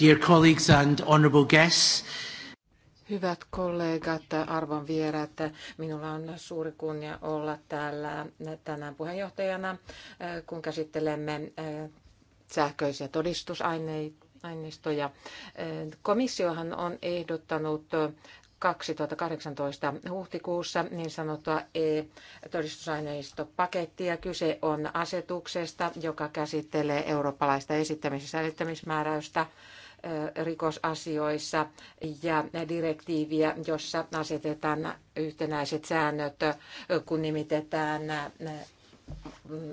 Dear colleagues and honorable guests. Hyvät kollegat, arvon vierat, minulla on suuri kunnia olla täällä tänään puheenjohtajana, kun käsittelemme eh, sähköisiä todistusaineistoja. Eh, komissiohan on ehdottanut 2018 eh, huhtikuussa niin sanottua e-todistusaineistopakettia. Kyse on asetuksesta, joka käsittelee eurooppalaista esittämis- ja säilyttämismääräystä rikosasioissa ja direktiiviä, jossa asetetaan yhtenäiset säännöt, kun nimitetään mm,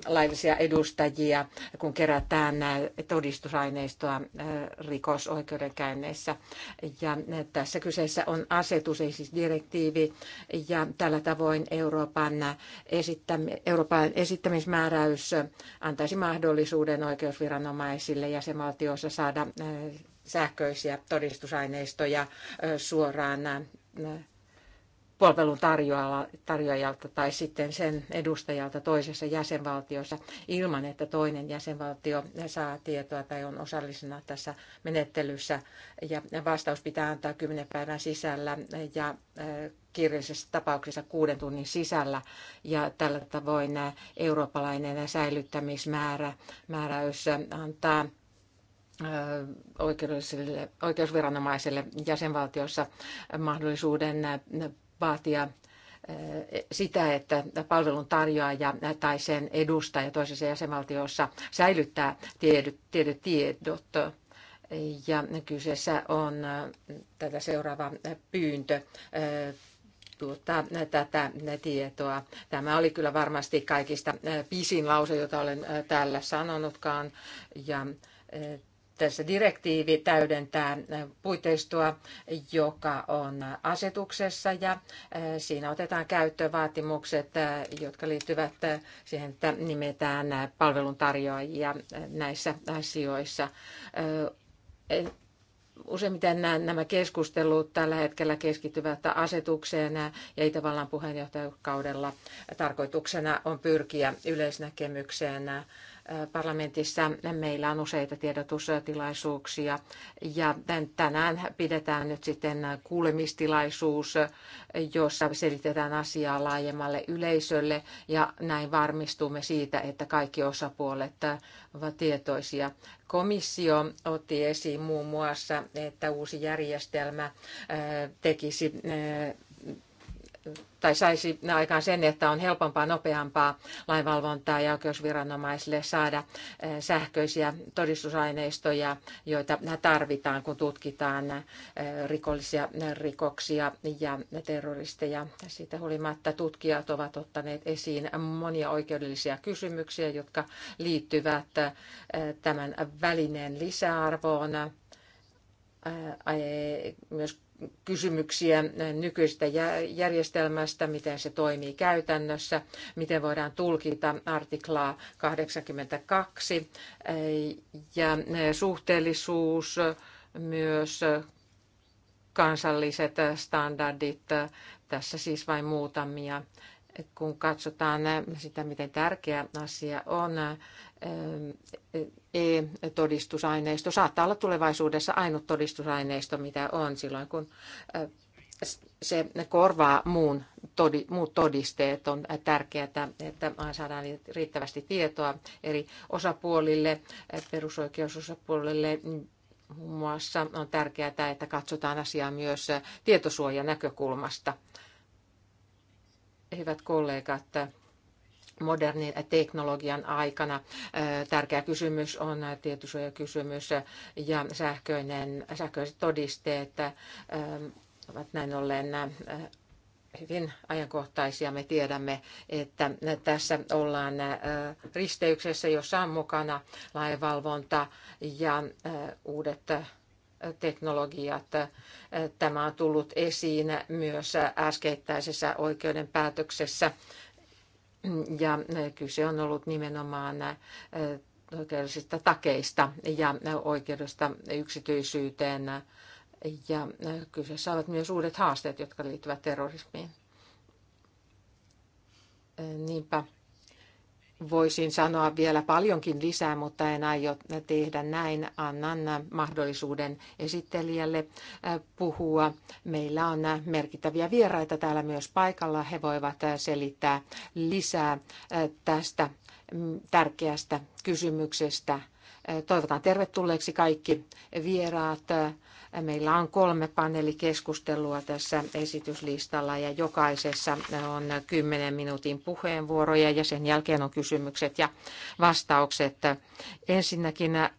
laillisia edustajia, kun kerätään todistusaineistoa rikosoikeudenkäynneissä. Ja tässä kyseessä on asetus, ei siis direktiivi, ja tällä tavoin Euroopan, esittäm- Euroopan esittämismääräys antaisi mahdollisuuden oikeusviranomaisille jäsenvaltioissa saada sähköisiä todistusaineistoja suoraan palvelun tarjoajalta tai sitten sen edustajalta toisessa jäsenvaltiossa ilman, että toinen jäsenvaltio saa tietoa tai on osallisena tässä menettelyssä. Ja vastaus pitää antaa kymmenen päivän sisällä ja kirjallisessa tapauksessa kuuden tunnin sisällä. Ja tällä tavoin eurooppalainen säilyttämismäärä määräys antaa oikeudelliselle, oikeusviranomaiselle jäsenvaltiossa mahdollisuuden vaatia sitä, että palvelun tarjoaja tai sen edustaja toisessa jäsenvaltiossa säilyttää tiedot, tiedot, tiedot. Ja kyseessä on tätä seuraava pyyntö tuota, tätä tietoa. Tämä oli kyllä varmasti kaikista pisin lause, jota olen täällä sanonutkaan. Ja tässä direktiivi täydentää puiteistoa, joka on asetuksessa ja äh, siinä otetaan käyttöön vaatimukset, äh, jotka liittyvät äh, siihen, että nimetään palveluntarjoajia näissä asioissa. Useimmiten nämä keskustelut tällä hetkellä keskittyvät asetukseen ja Itävallan puheenjohtajakaudella tarkoituksena on pyrkiä yleisnäkemykseen parlamentissa meillä on useita tiedotustilaisuuksia ja tänään pidetään nyt sitten kuulemistilaisuus, jossa selitetään asiaa laajemmalle yleisölle ja näin varmistumme siitä, että kaikki osapuolet ovat tietoisia. Komissio otti esiin muun muassa, että uusi järjestelmä äh, tekisi äh, tai saisi aikaan sen, että on helpompaa, nopeampaa lainvalvontaa ja oikeusviranomaisille saada eh, sähköisiä todistusaineistoja, joita tarvitaan, kun tutkitaan eh, rikollisia eh, rikoksia ja terroristeja. Siitä huolimatta tutkijat ovat ottaneet esiin monia oikeudellisia kysymyksiä, jotka liittyvät tämän välineen lisäarvoon myös kysymyksiä nykyistä järjestelmästä, miten se toimii käytännössä, miten voidaan tulkita artiklaa 82 ja suhteellisuus myös kansalliset standardit. Tässä siis vain muutamia. Kun katsotaan sitä, miten tärkeä asia on, todistusaineisto saattaa olla tulevaisuudessa ainut todistusaineisto, mitä on silloin, kun se korvaa muun, todi, muut todisteet. On tärkeää, että saadaan riittävästi tietoa eri osapuolille, perusoikeusosapuolille, muun muassa on tärkeää, että katsotaan asiaa myös tietosuojanäkökulmasta. Hyvät kollegat, modernin teknologian aikana. Tärkeä kysymys on tietosuojakysymys ja sähköinen, sähköiset todisteet ovat näin ollen hyvin ajankohtaisia. Me tiedämme, että tässä ollaan risteyksessä, jossa on mukana lainvalvonta ja uudet teknologiat. Tämä on tullut esiin myös äskeittäisessä oikeuden päätöksessä ja eh, kyse on ollut nimenomaan eh, oikeudellisista takeista ja eh, oikeudesta yksityisyyteen. Ja kyseessä ovat myös uudet haasteet, jotka liittyvät terrorismiin. Niinpä voisin sanoa vielä paljonkin lisää, mutta en aio tehdä näin. Annan mahdollisuuden esittelijälle puhua. Meillä on merkittäviä vieraita täällä myös paikalla. He voivat selittää lisää tästä mm, tärkeästä kysymyksestä. Toivotan tervetulleeksi kaikki vieraat. Meillä on kolme paneelikeskustelua tässä esityslistalla ja jokaisessa on 10 minuutin puheenvuoroja ja sen jälkeen on kysymykset ja vastaukset. Ensinnäkin ähm,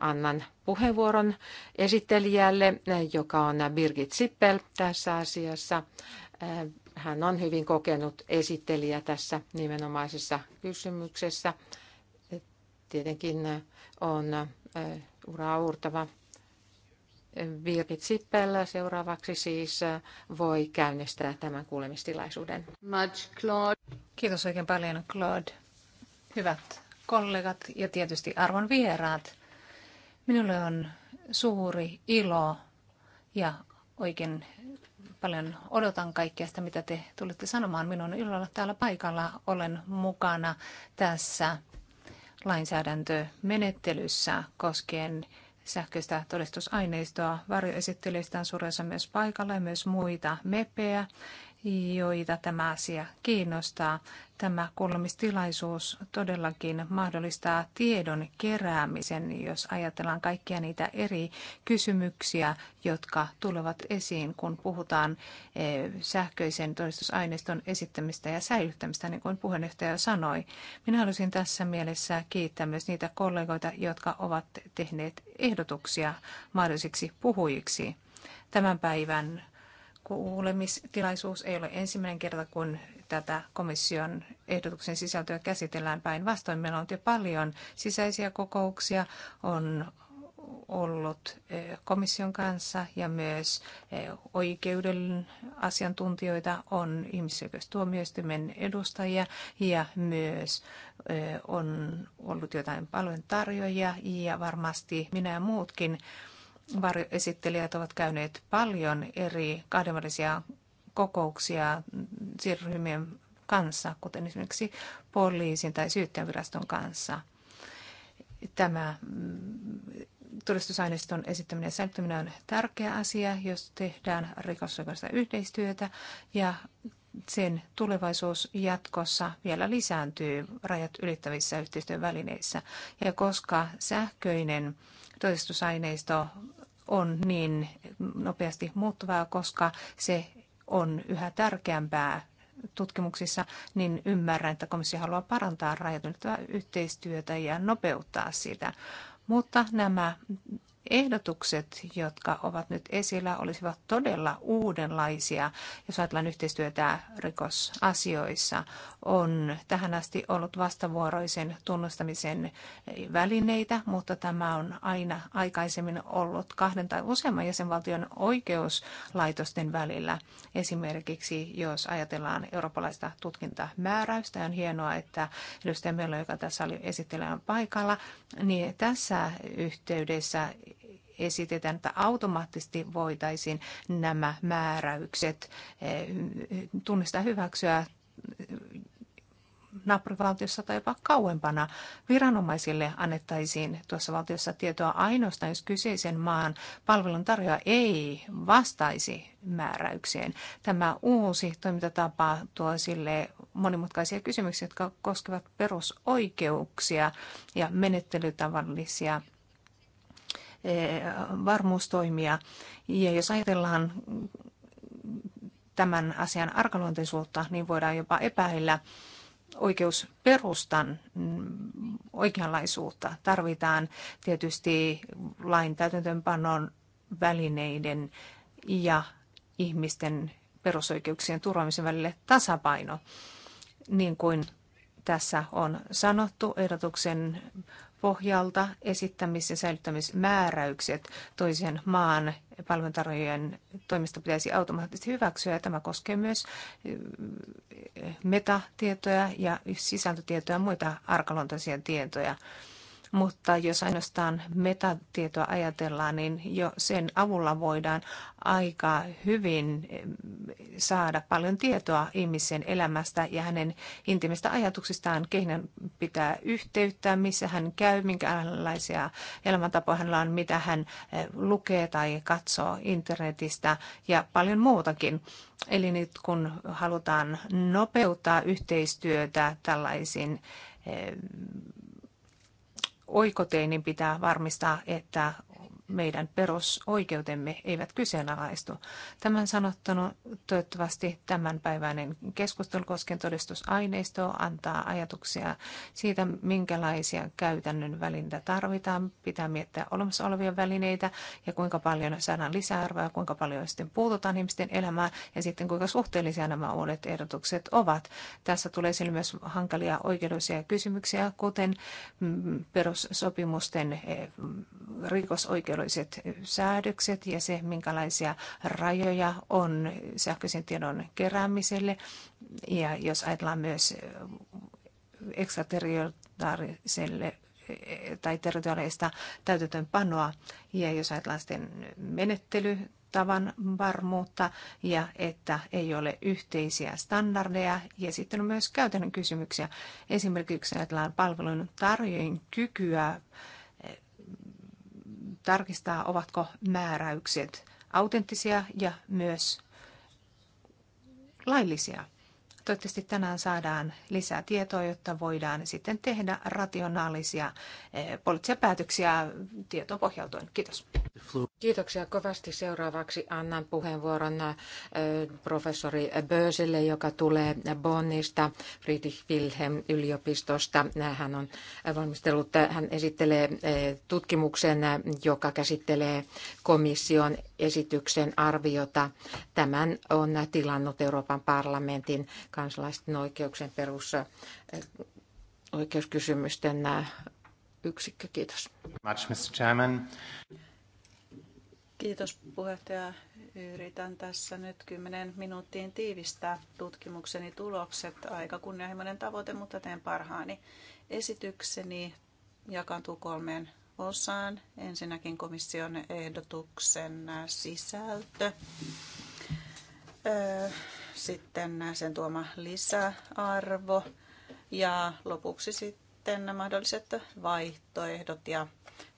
annan puheenvuoron esittelijälle, joka on Birgit Sippel tässä asiassa. Äh, hän on hyvin kokenut esittelijä tässä nimenomaisessa kysymyksessä. Tietenkin on äh, uraa uurtava Birgit Sippel seuraavaksi siis voi käynnistää tämän kuulemistilaisuuden. Much, Claude. Kiitos oikein paljon Claude. Hyvät kollegat ja tietysti arvon vieraat. Minulle on suuri ilo ja oikein paljon odotan kaikkea sitä, mitä te tulitte sanomaan. Minun on täällä paikalla. Olen mukana tässä lainsäädäntömenettelyssä koskien sähköistä todistusaineistoa. Varjoesittelijöistä on suurensa myös paikalla ja myös muita mepejä joita tämä asia kiinnostaa. Tämä kuulemistilaisuus todellakin mahdollistaa tiedon keräämisen, jos ajatellaan kaikkia niitä eri kysymyksiä, jotka tulevat esiin, kun puhutaan eh, sähköisen todistusaineiston esittämistä ja säilyttämistä, niin kuin puheenjohtaja sanoi. Minä haluaisin tässä mielessä kiittää myös niitä kollegoita, jotka ovat tehneet ehdotuksia mahdollisiksi puhujiksi. Tämän päivän kuulemistilaisuus ei ole ensimmäinen kerta, kun tätä komission ehdotuksen sisältöä käsitellään päinvastoin. Meillä on jo paljon sisäisiä kokouksia, on ollut eh, komission kanssa ja myös eh, oikeuden asiantuntijoita, on ihmisoikeustuomioistuimen edustajia ja myös eh, on ollut jotain paljon tarjoajia ja varmasti minä ja muutkin varjoesittelijät ovat käyneet paljon eri kahdenvälisiä kokouksia siirryhmien kanssa, kuten esimerkiksi poliisin tai syyttäjänviraston kanssa. Tämä mm, todistusaineiston esittäminen ja säilyttäminen on tärkeä asia, jos tehdään rikosoikeudellista yhteistyötä ja sen tulevaisuus jatkossa vielä lisääntyy rajat ylittävissä yhteistyövälineissä. Ja koska sähköinen todistusaineisto on niin nopeasti muuttuvaa, koska se on yhä tärkeämpää tutkimuksissa, niin ymmärrän, että komissio haluaa parantaa rajatunutta yhteistyötä ja nopeuttaa sitä. Mutta nämä ehdotukset, jotka ovat nyt esillä, olisivat todella uudenlaisia. Jos ajatellaan yhteistyötä rikosasioissa, on tähän asti ollut vastavuoroisen tunnustamisen välineitä, mutta tämä on aina aikaisemmin ollut kahden tai useamman jäsenvaltion oikeuslaitosten välillä. Esimerkiksi jos ajatellaan eurooppalaista tutkintamääräystä, on hienoa, että edustaja Mello, joka tässä oli esittelijän paikalla, niin tässä yhteydessä esitetään, että automaattisesti voitaisiin nämä määräykset eh, tunnistaa hyväksyä eh, naapurivaltiossa tai jopa kauempana viranomaisille annettaisiin tuossa valtiossa tietoa ainoastaan, jos kyseisen maan palveluntarjoaja ei vastaisi määräykseen. Tämä uusi toimintatapa tuo sille monimutkaisia kysymyksiä, jotka koskevat perusoikeuksia ja menettelytavallisia Eh, varmuustoimia. Ja jos ajatellaan tämän asian arkaluonteisuutta, niin voidaan jopa epäillä oikeusperustan mm, oikeanlaisuutta. Tarvitaan tietysti lain täytäntöönpanon välineiden ja ihmisten perusoikeuksien turvaamisen välille tasapaino. Niin kuin tässä on sanottu, ehdotuksen pohjalta esittämis- ja säilyttämismääräykset toisen maan palveluntarjoajien toimesta pitäisi automaattisesti hyväksyä. Ja tämä koskee myös eh, metatietoja ja sisältötietoja ja muita arkaluontoisia tietoja mutta jos ainoastaan metatietoa ajatellaan, niin jo sen avulla voidaan aika hyvin eh, saada paljon tietoa ihmisen elämästä ja hänen intimistä ajatuksistaan, kehen pitää yhteyttää, missä hän käy, minkälaisia elämäntapoja hänellä on, mitä hän eh, lukee tai katsoo internetistä ja paljon muutakin. Eli nyt kun halutaan nopeuttaa yhteistyötä tällaisin eh, oikoteinin pitää varmistaa, että meidän perusoikeutemme eivät kyseenalaistu. Tämän sanottuna toivottavasti tämänpäiväinen keskustelu koskien todistusaineistoa antaa ajatuksia siitä, minkälaisia käytännön välintä tarvitaan. Pitää miettiä olemassa olevia välineitä ja kuinka paljon saadaan lisäarvoa, kuinka paljon sitten puututaan ihmisten elämään ja sitten kuinka suhteellisia nämä uudet ehdotukset ovat. Tässä tulee sille myös hankalia oikeudellisia kysymyksiä, kuten mm, perussopimusten eh, rikosoikeudellisuus oikeudelliset säädökset ja se, minkälaisia rajoja on sähköisen tiedon keräämiselle. Ja jos ajatellaan myös ekstraterritoriaaliselle tai territoriaalista täytäntöönpanoa ja jos ajatellaan sitten menettely tavan varmuutta ja että ei ole yhteisiä standardeja. Ja sitten on myös käytännön kysymyksiä. Esimerkiksi ajatellaan palvelun tarjoajien kykyä tarkistaa, ovatko määräykset autenttisia ja myös laillisia. Toivottavasti tänään saadaan lisää tietoa, jotta voidaan sitten tehdä rationaalisia eh, poliittisia päätöksiä tietoon pohjautuen. Kiitos. Kiitoksia kovasti. Seuraavaksi annan puheenvuoron professori Bösille, joka tulee Bonnista, Friedrich Wilhelm yliopistosta. Hän on valmistellut, hän esittelee tutkimuksen, joka käsittelee komission esityksen arviota. Tämän on tilannut Euroopan parlamentin kansalaisten oikeuksien perus oikeuskysymysten yksikkö. Kiitos. Much, Mr. Chairman. Kiitos puheenjohtaja. Yritän tässä nyt 10 minuuttiin tiivistää tutkimukseni tulokset. Aika kunnianhimoinen tavoite, mutta teen parhaani. Esitykseni jakaantuu kolmeen osaan. Ensinnäkin komission ehdotuksen sisältö, sitten sen tuoma lisäarvo ja lopuksi sitten mahdolliset vaihtoehdot ja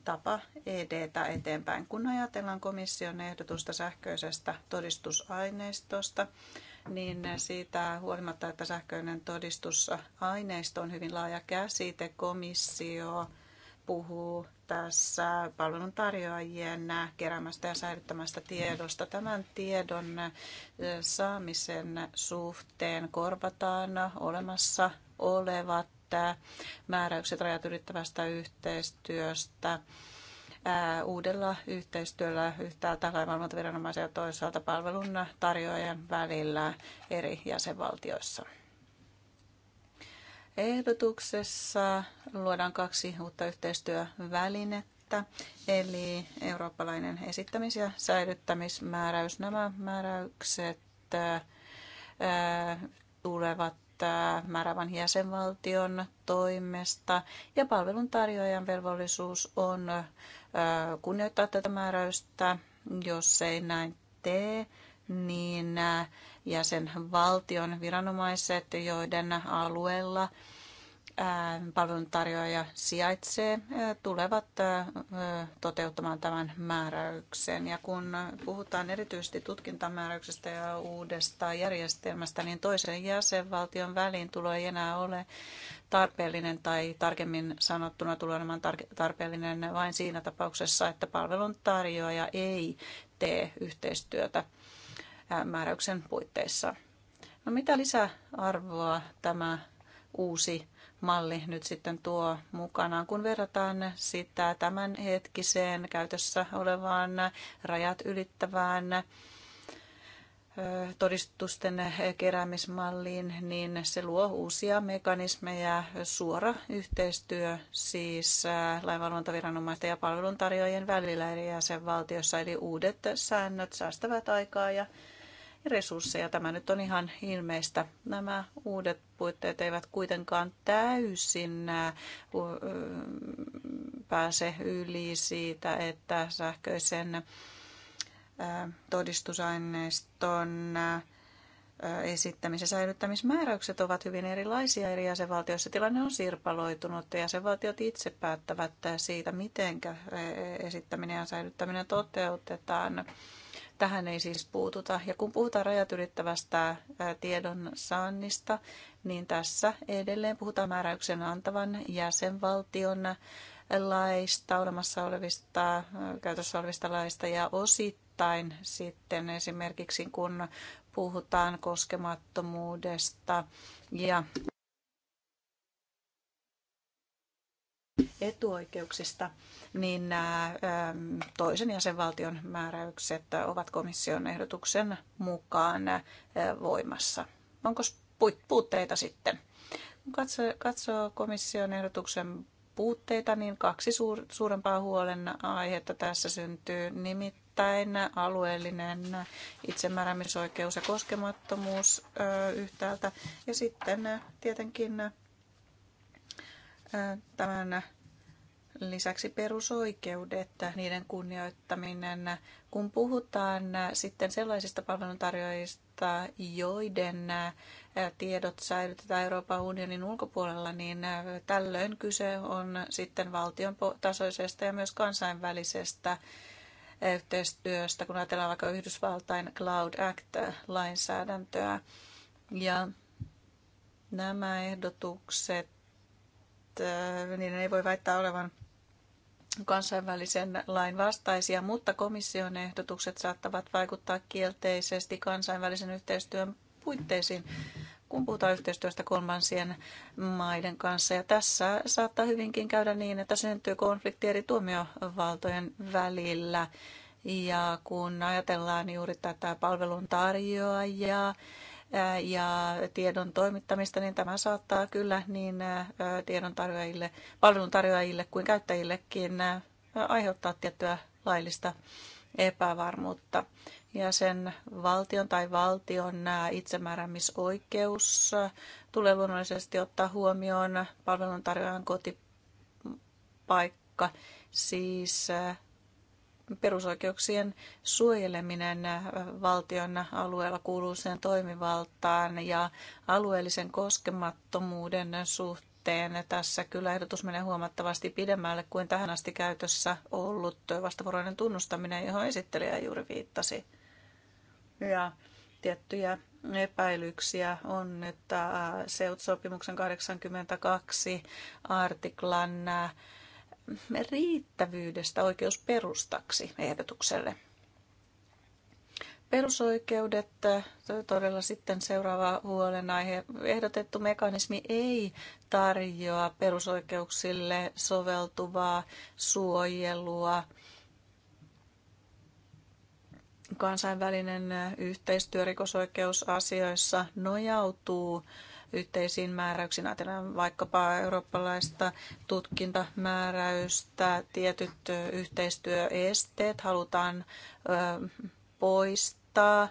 tapa edetä eteenpäin. Kun ajatellaan komission ehdotusta sähköisestä todistusaineistosta, niin siitä huolimatta, että sähköinen todistusaineisto on hyvin laaja käsite, komissio puhuu tässä palveluntarjoajien keräämästä ja säilyttämästä tiedosta. Tämän tiedon saamisen suhteen korvataan olemassa olevat määräykset rajat ylittävästä yhteistyöstä uudella yhteistyöllä yhtäältä lainvalvontaviranomaisen ja toisaalta palvelun tarjoajan välillä eri jäsenvaltioissa. Ehdotuksessa luodaan kaksi uutta yhteistyövälinettä, eli eurooppalainen esittämis- ja säilyttämismääräys. Nämä määräykset tulevat määrävän jäsenvaltion toimesta ja palveluntarjoajan velvollisuus on kunnioittaa tätä määräystä, jos ei näin tee niin jäsenvaltion viranomaiset, joiden alueella palveluntarjoaja sijaitsee, tulevat toteuttamaan tämän määräyksen. Ja kun puhutaan erityisesti tutkintamääräyksestä ja uudesta järjestelmästä, niin toisen jäsenvaltion tulo ei enää ole tarpeellinen tai tarkemmin sanottuna tulee olemaan tarpeellinen vain siinä tapauksessa, että palveluntarjoaja ei tee yhteistyötä määräyksen puitteissa. No mitä lisäarvoa tämä uusi malli nyt sitten tuo mukanaan, kun verrataan sitä tämänhetkiseen käytössä olevaan rajat ylittävään todistusten keräämismalliin, niin se luo uusia mekanismeja, suora yhteistyö siis lainvalvontaviranomaisten ja palveluntarjoajien välillä eri jäsenvaltiossa, eli uudet säännöt säästävät aikaa ja resursseja. Tämä nyt on ihan ilmeistä. Nämä uudet puitteet eivät kuitenkaan täysin pääse yli siitä, että sähköisen todistusaineiston esittämis- ja säilyttämismääräykset ovat hyvin erilaisia eri jäsenvaltioissa. Tilanne on sirpaloitunut ja jäsenvaltiot itse päättävät siitä, miten esittäminen ja säilyttäminen toteutetaan. Tähän ei siis puututa. Ja kun puhutaan rajat ylittävästä tiedon saannista, niin tässä edelleen puhutaan määräyksen antavan jäsenvaltion laista, olemassa olevista, käytössä olevista laista ja osittain sitten esimerkiksi kun puhutaan koskemattomuudesta ja etuoikeuksista, niin toisen jäsenvaltion määräykset ovat komission ehdotuksen mukaan voimassa. Onko puutteita sitten? Kun katsoo, katsoo komission ehdotuksen puutteita, niin kaksi suur, suurempaa aihetta tässä syntyy. Nimittäin alueellinen itsemääräämisoikeus ja koskemattomuus ö, yhtäältä. Ja sitten tietenkin ö, tämän Lisäksi perusoikeudet, niiden kunnioittaminen, kun puhutaan sitten sellaisista palveluntarjoajista, joiden tiedot säilytetään Euroopan unionin ulkopuolella, niin tällöin kyse on sitten valtion tasoisesta ja myös kansainvälisestä yhteistyöstä, kun ajatellaan vaikka Yhdysvaltain Cloud Act-lainsäädäntöä. Ja nämä ehdotukset, niiden ei voi väittää olevan kansainvälisen lain vastaisia, mutta komission ehdotukset saattavat vaikuttaa kielteisesti kansainvälisen yhteistyön puitteisiin, kun puhutaan yhteistyöstä kolmansien maiden kanssa. Ja tässä saattaa hyvinkin käydä niin, että syntyy konflikti eri tuomiovaltojen välillä. Ja kun ajatellaan juuri tätä palvelun ja tiedon toimittamista, niin tämä saattaa kyllä niin tiedon tarjoajille, tarjoajille kuin käyttäjillekin aiheuttaa tiettyä laillista epävarmuutta. Ja sen valtion tai valtion itsemääräämisoikeus tulee luonnollisesti ottaa huomioon palveluntarjoajan kotipaikka, siis perusoikeuksien suojeleminen valtion alueella kuuluu sen toimivaltaan ja alueellisen koskemattomuuden suhteen. Tässä kyllä ehdotus menee huomattavasti pidemmälle kuin tähän asti käytössä ollut vastavuoroinen tunnustaminen, johon esittelijä juuri viittasi. Ja tiettyjä epäilyksiä on, että seut 82 artiklan riittävyydestä oikeusperustaksi ehdotukselle. Perusoikeudet, todella sitten seuraava huolenaihe. Ehdotettu mekanismi ei tarjoa perusoikeuksille soveltuvaa suojelua. Kansainvälinen yhteistyö rikosoikeusasioissa nojautuu yhteisiin määräyksiin. Ajatellaan vaikkapa eurooppalaista tutkintamääräystä, tietyt yhteistyöesteet halutaan poistaa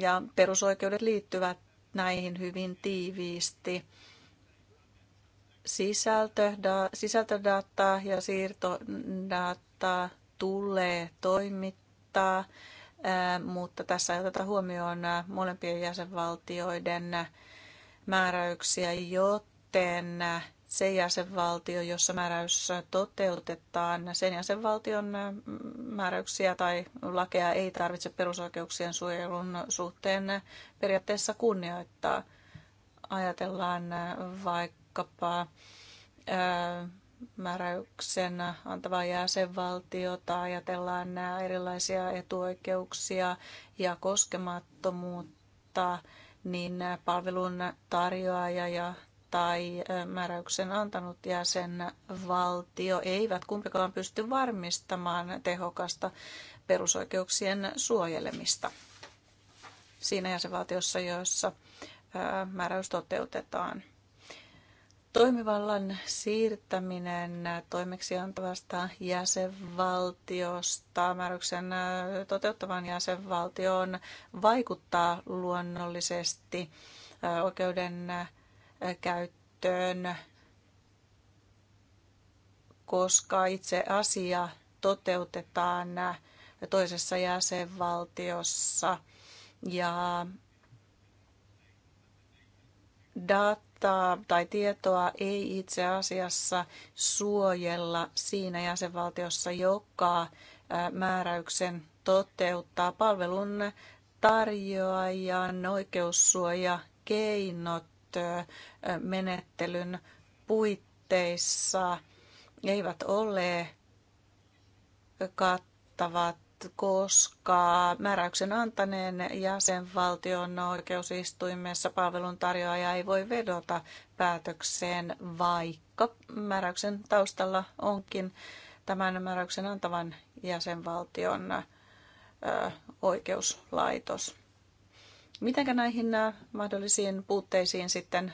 ja perusoikeudet liittyvät näihin hyvin tiiviisti da, sisältödataa ja siirtodataa tulee toimittaa mutta tässä ei oteta huomioon molempien jäsenvaltioiden määräyksiä, joten se jäsenvaltio, jossa määräys toteutetaan, sen jäsenvaltion määräyksiä tai lakeja ei tarvitse perusoikeuksien suojelun suhteen periaatteessa kunnioittaa. Ajatellaan vaikkapa määräyksen antavaa jäsenvaltiota, ajatellaan nämä erilaisia etuoikeuksia ja koskemattomuutta, niin palvelun tarjoaja ja tai määräyksen antanut jäsenvaltio eivät kumpikaan pysty varmistamaan tehokasta perusoikeuksien suojelemista siinä jäsenvaltiossa, jossa määräys toteutetaan. Toimivallan siirtäminen toimeksiantavasta jäsenvaltiosta määräyksen toteuttavan jäsenvaltioon vaikuttaa luonnollisesti oikeuden käyttöön, koska itse asia toteutetaan toisessa jäsenvaltiossa ja data faktaa tai tietoa ei itse asiassa suojella siinä jäsenvaltiossa, joka määräyksen toteuttaa palvelun tarjoajan oikeussuojakeinot menettelyn puitteissa eivät ole kattavat koska määräyksen antaneen jäsenvaltion oikeusistuimessa tarjoaja ei voi vedota päätökseen, vaikka määräyksen taustalla onkin tämän määräyksen antavan jäsenvaltion oikeuslaitos. Miten näihin mahdollisiin puutteisiin sitten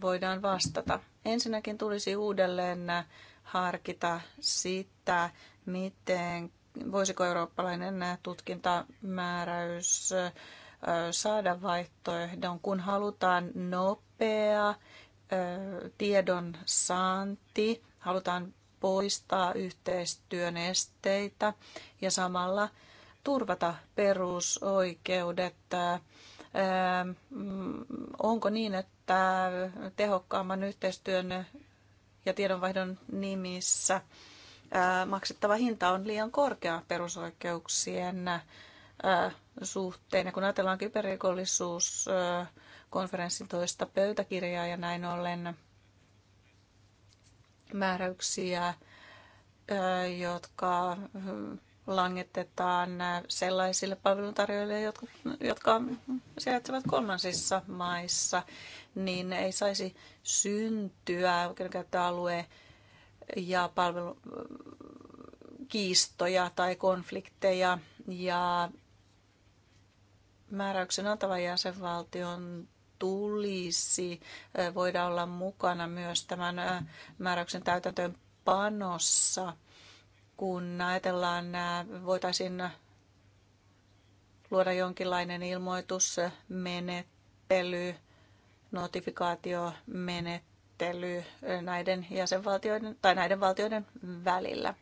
voidaan vastata? Ensinnäkin tulisi uudelleen harkita sitä, miten voisiko eurooppalainen tutkintamääräys saada vaihtoehdon, kun halutaan nopea tiedon saanti, halutaan poistaa yhteistyön esteitä ja samalla turvata perusoikeudet. Mm, onko niin, että tehokkaamman yhteistyön ja tiedonvaihdon nimissä – maksettava hinta on liian korkea perusoikeuksien suhteen. Ja kun ajatellaan kyberrikollisuuskonferenssin toista pöytäkirjaa ja näin ollen määräyksiä, jotka langetetaan sellaisille palveluntarjoajille, jotka, jotka sijaitsevat kolmansissa maissa, niin ei saisi syntyä oikeudenkäyttöalueen ja palvelukiistoja tai konflikteja ja määräyksen antavan jäsenvaltion tulisi voida olla mukana myös tämän määräyksen täytäntöön panossa, kun ajatellaan, voitaisiin luoda jonkinlainen ilmoitusmenettely, notifikaatiomenettely, käsittely näiden jäsenvaltioiden tai näiden valtioiden välillä.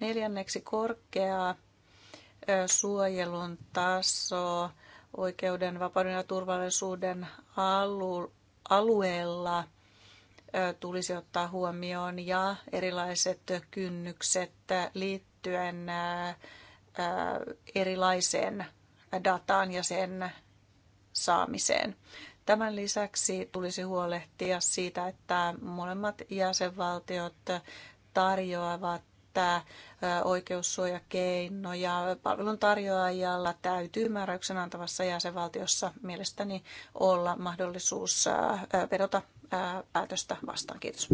Neljänneksi korkea suojelun taso oikeuden, vapauden ja turvallisuuden alu, alueella tulisi ottaa huomioon ja erilaiset kynnykset liittyen erilaiseen dataan ja sen saamiseen. Tämän lisäksi tulisi huolehtia siitä, että molemmat jäsenvaltiot tarjoavat oikeussuojakeinoja. Palvelun tarjoajalla täytyy määräyksen antavassa jäsenvaltiossa mielestäni olla mahdollisuus vedota päätöstä vastaan. Kiitos.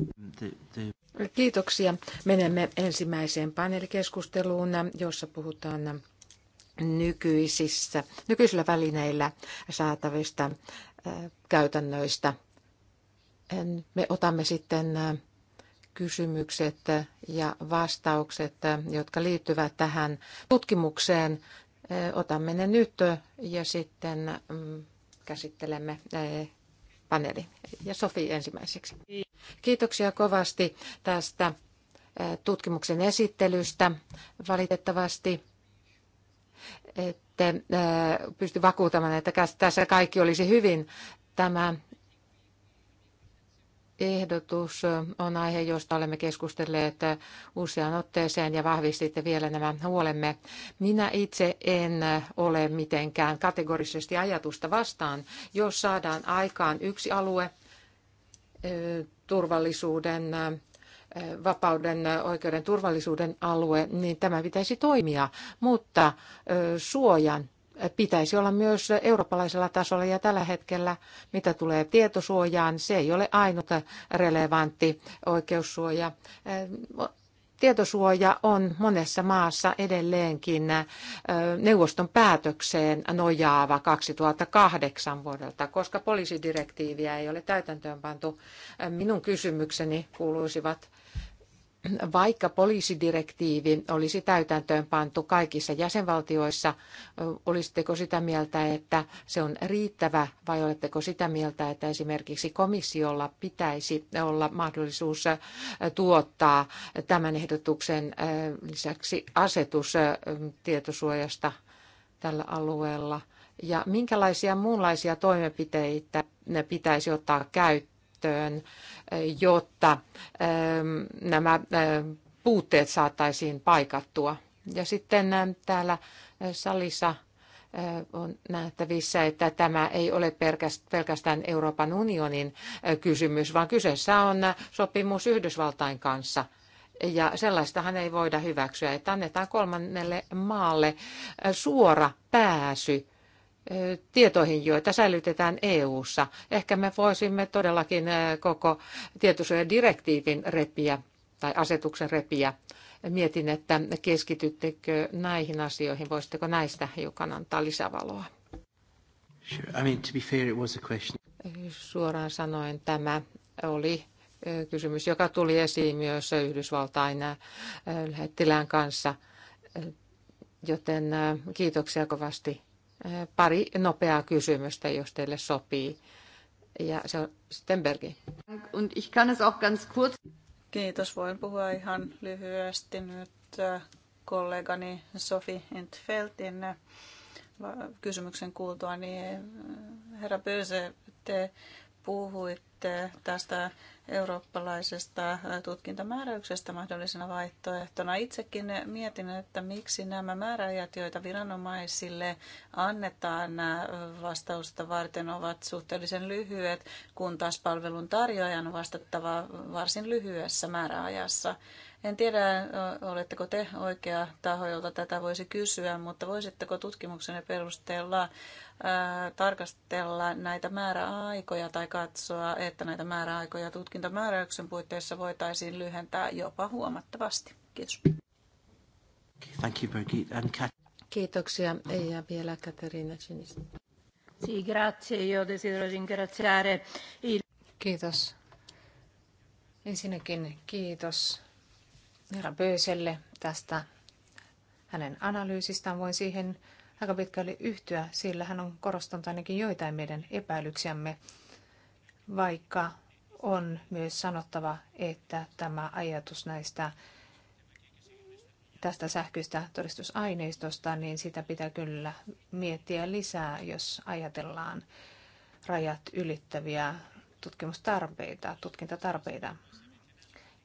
Kiitoksia. Menemme ensimmäiseen paneelikeskusteluun, jossa puhutaan nykyisissä, nykyisillä välineillä saatavista käytännöistä. Me otamme sitten kysymykset ja vastaukset, jotka liittyvät tähän tutkimukseen. Otamme ne nyt ja sitten mm, käsittelemme paneeli. Ja Sofi ensimmäiseksi. Kiitoksia kovasti tästä tutkimuksen esittelystä. Valitettavasti sitten pysty vakuutamaan, että tässä kaikki olisi hyvin. Tämä ehdotus on aihe, josta olemme keskustelleet useaan otteeseen ja vahvistitte vielä nämä huolemme. Minä itse en ole mitenkään kategorisesti ajatusta vastaan, jos saadaan aikaan yksi alue turvallisuuden vapauden, oikeuden, turvallisuuden alue, niin tämä pitäisi toimia, mutta suojan pitäisi olla myös eurooppalaisella tasolla ja tällä hetkellä, mitä tulee tietosuojaan, se ei ole ainut relevantti oikeussuoja. Tietosuoja on monessa maassa edelleenkin neuvoston päätökseen nojaava 2008 vuodelta, koska poliisidirektiiviä ei ole pantu. Minun kysymykseni kuuluisivat vaikka poliisidirektiivi olisi täytäntöön pantu kaikissa jäsenvaltioissa, olisitteko sitä mieltä, että se on riittävä vai oletteko sitä mieltä, että esimerkiksi komissiolla pitäisi olla mahdollisuus tuottaa tämän ehdotuksen lisäksi asetus tietosuojasta tällä alueella? Ja minkälaisia muunlaisia toimenpiteitä ne pitäisi ottaa käyttöön? käyttöön, jotta ähm, nämä ähm, puutteet saataisiin paikattua. Ja sitten ähm, täällä äh, salissa äh, on nähtävissä, että tämä ei ole pelkästään Euroopan unionin äh, kysymys, vaan kyseessä on sopimus Yhdysvaltain kanssa. Ja sellaistahan ei voida hyväksyä, että annetaan kolmannelle maalle suora pääsy tietoihin, joita säilytetään EU-ssa. Ehkä me voisimme todellakin koko tietosuojadirektiivin repiä tai asetuksen repiä. Mietin, että keskityttekö näihin asioihin, voisitteko näistä hiukan antaa lisävaloa? Sure. I mean, to be fair, it was a question. Suoraan sanoen tämä oli kysymys, joka tuli esiin myös Yhdysvaltain lähettilään kanssa, joten kiitoksia kovasti Pari nopeaa kysymystä, jos teille sopii. Ja se on Stenbergi. Und ich kann es auch ganz kurz... Kiitos, voin puhua ihan lyhyesti nyt äh, kollegani Sofi Entfeltin äh, kysymyksen kuultua. Niin äh, herra Böse, te puhuitte tästä eurooppalaisesta tutkintamääräyksestä mahdollisena vaihtoehtona. Itsekin mietin, että miksi nämä määräajat, joita viranomaisille annetaan äh, vastausta varten, ovat suhteellisen lyhyet, kun taas palvelun tarjoajan vastattava varsin lyhyessä määräajassa. En tiedä, oletteko te oikea taho, jolta tätä voisi kysyä, mutta voisitteko tutkimuksenne perusteella ää, tarkastella näitä määräaikoja tai katsoa, että näitä määräaikoja tutkimuksia tutkintamääräyksen puitteissa voitaisiin lyhentää jopa huomattavasti. Kiitos. Thank you, Birgit. And Kat- Kiitoksia. Ja vielä Katerina Sinistä. Sì, grazie. Io desidero ringraziare il... Kiitos. Ensinnäkin kiitos herra Böselle tästä hänen analyysistään. Voin siihen aika pitkälle yhtyä, sillä hän on korostanut ainakin joitain meidän epäilyksiämme, vaikka on myös sanottava, että tämä ajatus näistä tästä sähköistä todistusaineistosta, niin sitä pitää kyllä miettiä lisää, jos ajatellaan rajat ylittäviä tutkimustarpeita, tutkintatarpeita.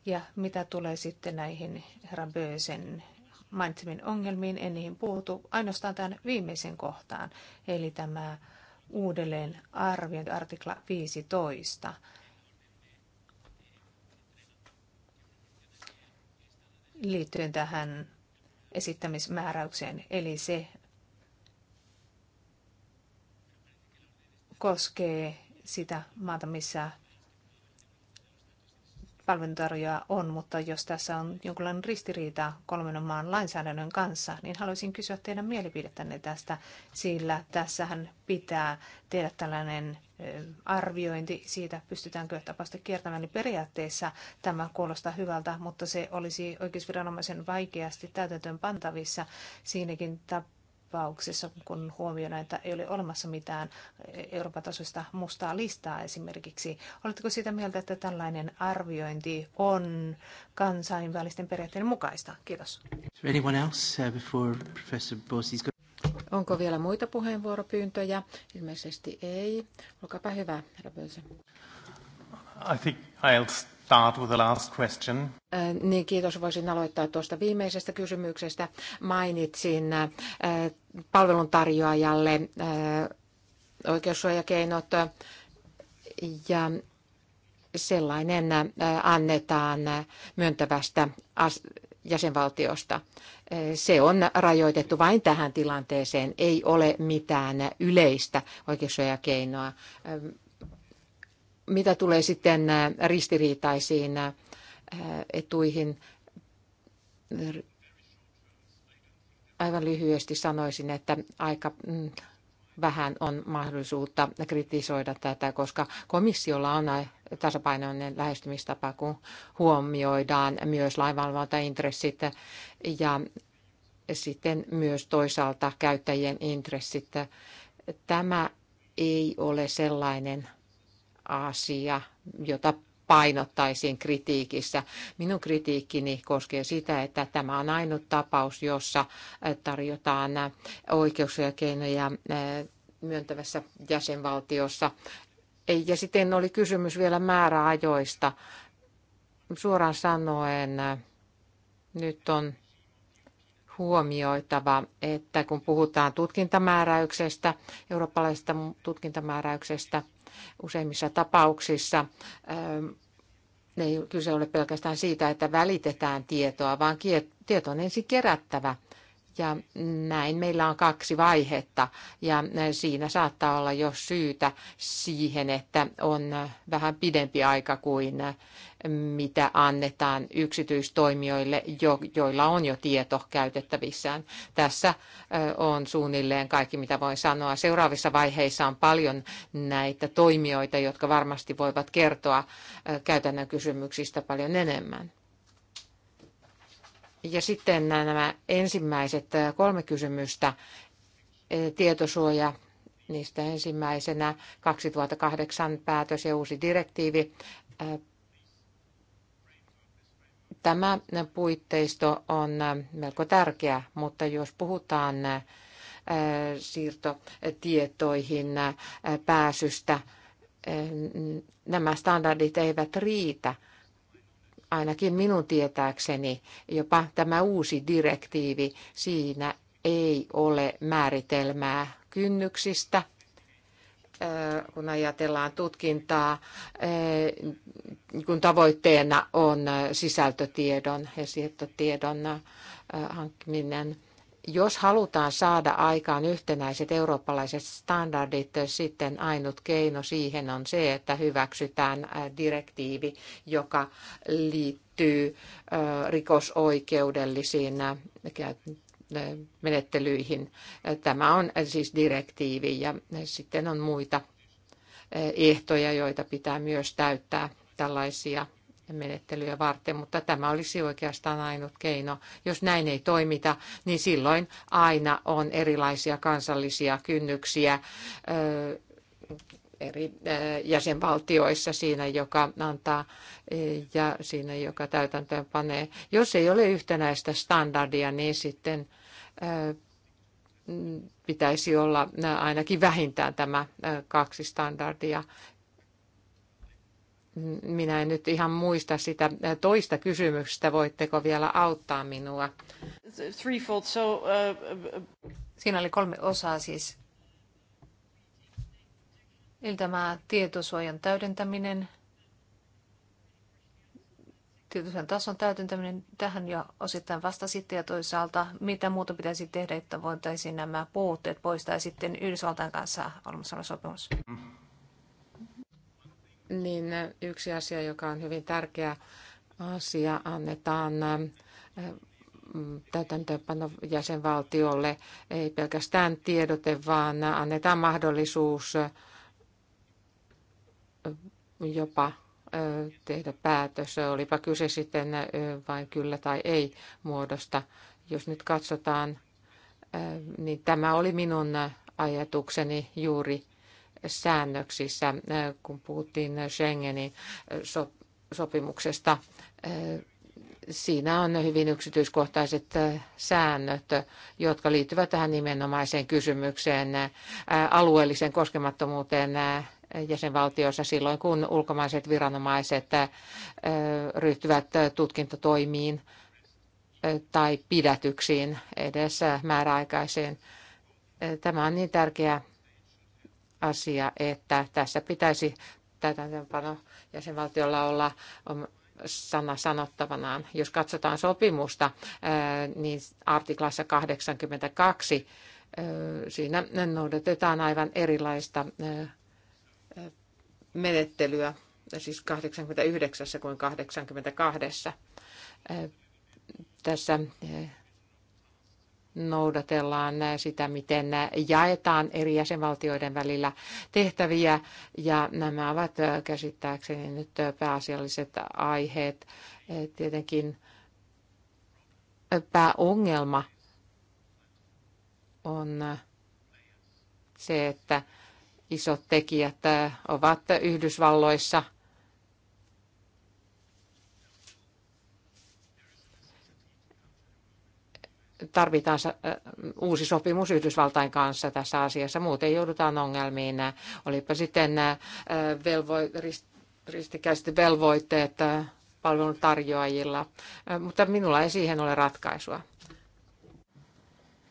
Ja mitä tulee sitten näihin herra Böösen mainitsemin ongelmiin, en niihin puutu ainoastaan tämän viimeisen kohtaan, eli tämä uudelleen arviointi, artikla 15. liittyen tähän esittämismääräykseen, eli se koskee sitä maata, missä palveluntarjoaja on, mutta jos tässä on jonkinlainen ristiriita kolmen maan lainsäädännön kanssa, niin haluaisin kysyä teidän mielipidettänne tästä, sillä tässähän pitää tehdä tällainen arviointi siitä, pystytäänkö tapausta kiertämään, niin periaatteessa tämä kuulostaa hyvältä, mutta se olisi oikeusviranomaisen vaikeasti täytäntöön pantavissa. Siinäkin tapauksessa tapauksessa, kun huomioidaan, että ei ole olemassa mitään Euroopan tasoista mustaa listaa esimerkiksi. Oletteko sitä mieltä, että tällainen arviointi on kansainvälisten periaatteiden mukaista? Kiitos. Uh, Onko vielä muita puheenvuoropyyntöjä? Ilmeisesti ei. Olkaapa hyvä, herra Böse. I think I'll start with the last question. Niin, kiitos. Voisin aloittaa tuosta viimeisestä kysymyksestä. Mainitsin palveluntarjoajalle oikeussuojakeinot ja sellainen annetaan myöntävästä jäsenvaltiosta. Se on rajoitettu vain tähän tilanteeseen. Ei ole mitään yleistä oikeussuojakeinoa mitä tulee sitten äh, ristiriitaisiin äh, etuihin, aivan lyhyesti sanoisin, että aika mm, vähän on mahdollisuutta kritisoida tätä, koska komissiolla on äh, tasapainoinen lähestymistapa, kun huomioidaan myös lainvalvontaintressit ja sitten myös toisaalta käyttäjien intressit. Tämä ei ole sellainen asia, jota painottaisin kritiikissä. Minun kritiikkini koskee sitä, että tämä on ainut tapaus, jossa äh, tarjotaan äh, oikeuksia keinoja äh, myöntävässä jäsenvaltiossa. Ja sitten oli kysymys vielä määräajoista. Suoraan sanoen nyt on huomioitava, että kun puhutaan tutkintamääräyksestä, eurooppalaisesta tutkintamääräyksestä, Useimmissa tapauksissa ähm, ei kyse ole pelkästään siitä, että välitetään tietoa, vaan tieto on ensin kerättävä. Ja näin meillä on kaksi vaihetta ja äh, siinä saattaa olla jo syytä siihen, että on äh, vähän pidempi aika kuin äh, mitä annetaan yksityistoimijoille, joilla on jo tieto käytettävissään. Tässä on suunnilleen kaikki, mitä voin sanoa. Seuraavissa vaiheissa on paljon näitä toimijoita, jotka varmasti voivat kertoa käytännön kysymyksistä paljon enemmän. Ja sitten nämä ensimmäiset kolme kysymystä. Tietosuoja, niistä ensimmäisenä 2008 päätös ja uusi direktiivi Tämä puitteisto on melko tärkeä, mutta jos puhutaan siirtotietoihin pääsystä, nämä standardit eivät riitä ainakin minun tietääkseni jopa tämä uusi direktiivi, siinä ei ole määritelmää kynnyksistä kun ajatellaan tutkintaa, kun tavoitteena on sisältötiedon ja siirtotiedon hankkiminen. Jos halutaan saada aikaan yhtenäiset eurooppalaiset standardit, sitten ainut keino siihen on se, että hyväksytään direktiivi, joka liittyy rikosoikeudellisiin menettelyihin. Tämä on siis direktiivi ja sitten on muita ehtoja, joita pitää myös täyttää tällaisia menettelyjä varten, mutta tämä olisi oikeastaan ainut keino. Jos näin ei toimita, niin silloin aina on erilaisia kansallisia kynnyksiä eri jäsenvaltioissa siinä, joka antaa ja siinä, joka täytäntöön panee. Jos ei ole yhtenäistä standardia, niin sitten pitäisi olla ainakin vähintään tämä kaksi standardia. Minä en nyt ihan muista sitä toista kysymystä. Voitteko vielä auttaa minua? Threefold, Siinä oli kolme osaa siis. Eli tämä tietosuojan täydentäminen, tietyn tason täytäntäminen tähän jo osittain vasta sitten ja toisaalta mitä muuta pitäisi tehdä, että voitaisiin nämä puutteet poistaa ja sitten Yhdysvaltain kanssa olemassa oleva sopimus? Niin yksi asia, joka on hyvin tärkeä asia, annetaan mm, täytäntöönpano jäsenvaltiolle, ei pelkästään tiedote, vaan annetaan mahdollisuus jopa tehdä päätös, olipa kyse sitten vain kyllä tai ei muodosta. Jos nyt katsotaan, niin tämä oli minun ajatukseni juuri säännöksissä, kun puhuttiin Schengenin sopimuksesta. Siinä on hyvin yksityiskohtaiset säännöt, jotka liittyvät tähän nimenomaiseen kysymykseen, alueelliseen koskemattomuuteen, jäsenvaltioissa silloin, kun ulkomaiset viranomaiset ryhtyvät tutkintatoimiin tai pidätyksiin edessä määräaikaiseen. Tämä on niin tärkeä asia, että tässä pitäisi täytäntöönpano jäsenvaltiolla olla um, sana sanottavanaan. Jos katsotaan sopimusta, niin artiklassa 82 siinä noudatetaan aivan erilaista menettelyä, siis 89 kuin 82. Äh, tässä äh, noudatellaan äh, sitä, miten jaetaan eri jäsenvaltioiden välillä tehtäviä. Ja nämä ovat käsittääkseni nyt pääasialliset aiheet. Tietenkin pääongelma on se, että isot tekijät äh, ovat Yhdysvalloissa. Tarvitaan äh, uusi sopimus Yhdysvaltain kanssa tässä asiassa, muuten joudutaan ongelmiin. Olipa sitten äh, velvo- ristikäiset velvoitteet palveluntarjoajilla, mutta minulla ei siihen ole ratkaisua.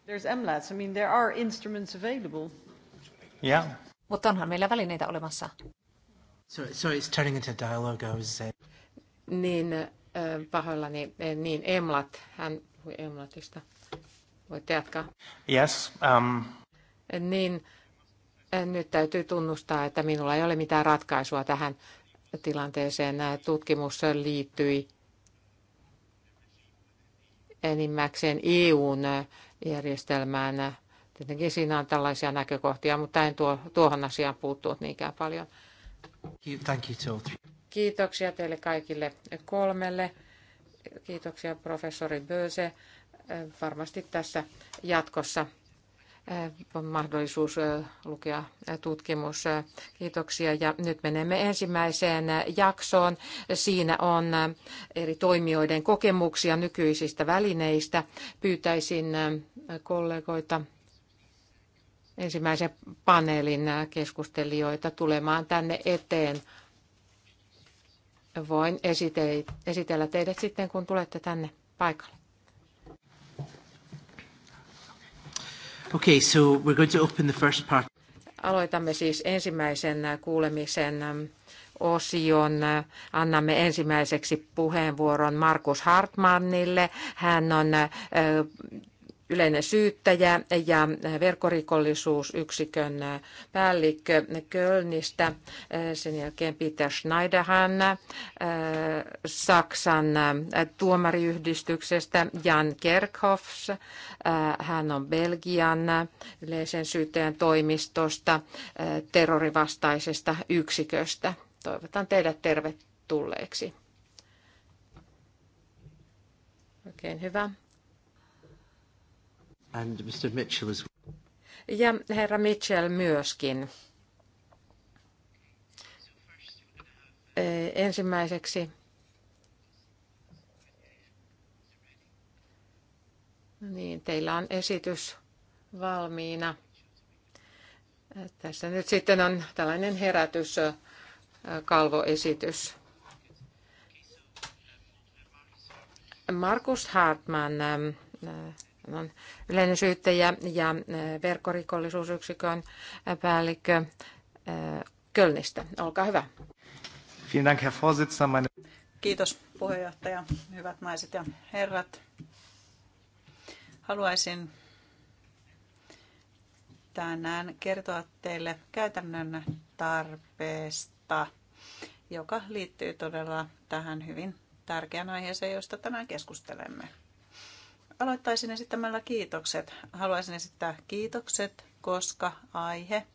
There's MLATs. I mean, there are instruments available. Yeah, mutta onhan meillä välineitä olemassa. So, so it's turning into dialogue, I was saying. Niin, pahoillani, e, niin Emlat, hän puhui Emlatista. Voitte jatkaa. Yes. Um... Niin, e, nyt täytyy tunnustaa, että minulla ei ole mitään ratkaisua tähän tilanteeseen. Tutkimus liittyi enimmäkseen EUn järjestelmään Tietenkin siinä on tällaisia näkökohtia, mutta en tuo, tuohon asiaan puuttunut niinkään paljon. Kiitoksia teille kaikille kolmelle. Kiitoksia professori Böse. Varmasti tässä jatkossa eh, on mahdollisuus eh, lukea eh, tutkimus. Kiitoksia. Ja nyt menemme ensimmäiseen jaksoon. Siinä on eri toimijoiden kokemuksia nykyisistä välineistä. Pyytäisin kollegoita ensimmäisen paneelin keskustelijoita tulemaan tänne eteen. Voin esitellä teidät sitten, kun tulette tänne paikalle. Okay, so we're going to open the first part. Aloitamme siis ensimmäisen kuulemisen osion. Annamme ensimmäiseksi puheenvuoron Markus Hartmannille. Hän on yleinen syyttäjä ja verkkorikollisuusyksikön päällikkö Kölnistä. Sen jälkeen Peter Schneiderhan äh, Saksan äh, tuomariyhdistyksestä Jan Kerkhoffs. Äh, hän on Belgian yleisen syyttäjän toimistosta terrorivastaisesta yksiköstä. Toivotan teidät tervetulleeksi. Oikein hyvä. And Mr. Mitchell Ja herra Mitchell myöskin. Ensimmäiseksi no Niin, teillä on esitys valmiina. Tässä nyt sitten on tällainen herätys, kalvoesitys. Markus Hartman on yleinen syyttäjä ja äh, verkkorikollisuusyksikön äh, päällikkö äh, Kölnistä. Olkaa hyvä. Kiitos puheenjohtaja, hyvät naiset ja herrat. Haluaisin tänään kertoa teille käytännön tarpeesta, joka liittyy todella tähän hyvin tärkeän aiheeseen, josta tänään keskustelemme. Aloittaisin esittämällä kiitokset. Haluaisin esittää kiitokset, koska aihe,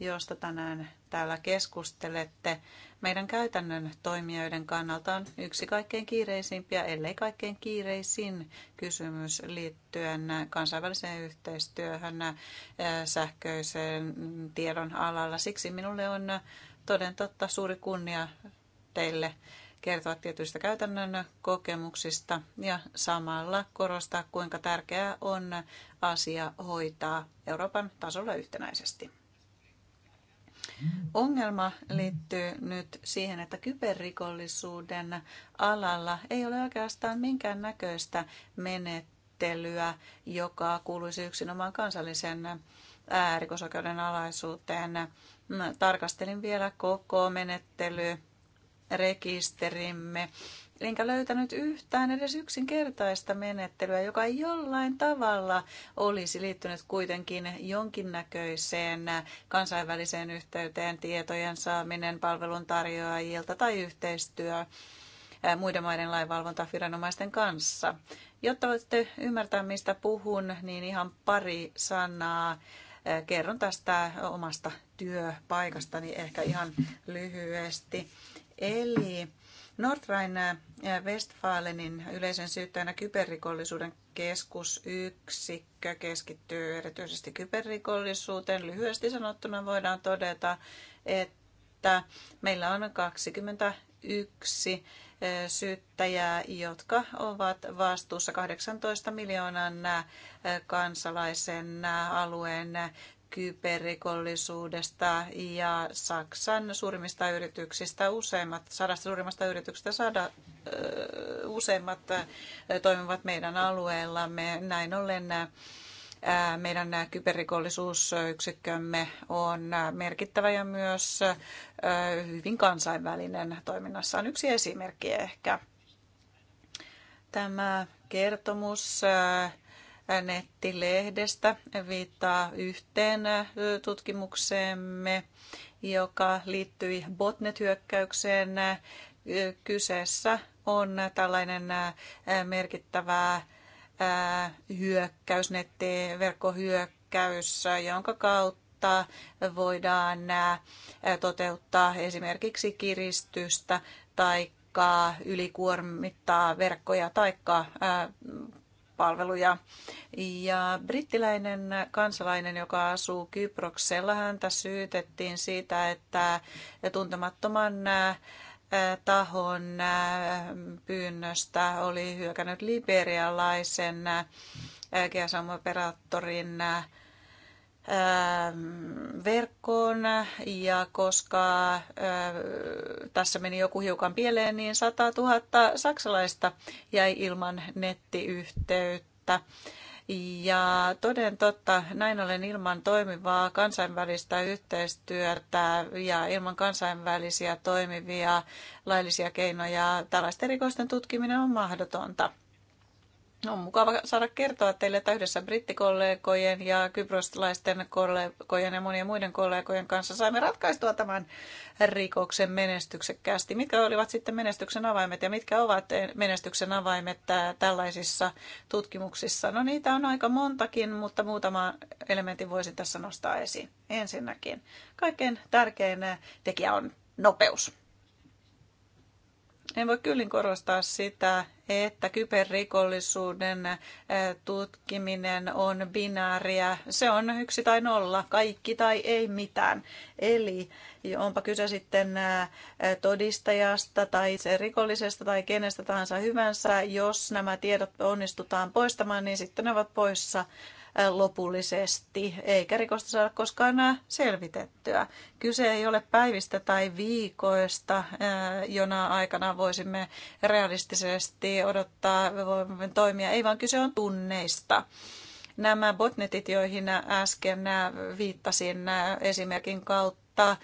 josta tänään täällä keskustelette, meidän käytännön toimijoiden kannalta on yksi kaikkein kiireisimpiä, ellei kaikkein kiireisin kysymys liittyen kansainväliseen yhteistyöhön sähköiseen tiedon alalla. Siksi minulle on toden totta suuri kunnia teille kertoa tietyistä käytännön kokemuksista ja samalla korostaa, kuinka tärkeää on asia hoitaa Euroopan tasolla yhtenäisesti. Ongelma liittyy nyt siihen, että kyberrikollisuuden alalla ei ole oikeastaan minkään näköistä menettelyä, joka kuuluisi yksinomaan kansallisen rikosoikeuden alaisuuteen. Tarkastelin vielä koko menettelyä rekisterimme, enkä löytänyt yhtään edes yksinkertaista menettelyä, joka jollain tavalla olisi liittynyt kuitenkin jonkinnäköiseen kansainväliseen yhteyteen tietojen saaminen palveluntarjoajilta tai yhteistyö muiden maiden lainvalvontaviranomaisten kanssa. Jotta voitte ymmärtää, mistä puhun, niin ihan pari sanaa kerron tästä omasta työpaikastani ehkä ihan lyhyesti. Eli Nordrhein-Westfalenin eh, yleisen syyttäjänä kyberrikollisuuden keskusyksikkö keskittyy erityisesti kyberrikollisuuteen. Lyhyesti sanottuna voidaan todeta, että meillä on 21 eh, syyttäjää, jotka ovat vastuussa 18 miljoonan eh, kansalaisen alueen kyberrikollisuudesta ja Saksan suurimmista yrityksistä useimmat, sadasta suurimmasta yrityksestä sada, ö, useimmat toimivat meidän alueellamme. Näin ollen meidän kyberrikollisuusyksikkömme on merkittävä ja myös hyvin kansainvälinen toiminnassaan. Yksi esimerkki ehkä. Tämä kertomus nettilehdestä viittaa yhteen tutkimukseemme, joka liittyi botnet-hyökkäykseen. Kyseessä on tällainen merkittävä hyökkäys, nettiverkkohyökkäys, jonka kautta voidaan toteuttaa esimerkiksi kiristystä tai ylikuormittaa verkkoja tai palveluja. Ja brittiläinen kansalainen, joka asuu Kyproksella, häntä syytettiin siitä, että tuntemattoman tahon pyynnöstä oli hyökännyt liberialaisen GSM-operaattorin Ähm, verkkoon ja koska äh, tässä meni joku hiukan pieleen, niin 100 000 saksalaista jäi ilman nettiyhteyttä. Ja toden totta, näin ollen ilman toimivaa kansainvälistä yhteistyötä ja ilman kansainvälisiä toimivia laillisia keinoja tällaisten rikosten tutkiminen on mahdotonta. On mukava saada kertoa teille, että yhdessä brittikollegojen ja kyproslaisten kollegojen ja monien muiden kollegojen kanssa saimme ratkaistua tämän rikoksen menestyksekkäästi. Mitkä olivat sitten menestyksen avaimet ja mitkä ovat menestyksen avaimet tällaisissa tutkimuksissa? No niitä on aika montakin, mutta muutama elementin voisin tässä nostaa esiin. Ensinnäkin kaikkein tärkein tekijä on nopeus. En voi kyllin korostaa sitä, että kyberrikollisuuden tutkiminen on binääriä. Se on yksi tai nolla, kaikki tai ei mitään. Eli onpa kyse sitten todistajasta tai itse rikollisesta tai kenestä tahansa hyvänsä, jos nämä tiedot onnistutaan poistamaan, niin sitten ne ovat poissa lopullisesti, eikä rikosta saada koskaan selvitettyä. Kyse ei ole päivistä tai viikoista, eh, jona aikana voisimme realistisesti odottaa, voimme toimia, ei vaan kyse on tunneista nämä botnetit, joihin äsken viittasin eh, esimerkin kautta, mutta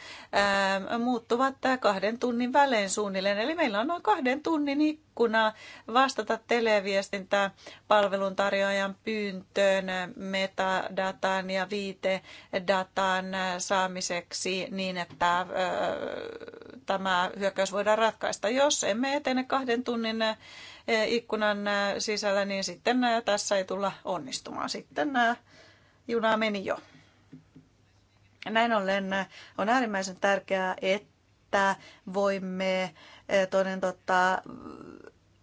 ähm, muuttuvat kahden tunnin välein suunnilleen. Eli meillä on noin kahden tunnin ikkuna vastata palvelun tarjoajan pyyntöön metadatan ja viitedatan saamiseksi niin, että äh, tämä hyökkäys voidaan ratkaista. Jos emme etene kahden tunnin äh, ikkunan äh, sisällä, niin sitten tässä ei tulla onnistumaan. Sitten juna meni jo. Näin ollen äh, on äärimmäisen tärkeää, että voimme äh, toden totta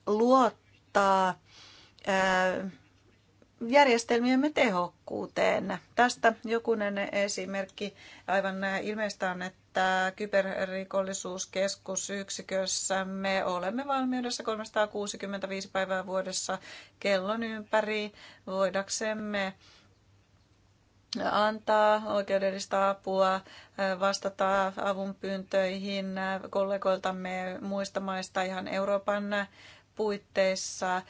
luottaa äh, järjestelmiemme tehokkuuteen. Tästä jokunen esimerkki. Aivan ilmeistä on, että kyberrikollisuuskeskusyksikössämme olemme valmiudessa 365 päivää vuodessa kellon ympäri voidaksemme antaa oikeudellista apua, vastata avunpyyntöihin kollegoiltamme muista maista ihan Euroopan puitteissa.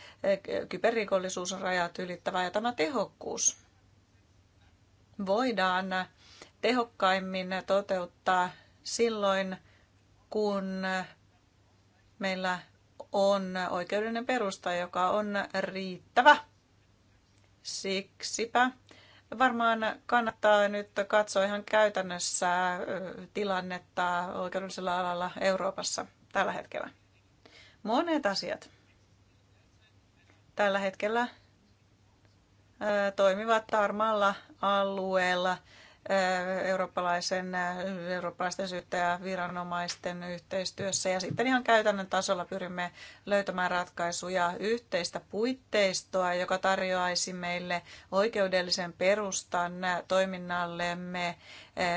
Kyberrikollisuus on rajat ylittävä ja tämä tehokkuus voidaan tehokkaimmin toteuttaa silloin, kun meillä on oikeudellinen perusta, joka on riittävä. Siksipä varmaan kannattaa nyt katsoa ihan käytännössä tilannetta oikeudellisella alalla Euroopassa tällä hetkellä. Monet asiat tällä hetkellä toimivat tarmalla alueella eurooppalaisen, eurooppalaisten syyttäjäviranomaisten yhteistyössä. Ja sitten ihan käytännön tasolla pyrimme löytämään ratkaisuja yhteistä puitteistoa, joka tarjoaisi meille oikeudellisen perustan toiminnallemme.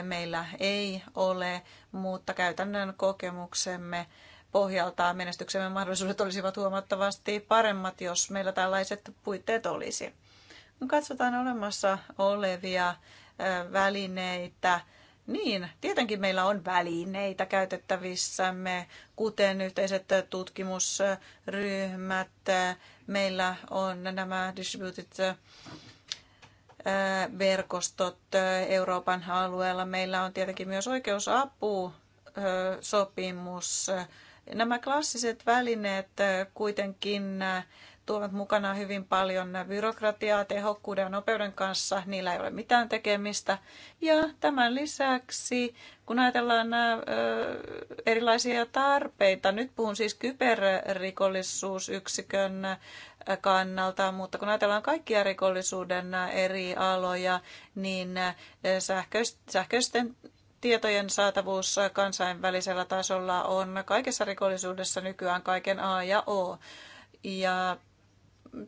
Meillä ei ole, mutta käytännön kokemuksemme pohjalta menestyksemme mahdollisuudet olisivat huomattavasti paremmat, jos meillä tällaiset puitteet olisi. katsotaan olemassa olevia välineitä. Niin, tietenkin meillä on välineitä käytettävissämme, kuten yhteiset tutkimusryhmät. Meillä on nämä distributed verkostot Euroopan alueella. Meillä on tietenkin myös oikeusapusopimus. Nämä klassiset välineet kuitenkin tuovat mukanaan hyvin paljon byrokratiaa tehokkuuden ja nopeuden kanssa. Niillä ei ole mitään tekemistä. Ja tämän lisäksi, kun ajatellaan nämä erilaisia tarpeita, nyt puhun siis kyberrikollisuusyksikön kannalta, mutta kun ajatellaan kaikkia rikollisuuden eri aloja, niin sähköisten tietojen saatavuus kansainvälisellä tasolla on kaikessa rikollisuudessa nykyään kaiken A ja O. Ja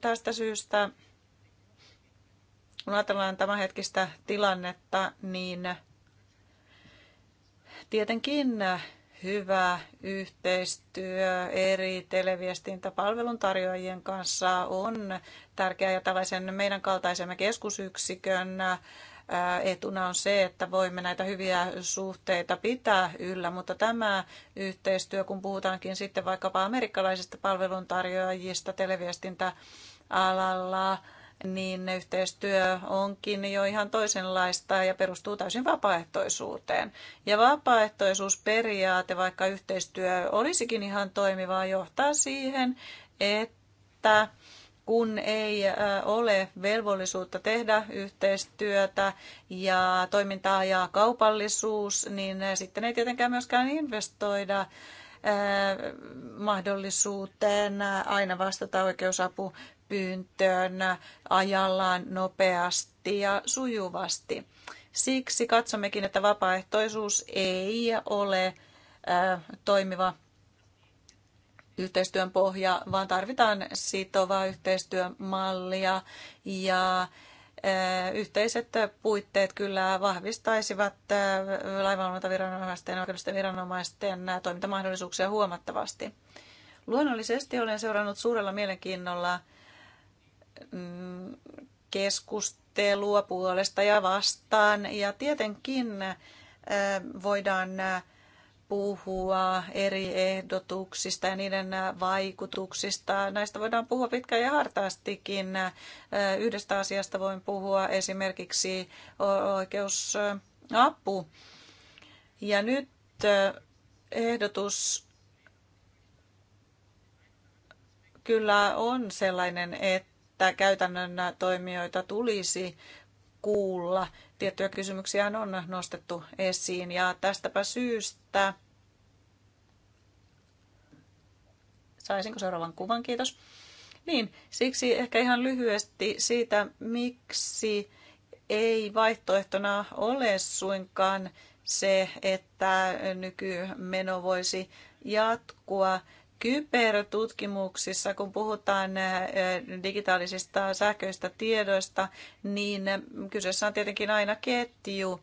tästä syystä, kun ajatellaan tämänhetkistä tilannetta, niin tietenkin hyvä yhteistyö eri televiestintäpalvelun tarjoajien kanssa on tärkeää ja tällaisen meidän kaltaisemme keskusyksikön etuna on se, että voimme näitä hyviä suhteita pitää yllä, mutta tämä yhteistyö, kun puhutaankin sitten vaikkapa amerikkalaisista palveluntarjoajista televiestintäalalla, niin yhteistyö onkin jo ihan toisenlaista ja perustuu täysin vapaaehtoisuuteen. Ja vapaaehtoisuusperiaate, vaikka yhteistyö olisikin ihan toimivaa, johtaa siihen, että kun ei ole velvollisuutta tehdä yhteistyötä ja toimintaa ja kaupallisuus, niin sitten ei tietenkään myöskään investoida mahdollisuuteen aina vastata oikeusapupyyntöön ajallaan nopeasti ja sujuvasti. Siksi katsommekin, että vapaaehtoisuus ei ole toimiva yhteistyön pohja, vaan tarvitaan sitovaa yhteistyömallia ja eh, yhteiset puitteet kyllä vahvistaisivat eh, laivanvalvontaviranomaisten ja oikeudellisten viranomaisten eh, toimintamahdollisuuksia huomattavasti. Luonnollisesti olen seurannut suurella mielenkiinnolla mm, keskustelua puolesta ja vastaan ja tietenkin voidaan puhua eri ehdotuksista ja niiden vaikutuksista. Näistä voidaan puhua pitkään ja hartaastikin. Yhdestä asiasta voin puhua esimerkiksi oikeusapu. Ja nyt ehdotus kyllä on sellainen, että käytännön toimijoita tulisi kuulla tiettyjä kysymyksiä on nostettu esiin ja tästäpä syystä Saisinko seuraavan kuvan? Kiitos. Niin, siksi ehkä ihan lyhyesti siitä, miksi ei vaihtoehtona ole suinkaan se, että nykymeno voisi jatkua kybertutkimuksissa, kun puhutaan digitaalisista sähköistä tiedoista, niin kyseessä on tietenkin aina ketju.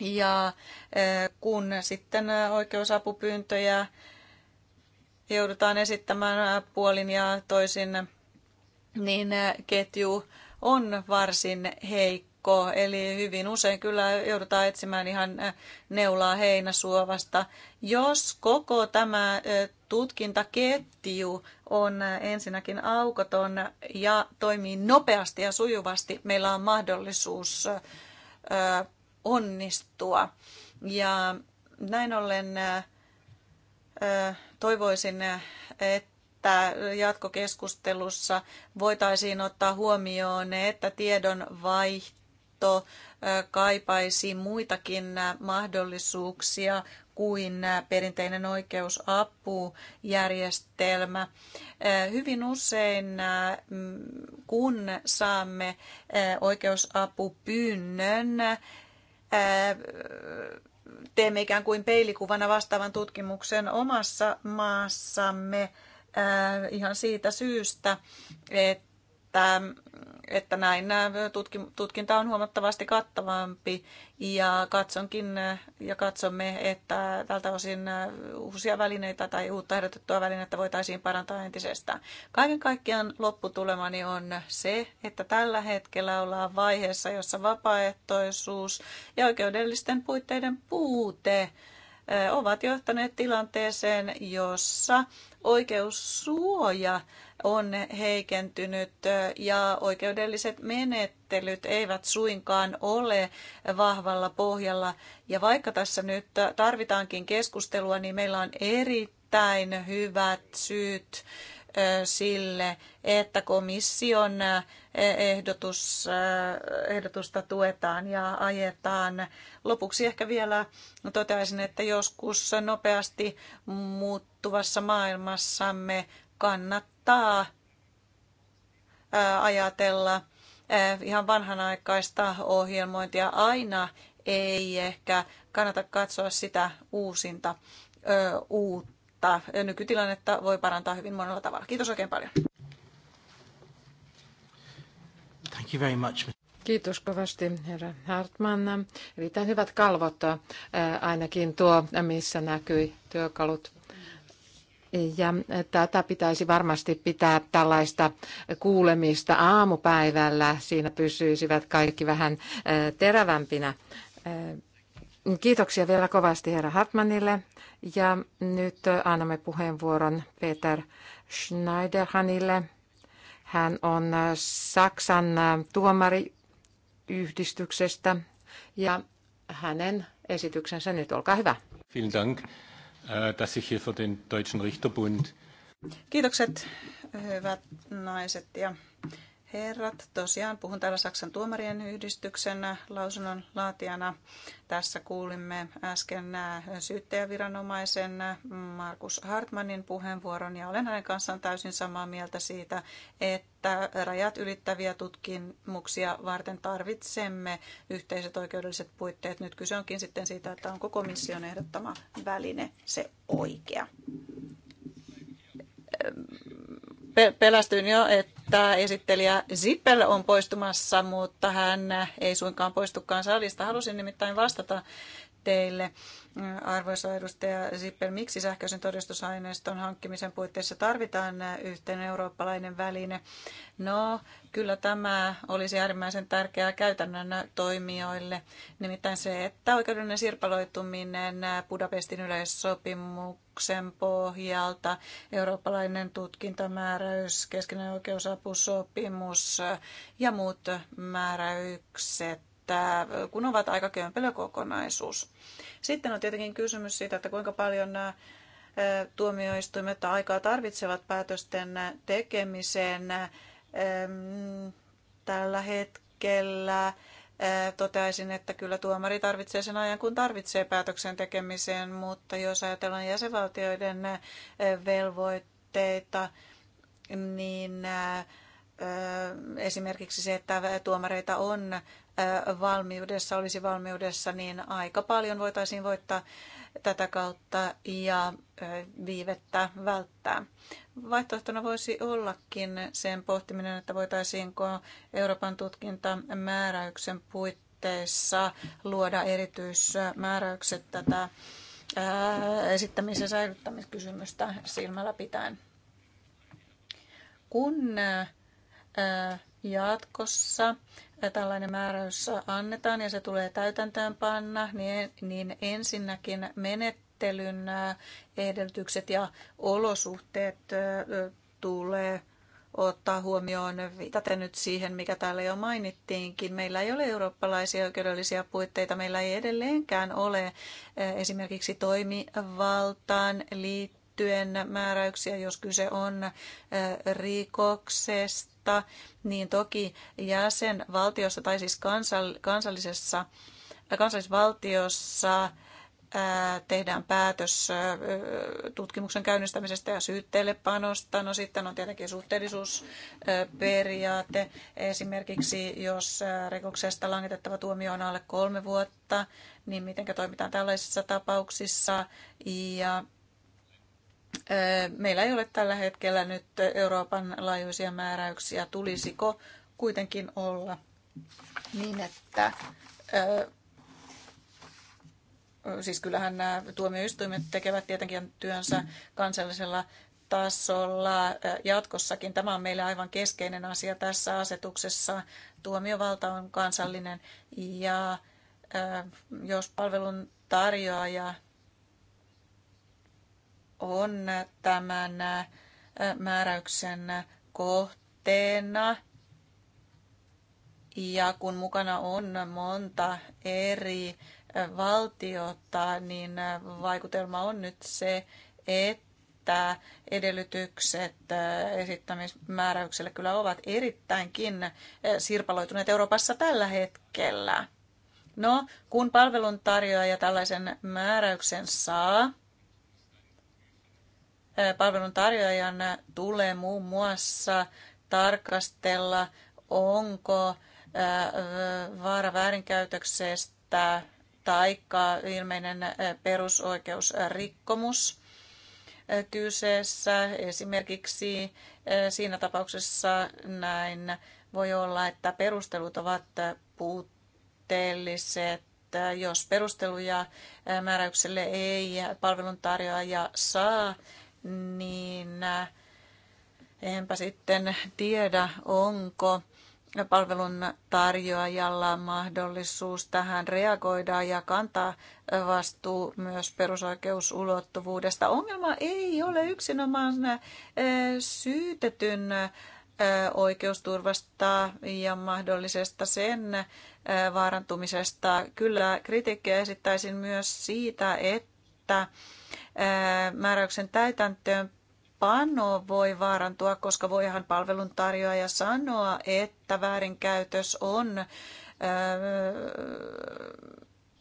Ja kun sitten oikeusapupyyntöjä joudutaan esittämään puolin ja toisin, niin ketju on varsin heikko joukko, eli hyvin usein kyllä joudutaan etsimään ihan äh, neulaa heinäsuovasta. Jos koko tämä äh, tutkintaketju on äh, ensinnäkin aukoton ja toimii nopeasti ja sujuvasti, meillä on mahdollisuus onnistua. Ja näin ollen toivoisin, että että jatkokeskustelussa voitaisiin ottaa huomioon, että tiedon vaihto liitto kaipaisi muitakin mahdollisuuksia kuin perinteinen oikeusapujärjestelmä. Hyvin usein, kun saamme oikeusapupyynnön, teemme ikään kuin peilikuvana vastaavan tutkimuksen omassa maassamme ihan siitä syystä, että että, että näin äh, tutkinta on huomattavasti kattavampi ja katsonkin äh, ja katsomme, että tältä osin äh, uusia välineitä tai uutta ehdotettua välinettä voitaisiin parantaa entisestään. Kaiken kaikkiaan lopputulemani on se, että tällä hetkellä ollaan vaiheessa, jossa vapaaehtoisuus ja oikeudellisten puitteiden puute ovat johtaneet tilanteeseen, jossa oikeussuoja on heikentynyt ja oikeudelliset menettelyt eivät suinkaan ole vahvalla pohjalla. Ja vaikka tässä nyt tarvitaankin keskustelua, niin meillä on erittäin hyvät syyt sille, että komission ehdotus, ehdotusta tuetaan ja ajetaan. Lopuksi ehkä vielä toteaisin, että joskus nopeasti muuttuvassa maailmassamme kannattaa ajatella ihan vanhanaikaista ohjelmointia. Aina ei ehkä kannata katsoa sitä uusinta ö, uutta mutta nykytilannetta voi parantaa hyvin monella tavalla. Kiitos oikein paljon. Thank you very much. Kiitos kovasti, herra Hartmann. Erittäin hyvät kalvot, äh, ainakin tuo, missä näkyi työkalut. Ja äh, tätä pitäisi varmasti pitää tällaista kuulemista aamupäivällä. Siinä pysyisivät kaikki vähän äh, terävämpinä Kiitoksia vielä kovasti herra Hartmanille. Ja nyt annamme puheenvuoron Peter Schneiderhanille. Hän on Saksan tuomariyhdistyksestä ja hänen esityksensä nyt, olkaa hyvä. Vielen Dank, äh, dass ich hier für den Deutschen Richterbund Kiitokset äh, hyvät naiset ja herrat. Tosiaan puhun täällä Saksan tuomarien yhdistyksen lausunnon laatijana. Tässä kuulimme äsken äh, syyttäjäviranomaisen äh, Markus Hartmanin puheenvuoron ja olen hänen kanssaan täysin samaa mieltä siitä, että rajat ylittäviä tutkimuksia varten tarvitsemme yhteiset oikeudelliset puitteet. Nyt kyse onkin sitten siitä, että onko komission ehdottama väline se oikea pelästyin jo, että että esittelijä Zippel on poistumassa, mutta hän ei suinkaan poistukaan salista. Halusin nimittäin vastata teille, arvoisa edustaja Sippel, miksi sähköisen todistusaineiston hankkimisen puitteissa tarvitaan yhteinen eurooppalainen väline? No, kyllä tämä olisi äärimmäisen tärkeää käytännön toimijoille. Nimittäin se, että oikeudellinen sirpaloituminen Budapestin yleissopimuksen pohjalta, eurooppalainen tutkintamääräys, keskinen oikeusapusopimus ja muut määräykset kun ovat aika kömpelö kokonaisuus. Sitten on tietenkin kysymys siitä, että kuinka paljon nämä tuomioistuimet aikaa tarvitsevat päätösten tekemiseen tällä hetkellä. Toteaisin, että kyllä tuomari tarvitsee sen ajan, kun tarvitsee päätöksen tekemiseen, mutta jos ajatellaan jäsenvaltioiden velvoitteita, niin esimerkiksi se, että tuomareita on valmiudessa, olisi valmiudessa, niin aika paljon voitaisiin voittaa tätä kautta ja viivettä välttää. Vaihtoehtona voisi ollakin sen pohtiminen, että voitaisiinko Euroopan tutkintamääräyksen puitteissa luoda erityismääräykset tätä esittämis- ja säilyttämiskysymystä silmällä pitäen. Kun jatkossa Äh, tällainen määräys annetaan ja se tulee täytäntöön panna, niin, niin ensinnäkin menettelyn äh, edellytykset ja olosuhteet äh, tulee ottaa huomioon, viitaten nyt siihen, mikä täällä jo mainittiinkin. Meillä ei ole eurooppalaisia oikeudellisia puitteita, meillä ei edelleenkään ole esimerkiksi toimivaltaan liittyen määräyksiä, jos kyse on rikoksesta toteuttaa, niin toki jäsenvaltiossa tai siis kansallisessa, kansallisvaltiossa tehdään päätös tutkimuksen käynnistämisestä ja syytteelle panosta. No sitten on tietenkin suhteellisuusperiaate. Esimerkiksi jos rikoksesta langitettava tuomio on alle kolme vuotta, niin miten toimitaan tällaisissa tapauksissa. Ja Meillä ei ole tällä hetkellä nyt Euroopan laajuisia määräyksiä. Tulisiko kuitenkin olla niin, että siis kyllähän nämä tuomioistuimet tekevät tietenkin työnsä kansallisella tasolla jatkossakin. Tämä on meille aivan keskeinen asia tässä asetuksessa. Tuomiovalta on kansallinen ja jos palvelun tarjoaja on tämän määräyksen kohteena. Ja kun mukana on monta eri valtiota, niin vaikutelma on nyt se, että edellytykset esittämismääräykselle kyllä ovat erittäinkin sirpaloituneet Euroopassa tällä hetkellä. No, kun palveluntarjoaja tällaisen määräyksen saa, Palvelun tarjoajan tulee muun muassa tarkastella, onko vaara väärinkäytöksestä taikka ilmeinen perusoikeusrikkomus kyseessä. Esimerkiksi siinä tapauksessa näin voi olla, että perustelut ovat puutteelliset jos perusteluja määräykselle ei palveluntarjoaja saa, niin äh, enpä sitten tiedä, onko palvelun tarjoajalla mahdollisuus tähän reagoida ja kantaa vastuu myös perusoikeusulottuvuudesta. Ongelma ei ole yksinomaan äh, syytetyn äh, oikeusturvasta ja mahdollisesta sen vaarantumisesta. Kyllä kritiikkiä esittäisin myös siitä, että että määräyksen täytäntöön pano voi vaarantua, koska voihan palveluntarjoaja sanoa, että väärinkäytös on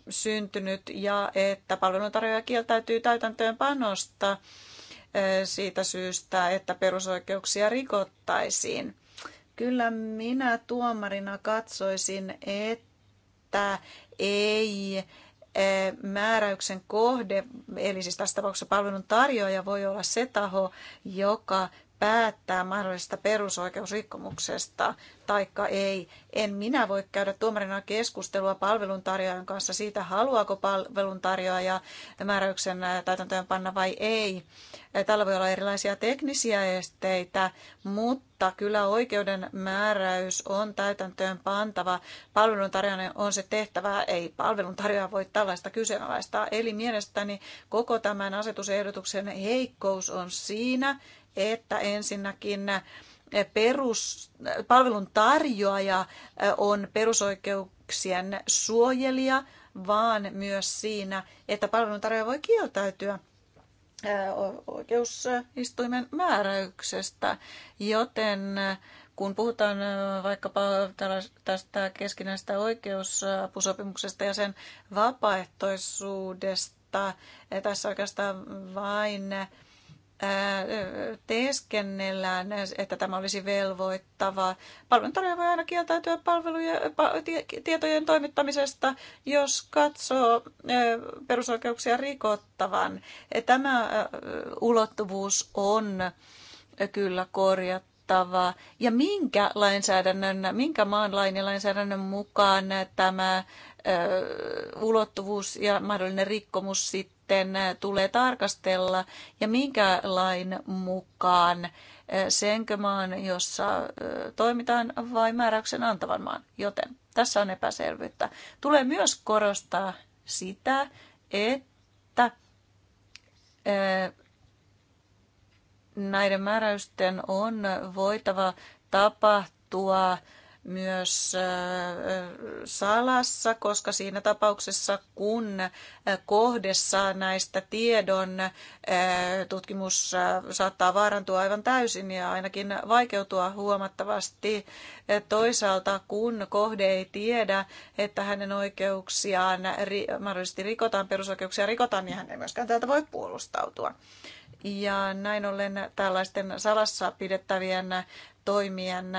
syntynyt ja että palveluntarjoaja kieltäytyy täytäntöönpanosta siitä syystä, että perusoikeuksia rikottaisiin. Kyllä minä tuomarina katsoisin, että ei määräyksen kohde, eli siis tässä tapauksessa palvelun tarjoaja voi olla se taho, joka päättää mahdollisesta perusoikeusrikkomuksesta, taikka ei. En minä voi käydä tuomarina keskustelua palveluntarjoajan kanssa siitä, haluaako palveluntarjoaja määräyksen täytäntöön panna vai ei. Tällä voi olla erilaisia teknisiä esteitä, mutta kyllä oikeuden määräys on täytäntöön pantava. Palveluntarjoajan on se tehtävä, ei palveluntarjoaja voi tällaista kyseenalaistaa. Eli mielestäni koko tämän asetusehdotuksen heikkous on siinä, että ensinnäkin eh, perus, eh, palvelun tarjoaja eh, on perusoikeuksien suojelija, vaan myös siinä, että palvelun tarjoaja voi kieltäytyä oikeusistuimen määräyksestä, joten kun puhutaan vaikkapa tästä keskinäisestä oikeusapusopimuksesta ja sen vapaaehtoisuudesta, tässä oikeastaan vain teeskennellään, että tämä olisi velvoittavaa. Palveluntarjoaja voi aina kieltäytyä palveluja, tietojen toimittamisesta, jos katsoo perusoikeuksia rikottavan. Tämä ulottuvuus on kyllä korjattava. Ja minkä lainsäädännön, minkä maan lain ja lainsäädännön mukaan tämä ulottuvuus ja mahdollinen rikkomus sitten sitten tulee tarkastella ja minkä lain mukaan senkö maan, jossa toimitaan vai määräyksen antavan maan. Joten tässä on epäselvyyttä. Tulee myös korostaa sitä, että näiden määräysten on voitava tapahtua myös salassa, koska siinä tapauksessa, kun kohde saa näistä tiedon, tutkimus saattaa vaarantua aivan täysin ja ainakin vaikeutua huomattavasti. Toisaalta, kun kohde ei tiedä, että hänen oikeuksiaan mahdollisesti rikotaan, perusoikeuksia rikotaan, niin hän ei myöskään täältä voi puolustautua. Ja näin ollen tällaisten salassa pidettävien toimien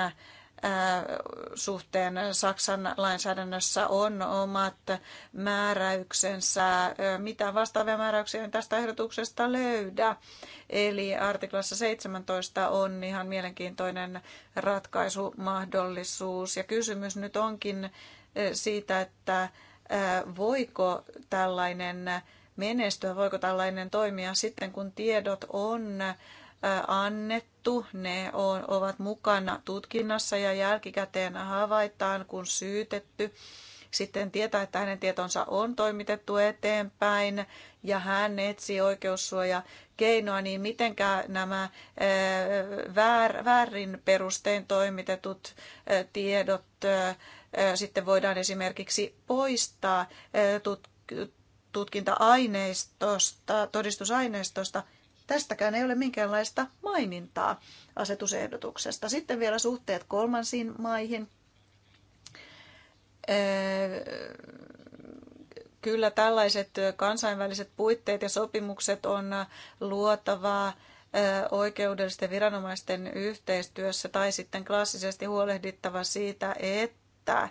suhteen Saksan lainsäädännössä on omat määräyksensä. Mitä vastaavia määräyksiä en tästä ehdotuksesta löydä? Eli artiklassa 17 on ihan mielenkiintoinen ratkaisumahdollisuus. Ja kysymys nyt onkin siitä, että voiko tällainen menestyä, voiko tällainen toimia sitten, kun tiedot on annettu. Ne ovat mukana tutkinnassa ja jälkikäteen havaitaan, kun syytetty sitten tietää, että hänen tietonsa on toimitettu eteenpäin ja hän etsii oikeussuojakeinoa, niin mitenkä nämä väär, väärin perustein toimitetut tiedot sitten voidaan esimerkiksi poistaa tutkinta-aineistosta, todistusaineistosta – Tästäkään ei ole minkäänlaista mainintaa asetusehdotuksesta. Sitten vielä suhteet kolmansiin maihin. Kyllä tällaiset kansainväliset puitteet ja sopimukset on luotavaa oikeudellisten viranomaisten yhteistyössä tai sitten klassisesti huolehdittava siitä, että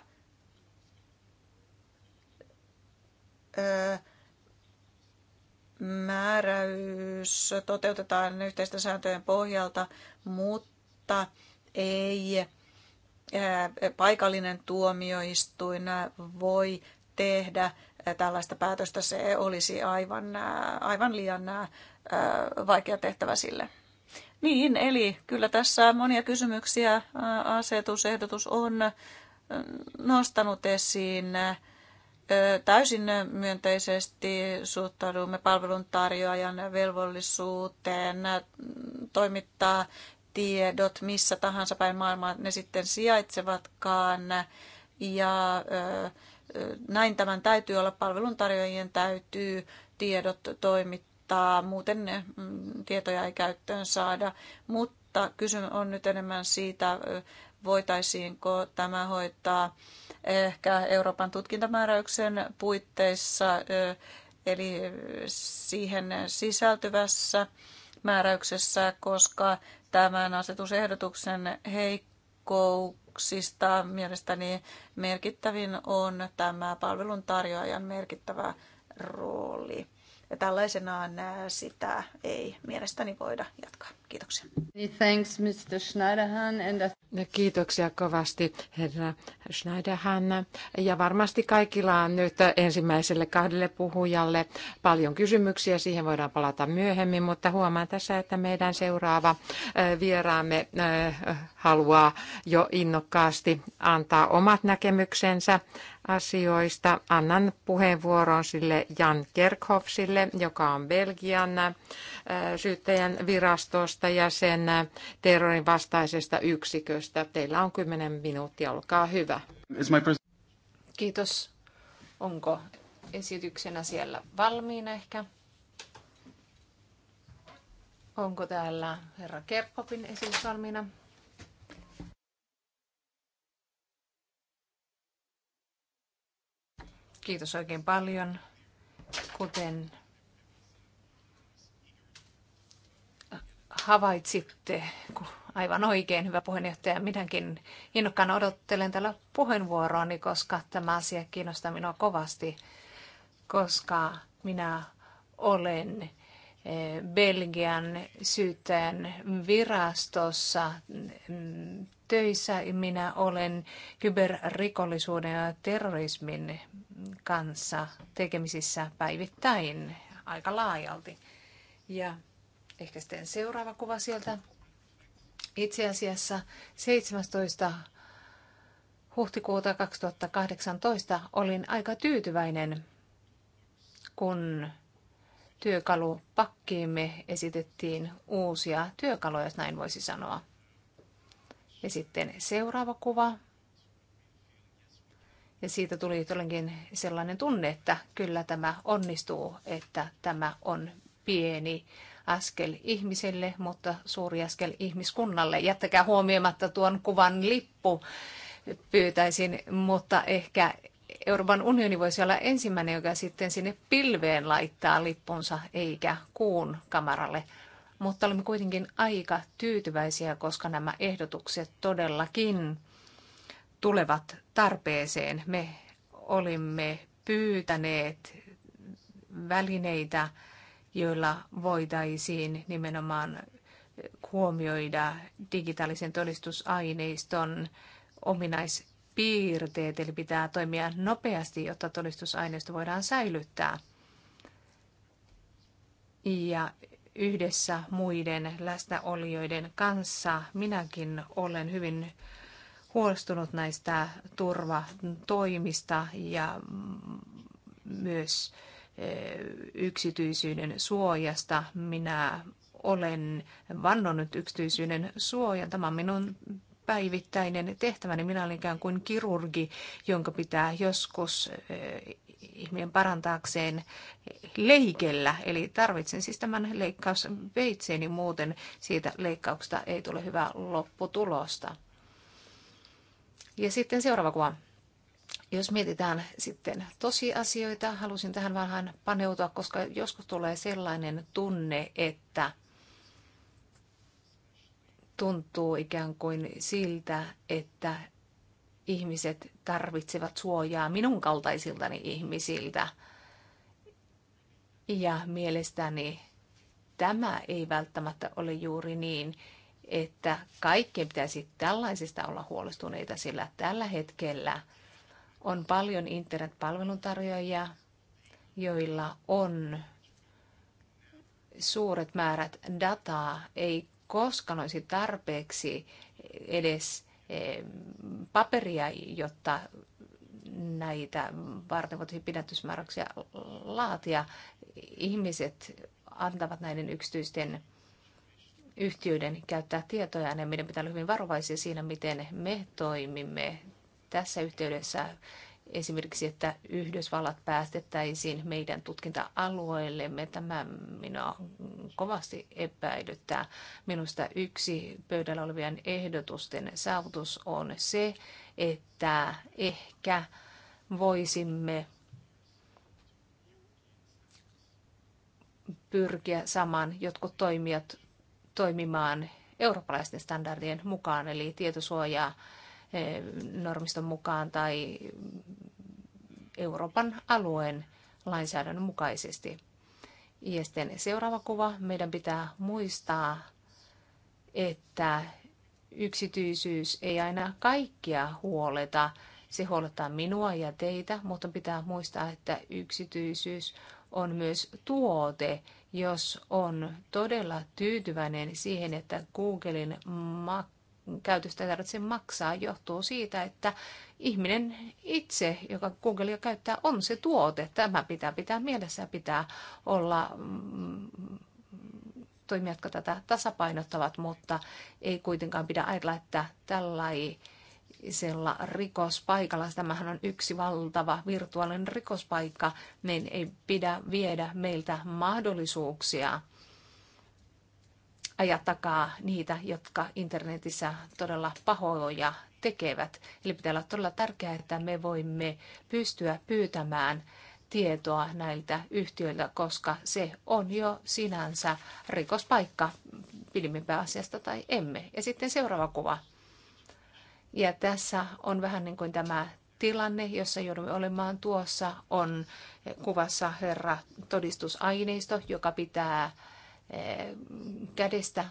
määräys toteutetaan yhteisten sääntöjen pohjalta, mutta ei paikallinen tuomioistuin voi tehdä tällaista päätöstä. Se olisi aivan, aivan liian vaikea tehtävä sille. Niin, eli kyllä tässä monia kysymyksiä asetusehdotus on nostanut esiin täysin myönteisesti suhtaudumme palveluntarjoajan velvollisuuteen toimittaa tiedot missä tahansa päin maailmaa ne sitten sijaitsevatkaan. Ja näin tämän täytyy olla, palveluntarjoajien täytyy tiedot toimittaa, muuten ne mm, tietoja ei käyttöön saada. Mutta kysymys on nyt enemmän siitä, voitaisiinko tämä hoitaa ehkä Euroopan tutkintamääräyksen puitteissa, eli siihen sisältyvässä määräyksessä, koska tämän asetusehdotuksen heikkouksista mielestäni merkittävin on tämä palveluntarjoajan merkittävä rooli. Ja tällaisenaan sitä ei mielestäni voida jatkaa. Kiitoksia. Thanks, Mr. Schneiderhan. And... Kiitoksia kovasti, herra Schneiderhan. Ja varmasti kaikilla on nyt ensimmäiselle kahdelle puhujalle paljon kysymyksiä. Siihen voidaan palata myöhemmin, mutta huomaan tässä, että meidän seuraava vieraamme haluaa jo innokkaasti antaa omat näkemyksensä asioista. Annan puheenvuoron sille Jan Kerkhoffsille, joka on Belgian syyttäjän virastosta neuvostosta ja sen äh, terrorin vastaisesta yksiköstä. Teillä on 10 minuuttia, olkaa hyvä. Kiitos. Onko esityksenä siellä valmiina ehkä? Onko täällä herra Kerkopin esitys valmiina? Kiitos oikein paljon. Kuten havaitsitte aivan oikein, hyvä puheenjohtaja. Minäkin innokkaan odottelen tällä puheenvuoroani, koska tämä asia kiinnostaa minua kovasti, koska minä olen eh, Belgian syyttäjän virastossa mm, töissä. Minä olen kyberrikollisuuden ja terrorismin kanssa tekemisissä päivittäin aika laajalti. Ja Ehkä sitten seuraava kuva sieltä. Itse asiassa 17. huhtikuuta 2018 olin aika tyytyväinen, kun työkalupakkiimme esitettiin uusia työkaluja, jos näin voisi sanoa. Ja sitten seuraava kuva. Ja siitä tuli jotenkin sellainen tunne, että kyllä tämä onnistuu, että tämä on pieni askel ihmiselle, mutta suuri askel ihmiskunnalle. Jättäkää huomioimatta tuon kuvan lippu pyytäisin, mutta ehkä Euroopan unioni voisi olla ensimmäinen, joka sitten sinne pilveen laittaa lippunsa eikä kuun kamaralle. Mutta olemme kuitenkin aika tyytyväisiä, koska nämä ehdotukset todellakin tulevat tarpeeseen. Me olimme pyytäneet välineitä joilla voitaisiin nimenomaan huomioida digitaalisen todistusaineiston ominaispiirteet, eli pitää toimia nopeasti, jotta todistusaineisto voidaan säilyttää. Ja yhdessä muiden läsnäolijoiden kanssa minäkin olen hyvin huolestunut näistä turvatoimista ja myös Eh, yksityisyyden suojasta. Minä olen vannonut yksityisyyden suojan. Tämä on minun päivittäinen tehtäväni. Minä olen ikään kuin kirurgi, jonka pitää joskus eh, ihminen parantaakseen leikellä. Eli tarvitsen siis tämän leikkausveitseeni, muuten siitä leikkauksesta ei tule hyvää lopputulosta. Ja sitten seuraava kuva. Jos mietitään sitten tosiasioita, halusin tähän vähän paneutua, koska joskus tulee sellainen tunne, että tuntuu ikään kuin siltä, että ihmiset tarvitsevat suojaa minun kaltaisiltani ihmisiltä. Ja mielestäni tämä ei välttämättä ole juuri niin, että kaikkien pitäisi tällaisista olla huolestuneita, sillä tällä hetkellä – on paljon internetpalveluntarjoajia, joilla on suuret määrät dataa, ei koskaan olisi tarpeeksi edes eh, paperia, jotta näitä varten voitaisiin pidätysmääräyksiä laatia. Ihmiset antavat näiden yksityisten yhtiöiden käyttää tietoja, ja meidän pitää olla hyvin varovaisia siinä, miten me toimimme tässä yhteydessä esimerkiksi, että Yhdysvallat päästettäisiin meidän tutkinta-alueellemme. Tämä minua kovasti epäilyttää. Minusta yksi pöydällä olevien ehdotusten saavutus on se, että ehkä voisimme pyrkiä saman jotkut toimijat toimimaan eurooppalaisten standardien mukaan, eli tietosuojaa Eh, normiston mukaan tai Euroopan alueen lainsäädännön mukaisesti. Ja sitten seuraava kuva. Meidän pitää muistaa, että yksityisyys ei aina kaikkia huoleta. Se huolettaa minua ja teitä, mutta pitää muistaa, että yksityisyys on myös tuote, jos on todella tyytyväinen siihen, että Googlein mak- käytöstä ei tarvitse maksaa, johtuu siitä, että ihminen itse, joka Googlea käyttää, on se tuote. Tämä pitää pitää mielessä ja pitää olla mm, toimia, jotka tätä tasapainottavat, mutta ei kuitenkaan pidä ajatella, että tällaisella rikospaikalla, tämähän on yksi valtava virtuaalinen rikospaikka, niin ei pidä viedä meiltä mahdollisuuksia – ajatakaa niitä, jotka internetissä todella pahoja tekevät. Eli pitää olla todella tärkeää, että me voimme pystyä pyytämään tietoa näiltä yhtiöiltä, koska se on jo sinänsä rikospaikka, pilmimpää asiasta tai emme. Ja sitten seuraava kuva. Ja tässä on vähän niin kuin tämä tilanne, jossa joudumme olemaan tuossa, on kuvassa herra todistusaineisto, joka pitää Eh, kädestä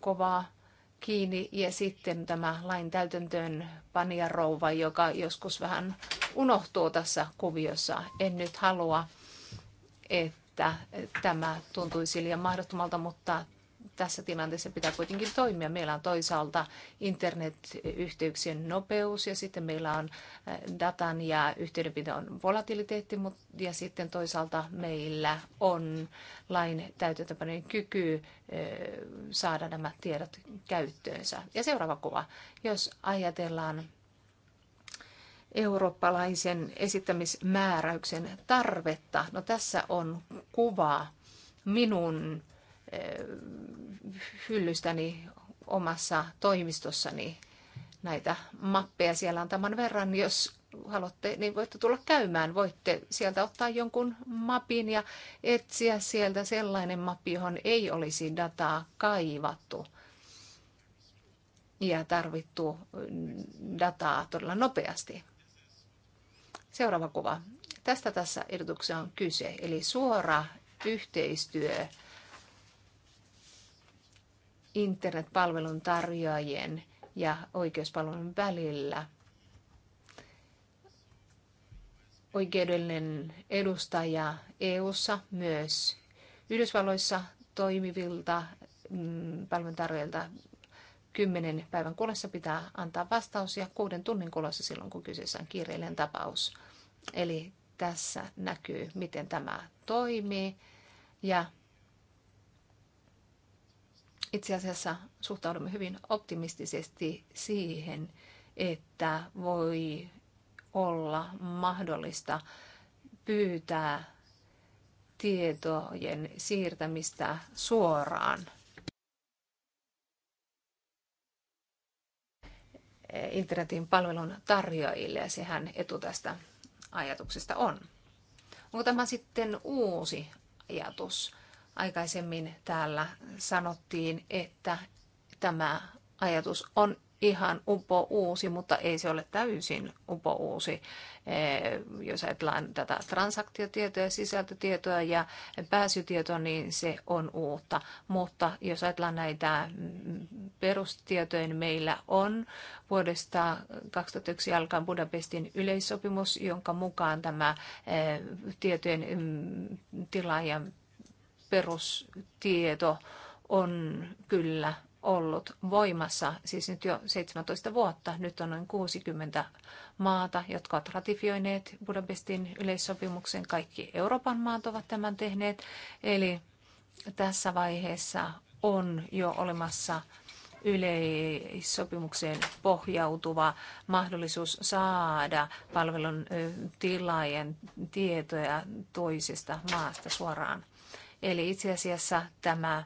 kovaa kiinni ja sitten tämä lain täytäntöön rouva, joka joskus vähän unohtuu tässä kuviossa. En nyt halua, että tämä tuntuisi liian mahdottomalta, mutta tässä tilanteessa pitää kuitenkin toimia. Meillä on toisaalta internetyhteyksien nopeus ja sitten meillä on eh, datan ja yhteydenpidon volatiliteetti ja sitten toisaalta meillä on lain täytäntöpäinen kyky eh, saada nämä tiedot käyttöönsä. Ja seuraava kuva. Jos ajatellaan eurooppalaisen esittämismääräyksen tarvetta, no tässä on kuva minun Eh, hyllystäni omassa toimistossani näitä mappeja siellä on tämän verran. Jos haluatte, niin voitte tulla käymään. Voitte sieltä ottaa jonkun mapin ja etsiä sieltä sellainen mappi, johon ei olisi dataa kaivattu ja tarvittu dataa todella nopeasti. Seuraava kuva. Tästä tässä edutuksessa on kyse, eli suora yhteistyö internetpalvelun tarjoajien ja oikeuspalvelun välillä. Oikeudellinen edustaja EU:ssa myös Yhdysvalloissa toimivilta mm, palveluntarjoajilta kymmenen päivän kuluessa pitää antaa vastaus ja kuuden tunnin kuluessa silloin, kun kyseessä on kiireellinen tapaus. Eli tässä näkyy, miten tämä toimii ja itse asiassa suhtaudumme hyvin optimistisesti siihen, että voi olla mahdollista pyytää tietojen siirtämistä suoraan internetin palvelun tarjoajille ja sehän etu tästä ajatuksesta on. Onko tämä sitten uusi ajatus? Aikaisemmin täällä sanottiin, että tämä ajatus on ihan upo uusi, mutta ei se ole täysin upo uusi. Eh, jos ajatellaan tätä transaktiotietoja, sisältötietoa ja pääsytietoa, niin se on uutta. Mutta jos ajatellaan näitä mm, perustietoja, niin meillä on vuodesta 2001 alkaen Budapestin yleissopimus, jonka mukaan tämä eh, tietojen mm, tilaajan perustieto on kyllä ollut voimassa, siis nyt jo 17 vuotta. Nyt on noin 60 maata, jotka ovat ratifioineet Budapestin yleissopimuksen. Kaikki Euroopan maat ovat tämän tehneet. Eli tässä vaiheessa on jo olemassa yleissopimukseen pohjautuva mahdollisuus saada palvelun tilaajan tietoja toisesta maasta suoraan Eli itse asiassa tämä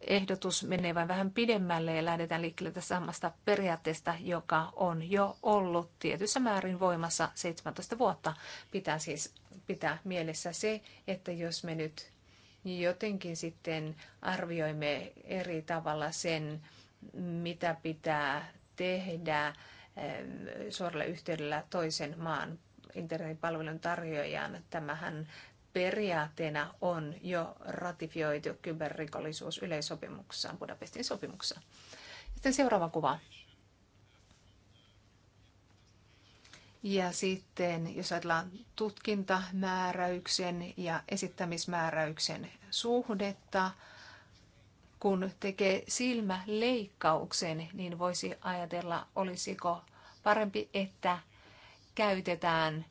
ehdotus menee vain vähän pidemmälle ja lähdetään liikkeelle tästä samasta periaatteesta, joka on jo ollut tietyssä määrin voimassa 17 vuotta. Pitää siis pitää mielessä se, että jos me nyt jotenkin sitten arvioimme eri tavalla sen, mitä pitää tehdä eh, suoralla yhteydellä toisen maan internetin palvelun tarjoajan. Tämähän periaatteena on jo ratifioitu kyberrikollisuus yleissopimuksessaan, Budapestin sopimuksessa. Sitten seuraava kuva. Ja sitten, jos ajatellaan tutkintamääräyksen ja esittämismääräyksen suhdetta, kun tekee silmäleikkauksen, niin voisi ajatella, olisiko parempi, että käytetään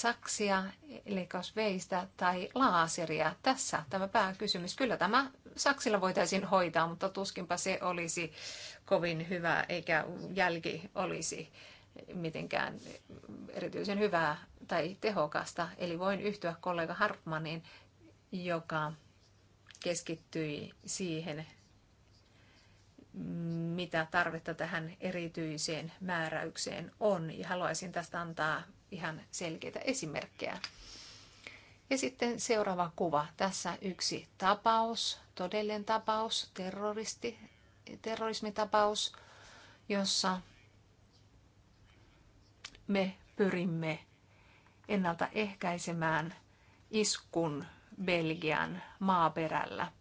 saksia, leikkausveistä tai laaseria. Tässä tämä pääkysymys. Kyllä tämä saksilla voitaisiin hoitaa, mutta tuskinpa se olisi kovin hyvä, eikä jälki olisi mitenkään erityisen hyvää tai tehokasta. Eli voin yhtyä kollega Hartmanin, joka keskittyi siihen, mitä tarvetta tähän erityiseen määräykseen on. Ja haluaisin tästä antaa ihan selkeitä esimerkkejä. Ja sitten seuraava kuva. Tässä yksi tapaus, todellinen tapaus, terroristi, terrorismitapaus, jossa me pyrimme ennaltaehkäisemään iskun Belgian maaperällä.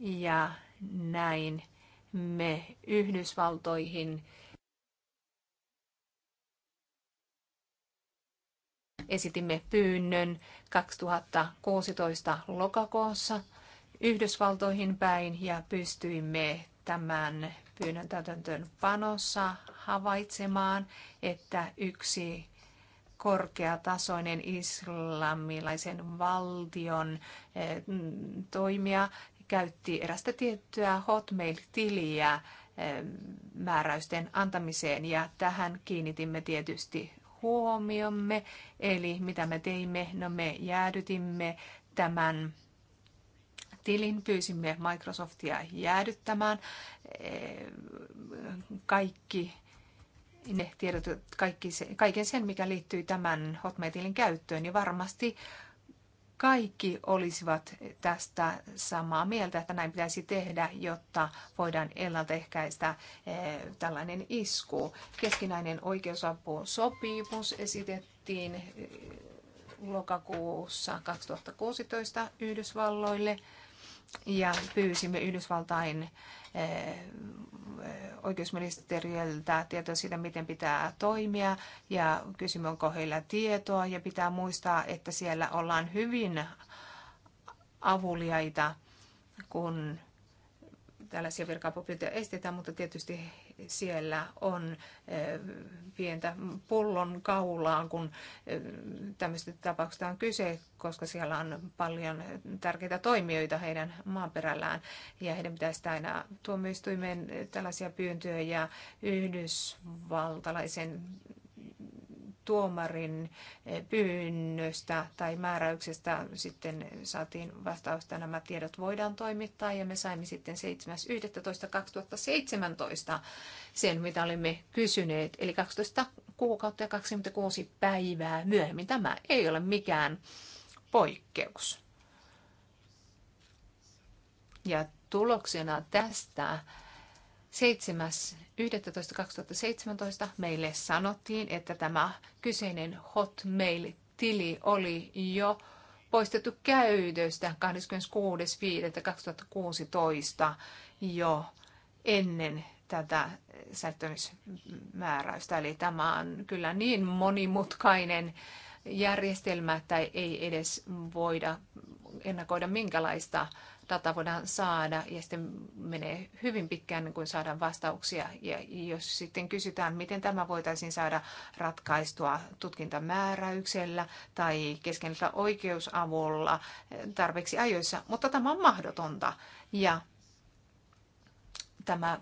Ja näin me Yhdysvaltoihin esitimme pyynnön 2016 lokakuussa Yhdysvaltoihin päin ja pystyimme tämän pyynnön täytäntöön panossa havaitsemaan, että yksi korkeatasoinen islamilaisen valtion e, toimija käytti erästä tiettyä Hotmail-tiliä e, määräysten antamiseen ja tähän kiinnitimme tietysti huomiomme. Eli mitä me teimme? No me jäädytimme tämän tilin, pyysimme Microsoftia jäädyttämään eh, kaikki ne tiedot, kaikki se, kaiken sen, mikä liittyy tämän Hotmailin käyttöön, niin varmasti kaikki olisivat tästä samaa mieltä, että näin pitäisi tehdä, jotta voidaan ennaltaehkäistä eh, tällainen isku. Keskinäinen oikeusapusopimus esitettiin eh, lokakuussa 2016 Yhdysvalloille ja pyysimme Yhdysvaltain eh, oikeusministeriöltä tietoa siitä, miten pitää toimia ja kysymme, onko heillä tietoa ja pitää muistaa, että siellä ollaan hyvin avuliaita, kun tällaisia virkapopioita estetään, mutta tietysti siellä on pientä pullon kaulaan, kun tämmöistä tapauksista on kyse, koska siellä on paljon tärkeitä toimijoita heidän maaperällään ja heidän pitäisi aina tuomioistuimeen tällaisia pyyntöjä ja yhdysvaltalaisen tuomarin eh, pyynnöstä tai määräyksestä sitten saatiin vastausta, nämä tiedot voidaan toimittaa ja me saimme sitten 7.11.2017 sen, mitä olimme kysyneet, eli 12 kuukautta ja 26 päivää myöhemmin. Tämä ei ole mikään poikkeus. Ja tuloksena tästä 7.11.2017 meille sanottiin, että tämä kyseinen Hotmail-tili oli jo poistettu käytöstä 26.5.2016 jo ennen tätä säilyttämismääräystä. Eli tämä on kyllä niin monimutkainen järjestelmä, että ei edes voida ennakoida minkälaista data voidaan saada ja sitten menee hyvin pitkään niin kuin saadaan vastauksia. Ja jos sitten kysytään, miten tämä voitaisiin saada ratkaistua tutkintamääräyksellä tai keskeisellä oikeusavulla tarpeeksi ajoissa, mutta tämä on mahdotonta. Ja tämä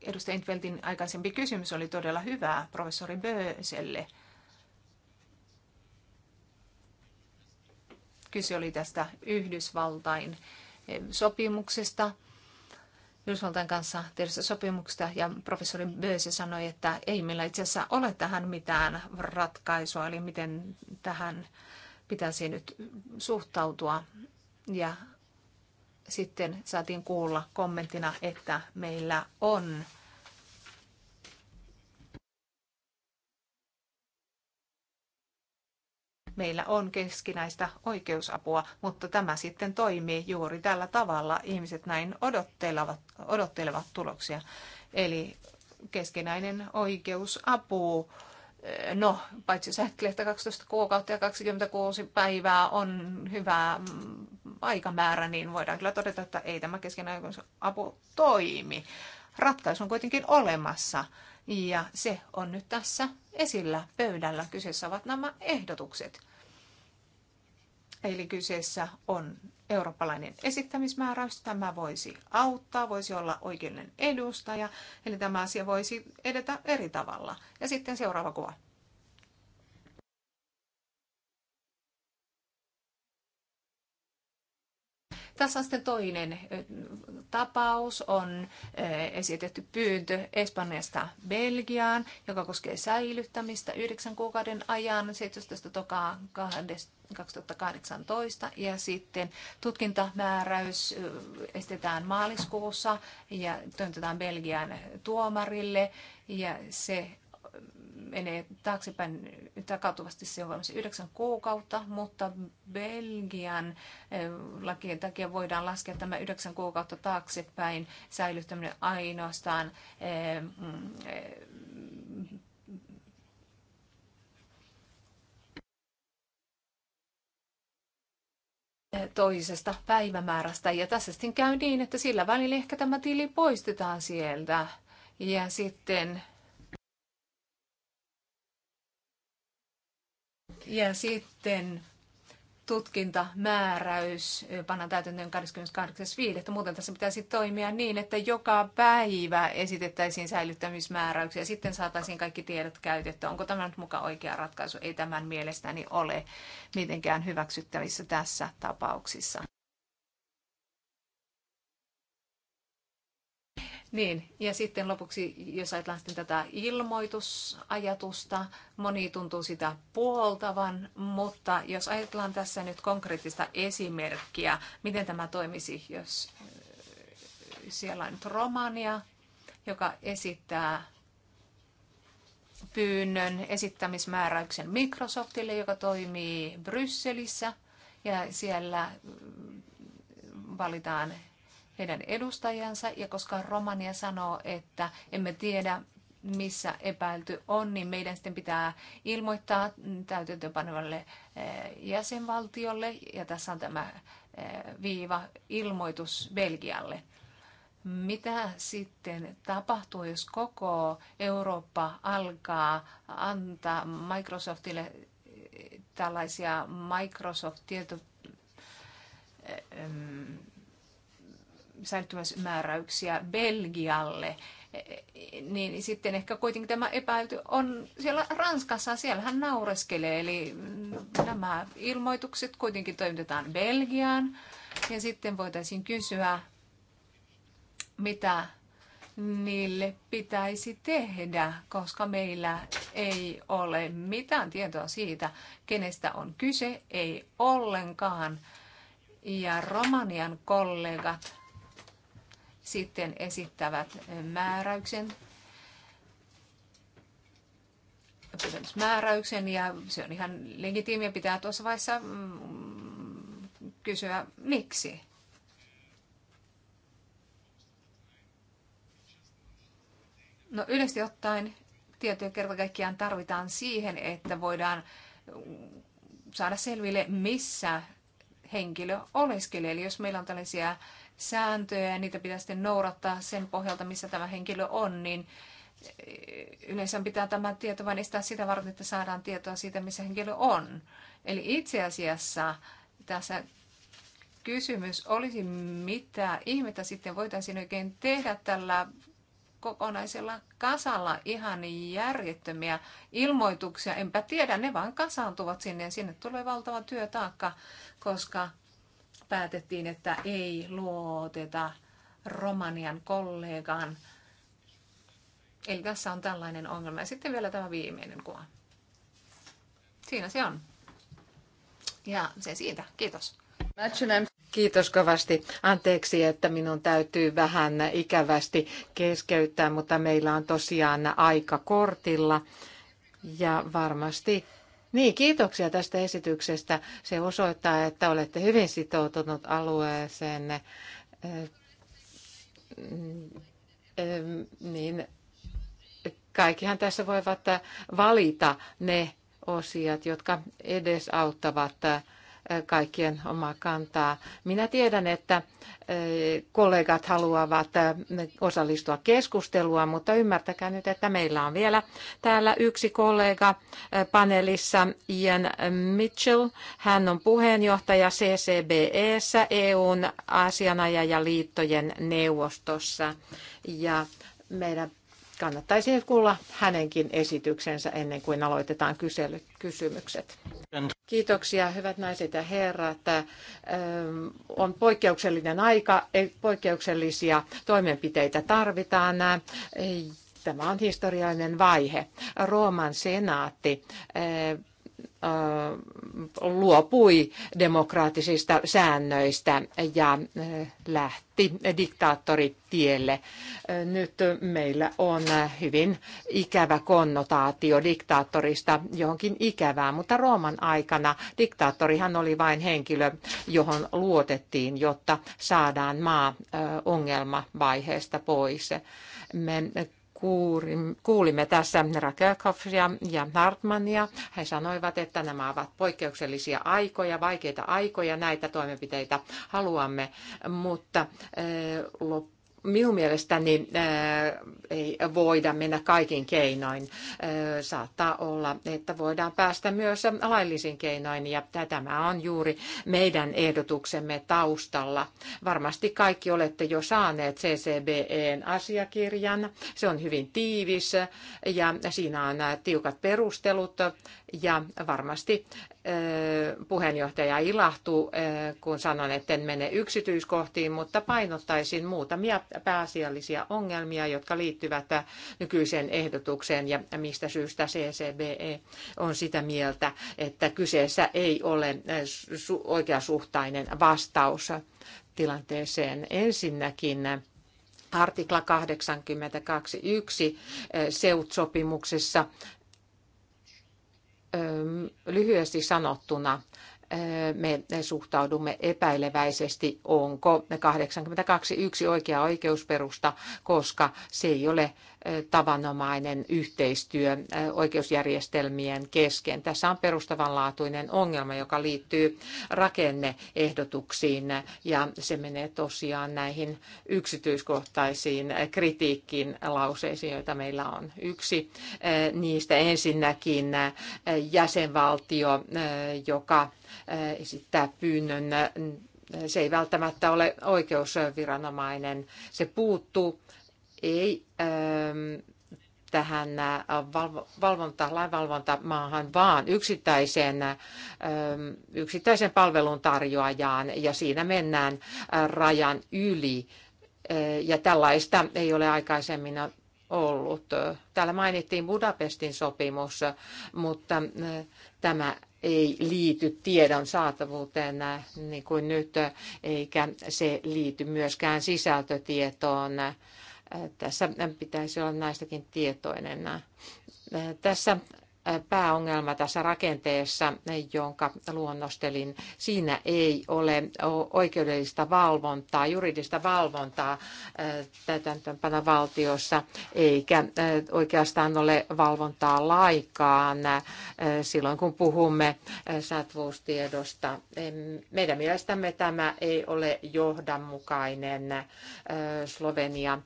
edustaja Intveltin aikaisempi kysymys oli todella hyvä professori Böselle. Kyse oli tästä Yhdysvaltain sopimuksesta, Yhdysvaltain kanssa tehdystä sopimuksesta ja professori Böse sanoi, että ei meillä itse asiassa ole tähän mitään ratkaisua, eli miten tähän pitäisi nyt suhtautua. Ja sitten saatiin kuulla kommenttina, että meillä on meillä on keskinäistä oikeusapua, mutta tämä sitten toimii juuri tällä tavalla. Ihmiset näin odottelevat, odottelevat tuloksia. Eli keskinäinen oikeusapu, no paitsi että 12 kuukautta ja 26 päivää on hyvä mm, aikamäärä, niin voidaan kyllä todeta, että ei tämä keskinäinen apu toimi. Ratkaisu on kuitenkin olemassa ja se on nyt tässä esillä pöydällä. Kyseessä ovat nämä ehdotukset. Eli kyseessä on eurooppalainen esittämismääräys. Tämä voisi auttaa, voisi olla oikeinen edustaja, eli tämä asia voisi edetä eri tavalla. Ja sitten seuraava kuva. Tässä on sitten toinen tapaus, on esitetty pyyntö Espanjasta Belgiaan, joka koskee säilyttämistä yhdeksän kuukauden ajan 17. tokaa 2018 ja sitten tutkintamääräys estetään maaliskuussa ja toimitetaan Belgian tuomarille ja se menee taaksepäin takautuvasti, se on varmasti yhdeksän kuukautta, mutta Belgian eh, lakien takia voidaan laskea tämä yhdeksän kuukautta taaksepäin säilyttäminen ainoastaan eh, eh, toisesta päivämäärästä. Ja tässä sitten käy niin, että sillä välillä ehkä tämä tili poistetaan sieltä. Ja sitten Ja sitten tutkintamääräys pannaan täytäntöön 28.5. Muuten tässä pitäisi toimia niin, että joka päivä esitettäisiin säilyttämismääräyksiä ja sitten saataisiin kaikki tiedot käytettyä. Onko tämä nyt mukaan oikea ratkaisu? Ei tämän mielestäni ole mitenkään hyväksyttävissä tässä tapauksissa. Niin, ja sitten lopuksi, jos ajatellaan sitten tätä ilmoitusajatusta, moni tuntuu sitä puoltavan, mutta jos ajatellaan tässä nyt konkreettista esimerkkiä, miten tämä toimisi, jos äh, siellä on nyt Romania, joka esittää pyynnön esittämismääräyksen Microsoftille, joka toimii Brysselissä, ja siellä äh, valitaan heidän edustajansa, ja koska Romania sanoo, että emme tiedä, missä epäilty on, niin meidän sitten pitää ilmoittaa täytäntöönpanevalle eh, jäsenvaltiolle, ja tässä on tämä eh, viiva ilmoitus Belgialle. Mitä sitten tapahtuu, jos koko Eurooppa alkaa antaa Microsoftille eh, tällaisia Microsoft-tieto säilyttämismääräyksiä Belgialle, niin sitten ehkä kuitenkin tämä epäilty on siellä Ranskassa, siellä hän naureskelee, eli nämä ilmoitukset kuitenkin toimitetaan Belgiaan, ja sitten voitaisiin kysyä, mitä niille pitäisi tehdä, koska meillä ei ole mitään tietoa siitä, kenestä on kyse, ei ollenkaan. Ja Romanian kollegat sitten esittävät määräyksen määräyksen ja se on ihan legitiimiä pitää tuossa vaiheessa mm, kysyä miksi. No yleisesti ottaen tietoja kerta kaikkiaan tarvitaan siihen, että voidaan saada selville, missä henkilö oleskelee. Eli jos meillä on tällaisia sääntöjä ja niitä pitää sitten noudattaa sen pohjalta, missä tämä henkilö on, niin eh, yleensä pitää tämä tieto vain estää sitä varten, että saadaan tietoa siitä, missä henkilö on. Eli itse asiassa tässä kysymys olisi, mitä ihmettä sitten voitaisiin oikein tehdä tällä kokonaisella kasalla ihan järjettömiä ilmoituksia. Enpä tiedä, ne vaan kasaantuvat sinne ja sinne tulee valtava työtaakka, koska päätettiin, että ei luoteta Romanian kollegaan. Eli tässä on tällainen ongelma. Ja sitten vielä tämä viimeinen kuva. Siinä se on. Ja se siitä. Kiitos. Kiitos kovasti. Anteeksi, että minun täytyy vähän ikävästi keskeyttää, mutta meillä on tosiaan aika kortilla. Ja varmasti niin, kiitoksia tästä esityksestä. Se osoittaa, että olette hyvin sitoutunut alueeseen. Niin kaikkihan tässä voivat valita ne osiat, jotka edesauttavat auttavat kaikkien omaa kantaa. Minä tiedän, että kollegat haluavat osallistua keskustelua, mutta ymmärtäkää nyt, että meillä on vielä täällä yksi kollega paneelissa, Ian Mitchell. Hän on puheenjohtaja CCBEssä, EUn asianajajaliittojen neuvostossa. Ja meidän kannattaisi nyt kuulla hänenkin esityksensä ennen kuin aloitetaan kysely- kysymykset. Kiitoksia, hyvät naiset ja herrat. On poikkeuksellinen aika, e, poikkeuksellisia toimenpiteitä tarvitaan. Tämä on historiallinen vaihe. Rooman senaatti luopui demokraattisista säännöistä ja lähti diktaattoritielle. Nyt meillä on hyvin ikävä konnotaatio diktaattorista johonkin ikävään, mutta Rooman aikana diktaattorihan oli vain henkilö, johon luotettiin, jotta saadaan maa ongelmavaiheesta pois. Me kuulimme tässä Raquel ja Hartmania. He sanoivat, että nämä ovat poikkeuksellisia aikoja, vaikeita aikoja, näitä toimenpiteitä haluamme, mutta loppujen Minun mielestäni äh, ei voida mennä kaikin keinoin. Äh, saattaa olla, että voidaan päästä myös laillisin keinoin ja tämä on juuri meidän ehdotuksemme taustalla. Varmasti kaikki olette jo saaneet CCBEn asiakirjan. Se on hyvin tiivis ja siinä on tiukat perustelut ja varmasti puheenjohtaja ilahtuu, kun sanon, että en mene yksityiskohtiin, mutta painottaisin muutamia pääasiallisia ongelmia, jotka liittyvät nykyiseen ehdotukseen ja mistä syystä CCBE on sitä mieltä, että kyseessä ei ole oikeasuhtainen vastaus tilanteeseen. Ensinnäkin artikla 82.1 SEUT-sopimuksessa lyhyesti sanottuna me suhtaudumme epäileväisesti, onko 82.1 oikea oikeusperusta, koska se ei ole tavanomainen yhteistyö oikeusjärjestelmien kesken. Tässä on perustavanlaatuinen ongelma, joka liittyy rakenneehdotuksiin ja se menee tosiaan näihin yksityiskohtaisiin kritiikkiin lauseisiin, joita meillä on. Yksi niistä ensinnäkin jäsenvaltio, joka esittää pyynnön se ei välttämättä ole oikeusviranomainen. Se puuttuu ei ähm, tähän äh, valvonta, lainvalvontamaahan, vaan ähm, yksittäisen palvelun tarjoajaan ja siinä mennään äh, rajan yli. Äh, ja tällaista ei ole aikaisemmin ollut. Täällä mainittiin Budapestin sopimus, mutta tämä ei liity tiedon saatavuuteen niin kuin nyt, eikä se liity myöskään sisältötietoon tässä pitäisi olla näistäkin tietoinen. Tässä pääongelma tässä rakenteessa, jonka luonnostelin. Siinä ei ole oikeudellista valvontaa, juridista valvontaa äh, täytäntöönpänä valtiossa, eikä äh, oikeastaan ole valvontaa laikaan äh, silloin, kun puhumme satvuustiedosta. Meidän mielestämme tämä ei ole johdonmukainen Slovenian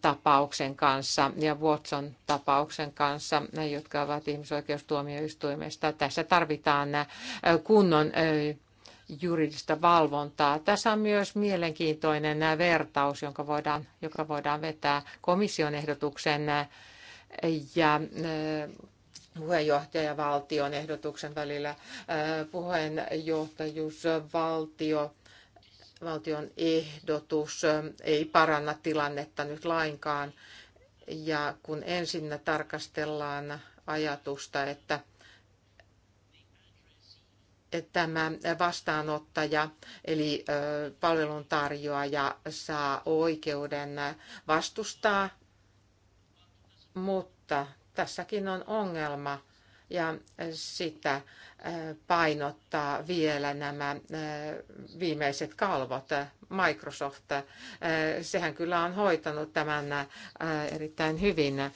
tapauksen kanssa ja Watson tapauksen kanssa, jotka ovat ihmisoikeuksia ihmisoikeustuomioistuimesta. Tässä tarvitaan äh, kunnon äh, juridista valvontaa. Tässä on myös mielenkiintoinen äh, vertaus, jonka voidaan, joka voidaan vetää komission ehdotuksen ja valtion ehdotuksen välillä. Puheenjohtajuusvaltio valtion ehdotus ei paranna tilannetta nyt lainkaan. Ja kun ensin tarkastellaan ajatusta, että tämä vastaanottaja eli palveluntarjoaja saa oikeuden vastustaa, mutta tässäkin on ongelma ja sitä painottaa vielä nämä viimeiset kalvot Microsoft. Äh, sehän kyllä on hoitanut tämän äh, erittäin hyvin. Äh,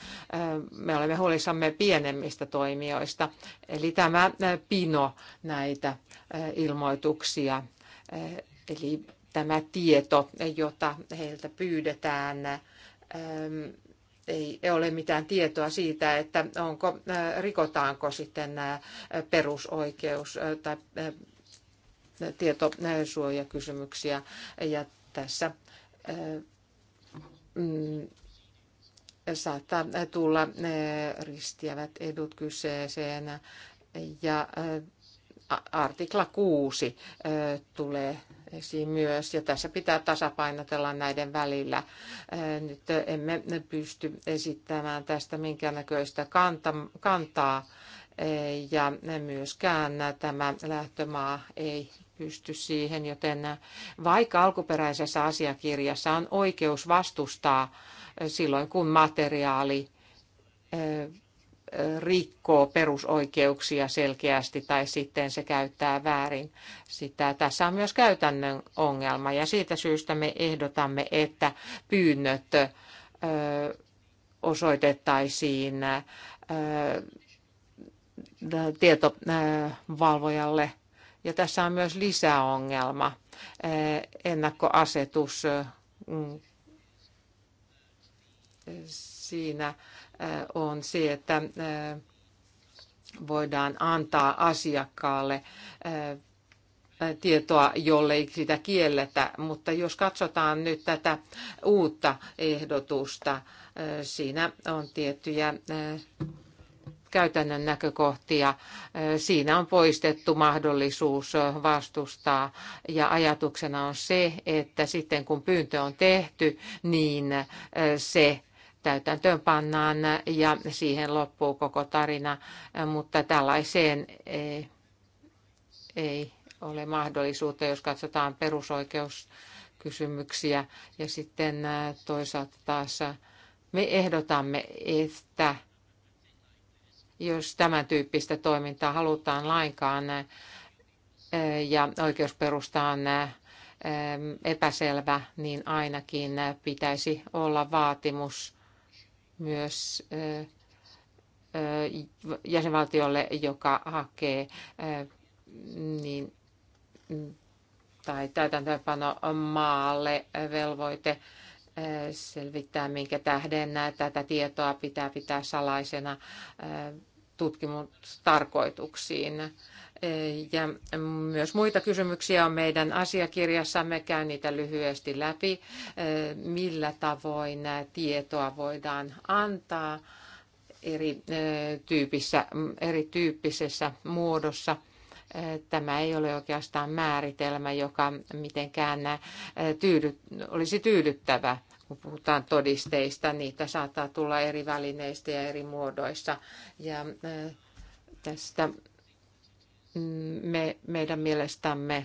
me olemme huolissamme pienemmistä toimijoista. Eli tämä pino näitä ilmoituksia, eli tämä tieto, jota heiltä pyydetään, ei ole mitään tietoa siitä, että onko, rikotaanko sitten perusoikeus tai tietosuojakysymyksiä. Ja tässä äh, mm, saattaa tulla äh, ristiävät edut kyseeseen. Ja äh, artikla 6 tulee esiin myös, ja tässä pitää tasapainotella näiden välillä. Nyt emme pysty esittämään tästä minkäännäköistä kantaa, ja myöskään tämä lähtömaa ei pysty siihen, joten vaikka alkuperäisessä asiakirjassa on oikeus vastustaa silloin, kun materiaali rikkoo perusoikeuksia selkeästi tai sitten se käyttää väärin sitä. Tässä on myös käytännön ongelma ja siitä syystä me ehdotamme, että pyynnöt osoitettaisiin tietovalvojalle – ja tässä on myös lisäongelma, eh, ennakkoasetus mm, siinä eh, on se, että eh, voidaan antaa asiakkaalle tietoa, ei sitä kielletä. Mutta jos katsotaan nyt tätä uutta ehdotusta, siinä on tiettyjä käytännön näkökohtia. Siinä on poistettu mahdollisuus vastustaa ja ajatuksena on se, että sitten kun pyyntö on tehty, niin se täytäntöön pannaan ja siihen loppuu koko tarina, mutta tällaiseen ei, ei ole mahdollisuutta, jos katsotaan perusoikeuskysymyksiä. Ja sitten toisaalta taas me ehdotamme, että jos tämän tyyppistä toimintaa halutaan lainkaan eh, ja oikeusperustaan eh, eh, epäselvä, niin ainakin pitäisi olla vaatimus myös jäsenvaltiolle, joka hakee niin, mm, tai täytäntöönpano maalle velvoite selvittää, minkä tähden tätä tietoa pitää pitää salaisena tutkimustarkoituksiin. Ja myös muita kysymyksiä on meidän asiakirjassamme. Käyn niitä lyhyesti läpi, millä tavoin tietoa voidaan antaa eri, tyypissä, tyyppisessä muodossa. Tämä ei ole oikeastaan määritelmä, joka mitenkään tyydy, olisi tyydyttävä kun puhutaan todisteista, niitä saattaa tulla eri välineistä ja eri muodoissa. Ja eh, tästä mm, me, meidän mielestämme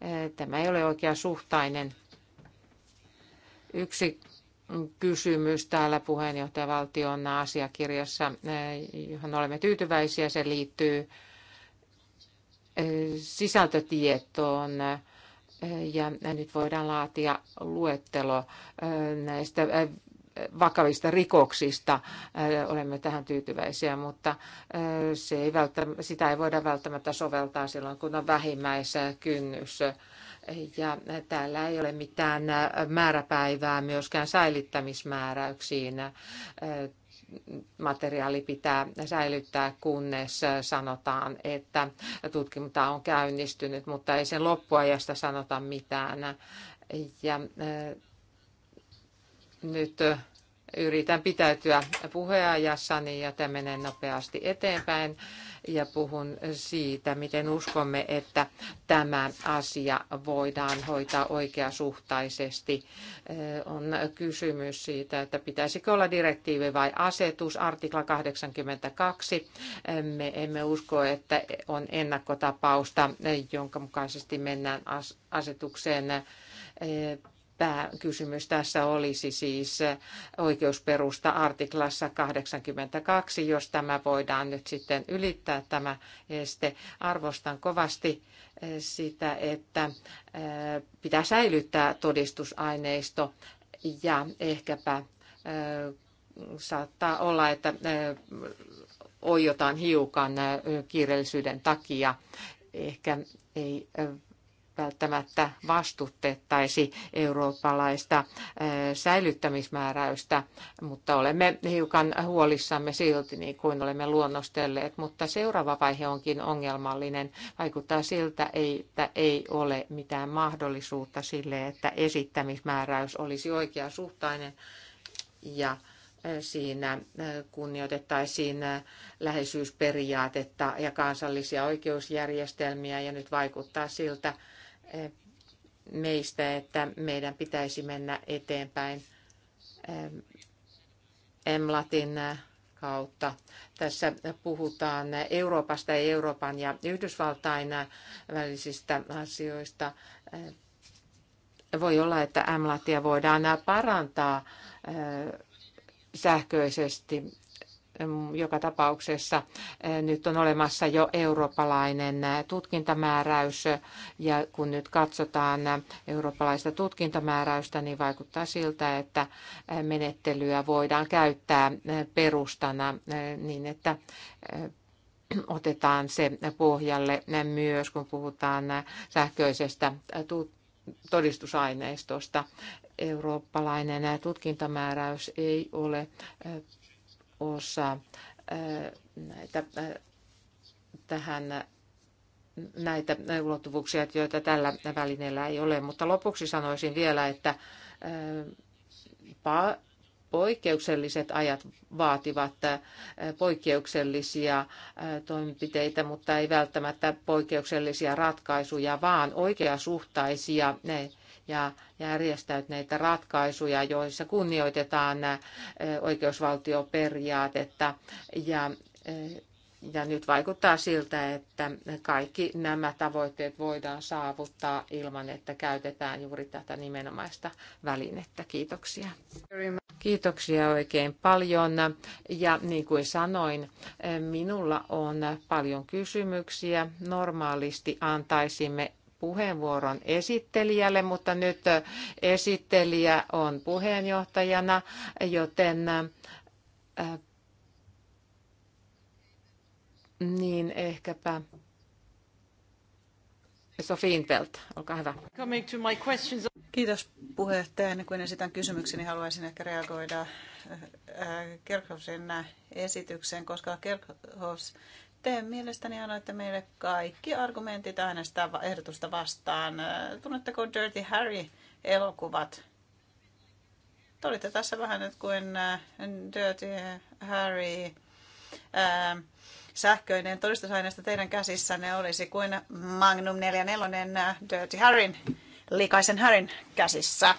eh, tämä ei ole oikea suhtainen. Yksi kysymys täällä puheenjohtajavaltion asiakirjassa, eh, johon olemme tyytyväisiä, se liittyy sisältötietoon ja nyt voidaan laatia luettelo näistä vakavista rikoksista. Olemme tähän tyytyväisiä, mutta se ei sitä ei voida välttämättä soveltaa silloin, kun on kynnys. Ja täällä ei ole mitään määräpäivää myöskään säilyttämismääräyksiin materiaali pitää säilyttää, kunnes sanotaan, että tutkimusta on käynnistynyt, mutta ei sen loppuajasta sanota mitään. Ja eh, nyt eh, yritän pitäytyä puheajassani, niin tämä menee nopeasti eteenpäin ja puhun siitä, miten uskomme, että tämä asia voidaan hoitaa oikeasuhtaisesti. On kysymys siitä, että pitäisikö olla direktiivi vai asetus, artikla 82. Me emme usko, että on ennakkotapausta, jonka mukaisesti mennään asetukseen pääkysymys tässä olisi siis äh, oikeusperusta artiklassa 82, jos tämä voidaan nyt sitten ylittää tämä este. Arvostan kovasti äh, sitä, että äh, pitää säilyttää todistusaineisto ja ehkäpä saattaa olla, että oijotaan hiukan kiireellisyyden takia. Ehkä ei välttämättä vastustettaisi eurooppalaista säilyttämismääräystä, mutta olemme hiukan huolissamme silti, niin kuin olemme luonnostelleet. Mutta seuraava vaihe onkin ongelmallinen. Vaikuttaa siltä, että ei ole mitään mahdollisuutta sille, että esittämismääräys olisi oikeasuhtainen ja siinä kunnioitettaisiin läheisyysperiaatetta ja kansallisia oikeusjärjestelmiä ja nyt vaikuttaa siltä, Eh, meistä, että meidän pitäisi mennä eteenpäin EMLATin eh, kautta. Tässä puhutaan Euroopasta ja Euroopan ja Yhdysvaltain välisistä asioista. Eh, voi olla, että Emlatia voidaan parantaa sähköisesti joka tapauksessa eh, nyt on olemassa jo eurooppalainen eh, tutkintamääräys ja kun nyt katsotaan eh, eurooppalaista tutkintamääräystä, niin vaikuttaa siltä, että menettelyä voidaan käyttää perustana niin, että otetaan se pohjalle myös, kun puhutaan sähköisestä todistusaineistosta. Eurooppalainen tutkintamääräys ei ole osa näitä, tähän näitä ulottuvuuksia, joita tällä välineellä ei ole. Mutta lopuksi sanoisin vielä, että poikkeukselliset ajat vaativat poikkeuksellisia toimenpiteitä, mutta ei välttämättä poikkeuksellisia ratkaisuja, vaan oikeasuhtaisia ne ja järjestäytyneitä ratkaisuja, joissa kunnioitetaan oikeusvaltioperiaatetta ja ja nyt vaikuttaa siltä, että kaikki nämä tavoitteet voidaan saavuttaa ilman, että käytetään juuri tätä nimenomaista välinettä. Kiitoksia. Kiitoksia oikein paljon. Ja niin kuin sanoin, minulla on paljon kysymyksiä. Normaalisti antaisimme puheenvuoron esittelijälle, mutta nyt esittelijä on puheenjohtajana, joten äh, niin ehkäpä Sofiin Intelt, olkaa hyvä. Kiitos puheenjohtaja. Ennen kuin esitän kysymykseni, haluaisin ehkä reagoida äh, Kerkhoffsin esitykseen, koska Kerkhoffs te mielestäni annoitte meille kaikki argumentit äänestää ehdotusta vastaan. Tunnetteko Dirty Harry-elokuvat? Te olitte tässä vähän nyt kuin äh, Dirty Harry ää, äh, sähköinen todistusaineisto teidän käsissänne olisi kuin Magnum 44 äh, Dirty Harryn likaisen härin käsissä.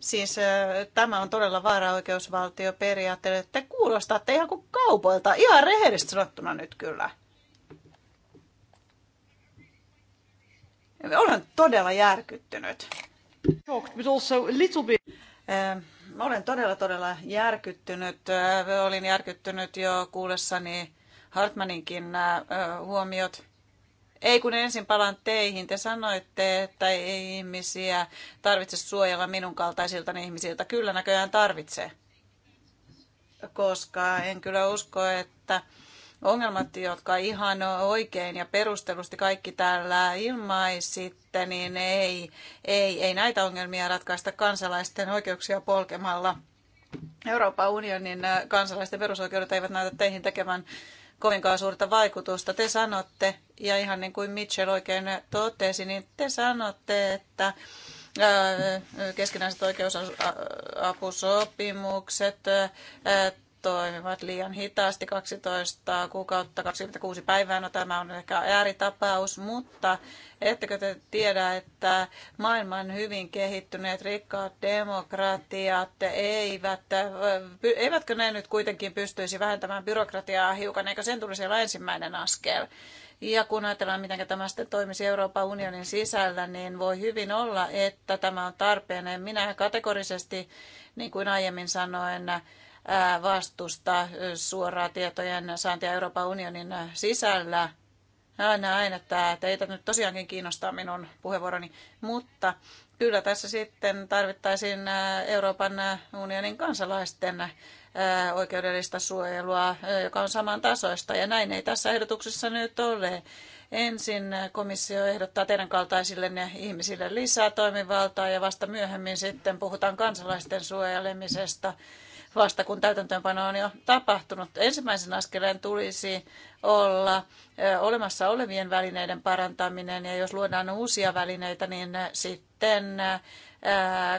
Siis äh, tämä on todella vaara oikeusvaltioperiaatteelle. Te kuulostatte ihan kuin kaupoilta, ihan rehellisesti sanottuna nyt kyllä. Olen todella järkyttynyt. Shocked, but also a little bit. Mä olen todella, todella järkyttynyt. Olin järkyttynyt jo kuullessani Hartmaninkin huomiot. Ei kun ensin palaan teihin. Te sanoitte, että ei ihmisiä tarvitse suojella minun kaltaisilta ihmisiltä. Kyllä näköjään tarvitsee. Koska en kyllä usko, että ongelmat, jotka ihan oikein ja perustellusti kaikki täällä ilmaisitte, niin ei, ei, ei näitä ongelmia ratkaista kansalaisten oikeuksia polkemalla. Euroopan unionin äh, kansalaisten perusoikeudet eivät näytä teihin tekemään kovinkaan suurta vaikutusta. Te sanotte, ja ihan niin kuin Mitchell oikein totesi, niin te sanotte, että äh, keskinäiset oikeusapusopimukset äh, toimivat liian hitaasti 12 kuukautta 26 päivää. No tämä on ehkä ääritapaus, mutta ettekö te tiedä, että maailman hyvin kehittyneet rikkaat demokratiat eivät, eivätkö ne nyt kuitenkin pystyisi vähentämään byrokratiaa hiukan, eikö sen tulisi olla ensimmäinen askel? Ja kun ajatellaan, miten tämä sitten toimisi Euroopan unionin sisällä, niin voi hyvin olla, että tämä on tarpeen. Minä kategorisesti, niin kuin aiemmin sanoin, vastusta suoraa tietojen saantia Euroopan unionin sisällä. Näin, että teitä nyt tosiaankin kiinnostaa minun puheenvuoroni, mutta kyllä tässä sitten tarvittaisiin Euroopan unionin kansalaisten oikeudellista suojelua, joka on samantasoista, ja näin ei tässä ehdotuksessa nyt ole. Ensin komissio ehdottaa teidän ne ihmisille lisää toimivaltaa ja vasta myöhemmin sitten puhutaan kansalaisten suojelemisesta vasta kun täytäntöönpano on jo tapahtunut. Ensimmäisen askeleen tulisi olla olemassa olevien välineiden parantaminen ja jos luodaan uusia välineitä, niin sitten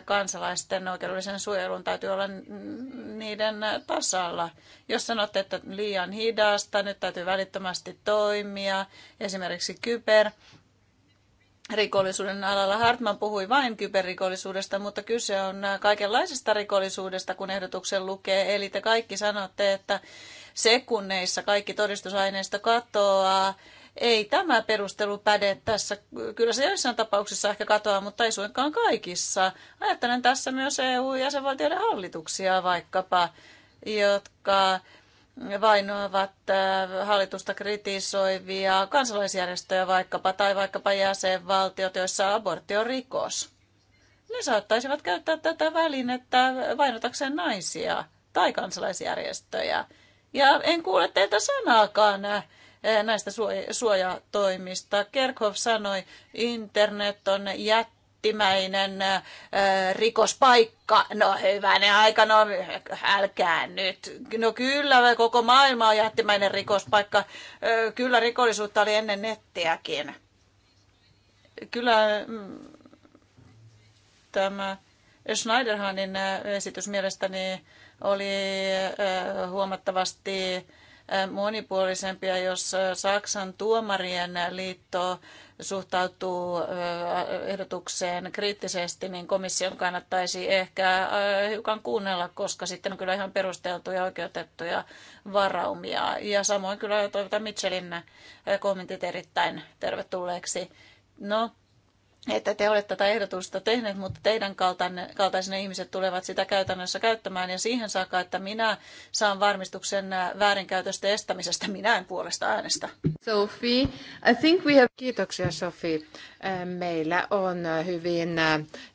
kansalaisten oikeudellisen suojelun täytyy olla niiden tasalla. Jos sanotte, että liian hidasta, nyt täytyy välittömästi toimia, esimerkiksi kyber rikollisuuden alalla. Hartman puhui vain kyberrikollisuudesta, mutta kyse on kaikenlaisesta rikollisuudesta, kun ehdotuksen lukee. Eli te kaikki sanotte, että sekunneissa kaikki todistusaineisto katoaa. Ei tämä perustelu päde tässä. Kyllä se joissain tapauksissa ehkä katoaa, mutta ei suinkaan kaikissa. Ajattelen tässä myös EU-jäsenvaltioiden hallituksia vaikkapa, jotka vainoavat äh, hallitusta kritisoivia kansalaisjärjestöjä vaikkapa tai vaikkapa jäsenvaltiot, joissa abortti on rikos. Ne saattaisivat käyttää tätä välinettä vainotakseen naisia tai kansalaisjärjestöjä. Ja en kuule teiltä sanaakaan äh, näistä suojatoimista. Kerkhoff sanoi, internet on jät jättimäinen rikospaikka. No hyvänä aika, no älkää nyt. No kyllä, koko maailma on jättimäinen rikospaikka. Kyllä rikollisuutta oli ennen nettiäkin. Kyllä mm, tämä Schneiderhanin esitys mielestäni oli huomattavasti monipuolisempia, jos Saksan tuomarien liitto suhtautuu ehdotukseen kriittisesti, niin komission kannattaisi ehkä hiukan kuunnella, koska sitten on kyllä ihan perusteltuja oikeutettuja varaumia. Ja samoin kyllä toivotan Mitchellin kommentit erittäin tervetulleeksi. No, että te olette tätä ehdotusta tehneet, mutta teidän kaltaisen ihmiset tulevat sitä käytännössä käyttämään ja siihen saakka, että minä saan varmistuksen äh, väärinkäytöstä estämisestä, minä en puolesta äänestä. Sophie, I think we have... Kiitoksia Sophie. Äh, meillä on äh, hyvin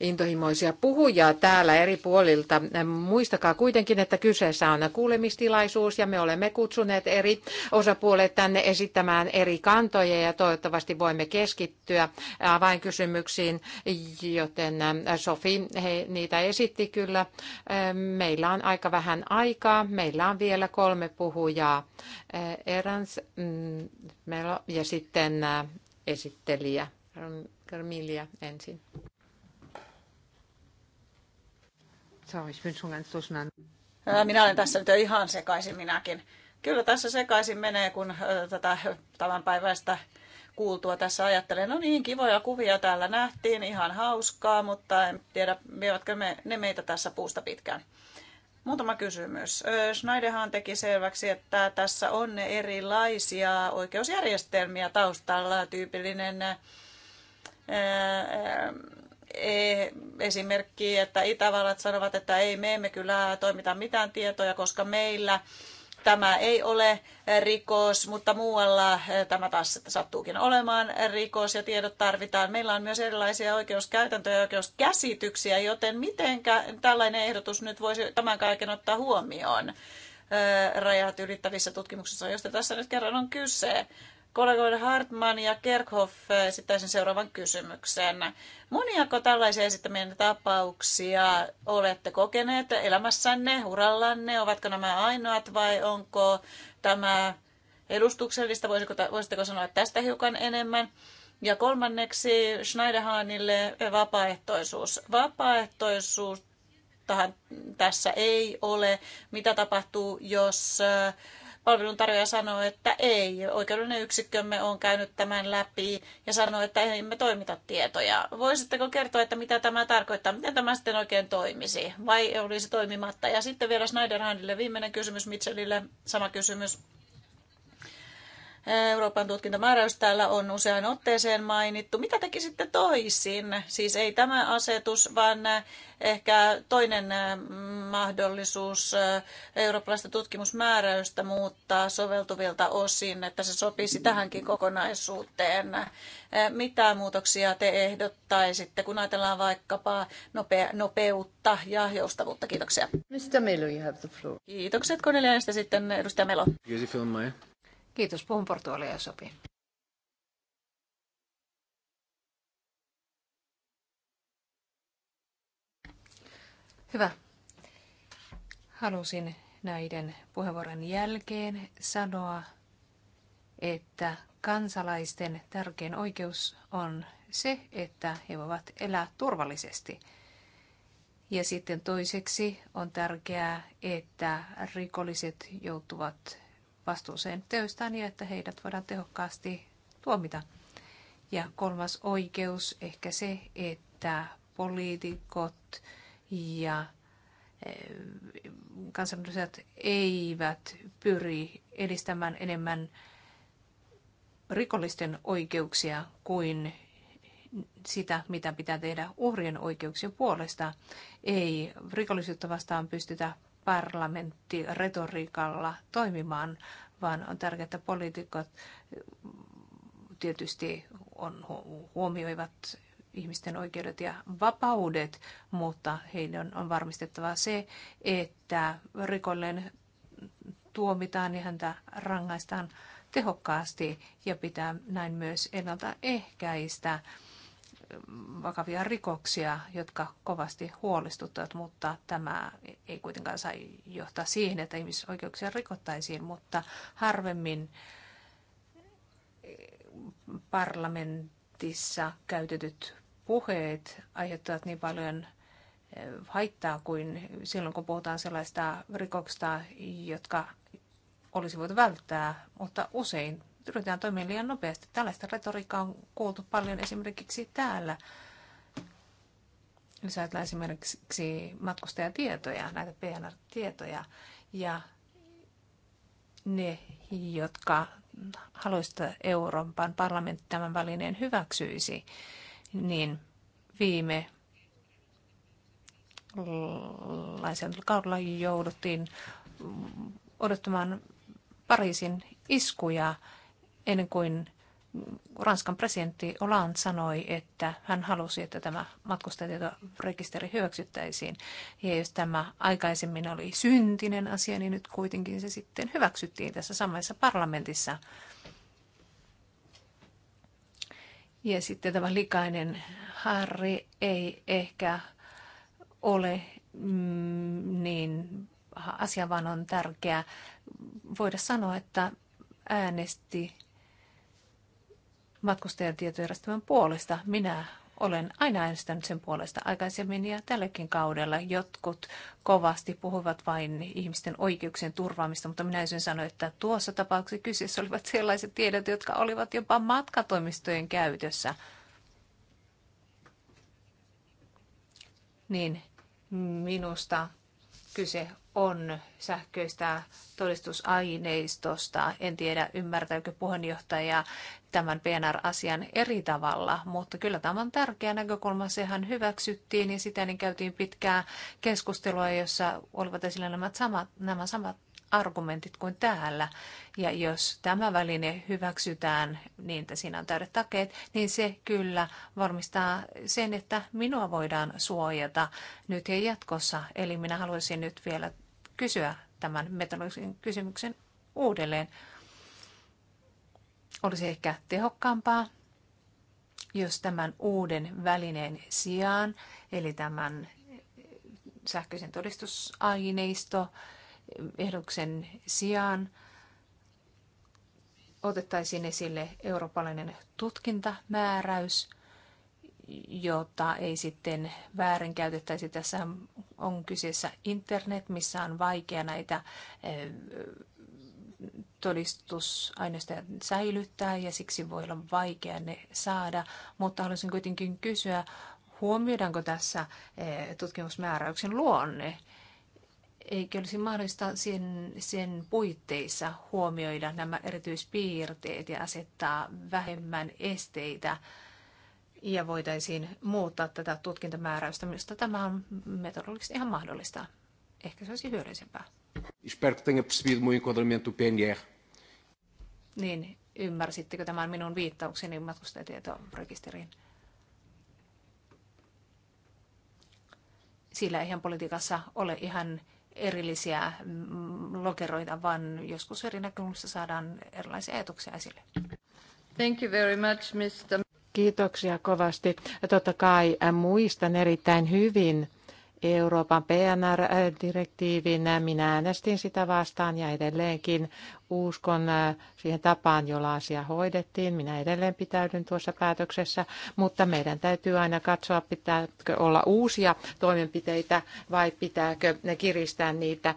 intohimoisia puhuja täällä eri puolilta. Muistakaa kuitenkin, että kyseessä on kuulemistilaisuus ja me olemme kutsuneet eri osapuolet tänne esittämään eri kantoja ja toivottavasti voimme keskittyä avainkysymyksiin kysymyksiin, joten Sofi he, niitä esitti kyllä. Meillä on aika vähän aikaa. Meillä on vielä kolme puhujaa. Erans mm, Melo ja sitten esittelijä Carmilia ensin. Minä olen tässä nyt ihan sekaisin minäkin. Kyllä tässä sekaisin menee, kun tätä tämänpäiväistä kuultua tässä ajattelen, no niin, kivoja kuvia täällä nähtiin, ihan hauskaa, mutta en tiedä, vievätkö me, ne meitä tässä puusta pitkään. Muutama kysymys. Schneiderhan teki selväksi, että tässä on erilaisia oikeusjärjestelmiä taustalla. Tyypillinen e, esimerkki, että Itävallat sanovat, että ei, me emme kyllä toimita mitään tietoja, koska meillä tämä ei ole rikos, mutta muualla eh, tämä taas sattuukin olemaan rikos ja tiedot tarvitaan. Meillä on myös erilaisia oikeuskäytäntöjä ja oikeuskäsityksiä, joten miten tällainen ehdotus nyt voisi tämän kaiken ottaa huomioon eh, rajat ylittävissä tutkimuksissa, josta tässä nyt kerran on kyse. Kollegoille Hartman ja Kerkhoff esittäisin seuraavan kysymyksen. Moniako tällaisia esittämien tapauksia olette kokeneet elämässänne, urallanne? Ovatko nämä ainoat vai onko tämä edustuksellista? Voisiko, voisitteko sanoa tästä hiukan enemmän? Ja kolmanneksi Schneiderhanille vapaaehtoisuus. Vapaaehtoisuus tähän tässä ei ole. Mitä tapahtuu, jos palveluntarjoaja sanoo, että ei. Oikeudellinen yksikkömme on käynyt tämän läpi ja sanoo, että emme toimita tietoja. Voisitteko kertoa, että mitä tämä tarkoittaa? Miten tämä sitten oikein toimisi? Vai olisi toimimatta? Ja sitten vielä Schneiderhandille viimeinen kysymys, Mitchellille sama kysymys. Euroopan tutkintamääräys täällä on usean otteeseen mainittu. Mitä tekisitte toisin? Siis ei tämä asetus, vaan äh, ehkä toinen äh, mahdollisuus äh, eurooppalaista tutkimusmääräystä muuttaa soveltuvilta osin, että se sopisi tähänkin kokonaisuuteen. Mitä muutoksia te ehdottaisitte, kun ajatellaan vaikkapa nopea, nopeutta ja joustavuutta? Kiitoksia. Mr. Melo, you have the floor. Kiitokset Cornelia ja sitten edustaja Melo. Kiitos, Kiitos, puhun portuolia jos sopii. Hyvä. Halusin näiden puheenvuoron jälkeen sanoa, että kansalaisten tärkein oikeus on se, että he voivat elää turvallisesti. Ja sitten toiseksi on tärkeää, että rikolliset joutuvat vastuuseen teoistaan ja että heidät voidaan tehokkaasti tuomita. Ja kolmas oikeus, ehkä se, että poliitikot ja eh, kansanedustajat eivät pyri edistämään enemmän rikollisten oikeuksia kuin sitä, mitä pitää tehdä uhrien oikeuksien puolesta. Ei rikollisuutta vastaan pystytä parlamentti retoriikalla toimimaan, vaan on tärkeää, että poliitikot tietysti on, huomioivat ihmisten oikeudet ja vapaudet, mutta heidän on varmistettava se, että rikollinen tuomitaan ja häntä rangaistaan tehokkaasti ja pitää näin myös ennaltaehkäistä ehkäistä vakavia rikoksia, jotka kovasti huolestuttavat, mutta tämä ei kuitenkaan saa johtaa siihen, että ihmisoikeuksia rikottaisiin, mutta harvemmin parlamentissa käytetyt puheet aiheuttavat niin paljon eh, haittaa kuin silloin, kun puhutaan sellaista rikoksista, jotka olisi voitu välttää, mutta usein ryhdytään toimimaan liian nopeasti. Tällaista retoriikkaa on kuultu paljon esimerkiksi täällä. Jos ajatellaan esimerkiksi matkustajatietoja, näitä PNR-tietoja, ja ne, jotka haluaisivat Euroopan parlamentti tämän välineen hyväksyisi, niin viime kaudella jouduttiin odottamaan Pariisin iskuja ennen kuin Ranskan presidentti Hollande sanoi, että hän halusi, että tämä matkustajatietorekisteri hyväksyttäisiin. Ja jos tämä aikaisemmin oli syntinen asia, niin nyt kuitenkin se sitten hyväksyttiin tässä samassa parlamentissa. Ja sitten tämä likainen Harri ei ehkä ole mm, niin asia, vaan on tärkeää voida sanoa, että äänesti matkustajatietojärjestelmän puolesta. Minä olen aina äänestänyt sen puolesta aikaisemmin ja tälläkin kaudella. Jotkut kovasti puhuvat vain ihmisten oikeuksien turvaamista, mutta minä en sano, että tuossa tapauksessa kyseessä olivat sellaiset tiedot, jotka olivat jopa matkatoimistojen käytössä. Niin minusta kyse on sähköistä todistusaineistosta. En tiedä, ymmärtääkö puheenjohtaja tämän PNR-asian eri tavalla, mutta kyllä tämä on tärkeä näkökulma. Sehän hyväksyttiin ja sitä niin käytiin pitkää keskustelua, jossa olivat esillä nämä samat, nämä samat argumentit kuin täällä. Ja jos tämä väline hyväksytään niin, että siinä on täydet takeet, niin se kyllä varmistaa sen, että minua voidaan suojata nyt ja jatkossa. Eli minä haluaisin nyt vielä kysyä tämän metodologisen kysymyksen uudelleen. Olisi ehkä tehokkaampaa, jos tämän uuden välineen sijaan, eli tämän sähköisen todistusaineisto ehdoksen sijaan, otettaisiin esille eurooppalainen tutkintamääräys – jota ei sitten väärinkäytettäisi. Tässä on kyseessä internet, missä on vaikea näitä eh, todistusaineistoja säilyttää ja siksi voi olla vaikea ne saada. Mutta haluaisin kuitenkin kysyä, huomioidaanko tässä eh, tutkimusmääräyksen luonne? Eikö olisi mahdollista sen, sen puitteissa huomioida nämä erityispiirteet ja asettaa vähemmän esteitä? ja voitaisiin muuttaa tätä tutkintamääräystä, mistä tämä on metodologisesti ihan mahdollista. Ehkä se olisi hyödyllisempää. Espero que tenha percebido meu enquadramento PNR. Niin, ymmärsittekö tämän minun viittaukseni matkustajatietorekisteriin? Sillä eihän politiikassa ole ihan erillisiä mm, lokeroita, vaan joskus eri näkökulmista saadaan erilaisia ajatuksia esille. Thank you very much, Mr. Kiitoksia kovasti. Totta kai muistan erittäin hyvin Euroopan PNR-direktiivin. Minä äänestin sitä vastaan ja edelleenkin uskon siihen tapaan, jolla asia hoidettiin. Minä edelleen pitäydyn tuossa päätöksessä, mutta meidän täytyy aina katsoa, pitääkö olla uusia toimenpiteitä vai pitääkö ne kiristää niitä,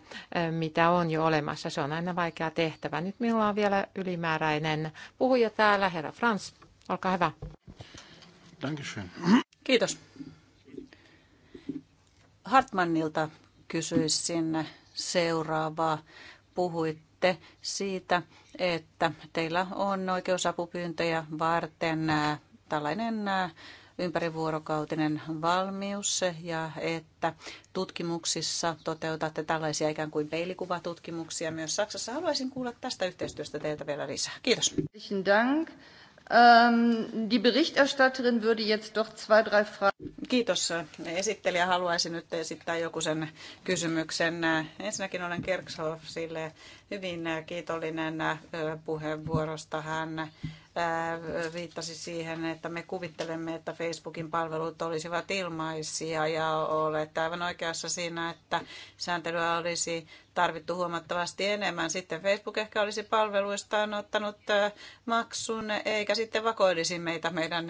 mitä on jo olemassa. Se on aina vaikea tehtävä. Nyt minulla on vielä ylimääräinen puhuja täällä, herra Frans. Olkaa hyvä. Dankeschön. Kiitos. Hartmannilta kysyisin seuraavaa. Puhuitte siitä, että teillä on oikeusapupyyntöjä varten tällainen ympärivuorokautinen valmius ja että tutkimuksissa toteutatte tällaisia ikään kuin peilikuvatutkimuksia myös Saksassa. Haluaisin kuulla tästä yhteistyöstä teiltä vielä lisää. Kiitos. Ähm, die Berichterstatterin würde jetzt doch zwei, drei Fragen. Kiitos äh, esittelijä. Haluaisin nyt esittää joku sen kysymyksen. Äh, ensinnäkin olen Kerkshoffsille hyvin äh, kiitollinen puheenvuorosta. Hän viittasi siihen, että me kuvittelemme, että Facebookin palvelut olisivat ilmaisia ja olet aivan oikeassa siinä, että sääntelyä olisi tarvittu huomattavasti enemmän. Sitten Facebook ehkä olisi palveluistaan ottanut maksun eikä sitten vakoilisi meitä meidän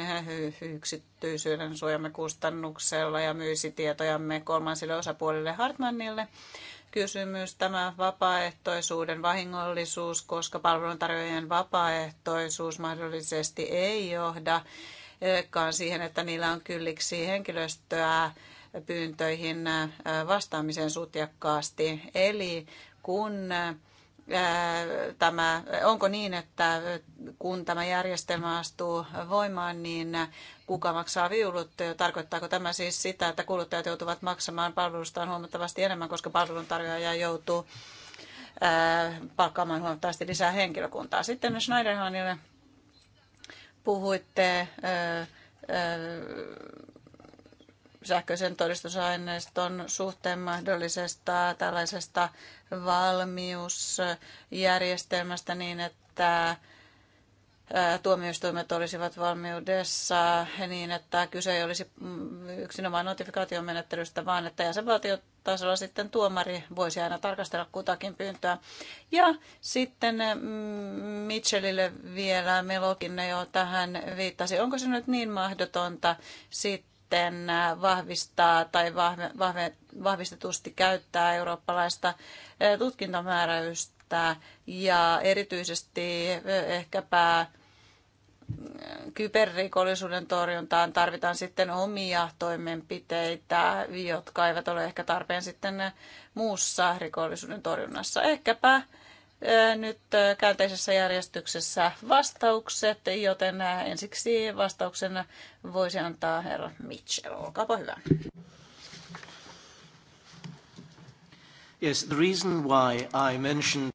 yksi yksityisyyden suojamme kustannuksella ja myisi tietojamme kolmansille osapuolille Hartmannille. Kysymys tämä vapaaehtoisuuden vahingollisuus, koska palveluntarjoajien vapaaehtoisuus mahdollisesti ei johda siihen, että niillä on kylliksi henkilöstöä pyyntöihin vastaamiseen sutjakkaasti. Eli kun tämä, onko niin, että kun tämä järjestelmä astuu voimaan, niin kuka maksaa viulut? Tarkoittaako tämä siis sitä, että kuluttajat joutuvat maksamaan palvelustaan huomattavasti enemmän, koska palveluntarjoaja joutuu palkkaamaan huomattavasti lisää henkilökuntaa? Sitten Schneiderhanille puhuitte sähköisen todistusaineiston suhteen mahdollisesta tällaisesta valmiusjärjestelmästä niin, että tuomioistuimet olisivat valmiudessa niin, että kyse ei olisi mm, yksinomaan notifikaatiomenettelystä, vaan että jäsenvaltiotasolla sitten tuomari voisi aina tarkastella kutakin pyyntöä. Ja sitten mm, Mitchellille vielä Melokin jo tähän viittasi. Onko se nyt niin mahdotonta sitten sitten vahvistaa tai vahve, vahvistetusti käyttää eurooppalaista tutkintamääräystä ja erityisesti ehkäpä kyberrikollisuuden torjuntaan tarvitaan sitten omia toimenpiteitä, jotka eivät ole ehkä tarpeen sitten muussa rikollisuuden torjunnassa. Ehkäpä nyt käänteisessä järjestyksessä vastaukset, joten ensiksi vastauksen voisi antaa herra Mitchell. Olkaapa hyvä. Yes, the reason why I mentioned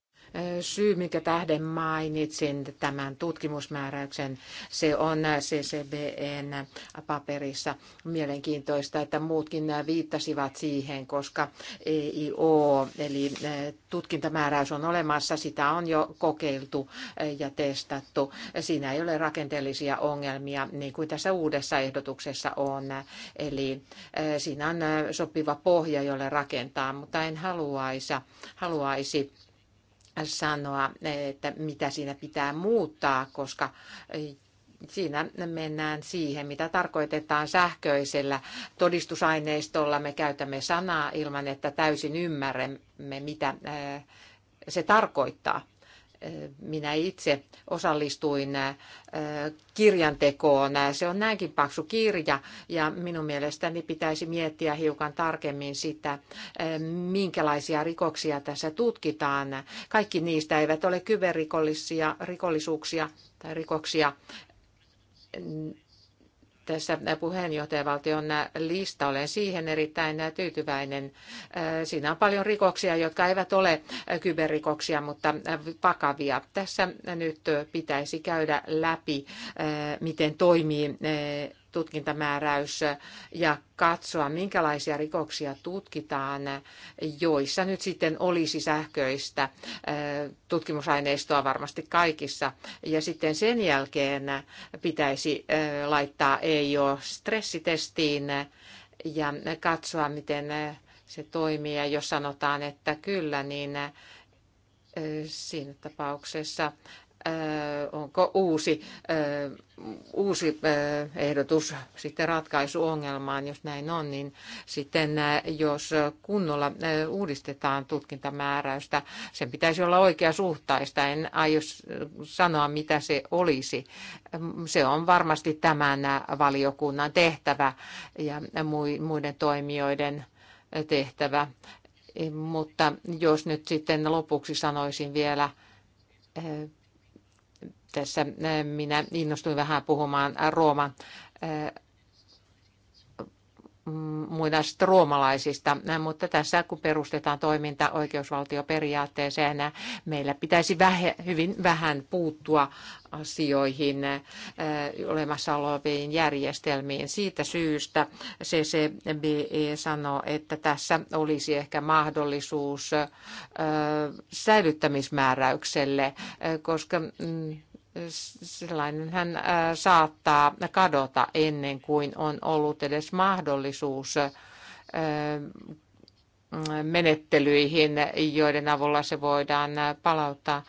syy, minkä tähden mainitsin tämän tutkimusmääräyksen, se on CCBN paperissa mielenkiintoista, että muutkin viittasivat siihen, koska EIO, eli eh, tutkintamääräys on olemassa, sitä on jo kokeiltu eh, ja testattu. Siinä ei ole rakenteellisia ongelmia, niin kuin tässä uudessa ehdotuksessa on. Eli eh, siinä on sopiva pohja, jolle rakentaa, mutta en haluaisi, haluaisi sanoa, että mitä siinä pitää muuttaa, koska e, siinä mennään siihen, mitä tarkoitetaan sähköisellä todistusaineistolla. Me käytämme sanaa ilman, että täysin ymmärrämme, mitä e, se tarkoittaa minä itse osallistuin äh, kirjantekoon. Se on näinkin paksu kirja ja minun mielestäni pitäisi miettiä hiukan tarkemmin sitä, äh, minkälaisia rikoksia tässä tutkitaan. Kaikki niistä eivät ole kyberrikollisia rikollisuuksia tai rikoksia tässä puheenjohtajavaltion lista. Olen siihen erittäin tyytyväinen. Siinä on paljon rikoksia, jotka eivät ole kyberrikoksia, mutta vakavia. Tässä nyt pitäisi käydä läpi, miten toimii tutkintamääräys ja katsoa, minkälaisia rikoksia tutkitaan, joissa nyt sitten olisi sähköistä tutkimusaineistoa varmasti kaikissa. Ja sitten sen jälkeen pitäisi laittaa EIO-stressitestiin ja katsoa, miten se toimii. Ja jos sanotaan, että kyllä, niin siinä tapauksessa onko uusi, uusi ehdotus sitten ratkaisu ongelmaan, jos näin on, niin sitten jos kunnolla uudistetaan tutkintamääräystä, sen pitäisi olla oikea suhtaista. En aio sanoa, mitä se olisi. Se on varmasti tämän valiokunnan tehtävä ja muiden toimijoiden tehtävä. Mutta jos nyt sitten lopuksi sanoisin vielä tässä äh, minä innostuin vähän puhumaan Rooman äh, muinaisista roomalaisista, äh, mutta tässä kun perustetaan toiminta oikeusvaltioperiaatteeseen, meillä pitäisi vähe, hyvin vähän puuttua asioihin, olemassa oleviin järjestelmiin. Siitä syystä CCBE sanoo, että tässä olisi ehkä mahdollisuus säilyttämismääräykselle, koska mm, sellainen hän äh, saattaa kadota ennen kuin on ollut edes mahdollisuus äh, menettelyihin, joiden avulla se voidaan äh, palauttaa.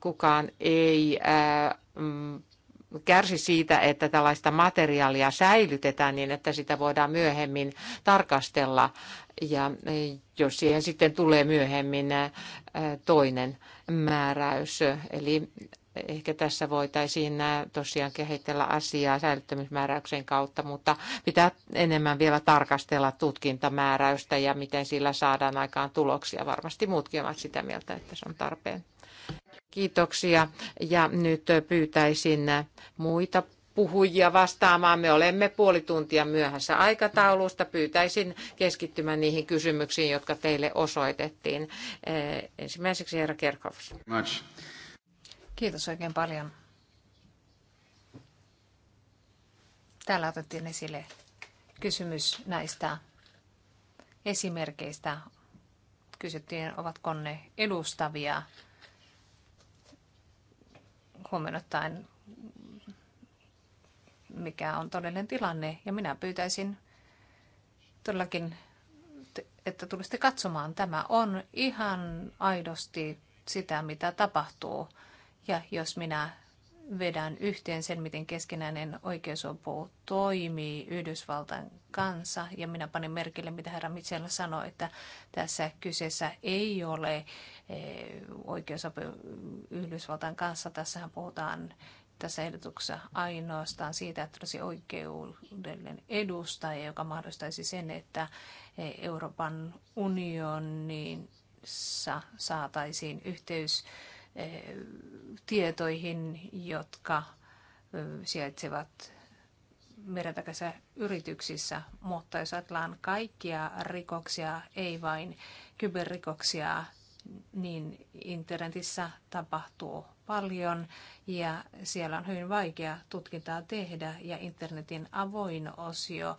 Kukaan ei mm, kärsi siitä, että tällaista materiaalia säilytetään niin, että sitä voidaan myöhemmin tarkastella. Ja jos siihen sitten tulee myöhemmin toinen määräys. Eli ehkä tässä voitaisiin tosiaan kehitellä asiaa säilyttämismääräyksen kautta, mutta pitää enemmän vielä tarkastella tutkintamääräystä ja miten sillä saadaan aikaan tuloksia. Varmasti muutkin ovat sitä mieltä, että se on tarpeen. Kiitoksia ja nyt pyytäisin muita puhujia vastaamaan. Me olemme puoli tuntia myöhässä aikataulusta. Pyytäisin keskittymään niihin kysymyksiin, jotka teille osoitettiin. Ensimmäiseksi herra Kerkhoff. Much. Kiitos oikein paljon. Täällä otettiin esille kysymys näistä esimerkkeistä. Kysyttiin, ovatko ne edustavia huomioon mikä on todellinen tilanne. Ja minä pyytäisin todellakin, että tulisitte katsomaan. Tämä on ihan aidosti sitä, mitä tapahtuu. Ja jos minä vedän yhteen sen, miten keskinäinen oikeusopu toimii Yhdysvaltain kanssa. Ja minä panin merkille, mitä herra Mitchell sanoi, että tässä kyseessä ei ole eh, oikeusopu Yhdysvaltain kanssa. Tässähän puhutaan tässä ehdotuksessa ainoastaan siitä, että olisi oikeudellinen edustaja, joka mahdollistaisi sen, että eh, Euroopan unionissa saataisiin yhteys Eh, tietoihin, jotka eh, sijaitsevat merentakaisissa yrityksissä, mutta jos ajatellaan kaikkia rikoksia, ei vain kyberrikoksia, niin internetissä tapahtuu paljon ja siellä on hyvin vaikea tutkintaa tehdä ja internetin avoin osio,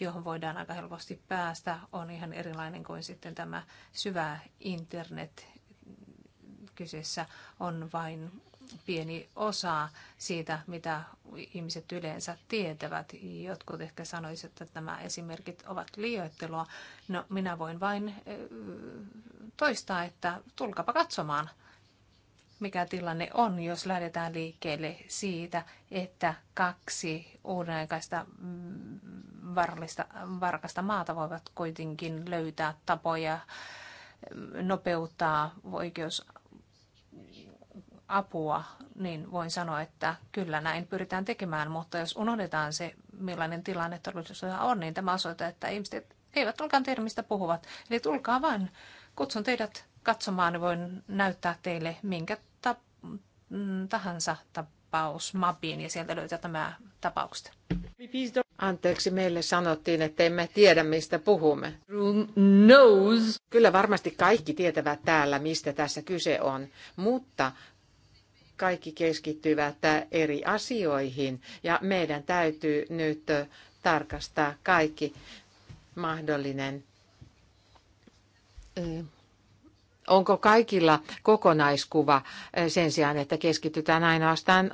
johon voidaan aika helposti päästä, on ihan erilainen kuin sitten tämä syvä internet, kyseessä on vain pieni osa siitä, mitä ihmiset yleensä tietävät. Jotkut ehkä sanoisivat, että nämä esimerkit ovat liioittelua. No, minä voin vain toistaa, että tulkapa katsomaan, mikä tilanne on, jos lähdetään liikkeelle siitä, että kaksi uudenaikaista mm, varallista, varkasta maata voivat kuitenkin löytää tapoja mm, nopeuttaa oikeus apua, niin voin sanoa, että kyllä näin pyritään tekemään, mutta jos unohdetaan se, millainen tilanne todellisuudessa on, niin tämä osoittaa, että ihmiset eivät olkaan tiedä, mistä puhuvat. Eli tulkaa vain, kutsun teidät katsomaan, niin voin näyttää teille minkä ta- mm, tahansa tapaus mapiin, ja sieltä löytää tämä tapaukset. Anteeksi, meille sanottiin, että emme tiedä, mistä puhumme. Knows. Kyllä varmasti kaikki tietävät täällä, mistä tässä kyse on, mutta kaikki keskittyvät eri asioihin ja meidän täytyy nyt tarkastaa kaikki mahdollinen. Onko kaikilla kokonaiskuva sen sijaan, että keskitytään ainoastaan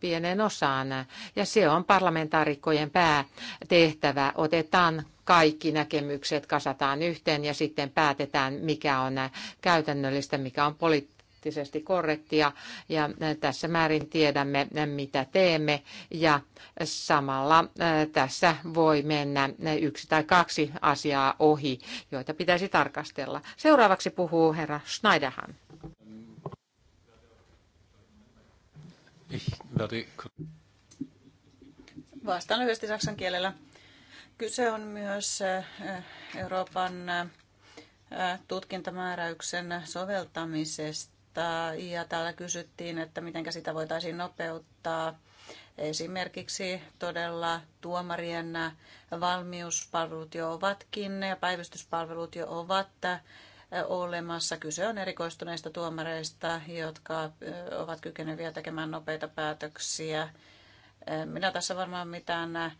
pienen osaan. Ja se on parlamentaarikkojen päätehtävä. Otetaan kaikki näkemykset, kasataan yhteen ja sitten päätetään, mikä on käytännöllistä, mikä on poliittista poliittisesti korrektia ja tässä määrin tiedämme, mitä teemme ja samalla tässä voi mennä yksi tai kaksi asiaa ohi, joita pitäisi tarkastella. Seuraavaksi puhuu herra Schneiderhan. Vastaan lyhyesti saksan kielellä. Kyse on myös Euroopan tutkintamääräyksen soveltamisesta nopeuttaa ja täällä kysyttiin, että miten sitä voitaisiin nopeuttaa. Esimerkiksi todella tuomarien valmiuspalvelut jo ovatkin ja päivystyspalvelut jo ovat olemassa. Kyse on erikoistuneista tuomareista, jotka ovat kykeneviä tekemään nopeita päätöksiä Äh, minä tässä varmaan mitään äh,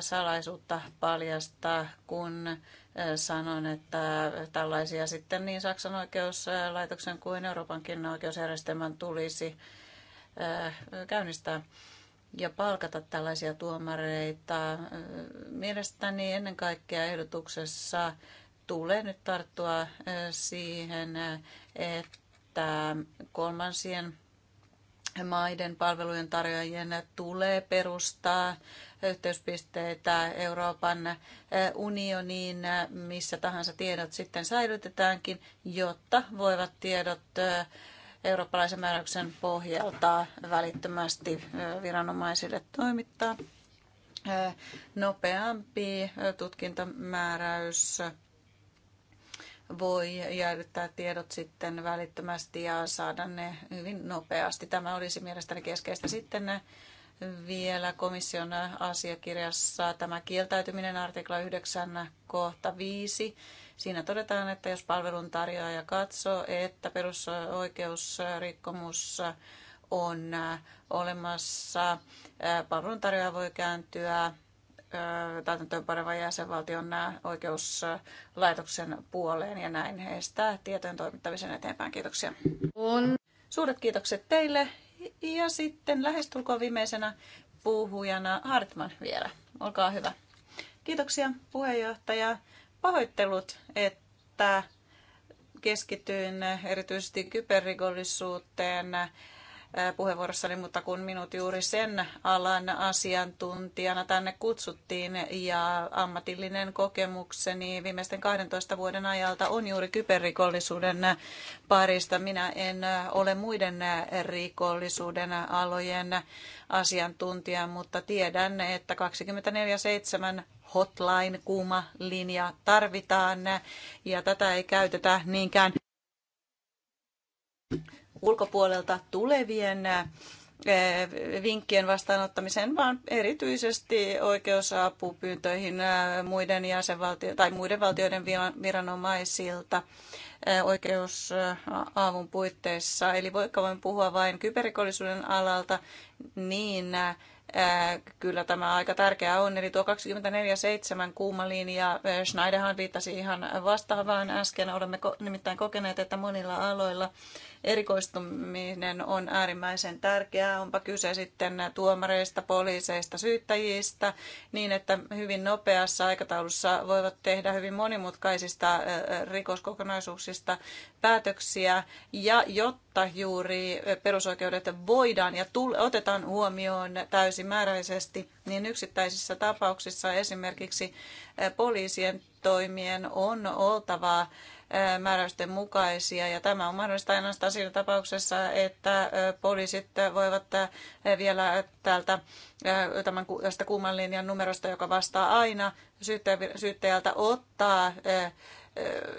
salaisuutta paljasta, kun äh, sanon, että tällaisia sitten niin Saksan oikeuslaitoksen kuin Euroopankin oikeusjärjestelmän tulisi käynnistää ja palkata tällaisia tuomareita. Mielestäni ennen kaikkea ehdotuksessa tulee nyt tarttua siihen, että kolmansien maiden palvelujen tarjoajien tulee perustaa yhteyspisteitä Euroopan eh, unioniin, eh, missä tahansa tiedot sitten säilytetäänkin, jotta voivat tiedot eh, eurooppalaisen määräyksen pohjalta välittömästi viranomaisille toimittaa. Nopeampi tutkintamääräys voi jäädyttää tiedot sitten välittömästi ja saada ne hyvin nopeasti. Tämä olisi mielestäni keskeistä sitten vielä komission asiakirjassa tämä kieltäytyminen artikla 9 kohta 5. Siinä todetaan, että jos palveluntarjoaja katsoo, että perusoikeusrikkomus on olemassa, palveluntarjoaja voi kääntyä täytäntöönpanevan jäsenvaltion oikeuslaitoksen puoleen ja näin heistä tietojen toimittamisen eteenpäin. Kiitoksia. On. Suuret kiitokset teille. Ja sitten lähestulkoon viimeisenä puhujana Hartman vielä. Olkaa hyvä. Kiitoksia puheenjohtaja. Pahoittelut, että keskityin erityisesti kyberrikollisuuteen puheenvuorossani, mutta kun minut juuri sen alan asiantuntijana tänne kutsuttiin ja ammatillinen kokemukseni viimeisten 12 vuoden ajalta on juuri kyberrikollisuuden parista. Minä en ole muiden rikollisuuden alojen asiantuntija, mutta tiedän, että 24-7 hotline, kuuma linja tarvitaan ja tätä ei käytetä niinkään ulkopuolelta tulevien vinkkien vastaanottamiseen, vaan erityisesti oikeusapupyyntöihin muiden jäsenvaltio- tai muiden valtioiden viranomaisilta oikeusavun puitteissa. Eli vaikka voin puhua vain kyberrikollisuuden alalta, niin kyllä tämä aika tärkeä on. Eli tuo 24-7 kuuma linja, Schneiderhan viittasi ihan vastaavaan äsken, olemme nimittäin kokeneet, että monilla aloilla erikoistuminen on äärimmäisen tärkeää, onpa kyse sitten tuomareista, poliiseista, syyttäjistä, niin että hyvin nopeassa aikataulussa voivat tehdä hyvin monimutkaisista rikoskokonaisuuksista päätöksiä, ja jotta juuri perusoikeudet voidaan ja otetaan huomioon täysimääräisesti, niin yksittäisissä tapauksissa esimerkiksi poliisien toimien on oltava määräysten mukaisia. Ja tämä on mahdollista ainoastaan siinä tapauksessa, että poliisit voivat vielä täältä tämän, tästä kumman linjan numerosta, joka vastaa aina syyttäjältä ottaa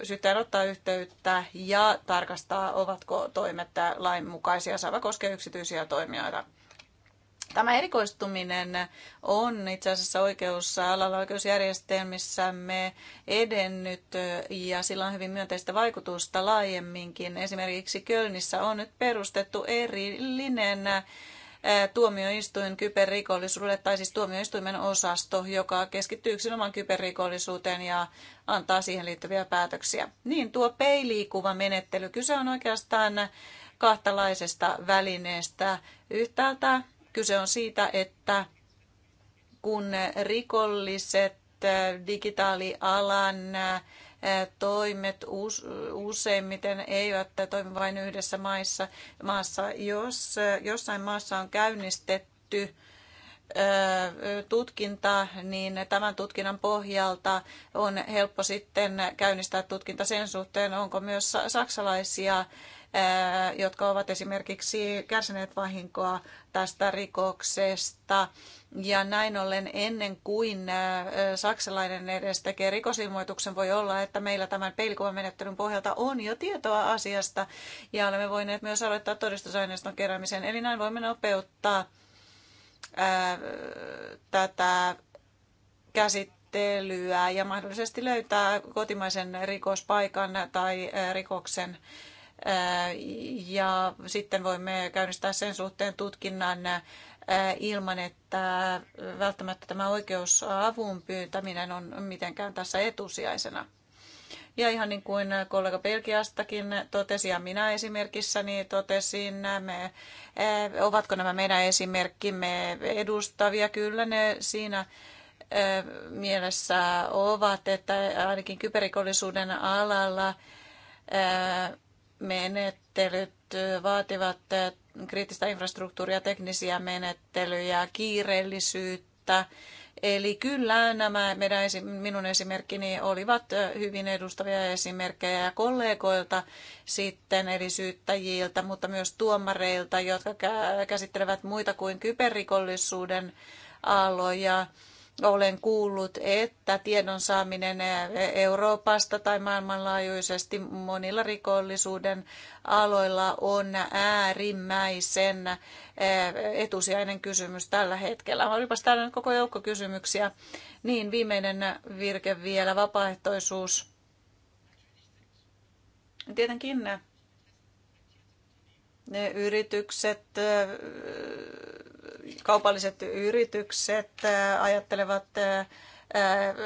syyttäjän ottaa yhteyttä ja tarkastaa, ovatko toimet lainmukaisia. saava koskee yksityisiä toimijoita. Tämä erikoistuminen on itse asiassa oikeussa alalla oikeusjärjestelmissämme edennyt ja sillä on hyvin myönteistä vaikutusta laajemminkin. Esimerkiksi Kölnissä on nyt perustettu erillinen tuomioistuin kyberrikollisuudelle, tai siis tuomioistuimen osasto, joka keskittyy yksinomaan kyberrikollisuuteen ja antaa siihen liittyviä päätöksiä. Niin tuo peiliikuva menettely, kyse on oikeastaan kahtalaisesta välineestä. Yhtäältä Kyse on siitä, että kun rikolliset äh, digitaalialan äh, toimet useimmiten eivät toimi vain yhdessä maissa, maassa. Jos äh, jossain maassa on käynnistetty tutkinta, niin tämän tutkinnan pohjalta on helppo sitten käynnistää tutkinta sen suhteen, onko myös saksalaisia jotka ovat esimerkiksi kärsineet vahinkoa tästä rikoksesta. Ja näin ollen ennen kuin saksalainen edes tekee rikosilmoituksen, voi olla, että meillä tämän peilikuvamenettelyn pohjalta on jo tietoa asiasta ja olemme voineet myös aloittaa todistusaineiston keräämisen. Eli näin voimme nopeuttaa ää, tätä käsittelyä ja mahdollisesti löytää kotimaisen rikospaikan tai rikoksen ja sitten voimme käynnistää sen suhteen tutkinnan ilman, että välttämättä tämä oikeus pyytäminen on mitenkään tässä etusijaisena. Ja ihan niin kuin kollega Belgiastakin totesi ja minä esimerkissäni totesin, me, ovatko nämä meidän esimerkkimme edustavia? Kyllä ne siinä mielessä ovat, että ainakin kyberikollisuuden alalla menettelyt vaativat kriittistä infrastruktuuria, teknisiä menettelyjä, kiireellisyyttä. Eli kyllä nämä meidän, minun esimerkkini olivat hyvin edustavia esimerkkejä kollegoilta sitten, eli syyttäjiltä, mutta myös tuomareilta, jotka käsittelevät muita kuin kyberrikollisuuden aloja olen kuullut, että tiedon saaminen Euroopasta tai maailmanlaajuisesti monilla rikollisuuden aloilla on äärimmäisen eh, etusijainen kysymys tällä hetkellä. Olipas täällä nyt koko joukko kysymyksiä. Niin, viimeinen virke vielä, vapaaehtoisuus. Tietenkin eh, ne yritykset, kaupalliset yritykset ajattelevat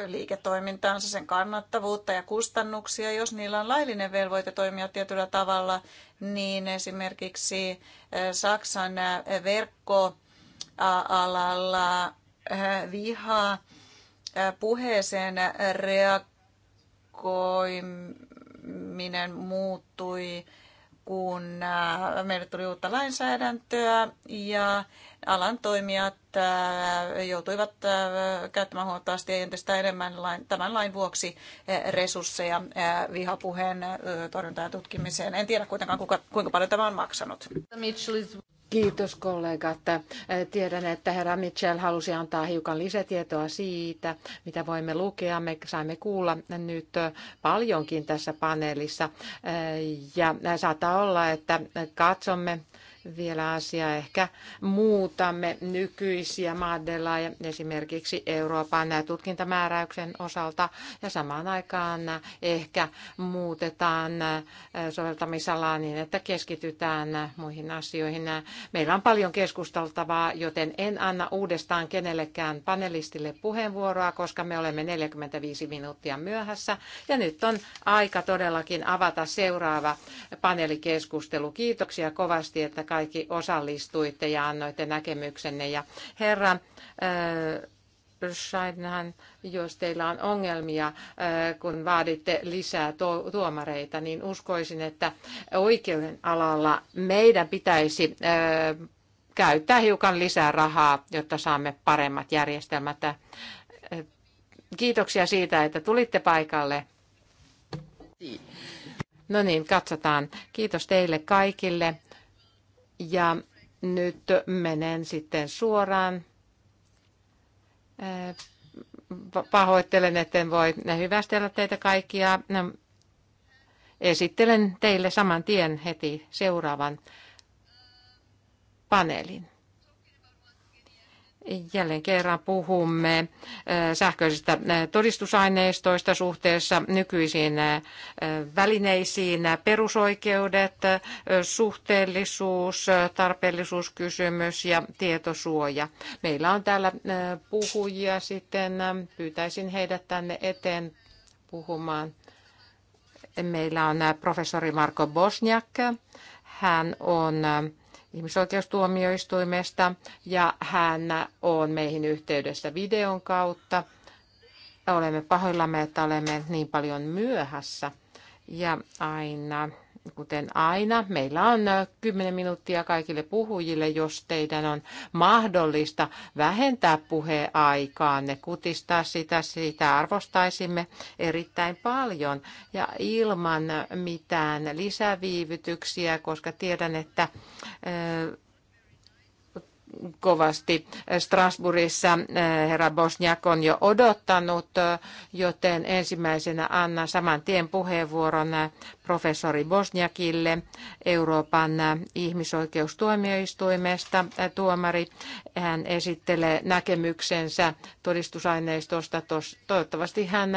liiketoimintaansa, sen kannattavuutta ja kustannuksia. Jos niillä on laillinen velvoite toimia tietyllä tavalla, niin esimerkiksi Saksan verkkoalalla viha puheeseen reagoiminen muuttui kun äh, meille tuli uutta lainsäädäntöä ja alan toimijat äh, joutuivat äh, käyttämään huomattavasti entistä enemmän tämän lain vuoksi resursseja vihapuheen torjuntaan ja tutkimiseen. En tiedä kuitenkaan kuinka paljon tämä on maksanut. Kiitos kollegat. Tiedän, että herra Mitchell halusi antaa hiukan lisätietoa siitä, mitä voimme lukea. Me saimme kuulla nyt paljonkin tässä paneelissa ja saattaa olla, että katsomme vielä asia Ehkä muutamme nykyisiä maadella ja esimerkiksi Euroopan tutkintamääräyksen osalta ja samaan aikaan ehkä muutetaan soveltamisalaa niin, että keskitytään muihin asioihin. Meillä on paljon keskusteltavaa, joten en anna uudestaan kenellekään panelistille puheenvuoroa, koska me olemme 45 minuuttia myöhässä. Ja nyt on aika todellakin avata seuraava paneelikeskustelu. Kiitoksia kovasti, että kaikki osallistuitte ja annoitte näkemyksenne. Ja herra äh, Scheinhan, jos teillä on ongelmia, äh, kun vaaditte lisää tuomareita, niin uskoisin, että oikeuden alalla meidän pitäisi äh, käyttää hiukan lisää rahaa, jotta saamme paremmat järjestelmät. Kiitoksia siitä, että tulitte paikalle. No niin, katsotaan. Kiitos teille kaikille. Ja nyt menen sitten suoraan. Äh, pahoittelen, etten voi hyvästellä teitä kaikkia. No, esittelen teille saman tien heti seuraavan paneelin. Jälleen kerran puhumme eh, sähköisistä eh, todistusaineistoista suhteessa nykyisiin eh, välineisiin. Perusoikeudet, suhteellisuus, tarpeellisuuskysymys ja tietosuoja. Meillä on täällä puhujia sitten. Pyytäisin heidät tänne eteen puhumaan. Meillä on professori Marko Bosniak. Hän on ihmisoikeustuomioistuimesta ja hän on meihin yhteydessä videon kautta. Olemme pahoillamme, että olemme niin paljon myöhässä ja aina kuten aina, meillä on 10 minuuttia kaikille puhujille, jos teidän on mahdollista vähentää puheaikaanne, kutistaa sitä, sitä arvostaisimme erittäin paljon ja ilman mitään lisäviivytyksiä, koska tiedän, että kovasti Strasbourgissa. Herra Bosniak on jo odottanut, joten ensimmäisenä annan saman tien puheenvuoron professori Bosniakille Euroopan ihmisoikeustuomioistuimesta tuomari. Hän esittelee näkemyksensä todistusaineistosta. Toivottavasti hän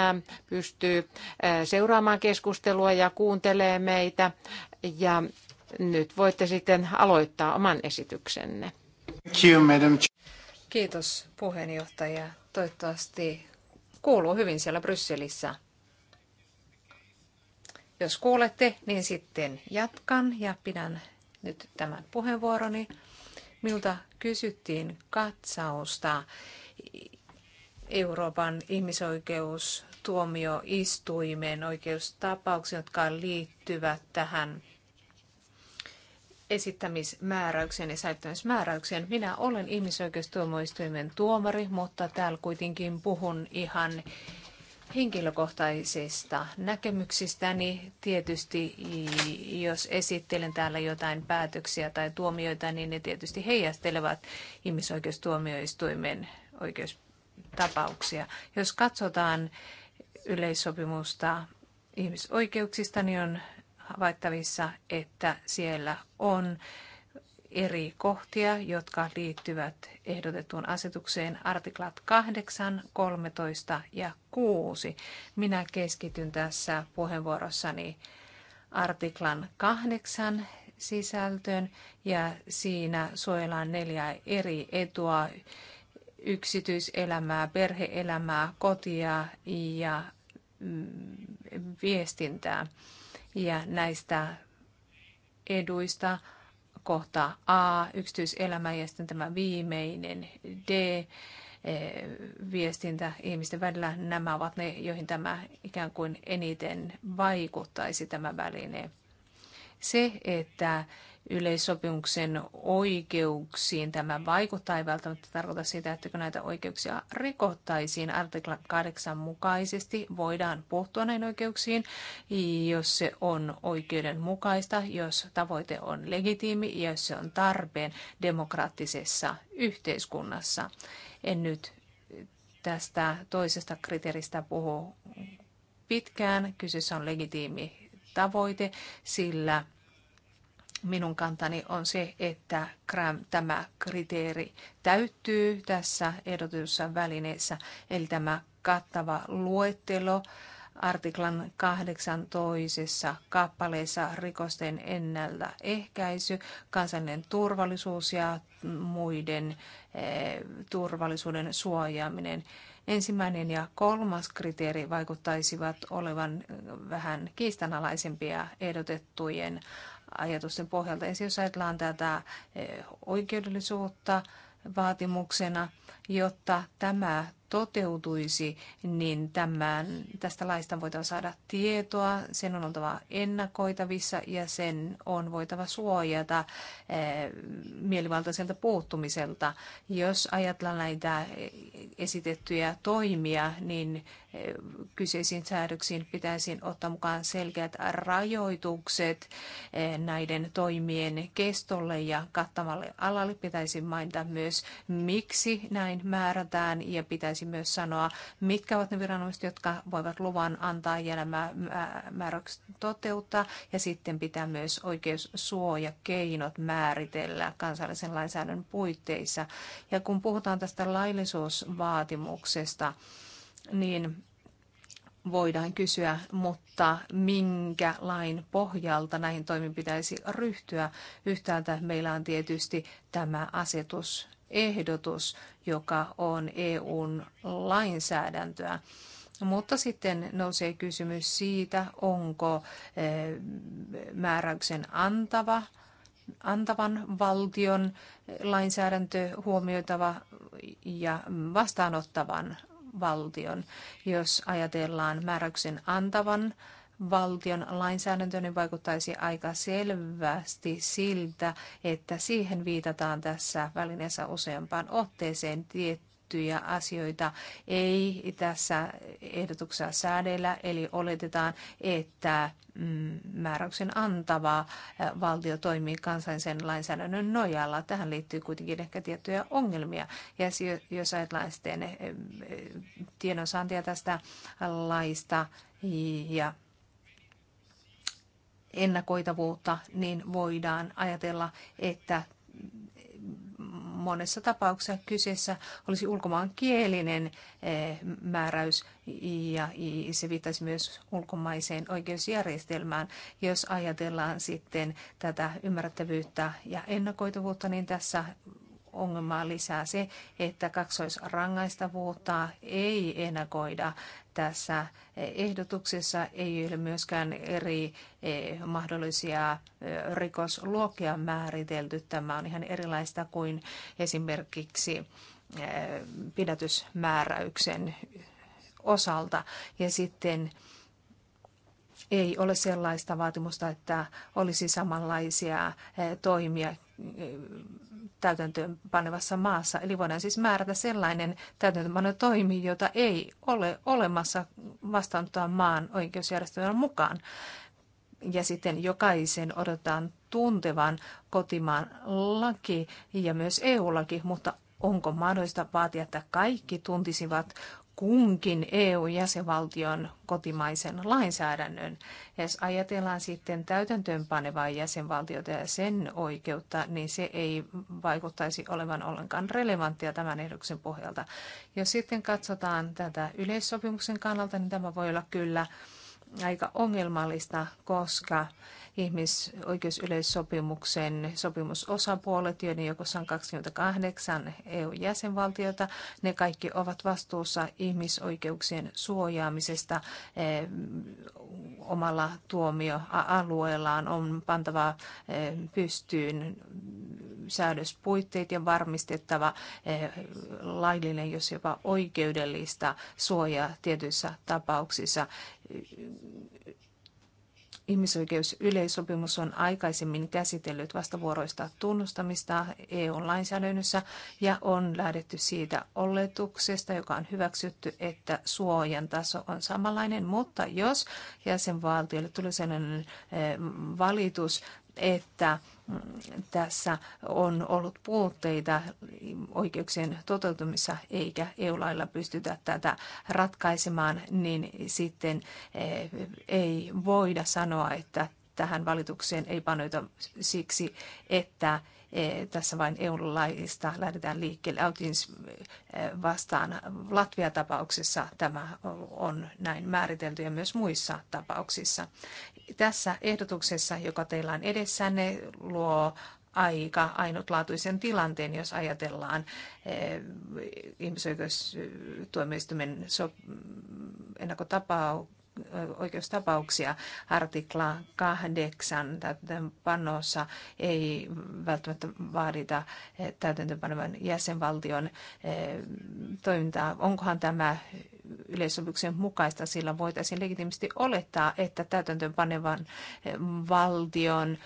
pystyy seuraamaan keskustelua ja kuuntelee meitä. Ja nyt voitte sitten aloittaa oman esityksenne. Kiitos puheenjohtaja. Toivottavasti kuuluu hyvin siellä Brysselissä. Jos kuulette, niin sitten jatkan ja pidän nyt tämän puheenvuoroni. Miltä kysyttiin katsausta Euroopan ihmisoikeustuomioistuimen oikeustapauksiin, jotka liittyvät tähän esittämismääräyksen ja säilyttämismääräyksen. Minä olen ihmisoikeustuomioistuimen tuomari, mutta täällä kuitenkin puhun ihan henkilökohtaisista näkemyksistäni. Tietysti jos esittelen täällä jotain päätöksiä tai tuomioita, niin ne tietysti heijastelevat ihmisoikeustuomioistuimen oikeustapauksia. Jos katsotaan yleissopimusta ihmisoikeuksista, niin on havaittavissa, että siellä on eri kohtia, jotka liittyvät ehdotettuun asetukseen artiklat 8, 13 ja 6. Minä keskityn tässä puheenvuorossani artiklan 8 sisältöön ja siinä suojellaan neljä eri etua, yksityiselämää, perheelämää, kotia ja mm, viestintää. Ja näistä eduista kohta A, yksityiselämä ja sitten tämä viimeinen D, eh, viestintä ihmisten välillä. Nämä ovat ne, joihin tämä ikään kuin eniten vaikuttaisi tämä väline. Se, että yleissopimuksen oikeuksiin tämä vaikuttaa, ei välttämättä tarkoita sitä, että kun näitä oikeuksia rikottaisiin artikla 8 mukaisesti, voidaan puuttua näin oikeuksiin, jos se on oikeudenmukaista, jos tavoite on legitiimi ja jos se on tarpeen demokraattisessa yhteiskunnassa. En nyt tästä toisesta kriteeristä puhu pitkään. Kyseessä on legitiimi tavoite, sillä minun kantani on se, että tämä kriteeri täyttyy tässä ehdotetussa välineessä, eli tämä kattava luettelo artiklan 18 kappaleessa rikosten ehkäisy, kansallinen turvallisuus ja muiden eh, turvallisuuden suojaaminen. Ensimmäinen ja kolmas kriteeri vaikuttaisivat olevan vähän kiistanalaisempia ehdotettujen ajatusten pohjalta. Ensin jos ajatellaan tätä eh, oikeudellisuutta vaatimuksena, jotta tämä toteutuisi, niin tämän, tästä laista on voitava saada tietoa, sen on oltava ennakoitavissa ja sen on voitava suojata eh, mielivaltaiselta puuttumiselta. Jos ajatellaan näitä esitettyjä toimia, niin eh, kyseisiin säädöksiin pitäisi ottaa mukaan selkeät rajoitukset eh, näiden toimien kestolle ja kattavalle alalle. Pitäisi mainita myös, miksi näin määrätään ja pitäisi pitäisi myös sanoa, mitkä ovat ne viranomaiset, jotka voivat luvan antaa ja nämä määräykset toteuttaa. Ja sitten pitää myös oikeussuojakeinot määritellä kansallisen lainsäädännön puitteissa. Ja kun puhutaan tästä laillisuusvaatimuksesta, niin voidaan kysyä, mutta minkä lain pohjalta näihin toimiin pitäisi ryhtyä. Yhtäältä meillä on tietysti tämä asetusehdotus, joka on EUn lainsäädäntöä. Mutta sitten nousee kysymys siitä, onko eh, määräyksen antava antavan valtion eh, lainsäädäntö huomioitava ja vastaanottavan valtion. Jos ajatellaan määräyksen antavan valtion lainsäädäntö, niin vaikuttaisi aika selvästi siltä, että siihen viitataan tässä välineessä useampaan otteeseen tiettyjä asioita. Ei tässä ehdotuksessa säädellä, eli oletetaan, että mm, määräyksen antava valtio toimii kansallisen lainsäädännön nojalla. Tähän liittyy kuitenkin ehkä tiettyjä ongelmia. Ja jos ajatellaan sitten tiedonsaantia tästä laista ja ennakoitavuutta, niin voidaan ajatella, että monessa tapauksessa kyseessä olisi ulkomaankielinen eh, määräys ja se viittaisi myös ulkomaiseen oikeusjärjestelmään. Jos ajatellaan sitten tätä ymmärrettävyyttä ja ennakoitavuutta, niin tässä ongelmaa lisää se, että kaksoisrangaistavuutta ei ennakoida tässä ehdotuksessa. Ei ole myöskään eri e, mahdollisia e, rikosluokkia määritelty. Tämä on ihan erilaista kuin esimerkiksi e, pidätysmääräyksen osalta. Ja sitten ei ole sellaista vaatimusta, että olisi samanlaisia toimia täytäntöön maassa. Eli voidaan siis määrätä sellainen täytäntöönpano toimi, jota ei ole olemassa vastaanottaa maan oikeusjärjestelmän mukaan. Ja sitten jokaisen odotetaan tuntevan kotimaan laki ja myös EU-laki, mutta onko mahdollista vaatia, että kaikki tuntisivat kunkin EU-jäsenvaltion kotimaisen lainsäädännön. Ja jos ajatellaan sitten täytäntöönpanevaa jäsenvaltiota ja sen oikeutta, niin se ei vaikuttaisi olevan ollenkaan relevanttia tämän ehdotuksen pohjalta. Jos sitten katsotaan tätä yleissopimuksen kannalta, niin tämä voi olla kyllä aika ongelmallista, koska ihmisoikeusyleissopimuksen sopimusosapuolet, joiden joukossa on 28 EU-jäsenvaltiota. Ne kaikki ovat vastuussa ihmisoikeuksien suojaamisesta eh, omalla tuomioalueellaan. On pantava eh, pystyyn säädöspuitteet ja varmistettava eh, laillinen, jos jopa oikeudellista suojaa tietyissä tapauksissa ihmisoikeusyleissopimus on aikaisemmin käsitellyt vastavuoroista tunnustamista EU-lainsäädännössä ja on lähdetty siitä oletuksesta, joka on hyväksytty, että suojan taso on samanlainen, mutta jos jäsenvaltiolle tulee sellainen eh, valitus, että tässä on ollut puutteita oikeuksien toteutumissa eikä EU-lailla pystytä tätä ratkaisemaan, niin sitten eh, ei voida sanoa, että tähän valitukseen ei panoita siksi, että Eh, tässä vain EU-laista lähdetään liikkeelle. Autins eh, vastaan Latvia-tapauksessa tämä on näin määritelty ja myös muissa tapauksissa. Tässä ehdotuksessa, joka teillä on edessänne, luo aika ainutlaatuisen tilanteen, jos ajatellaan eh, ihmisoikeustuomioistuimen ennakkotapauksia oikeustapauksia. Artikla 8 täytäntöönpanossa ei välttämättä vaadita eh, täytäntöpanovan jäsenvaltion eh, toimintaa. Onkohan tämä yleissopimuksen mukaista, sillä voitaisiin legitimisti olettaa, että täytäntöönpanevan valtion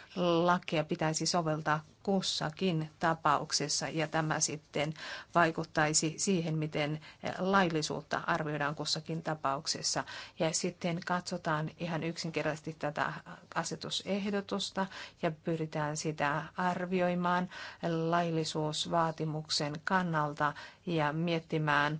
lakia pitäisi soveltaa kussakin tapauksessa, ja tämä sitten vaikuttaisi siihen, miten laillisuutta arvioidaan kussakin tapauksessa. Ja sitten katsotaan ihan yksinkertaisesti tätä asetusehdotusta ja pyritään sitä arvioimaan laillisuusvaatimuksen kannalta ja miettimään,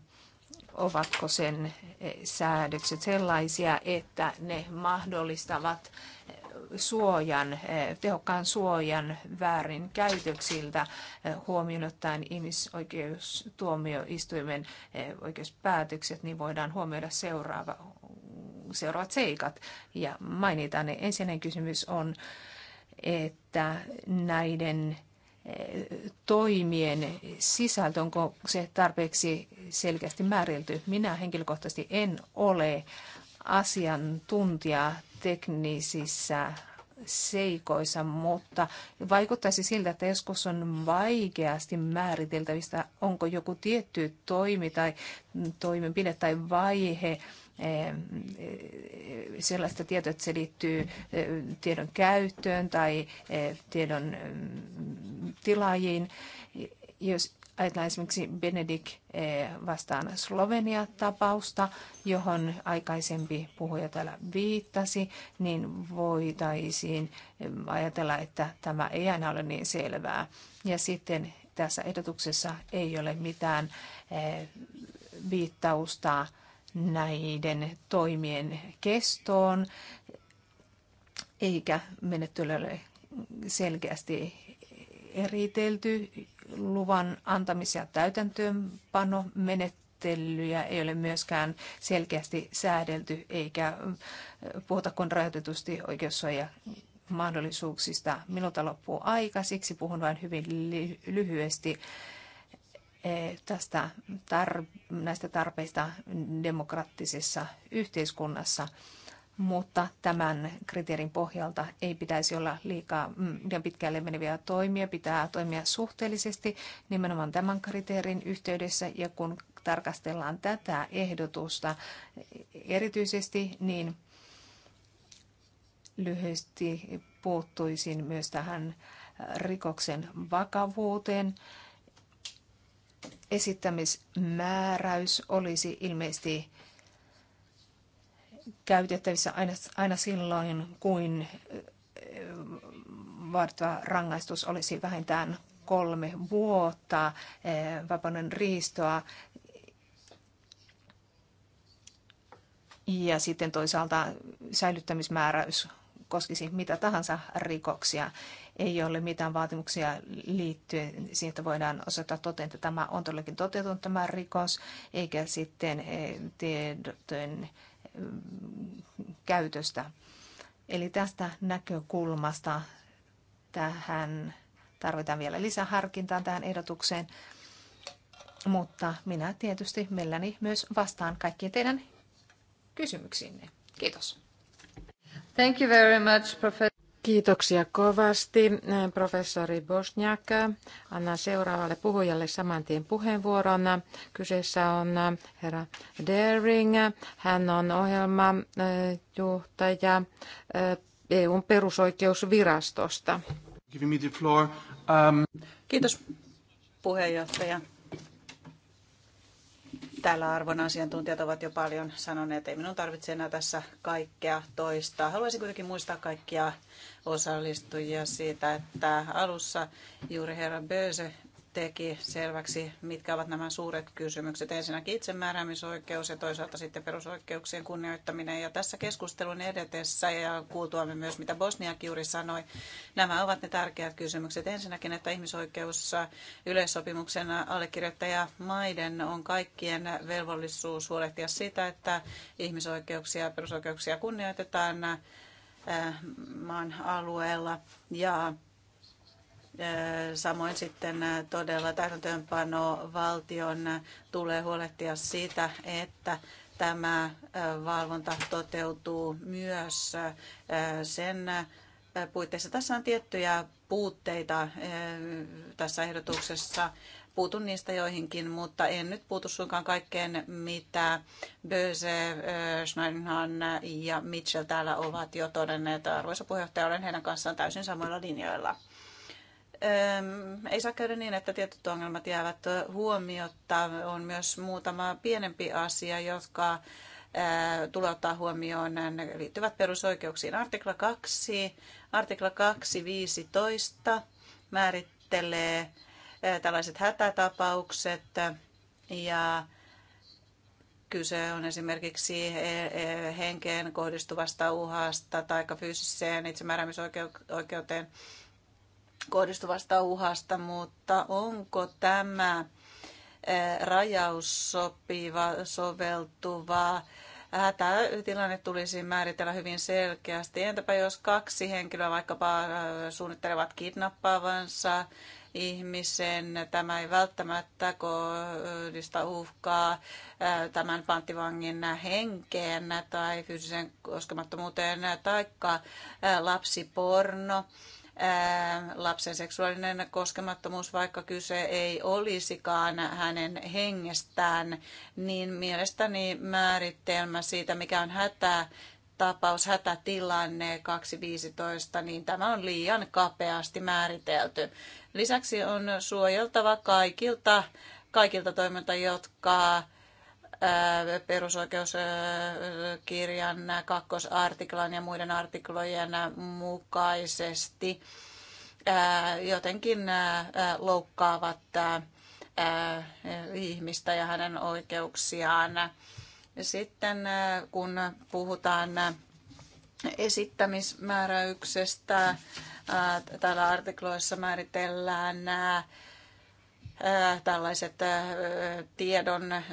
ovatko sen eh, säädökset sellaisia, että ne mahdollistavat eh, suojan, eh, tehokkaan suojan väärin käytöksiltä huomioon ottaen ihmisoikeustuomioistuimen oikeuspäätökset, niin voidaan huomioida seuraava, seuraavat seikat ja mainitaan ne. Niin Ensinnäinen kysymys on, että näiden toimien sisältö, onko se tarpeeksi selkeästi määritelty. Minä henkilökohtaisesti en ole asiantuntija teknisissä seikoissa, mutta vaikuttaisi siltä, että joskus on vaikeasti määriteltävistä, onko joku tietty toimi tai toimenpide tai vaihe Eh, eh, sellaista tietoa, että se liittyy eh, tiedon käyttöön tai tiedon mm, tilaajiin. Jos ajatellaan esimerkiksi Benedik vastaan Slovenia-tapausta, johon aikaisempi puhuja täällä viittasi, niin voitaisiin ajatella, että tämä ei aina ole niin selvää. Ja sitten tässä ehdotuksessa ei ole mitään viittausta näiden toimien kestoon, eikä menettely ole selkeästi eritelty. Luvan antamis- ja täytäntöönpanomenettely menettelyjä ei ole myöskään selkeästi säädelty eikä puhutakoon rajoitetusti oikeussuoja mahdollisuuksista. Minulta loppuu aika, siksi puhun vain hyvin lyhyesti Eh, tästä tar- näistä tarpeista demokraattisessa yhteiskunnassa, mutta tämän kriteerin pohjalta ei pitäisi olla liikaa mm, liian pitkälle meneviä toimia. Pitää toimia suhteellisesti nimenomaan tämän kriteerin yhteydessä ja kun tarkastellaan tätä ehdotusta erityisesti, niin lyhyesti puuttuisin myös tähän rikoksen vakavuuteen esittämismääräys olisi ilmeisesti käytettävissä aina, aina silloin, kuin eh, vaadittava rangaistus olisi vähintään kolme vuotta eh, vapauden riistoa. Ja sitten toisaalta säilyttämismääräys koskisi mitä tahansa rikoksia ei ole mitään vaatimuksia liittyen siihen, että voidaan osoittaa toteen, että tämä on todellakin toteutunut tämä rikos, eikä sitten eh, tietojen mm, käytöstä. Eli tästä näkökulmasta tähän tarvitaan vielä lisäharkintaa tähän ehdotukseen, mutta minä tietysti mielelläni myös vastaan kaikkiin teidän kysymyksiinne. Kiitos. Thank you very much, professor. Kiitoksia kovasti, eh, professori Bosniak. Annan seuraavalle puhujalle saman tien puheenvuoron. Kyseessä on eh, herra Dering. Hän on ohjelmajohtaja eh, EUn e perusoikeusvirastosta. Um, Kiitos puheenjohtaja. Täällä arvon asiantuntijat ovat jo paljon sanoneet, että ei minun tarvitse enää tässä kaikkea toistaa. Haluaisin kuitenkin muistaa kaikkia osallistujia siitä, että alussa juuri herra Böse teki selväksi, mitkä ovat nämä suuret kysymykset. Ensinnäkin itsemääräämisoikeus ja toisaalta sitten perusoikeuksien kunnioittaminen. Ja tässä keskustelun edetessä ja kuultuamme myös, mitä Bosnia juuri sanoi, nämä ovat ne tärkeät kysymykset. Ensinnäkin, että ihmisoikeus yleissopimuksen allekirjoittaja maiden on kaikkien velvollisuus huolehtia sitä, että ihmisoikeuksia ja perusoikeuksia kunnioitetaan äh, maan alueella ja Samoin sitten todella täytäntöönpano valtion tulee huolehtia siitä, että tämä valvonta toteutuu myös sen puitteissa. Tässä on tiettyjä puutteita tässä ehdotuksessa. Puutun niistä joihinkin, mutta en nyt puutu suinkaan kaikkeen, mitä Böse, Schneidenhan ja Mitchell täällä ovat jo todenneet. Arvoisa puheenjohtaja, olen heidän kanssaan täysin samoilla linjoilla ei saa käydä niin, että tietyt ongelmat jäävät huomiotta. On myös muutama pienempi asia, jotka tulee ottaa huomioon. Ne liittyvät perusoikeuksiin. Artikla 2, artikla 15 määrittelee tällaiset hätätapaukset ja Kyse on esimerkiksi henkeen kohdistuvasta uhasta tai fyysiseen itsemääräämisoikeuteen kohdistuvasta uhasta, mutta onko tämä eh, rajaus sopiva, soveltuva? Hätätilanne tulisi määritellä hyvin selkeästi. Entäpä jos kaksi henkilöä vaikkapa eh, suunnittelevat kidnappaavansa ihmisen, tämä ei välttämättä kohdista uhkaa eh, tämän panttivangin henkeen tai fyysisen koskemattomuuteen, taikka lapsiporno lapsen seksuaalinen koskemattomuus, vaikka kyse ei olisikaan hänen hengestään, niin mielestäni määritelmä siitä, mikä on hätä, tapaus, hätätilanne 215, niin tämä on liian kapeasti määritelty. Lisäksi on suojeltava kaikilta, kaikilta toimilta, jotka perusoikeuskirjan kakkosartiklan ja muiden artiklojen mukaisesti jotenkin loukkaavat ihmistä ja hänen oikeuksiaan. Sitten kun puhutaan esittämismääräyksestä, täällä artikloissa määritellään Äh, tällaiset äh, tiedon äh,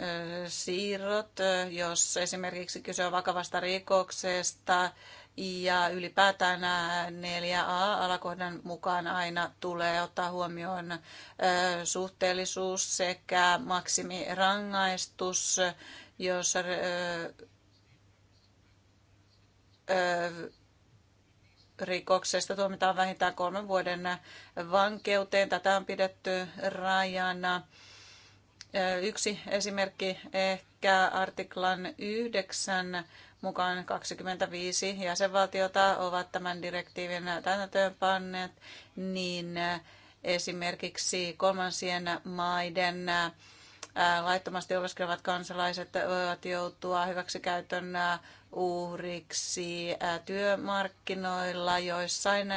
siirrot, jos esimerkiksi kyse on vakavasta rikoksesta ja ylipäätään 4a-alakohdan mukaan aina tulee ottaa huomioon suhteellisuus sekä maksimirangaistus, jos rikoksesta tuomitaan vähintään kolmen vuoden vankeuteen. Tätä on pidetty rajana. Yksi esimerkki ehkä artiklan 9 mukaan 25 jäsenvaltiota ovat tämän direktiivin täytäntöönpanneet, niin esimerkiksi kolmansien maiden laittomasti oleskelevat kansalaiset voivat joutua hyväksikäytön uhriksi työmarkkinoilla joissain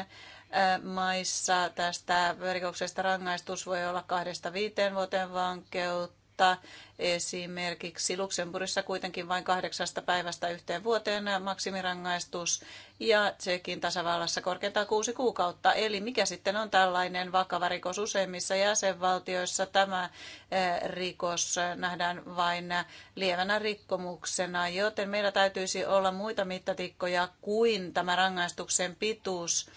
maissa tästä rikoksesta rangaistus voi olla kahdesta viiteen vuoteen vankeutta mutta esimerkiksi Luxemburgissa kuitenkin vain kahdeksasta päivästä yhteen vuoteen maksimirangaistus ja Tsekin tasavallassa korkeintaan kuusi kuukautta. Eli mikä sitten on tällainen vakava rikos? Useimmissa jäsenvaltioissa tämä eh, rikos nähdään vain lievänä rikkomuksena, joten meillä täytyisi olla muita mittatikkoja kuin tämä rangaistuksen pituus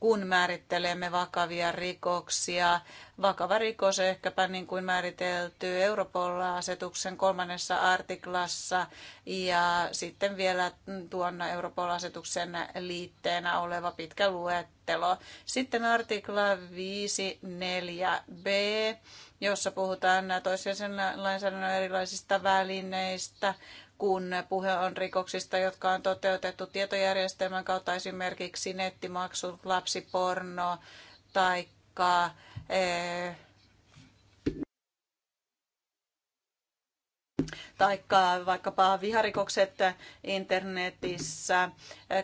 kun määrittelemme vakavia rikoksia. Vakava rikos ehkäpä niin kuin määritelty Europol-asetuksen kolmannessa artiklassa ja sitten vielä tuon Europol-asetuksen liitteenä oleva pitkä luettelo. Sitten artikla 5.4b, jossa puhutaan toisen lainsäädännön erilaisista välineistä, kun puhe on rikoksista, jotka on toteutettu tietojärjestelmän kautta esimerkiksi nettimaksu, lapsiporno tai eh, taikka vaikkapa viharikokset internetissä.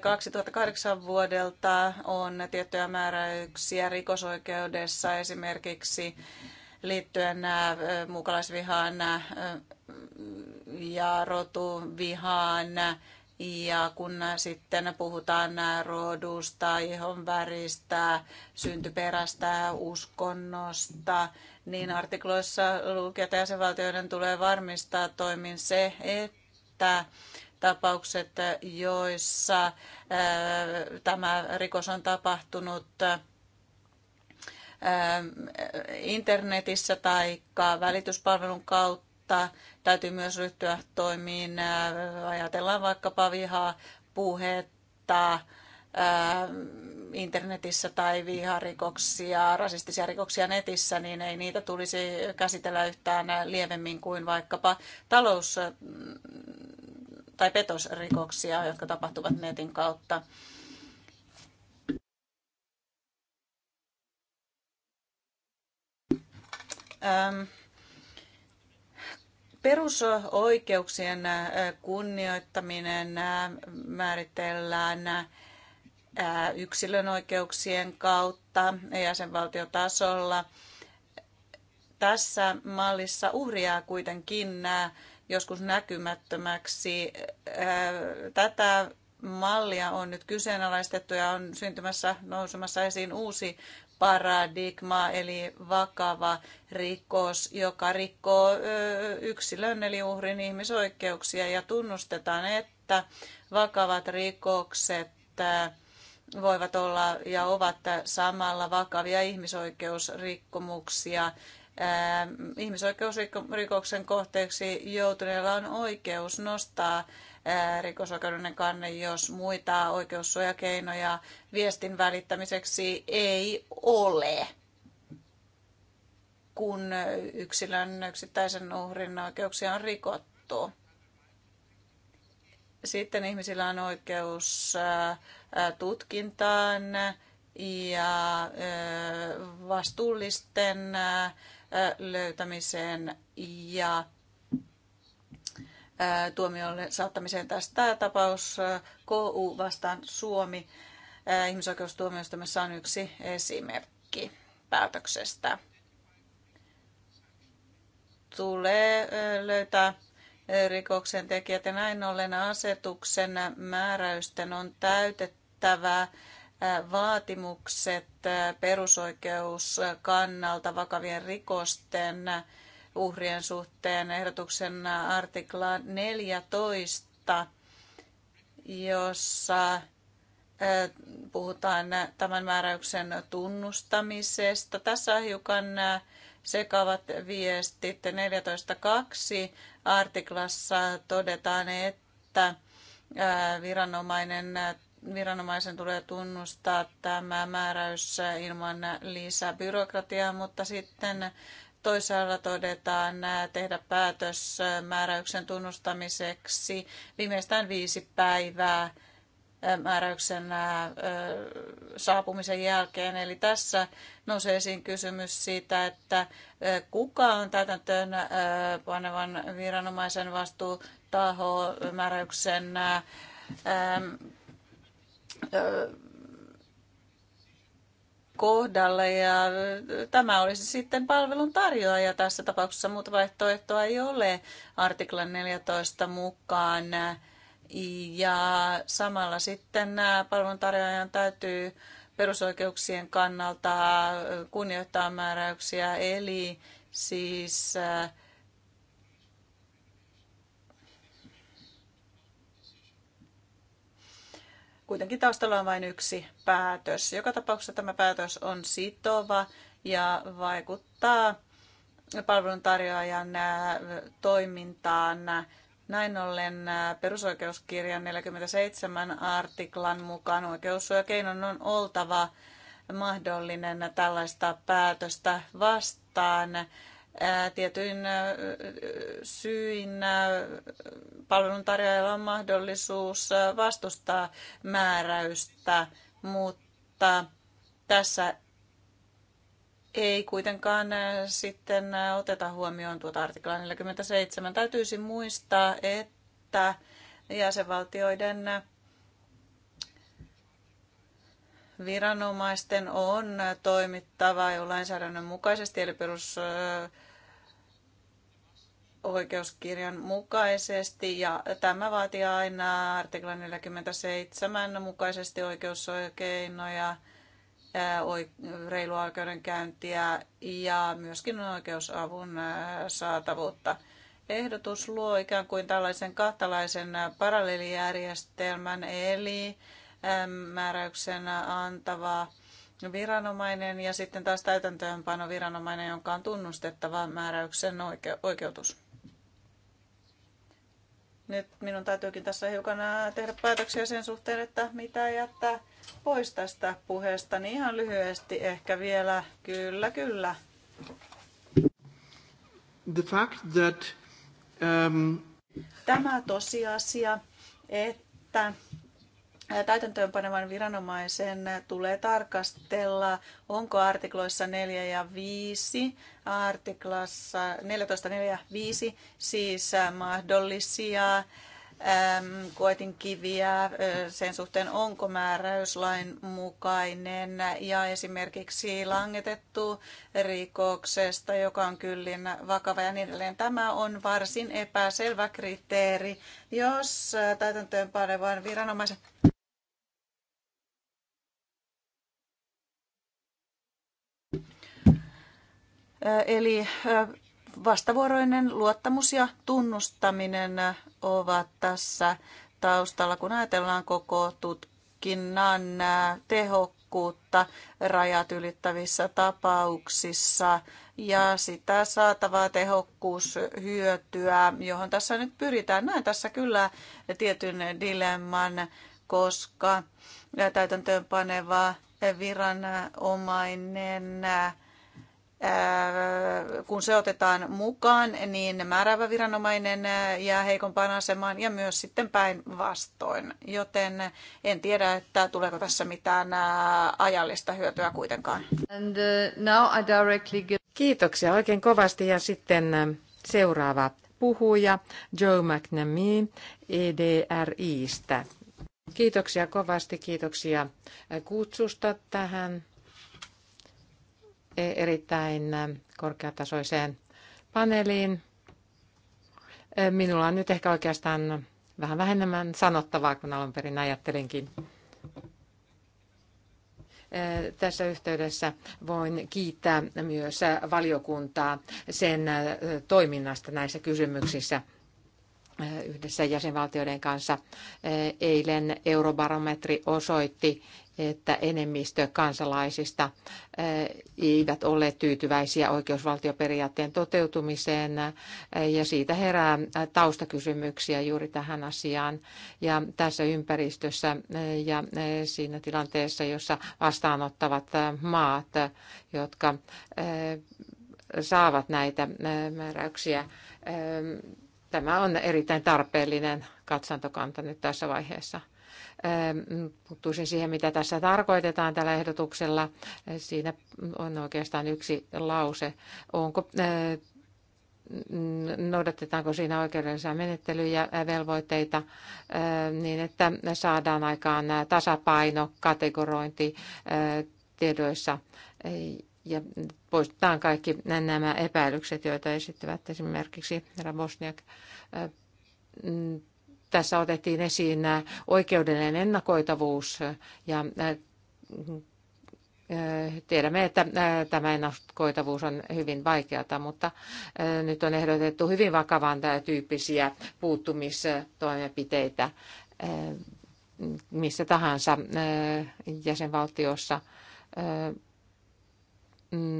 2008 vuodelta on tiettyjä määräyksiä rikosoikeudessa esimerkiksi liittyen äh, äh, muukalaisvihaan äh, ja rotuvihaan. Ja kun sitten puhutaan rodusta, ihonväristä, syntyperästä, uskonnosta, niin artikloissa lukee, että jäsenvaltioiden tulee varmistaa toimin se, että tapaukset, joissa tämä rikos on tapahtunut Ähm, internetissä tai välityspalvelun kautta. Täytyy myös ryhtyä toimiin, äh, ajatellaan vaikkapa vihaa, puhetta, ähm, internetissä tai viharikoksia, rasistisia rikoksia netissä, niin ei niitä tulisi käsitellä yhtään lievemmin kuin vaikkapa talous- tai petosrikoksia, jotka tapahtuvat netin kautta. Ähm, perusoikeuksien äh, kunnioittaminen äh, määritellään äh, yksilön oikeuksien kautta jäsenvaltiotasolla. Tässä mallissa uhriaa kuitenkin joskus näkymättömäksi. Tätä mallia on nyt kyseenalaistettu ja on syntymässä nousemassa esiin uusi paradigma, eli vakava rikos, joka rikkoo yksilön eli uhrin ihmisoikeuksia ja tunnustetaan, että vakavat rikokset voivat olla ja ovat samalla vakavia ihmisoikeusrikkomuksia. Ihmisoikeusrikoksen kohteeksi joutuneella on oikeus nostaa rikosoikeudellinen kanne, jos muita oikeussuojakeinoja viestin välittämiseksi ei ole kun yksilön yksittäisen uhrin oikeuksia on rikottu. Sitten ihmisillä on oikeus tutkintaan ja vastuullisten löytämiseen ja tuomiolle saattamiseen. Tästä tapaus KU vastaan Suomi ihmisoikeustuomioistuimessa on yksi esimerkki päätöksestä. Tulee löytää rikoksen tekijät ja näin ollen asetuksen määräysten on täytettävä vaatimukset perusoikeus kannalta vakavien rikosten uhrien suhteen ehdotuksen artikla 14, jossa puhutaan tämän määräyksen tunnustamisesta. Tässä on hiukan sekavat viestit. 14.2 artiklassa todetaan, että viranomainen, viranomaisen tulee tunnustaa tämä määräys ilman lisää mutta sitten Toisaalla todetaan äh, tehdä päätös äh, määräyksen tunnustamiseksi viimeistään viisi päivää äh, määräyksen saapumisen jälkeen. Eli tässä nousee esiin kysymys siitä, että kuka on täytäntöön panevan viranomaisen vastuutaho määräyksen ähm, kohdalle ja tämä olisi sitten palvelun tarjoaja tässä tapauksessa, mutta vaihtoehtoa ei ole artiklan 14 mukaan. Ja samalla sitten palveluntarjoajan täytyy perusoikeuksien kannalta kunnioittaa määräyksiä, eli siis Kuitenkin taustalla on vain yksi päätös. Joka tapauksessa tämä päätös on sitova ja vaikuttaa palveluntarjoajan toimintaan. Näin ollen perusoikeuskirjan 47 artiklan mukaan oikeussuojakeinon on oltava mahdollinen tällaista päätöstä vastaan tietyin syin palveluntarjoajalla on mahdollisuus vastustaa määräystä, mutta tässä ei kuitenkaan sitten oteta huomioon tuota artikla 47. Täytyisi muistaa, että jäsenvaltioiden viranomaisten on toimittava jo lainsäädännön mukaisesti, eli perus oikeuskirjan mukaisesti ja tämä vaatii aina artikla 47 mukaisesti oikeusoikeinoja, reilua oikeudenkäyntiä ja myöskin oikeusavun saatavuutta. Ehdotus luo ikään kuin tällaisen kahtalaisen paralleelijärjestelmän, eli määräyksen antava viranomainen ja sitten taas täytäntöönpano viranomainen, jonka on tunnustettava määräyksen oikeutus. Nyt minun täytyykin tässä hiukan tehdä päätöksiä sen suhteen, että mitä jättää pois tästä puheesta. Niin ihan lyhyesti ehkä vielä. Kyllä, kyllä. The fact that, um... Tämä tosiasia, että täytäntöönpanevan viranomaisen tulee tarkastella, onko artikloissa 4 ja 5, artiklassa 14, 4 ja 5 siis äh, mahdollisia ähm, kiviä äh, sen suhteen, onko määräyslain mukainen ja esimerkiksi langetettu rikoksesta, joka on kyllin vakava ja niin edelleen. Tämä on varsin epäselvä kriteeri, jos äh, täytäntöönpanevan viranomaisen Eli vastavuoroinen luottamus ja tunnustaminen ovat tässä taustalla, kun ajatellaan koko tutkinnan tehokkuutta rajat ylittävissä tapauksissa ja sitä saatavaa tehokkuushyötyä, johon tässä nyt pyritään. Näen tässä kyllä tietyn dilemman, koska täytäntöönpaneva viranomainen kun se otetaan mukaan, niin määräävä viranomainen jää heikompaan asemaan ja myös sitten päinvastoin. Joten en tiedä, että tuleeko tässä mitään ajallista hyötyä kuitenkaan. And, uh, now I directly Kiitoksia oikein kovasti ja sitten seuraava puhuja Joe McNamee EDRIstä. Kiitoksia kovasti, kiitoksia kutsusta tähän erittäin korkeatasoiseen paneeliin. Minulla on nyt ehkä oikeastaan vähän vähemmän sanottavaa kuin alun perin ajattelinkin. Tässä yhteydessä voin kiittää myös valiokuntaa sen toiminnasta näissä kysymyksissä yhdessä jäsenvaltioiden kanssa. Eilen eurobarometri osoitti, että enemmistö kansalaisista eh, eivät ole tyytyväisiä oikeusvaltioperiaatteen toteutumiseen eh, ja siitä herää eh, taustakysymyksiä juuri tähän asiaan ja tässä ympäristössä ja siinä tilanteessa, jossa vastaanottavat maat, jotka saavat näitä määräyksiä. Tämä on erittäin tarpeellinen katsantokanta nyt tässä vaiheessa. Mm, puuttuisin siihen, mitä tässä tarkoitetaan tällä ehdotuksella. Siinä on oikeastaan yksi lause. Onko noudatetaanko siinä oikeudellisia menettelyjä ja velvoitteita niin, että saadaan aikaan tasapaino, kategorointi tiedoissa ja poistetaan kaikki nämä epäilykset, joita esittävät esimerkiksi Bosniak. Tässä otettiin esiin äh, oikeudellinen ennakoitavuus ja äh, äh, Tiedämme, että tämä ennakoitavuus on hyvin vaikeata, mutta nyt on ehdotettu hyvin vakavan tyyppisiä puuttumistoimenpiteitä missä tahansa jäsenvaltiossa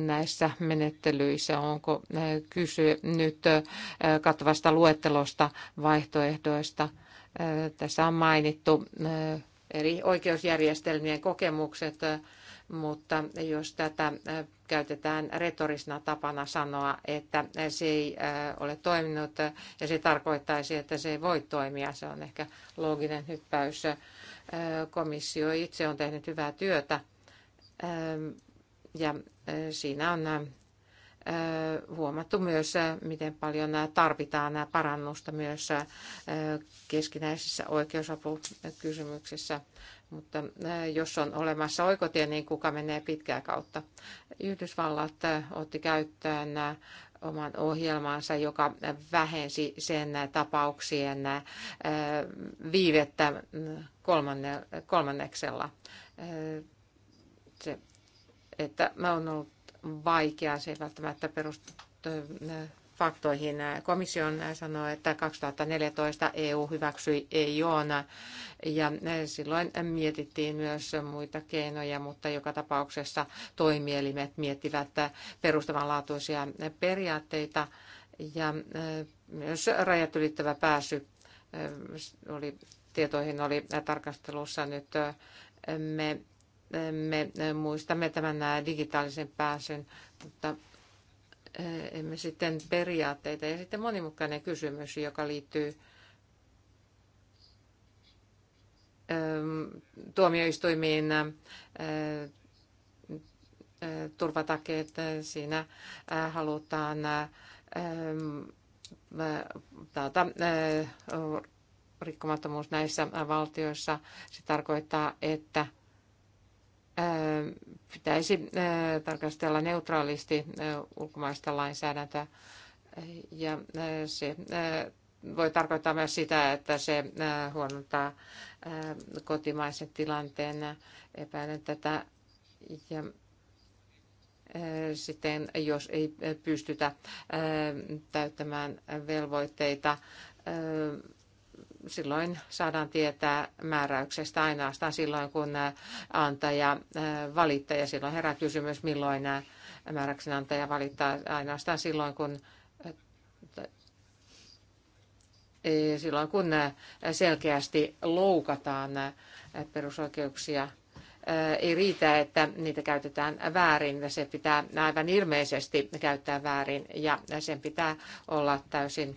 näissä menettelyissä? Onko kysy nyt kattavasta luettelosta vaihtoehdoista? Tässä on mainittu eri oikeusjärjestelmien kokemukset, mutta jos tätä käytetään retorisena tapana sanoa, että se ei ole toiminut ja se tarkoittaisi, että se ei voi toimia. Se on ehkä looginen hyppäys. Komissio itse on tehnyt hyvää työtä ja siinä on huomattu myös, miten paljon tarvitaan parannusta myös keskinäisissä oikeusapukysymyksissä. Mutta jos on olemassa oikotie, niin kuka menee pitkää kautta? Yhdysvallat otti käyttöön oman ohjelmansa, joka vähensi sen tapauksien viivettä kolmanneksella. Se että mä oon ollut vaikeaa, se välttämättä perustu faktoihin. Komission sanoi, että 2014 EU hyväksyi EUna ja silloin mietittiin myös muita keinoja, mutta joka tapauksessa toimielimet miettivät perustavanlaatuisia periaatteita ja myös rajat ylittävä pääsy oli, tietoihin oli tarkastelussa nyt me me eh, muistamme tämän eh, digitaalisen pääsyn, mutta eh, emme sitten periaatteita. Ja sitten monimutkainen kysymys, joka liittyy ehm, tuomioistuimiin turvatakeet. Siinä halutaan taata rikkomattomuus näissä valtioissa. Se tarkoittaa, että pitäisi tarkastella neutraalisti ulkomaista lainsäädäntöä. Ja se voi tarkoittaa myös sitä, että se huonontaa kotimaisen tilanteen. Epäilen tätä. Ja sitten jos ei pystytä täyttämään velvoitteita silloin saadaan tietää määräyksestä ainoastaan silloin, kun antaja valittaa. Ja silloin herää kysymys, milloin määräyksen antaja valittaa ainoastaan silloin, kun e, silloin kun selkeästi loukataan perusoikeuksia. Ei riitä, että niitä käytetään väärin. Se pitää aivan ilmeisesti käyttää väärin ja sen pitää olla täysin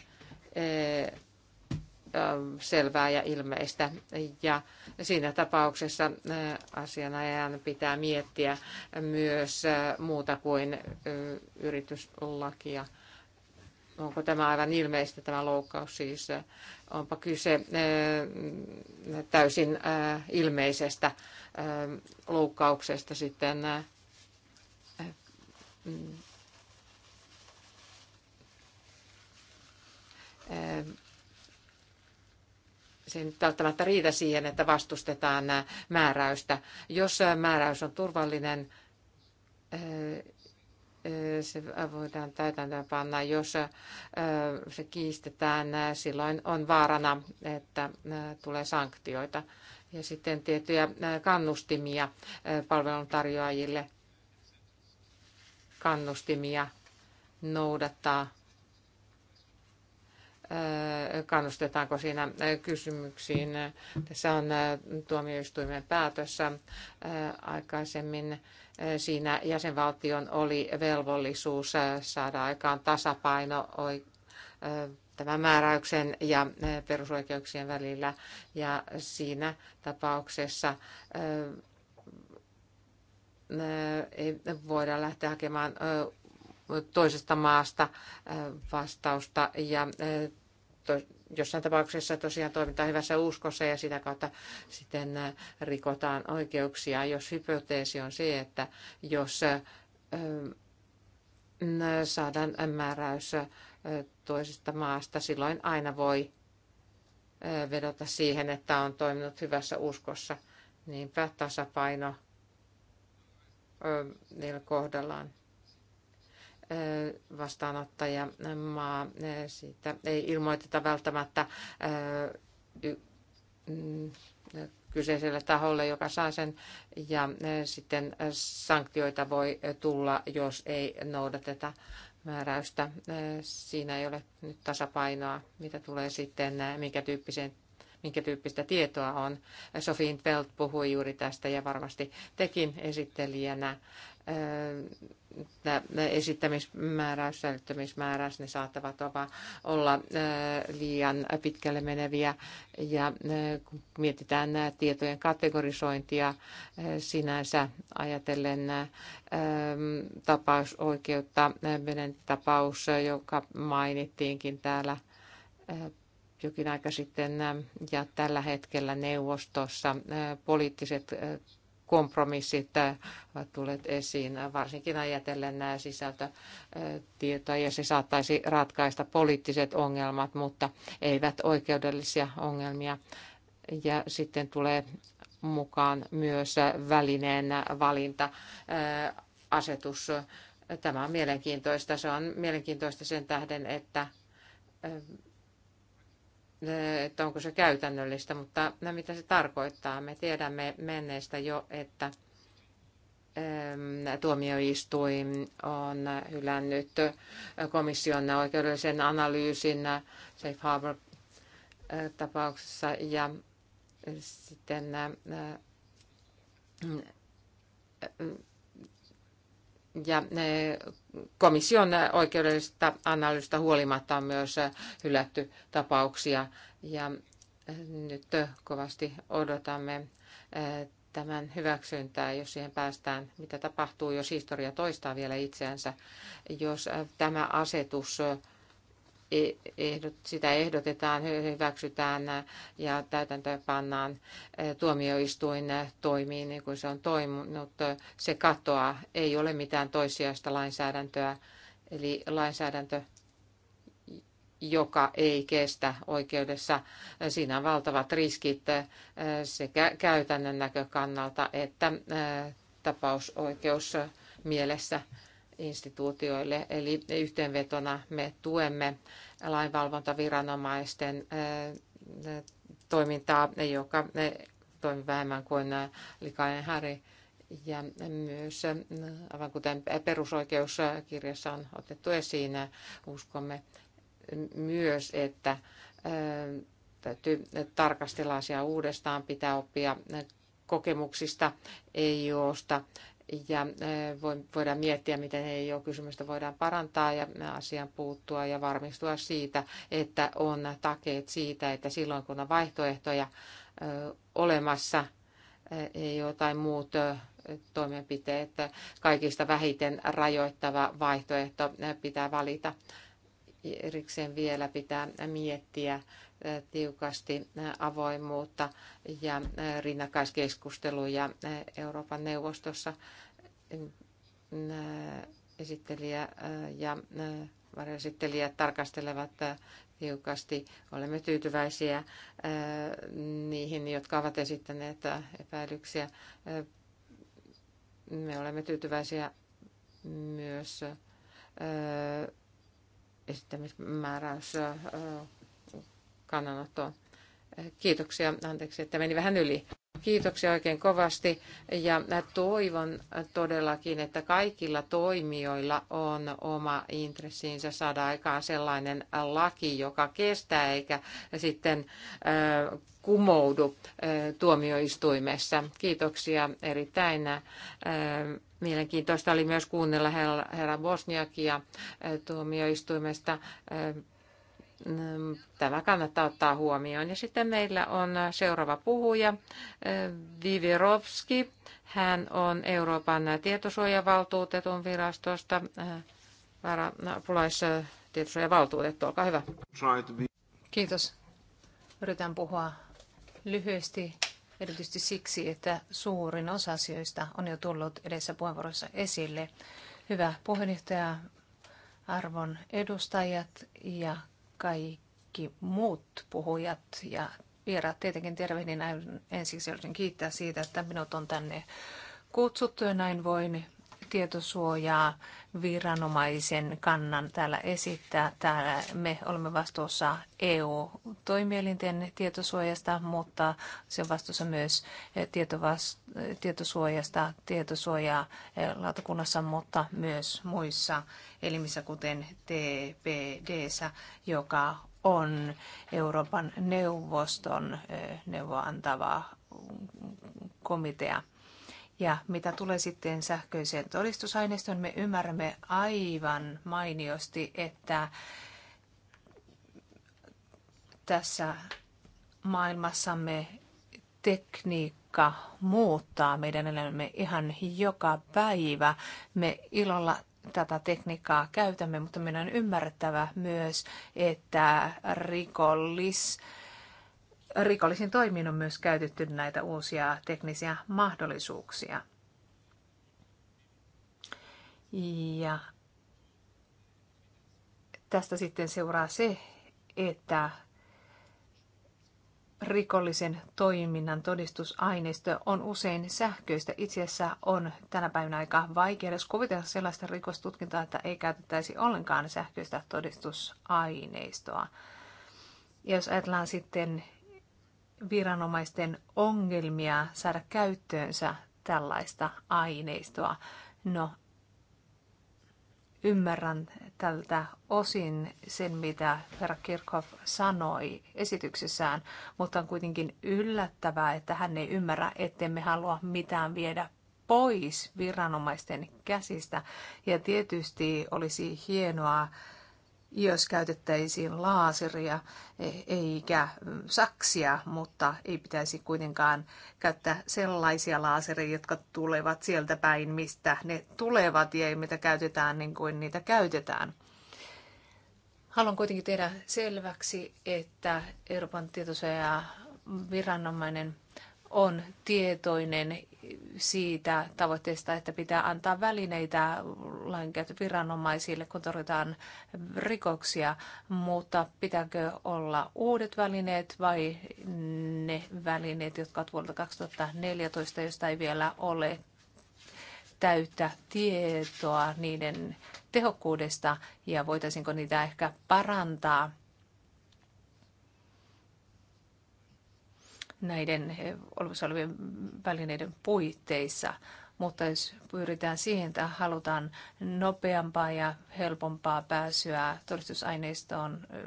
selvää ja ilmeistä. Ja siinä tapauksessa asianajan pitää miettiä myös muuta kuin yrityslakia. Onko tämä aivan ilmeistä tämä loukkaus siis? Onpa kyse täysin ilmeisestä loukkauksesta sitten se ei nyt välttämättä riitä siihen, että vastustetaan määräystä. Jos määräys on turvallinen, se voidaan täytäntöönpanna. Jos se kiistetään, silloin on vaarana, että tulee sanktioita ja sitten tiettyjä kannustimia palveluntarjoajille, kannustimia noudattaa kannustetaanko siinä kysymyksiin. Tässä on tuomioistuimen päätössä aikaisemmin. Siinä jäsenvaltion oli velvollisuus saada aikaan tasapaino tämän määräyksen ja perusoikeuksien välillä. Ja siinä tapauksessa ei voida lähteä hakemaan toisesta maasta vastausta ja to, jossain tapauksessa tosiaan toimitaan hyvässä uskossa ja sitä kautta sitten äh, rikotaan oikeuksia, jos hypoteesi on se, että jos äh, mm, saadaan määräys äh, toisesta maasta, silloin aina voi vedota siihen, että on toiminut hyvässä uskossa. Niinpä tasapaino niillä kohdallaan vastaanottaja maa siitä ei ilmoiteta välttämättä mm, kyseiselle taholle, joka saa sen, ja sitten sanktioita voi tulla, jos ei noudateta määräystä. Siinä ei ole nyt tasapainoa, mitä tulee sitten, minkä, tyyppisen, minkä tyyppistä tietoa on. Sofiin Pelt puhui juuri tästä ja varmasti tekin esittelijänä esittämismääräys, säilyttämismääräys, ne saattavat olla liian pitkälle meneviä. Ja kun mietitään nämä tietojen kategorisointia sinänsä ajatellen tapausoikeutta, menen tapaus, joka mainittiinkin täällä jokin aika sitten ja tällä hetkellä neuvostossa poliittiset kompromissit äh, ovat tulleet esiin, varsinkin ajatellen nämä sisältötietoja, ja se saattaisi ratkaista poliittiset ongelmat, mutta eivät oikeudellisia ongelmia. Ja sitten tulee mukaan myös välineen valinta äh, asetus. Tämä on mielenkiintoista. Se on mielenkiintoista sen tähden, että äh, että onko se käytännöllistä, mutta no, mitä se tarkoittaa. Me tiedämme menneestä jo, että tuomioistuin on hylännyt komission oikeudellisen analyysin Safe Harbor tapauksessa ja sitten ja komission oikeudellisesta analyysistä huolimatta on myös hylätty tapauksia. Ja nyt kovasti odotamme eh, tämän hyväksyntää, jos siihen päästään, mitä tapahtuu, jos historia toistaa vielä itseänsä, jos eh, tämä asetus ehdot, sitä ehdotetaan, hyväksytään ja täytäntöön pannaan eh, tuomioistuin toimii niin kuin se on toiminut. Se katoaa, ei ole mitään toissijaista lainsäädäntöä, eli lainsäädäntö joka ei kestä oikeudessa. Siinä on valtavat riskit eh, sekä käytännön näkökannalta että eh, tapausoikeus mielessä instituutioille. Eli yhteenvetona me tuemme lainvalvontaviranomaisten toimintaa, joka toimii vähemmän kuin likainen häri. Ja myös, aivan kuten perusoikeuskirjassa on otettu esiin, uskomme myös, että täytyy tarkastella asiaa uudestaan, pitää oppia kokemuksista ei EUsta ja eh, voidaan miettiä, miten ei ole kysymystä voidaan parantaa ja eh, asian puuttua ja varmistua siitä, että on takeet siitä, että silloin kun on vaihtoehtoja eh, olemassa, ei jotain muut toimenpiteet, kaikista vähiten rajoittava vaihtoehto pitää valita. Erikseen vielä pitää miettiä tiukasti avoimuutta ja rinnakkaiskeskusteluja Euroopan neuvostossa esittelijä ja varjoesittelijät tarkastelevat tiukasti. Olemme tyytyväisiä niihin, jotka ovat esittäneet epäilyksiä. Me olemme tyytyväisiä myös esittämismääräys kannanottoon. Kiitoksia, anteeksi, että meni vähän yli. Kiitoksia oikein kovasti ja toivon todellakin, että kaikilla toimijoilla on oma intressiinsä saada aikaan sellainen laki, joka kestää eikä sitten kumoudu tuomioistuimessa. Kiitoksia erittäin. Mielenkiintoista oli myös kuunnella herra Bosniakia tuomioistuimesta Mm, tämä kannattaa ottaa huomioon. Ja sitten meillä on seuraava puhuja, eh, Vivi Rovski. Hän on Euroopan tietosuojavaltuutetun virastosta. Pulais, eh, tietosuojavaltuutettu, olkaa hyvä. Kiitos. Yritän puhua lyhyesti, erityisesti siksi, että suurin osa asioista on jo tullut edessä puheenvuorossa esille. Hyvä puheenjohtaja, arvon edustajat ja kaikki muut puhujat ja vieraat tietenkin tervehdin ensiksi haluaisin kiittää siitä, että minut on tänne kutsuttu ja näin voin tietosuojaa viranomaisen kannan täällä esittää. Täällä me olemme vastuussa EU-toimielinten tietosuojasta, mutta se on vastuussa myös tietosuojasta, tietosuojaa lautakunnassa, mutta myös muissa elimissä, kuten tpd joka on Euroopan neuvoston neuvoantava komitea ja mitä tulee sitten sähköiseen todistusaineistoon, me ymmärrämme aivan mainiosti, että tässä maailmassamme tekniikka muuttaa meidän elämämme ihan joka päivä. Me ilolla tätä tekniikkaa käytämme, mutta meidän on ymmärrettävä myös, että rikollis rikollisin toimiin on myös käytetty näitä uusia teknisiä mahdollisuuksia. Ja tästä sitten seuraa se, että rikollisen toiminnan todistusaineisto on usein sähköistä. Itse asiassa on tänä päivänä aika vaikea edes kuvitella sellaista rikostutkintaa, että ei käytettäisi ollenkaan sähköistä todistusaineistoa. Ja jos ajatellaan sitten viranomaisten ongelmia saada käyttöönsä tällaista aineistoa. No, ymmärrän tältä osin sen, mitä herra Kirchhoff sanoi esityksessään, mutta on kuitenkin yllättävää, että hän ei ymmärrä, ettemme halua mitään viedä pois viranomaisten käsistä. Ja tietysti olisi hienoa jos käytettäisiin laaseria e, eikä saksia, mutta ei pitäisi kuitenkaan käyttää sellaisia laaseria, jotka tulevat sieltä päin, mistä ne tulevat ja mitä käytetään niin kuin niitä käytetään. Haluan kuitenkin tehdä selväksi, että Euroopan tietosuojaviranomainen viranomainen on tietoinen siitä tavoitteesta, että pitää antaa välineitä viranomaisille, kun torjutaan rikoksia, mutta pitääkö olla uudet välineet vai ne välineet, jotka ovat vuodelta 2014, josta ei vielä ole täyttä tietoa niiden tehokkuudesta ja voitaisiinko niitä ehkä parantaa – näiden eh, olemassa olevien välineiden puitteissa. Mutta jos pyritään siihen, että halutaan nopeampaa ja helpompaa pääsyä todistusaineistoon eh,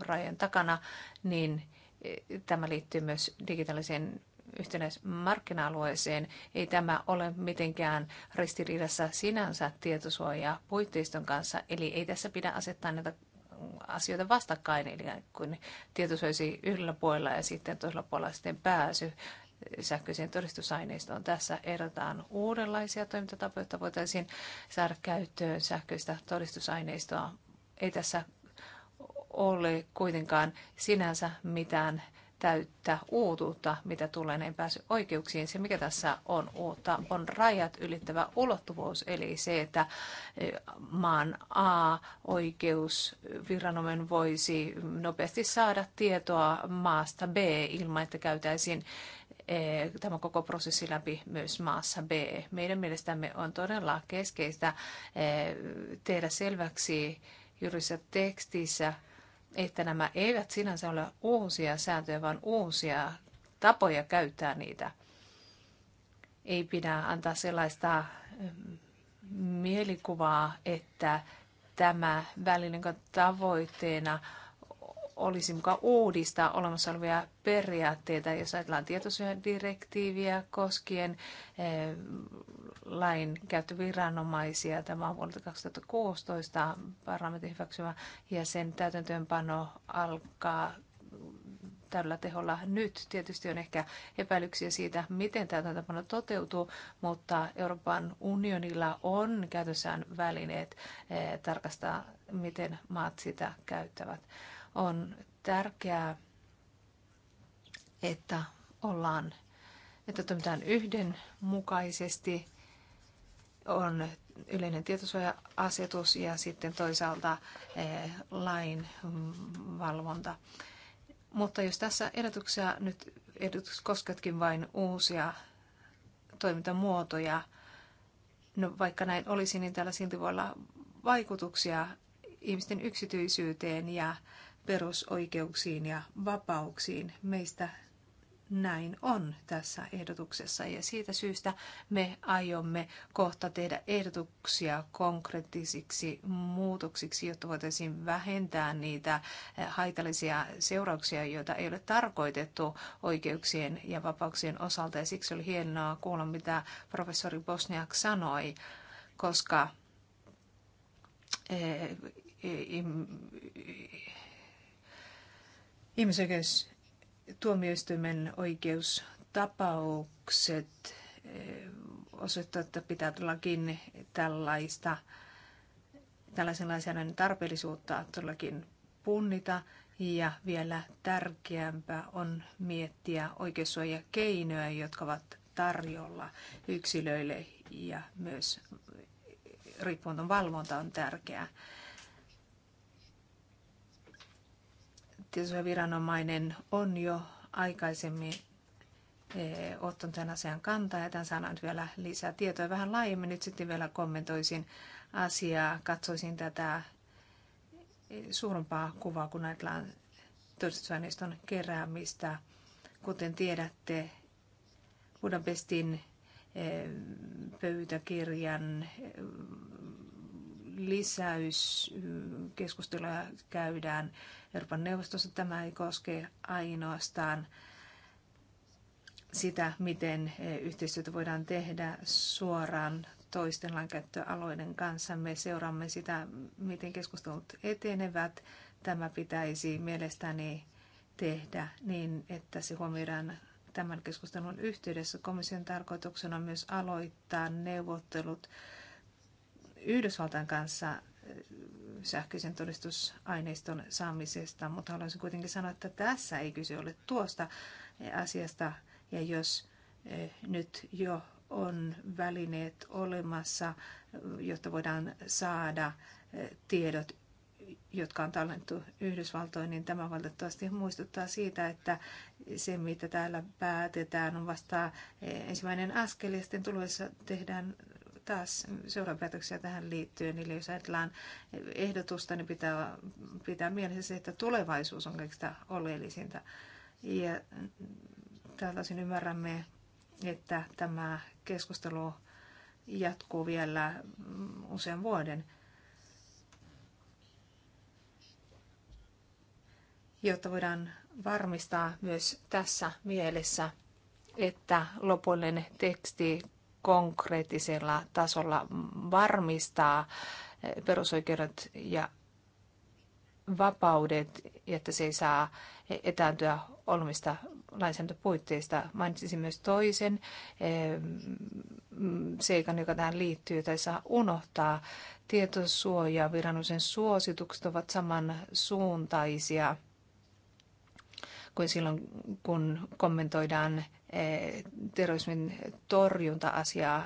rajan takana, niin eh, tämä liittyy myös digitaaliseen yhtenäismarkkina-alueeseen. Ei tämä ole mitenkään ristiriidassa sinänsä tietosuojaa puitteiston kanssa, eli ei tässä pidä asettaa näitä asioita vastakkain, eli kun olisi yhdellä puolella ja sitten toisella puolella sitten pääsy sähköiseen todistusaineistoon. Tässä erotaan uudenlaisia toimintatapoja, joita voitaisiin saada käyttöön sähköistä todistusaineistoa. Ei tässä ole kuitenkaan sinänsä mitään täyttä uutuutta, mitä tulee näin pääsy oikeuksiin. Se, mikä tässä on uutta, on rajat ylittävä ulottuvuus, eli se, että e, maan A-oikeus viranomainen voisi nopeasti saada tietoa maasta B ilman, että käytäisiin e, tämä koko prosessi läpi myös maassa B. Meidän mielestämme on todella keskeistä e, tehdä selväksi juridisessa tekstissä että nämä eivät sinänsä ole uusia sääntöjä, vaan uusia tapoja käyttää niitä. Ei pidä antaa sellaista mm, mielikuvaa, että tämä väline, tavoitteena olisi muka uudistaa olemassa olevia periaatteita, jos ajatellaan tietosuojadirektiiviä koskien eh, lain käyttöviranomaisia. Tämä on vuodelta 2016 parlamentin hyväksymä ja sen täytäntöönpano alkaa tällä teholla nyt. Tietysti on ehkä epäilyksiä siitä, miten täytäntöpano toteutuu, mutta Euroopan unionilla on käytössään välineet eh, tarkastaa, miten maat sitä käyttävät. On tärkeää, että ollaan, että toimitaan yhdenmukaisesti. On yleinen tietosuoja-asetus ja sitten toisaalta eh, valvonta. Mutta jos tässä ehdotuksia nyt ehdotukset koskevatkin vain uusia toimintamuotoja, no vaikka näin olisi, niin täällä silti voi olla vaikutuksia ihmisten yksityisyyteen ja perusoikeuksiin ja vapauksiin. Meistä näin on tässä ehdotuksessa ja siitä syystä me aiomme kohta tehdä ehdotuksia konkreettisiksi muutoksiksi, jotta voitaisiin vähentää niitä eh, haitallisia seurauksia, joita ei ole tarkoitettu oikeuksien ja vapauksien osalta. Ja siksi oli hienoa kuulla, mitä professori Bosniak sanoi, koska eh, Ihmisoikeustuomioistuimen tuomioistuimen oikeustapaukset eh, osoittavat, että pitää todellakin tällaista, tällaisen lainsäädännön tarpeellisuutta todellakin punnita. Ja vielä tärkeämpää on miettiä oikeussuojakeinoja, jotka ovat tarjolla yksilöille ja myös riippumaton valvonta on tärkeää. tietosuojaviranomainen on jo aikaisemmin eh, ottanut tämän asian kantaa ja tämän sanon vielä lisää tietoa. Vähän laajemmin nyt sitten vielä kommentoisin asiaa, katsoisin tätä eh, suurempaa kuvaa, kun ajatellaan todistusaineiston keräämistä. Kuten tiedätte, Budapestin eh, pöytäkirjan lisäys. Keskusteluja käydään Euroopan neuvostossa. Tämä ei koske ainoastaan sitä, miten yhteistyötä voidaan tehdä suoraan toisten lainkäyttöaloiden kanssa. Me seuraamme sitä, miten keskustelut etenevät. Tämä pitäisi mielestäni tehdä niin, että se huomioidaan tämän keskustelun yhteydessä. Komission tarkoituksena on myös aloittaa neuvottelut Yhdysvaltain kanssa äh, sähköisen todistusaineiston saamisesta, mutta haluaisin kuitenkin sanoa, että tässä ei kyse ole tuosta äh, asiasta. Ja jos äh, nyt jo on välineet olemassa, jotta voidaan saada tiedot, jotka on tallennettu Yhdysvaltoihin, niin tämä valitettavasti muistuttaa siitä, että se, mitä täällä päätetään, on vasta ensimmäinen askel ja sitten tuloissa tehdään taas seurapäätöksiä tähän liittyen. Eli jos ajatellaan ehdotusta, niin pitää, pitää mielessä se, että tulevaisuus on kaikista oleellisinta. Ja tältä osin ymmärrämme, että tämä keskustelu jatkuu vielä usean vuoden. jotta voidaan varmistaa myös tässä mielessä, että lopullinen teksti konkreettisella tasolla varmistaa eh, perusoikeudet ja vapaudet, että se ei saa etääntyä olemista lainsäädäntöpuitteista. Mainitsisin myös toisen eh, seikan, joka tähän liittyy tai saa unohtaa. Tietosuoja, viranomaisen suositukset ovat samansuuntaisia kuin silloin, kun kommentoidaan terrorismin torjunta-asiaa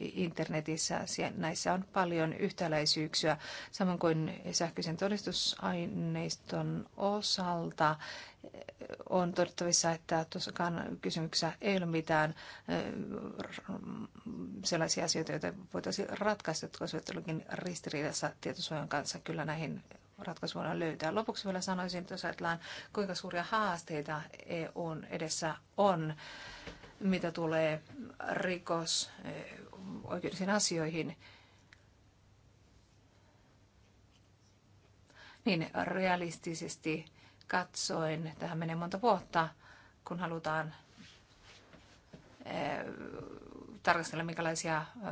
internetissä. Näissä on paljon yhtäläisyyksiä, samoin kuin sähköisen todistusaineiston osalta on todettavissa, että tuossakaan kysymyksessä ei ole mitään eh, sellaisia asioita, joita voitaisiin ratkaista, jotka olisivat jollakin ristiriidassa tietosuojan kanssa. Kyllä näihin ratkaisu voidaan löytää. Lopuksi vielä sanoisin, että jos ajatellaan, kuinka suuria haasteita EUn edessä on, mitä tulee rikos eh, oikeudellisiin asioihin, niin realistisesti katsoin, tähän menee monta vuotta, kun halutaan eh, tarkastella, minkälaisia eh,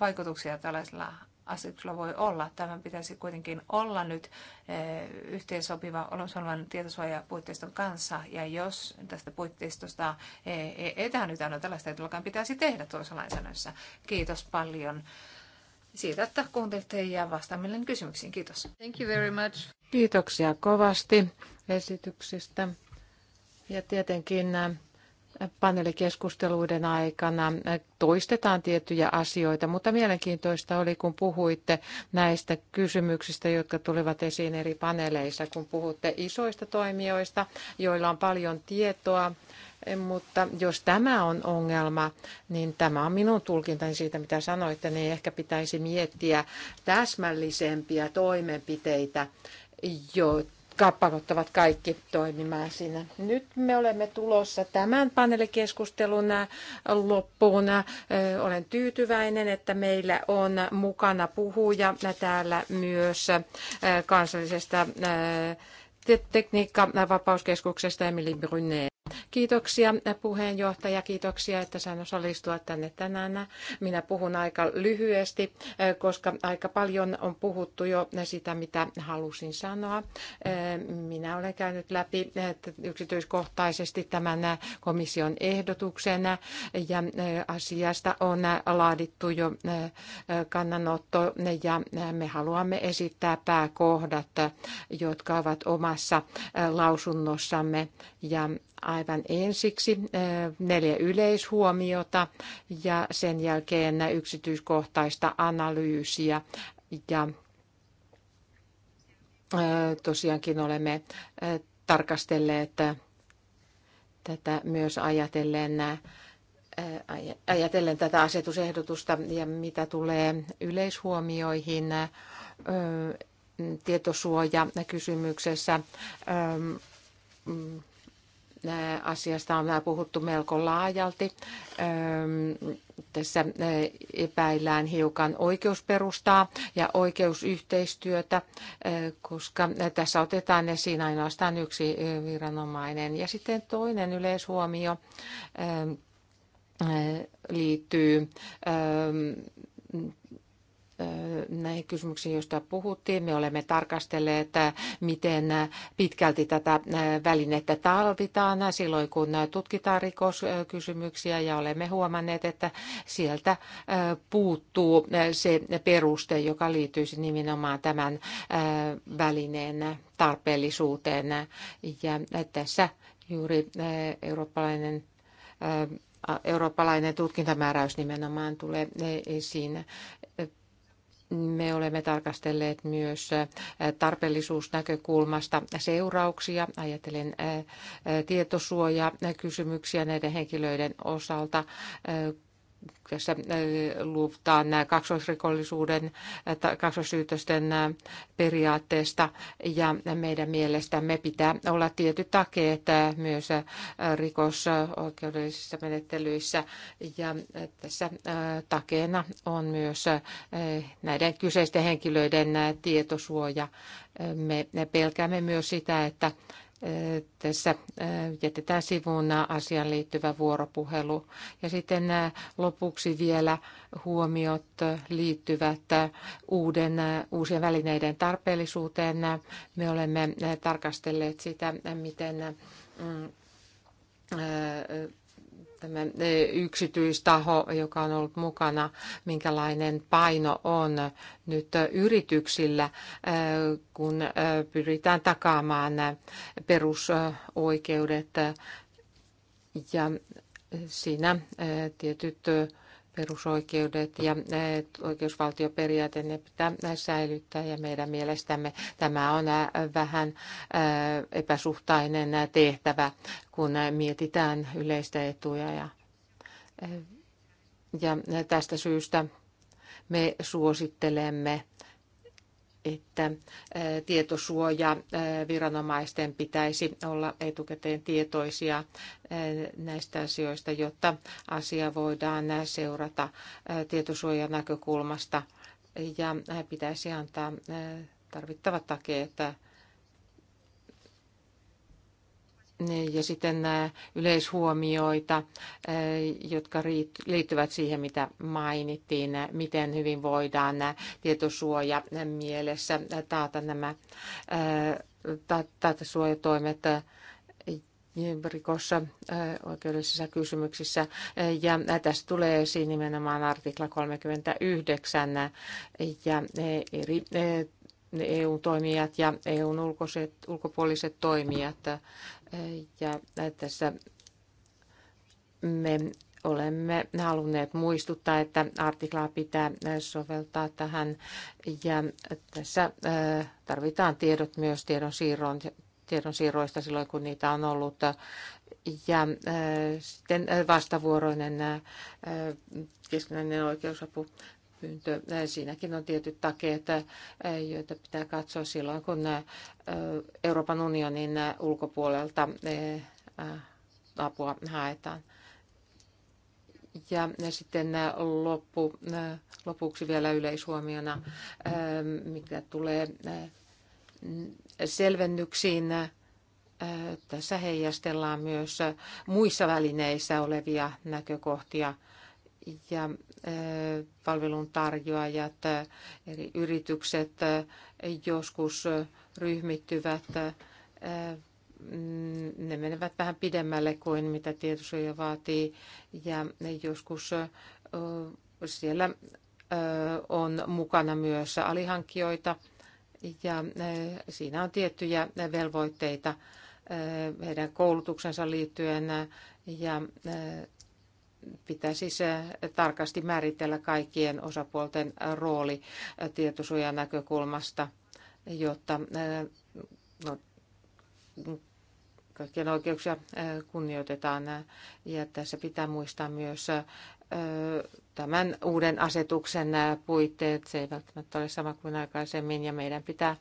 vaikutuksia tällaisella asetuksella voi olla. Tämän pitäisi kuitenkin olla nyt eh, yhteensopiva olemassa olevan tietosuojapuitteiston kanssa. Ja jos tästä puitteistosta etähdytään, e- no tällaista ei pitäisi tehdä tuossa lainsäädännössä. Kiitos paljon siitä, että kuuntelitte ja vastaamille kysymyksiin. Kiitos. Thank you very much. Kiitoksia kovasti esityksistä Ja tietenkin eh, paneelikeskusteluiden aikana toistetaan tiettyjä asioita, mutta mielenkiintoista oli, kun puhuitte näistä kysymyksistä, jotka tulivat esiin eri paneeleissa, kun puhutte isoista toimijoista, joilla on paljon tietoa, mutta jos tämä on ongelma, niin tämä on minun tulkintani siitä, mitä sanoitte, niin ehkä pitäisi miettiä täsmällisempiä toimenpiteitä, pakottavat kaikki toimimaan siinä. Nyt me olemme tulossa tämän paneelikeskustelun loppuun. Olen tyytyväinen, että meillä on mukana puhuja täällä myös kansallisesta tekniikka- vapauskeskuksesta Emily Brunet. Kiitoksia puheenjohtaja, kiitoksia, että sain osallistua tänne tänään. Minä puhun aika lyhyesti, koska aika paljon on puhuttu jo sitä, mitä halusin sanoa. Minä olen käynyt läpi yksityiskohtaisesti tämän komission ehdotuksen ja asiasta on laadittu jo kannanotto ja me haluamme esittää pääkohdat, jotka ovat omassa lausunnossamme ja Aivan ensiksi eh, neljä yleishuomiota ja sen jälkeen yksityiskohtaista analyysiä ja eh, tosiaankin olemme eh, tarkastelleet tätä myös ajatellen, ajatellen tätä asetusehdotusta ja mitä tulee yleishuomioihin tietosuoja kysymyksessä mm, Äh, asiasta on puhuttu melko laajalti. Ähm, tässä äh, epäillään hiukan oikeusperustaa ja oikeusyhteistyötä, äh, koska tässä otetaan esiin ainoastaan yksi viranomainen. Ja sitten toinen yleishuomio ähm, liittyy ähm, näihin kysymyksiin, joista puhuttiin. Me olemme tarkastelleet, miten pitkälti tätä välinettä talvitaan silloin, kun tutkitaan rikoskysymyksiä ja olemme huomanneet, että sieltä puuttuu se peruste, joka liittyisi nimenomaan tämän välineen tarpeellisuuteen. Ja tässä juuri eurooppalainen eurooppalainen tutkintamääräys nimenomaan tulee esiin me olemme tarkastelleet myös tarpeellisuusnäkökulmasta seurauksia, ajatellen tietosuojakysymyksiä näiden henkilöiden osalta, tässä luvutaan kaksoisrikollisuuden, kaksoissyytösten periaatteesta ja meidän mielestämme pitää olla tietyt takeet myös rikosoikeudellisissa menettelyissä ja tässä takeena on myös näiden kyseisten henkilöiden tietosuoja. Me pelkäämme myös sitä, että tässä jätetään sivuun asiaan liittyvä vuoropuhelu. Ja sitten lopuksi vielä huomiot liittyvät uuden, uusien välineiden tarpeellisuuteen. Me olemme tarkastelleet sitä, miten mm, tämä e, yksityistaho, joka on ollut mukana, minkälainen paino on nyt e, yrityksillä, e, kun pyritään takaamaan perusoikeudet ja siinä tietyt perusoikeudet ja eh, oikeusvaltioperiaate, ne pitää säilyttää ja meidän mielestämme tämä on eh, vähän eh, epäsuhtainen tehtävä, kun mietitään yleistä etuja ja, ja tästä syystä me suosittelemme että tietosuoja viranomaisten pitäisi olla etukäteen tietoisia näistä asioista, jotta asia voidaan seurata tietosuojan näkökulmasta ja pitäisi antaa tarvittavat takeet ja sitten yleishuomioita, jotka liittyvät siihen, mitä mainittiin, miten hyvin voidaan tietosuoja mielessä taata nämä taata suojatoimet rikossa oikeudellisissa kysymyksissä. Ja tässä tulee esiin nimenomaan artikla 39 ja eri EU-toimijat ja EUn ulkoiset, ulkopuoliset toimijat. Ja tässä me olemme halunneet muistuttaa, että artiklaa pitää soveltaa tähän. Ja tässä tarvitaan tiedot myös tiedonsiirron tiedonsiirroista silloin, kun niitä on ollut. Ja sitten vastavuoroinen keskinäinen oikeusapu pyyntö. Siinäkin on tietyt takeet, joita pitää katsoa silloin, kun Euroopan unionin ulkopuolelta apua haetaan. Ja sitten loppu, lopuksi vielä yleishuomiona, mikä tulee selvennyksiin. Tässä heijastellaan myös muissa välineissä olevia näkökohtia – ja palvelun tarjoajat, eri yritykset joskus ryhmittyvät. Mm, ne menevät vähän pidemmälle kuin mitä tietosuoja vaatii ja joskus siellä on mukana myös alihankkijoita ja siinä on tiettyjä velvoitteita heidän koulutuksensa liittyen ja pitää siis tarkasti määritellä kaikkien osapuolten rooli tietosuojan näkökulmasta, jotta no, kaikkien oikeuksia kunnioitetaan. Ja tässä pitää muistaa myös tämän uuden asetuksen puitteet. Se ei välttämättä ole sama kuin aikaisemmin ja meidän pitää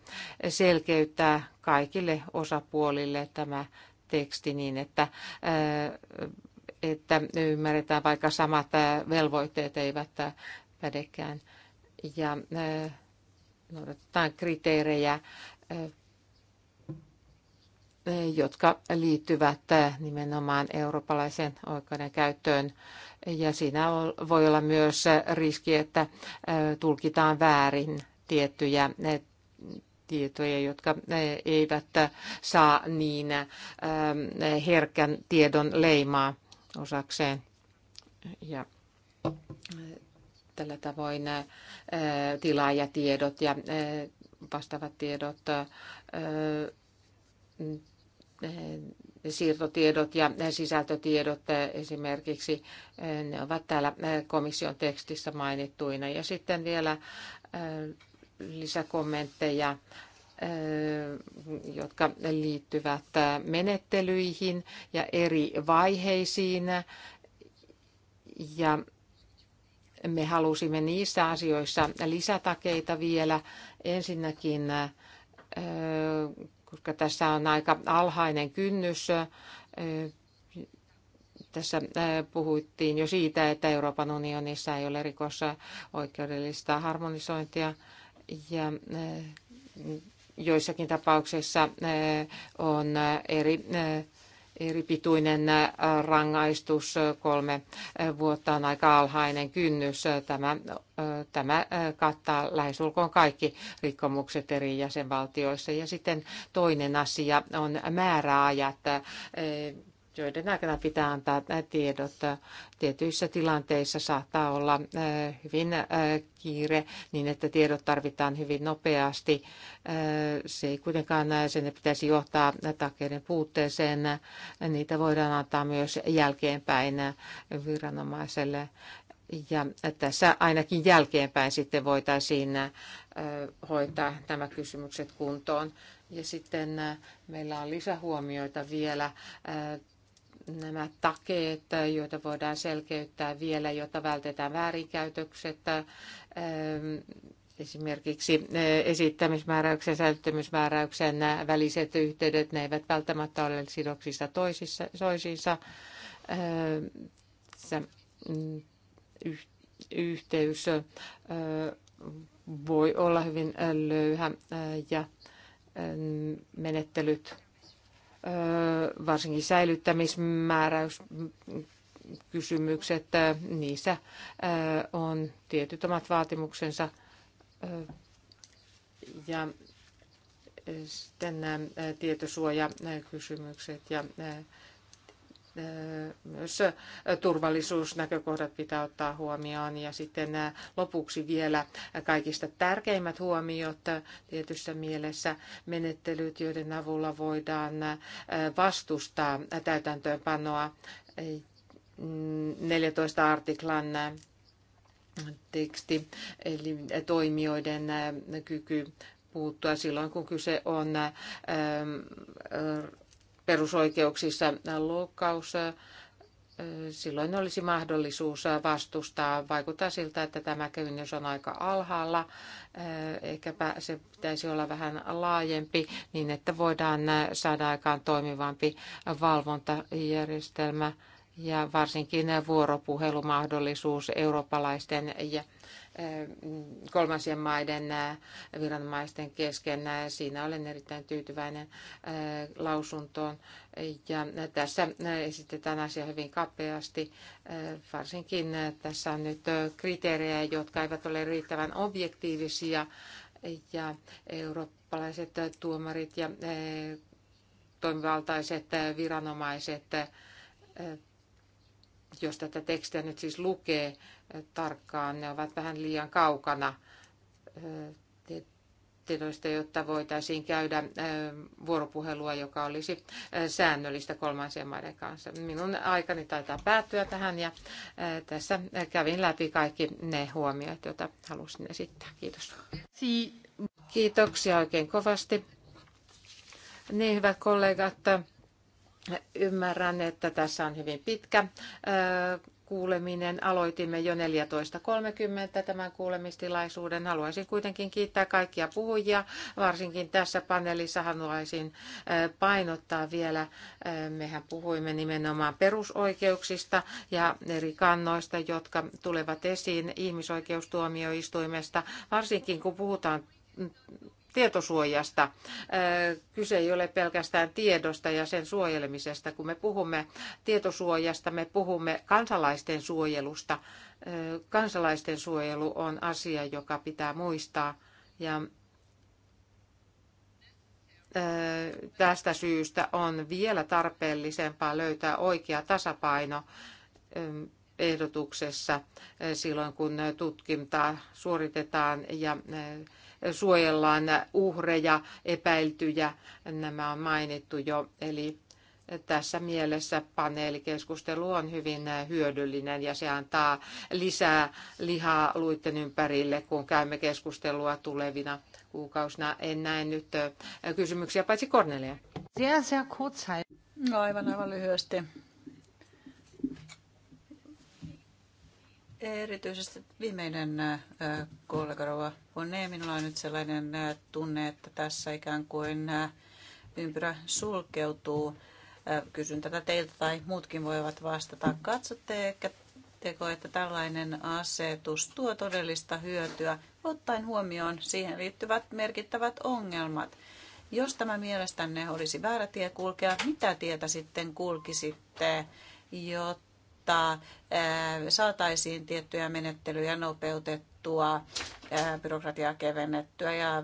selkeyttää kaikille osapuolille tämä teksti niin, että että ymmärretään vaikka samat äh, velvoitteet eivät äh, pädekään. Ja äh, noudatetaan kriteerejä, jotka liittyvät nimenomaan eurooppalaisen oikeuden käyttöön. Ja siinä voi olla myös riski, että tulkitaan väärin tiettyjä tietoja, jotka eivät saa niin herkän tiedon leimaa osakseen. Ja tällä tavoin tilaajatiedot ja vastaavat tiedot, siirtotiedot ja sisältötiedot esimerkiksi, ne ovat täällä komission tekstissä mainittuina. Ja sitten vielä lisäkommentteja jotka liittyvät menettelyihin ja eri vaiheisiin. Ja me halusimme niissä asioissa lisätakeita vielä. Ensinnäkin, koska tässä on aika alhainen kynnys, tässä puhuttiin jo siitä, että Euroopan unionissa ei ole rikossa oikeudellista harmonisointia ja joissakin tapauksissa eh, on eh, eri, eh, eri pituinen rangaistus, kolme vuotta on aika alhainen kynnys. Tämä, tämä kattaa lähesulkoon kaikki rikkomukset eri jäsenvaltioissa. Ja sitten toinen asia on määräajat joiden aikana pitää antaa äh, tiedot. Tietyissä tilanteissa saattaa olla äh, hyvin äh, kiire niin, että tiedot tarvitaan hyvin nopeasti. Se ei kuitenkaan sen pitäisi johtaa takeiden puutteeseen. Niitä voidaan antaa myös jälkeenpäin viranomaiselle. Ja tässä ainakin jälkeenpäin sitten voitaisiin hoitaa nämä kysymykset kuntoon. Ja sitten meillä on lisähuomioita vielä nämä takeet, joita voidaan selkeyttää vielä, jotta vältetään väärinkäytökset, ehm, esimerkiksi eh, esittämismääräyksen ja säilyttämismääräyksen väliset yhteydet, ne eivät välttämättä ole sidoksissa toisissa, toisiinsa. Ehm, mm, yhteys eh, voi olla hyvin eh, löyhä ja menettelyt varsinkin säilyttämismääräyskysymykset, niissä on tietyt omat vaatimuksensa. Ja sitten nämä tietosuojakysymykset ja myös turvallisuusnäkökohdat pitää ottaa huomioon. Ja sitten lopuksi vielä kaikista tärkeimmät huomiot tietyssä mielessä menettelyt, joiden avulla voidaan vastustaa täytäntöönpanoa 14 artiklan teksti, eli toimijoiden kyky puuttua silloin, kun kyse on perusoikeuksissa loukkaus, silloin olisi mahdollisuus vastustaa. Vaikuttaa siltä, että tämä kynnys on aika alhaalla. Ehkäpä se pitäisi olla vähän laajempi niin, että voidaan saada aikaan toimivampi valvontajärjestelmä ja varsinkin vuoropuhelumahdollisuus eurooppalaisten ja eh, kolmansien maiden eh, viranomaisten kesken. Siinä olen erittäin tyytyväinen eh, lausuntoon. Ja tässä esitetään asia hyvin kapeasti. Varsinkin tässä on nyt kriteerejä, jotka eivät ole riittävän objektiivisia. Ja eurooppalaiset tuomarit ja toimivaltaiset viranomaiset jos tätä tekstiä nyt siis lukee eh, tarkkaan, ne ovat vähän liian kaukana eh, tietoista, jotta voitaisiin käydä eh, vuoropuhelua, joka olisi säännöllistä kolmansien maiden kanssa. Minun aikani taitaa päättyä tähän ja tässä kävin läpi kaikki ne huomiot, joita halusin esittää. Kiitos. Kiitoksia oikein kovasti. Niin, hyvät kollegat. Ymmärrän, että tässä on hyvin pitkä kuuleminen. Aloitimme jo 14.30 tämän kuulemistilaisuuden. Haluaisin kuitenkin kiittää kaikkia puhujia. Varsinkin tässä paneelissa haluaisin painottaa vielä, mehän puhuimme nimenomaan perusoikeuksista ja eri kannoista, jotka tulevat esiin ihmisoikeustuomioistuimesta, varsinkin kun puhutaan tietosuojasta. Kyse ei ole pelkästään tiedosta ja sen suojelemisesta. Kun me puhumme tietosuojasta, me puhumme kansalaisten suojelusta. Kansalaisten suojelu on asia, joka pitää muistaa. Ja tästä syystä on vielä tarpeellisempaa löytää oikea tasapaino ehdotuksessa silloin, kun tutkintaa suoritetaan ja suojellaan uhreja, epäiltyjä, nämä on mainittu jo. Eli tässä mielessä paneelikeskustelu on hyvin hyödyllinen ja se antaa lisää lihaa luitten ympärille, kun käymme keskustelua tulevina kuukausina. En näe nyt kysymyksiä, paitsi Kornelia. No aivan, aivan lyhyesti. Erityisesti viimeinen kollega Rova Pone, minulla on nyt sellainen tunne, että tässä ikään kuin ympyrä sulkeutuu. Kysyn tätä teiltä tai muutkin voivat vastata. Katsotte ehkä teko, että tällainen asetus tuo todellista hyötyä, ottaen huomioon siihen liittyvät merkittävät ongelmat. Jos tämä mielestänne olisi väärä tie kulkea, mitä tietä sitten kulkisitte, jotta jotta saataisiin tiettyjä menettelyjä nopeutettua, byrokratiaa kevennettyä ja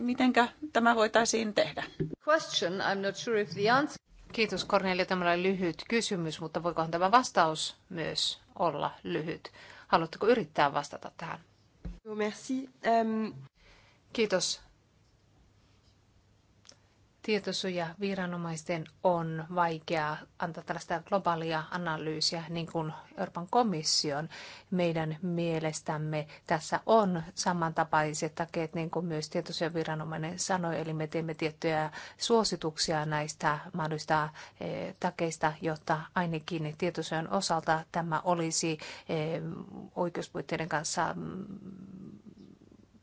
mitenkä tämä voitaisiin tehdä? Question. I'm not sure if the answer... Kiitos Kornelia, tämä oli lyhyt kysymys, mutta voikohan tämä vastaus myös olla lyhyt? Haluatteko yrittää vastata tähän? Merci. Um... Kiitos tietosuoja viranomaisten on vaikea antaa tällaista globaalia analyysiä niin kuin Euroopan komission. Meidän mielestämme tässä on samantapaiset takeet, niin kuin myös tietosuoja viranomainen sanoi, eli me teemme tiettyjä suosituksia näistä mahdollisista eh, takeista, jotta ainakin tietosuojan osalta tämä olisi eh, oikeuspuitteiden kanssa mm,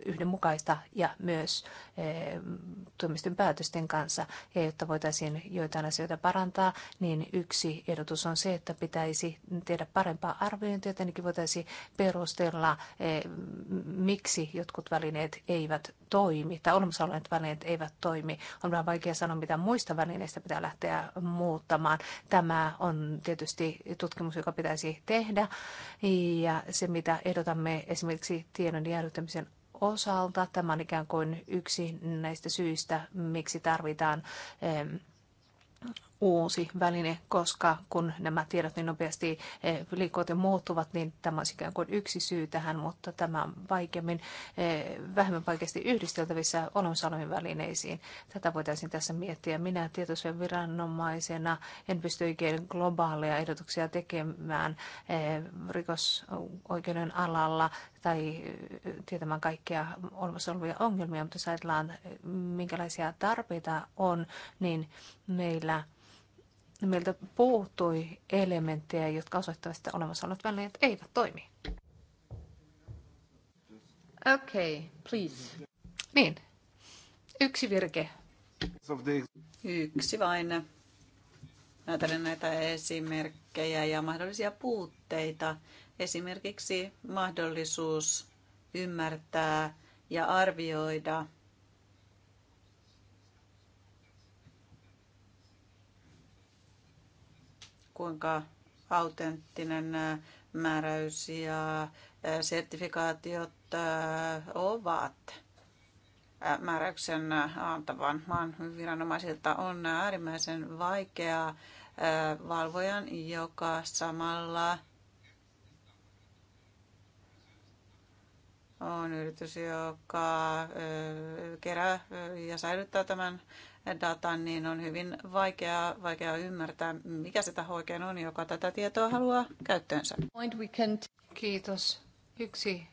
yhdenmukaista ja myös eh, tuomisten päätösten kanssa. Ja jotta voitaisiin joitain asioita parantaa, niin yksi ehdotus on se, että pitäisi tehdä parempaa arviointia, jotenkin voitaisiin perustella, eh, miksi jotkut välineet eivät toimi tai olemassa olevat välineet eivät toimi. On vähän vaikea sanoa, mitä muista välineistä pitää lähteä muuttamaan. Tämä on tietysti tutkimus, joka pitäisi tehdä ja se, mitä ehdotamme esimerkiksi tiedon jäädyttämisen osalta. Tämä on ikään kuin yksi näistä syistä, miksi tarvitaan uusi väline, koska kun nämä tiedot niin nopeasti eh, liikkuvat ja muuttuvat, niin tämä on ikään kuin yksi syy tähän, mutta tämä on vaikeammin, eh, vähemmän vaikeasti yhdisteltävissä olemassa olevien välineisiin. Tätä voitaisiin tässä miettiä. Minä tietosuojan viranomaisena en pysty oikein globaaleja ehdotuksia tekemään eh, rikosoikeuden alalla tai tietämään kaikkia olemassa olevia ongelmia, mutta jos ajatellaan, minkälaisia tarpeita on, niin meillä meiltä puuttui elementtejä, jotka osoittavat, että olemassa olevat välineet eivät toimi. Okay, please. Niin. Yksi virke. Yksi vain. Ajatellen näitä esimerkkejä ja mahdollisia puutteita. Esimerkiksi mahdollisuus ymmärtää ja arvioida kuinka autenttinen määräys ja sertifikaatiot ovat määräyksen antavan maan viranomaisilta on äärimmäisen vaikeaa valvojan, joka samalla on yritys, joka kerää ja säilyttää tämän datan, niin on hyvin vaikea, vaikea ymmärtää, mikä se taho oikein on, joka tätä tietoa haluaa käyttöönsä. Kiitos. Yksi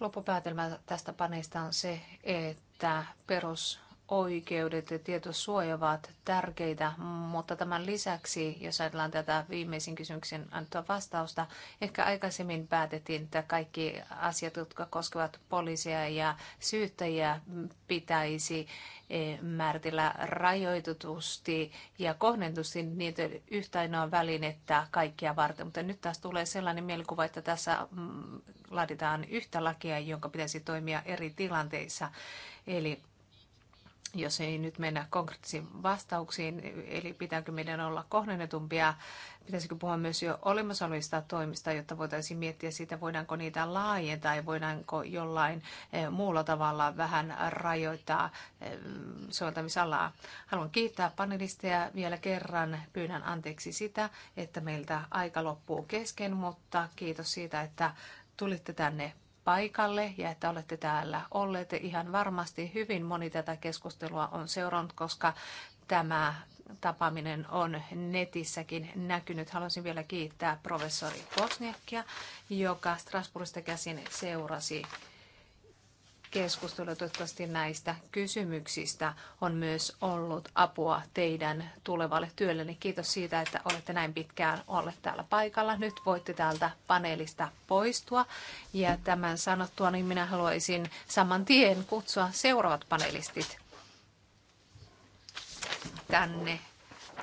loppupäätelmä tästä paneista on se, että perus oikeudet ja tietosuoja ovat tärkeitä, mutta tämän lisäksi, jos ajatellaan tätä viimeisin kysymyksen antoa vastausta, ehkä aikaisemmin päätettiin, että kaikki asiat, jotka koskevat poliisia ja syyttäjiä, pitäisi eh, määritellä rajoitetusti ja kohdentusti niitä yhtä ainoa välinettä kaikkia varten. Mutta nyt taas tulee sellainen mielikuva, että tässä mm, laaditaan yhtä lakia, jonka pitäisi toimia eri tilanteissa. Eli jos ei nyt mennä konkreettisiin vastauksiin, eli pitääkö meidän olla kohdennetumpia, pitäisikö puhua myös jo olemassa olevista toimista, jotta voitaisiin miettiä sitä, voidaanko niitä laajentaa ja voidaanko jollain eh, muulla tavalla vähän rajoittaa eh, soveltamisalaa. Haluan kiittää panelisteja vielä kerran. Pyydän anteeksi sitä, että meiltä aika loppuu kesken, mutta kiitos siitä, että tulitte tänne paikalle ja että olette täällä olleet. Ihan varmasti hyvin moni tätä keskustelua on seurannut, koska tämä tapaaminen on netissäkin näkynyt. Haluaisin vielä kiittää professori Bosniakia, joka Strasbourgista käsin seurasi keskustelua toivottavasti näistä kysymyksistä on myös ollut apua teidän tulevalle Niin Kiitos siitä, että olette näin pitkään olleet täällä paikalla. Nyt voitte täältä paneelista poistua. Ja tämän sanottua, niin minä haluaisin saman tien kutsua seuraavat panelistit tänne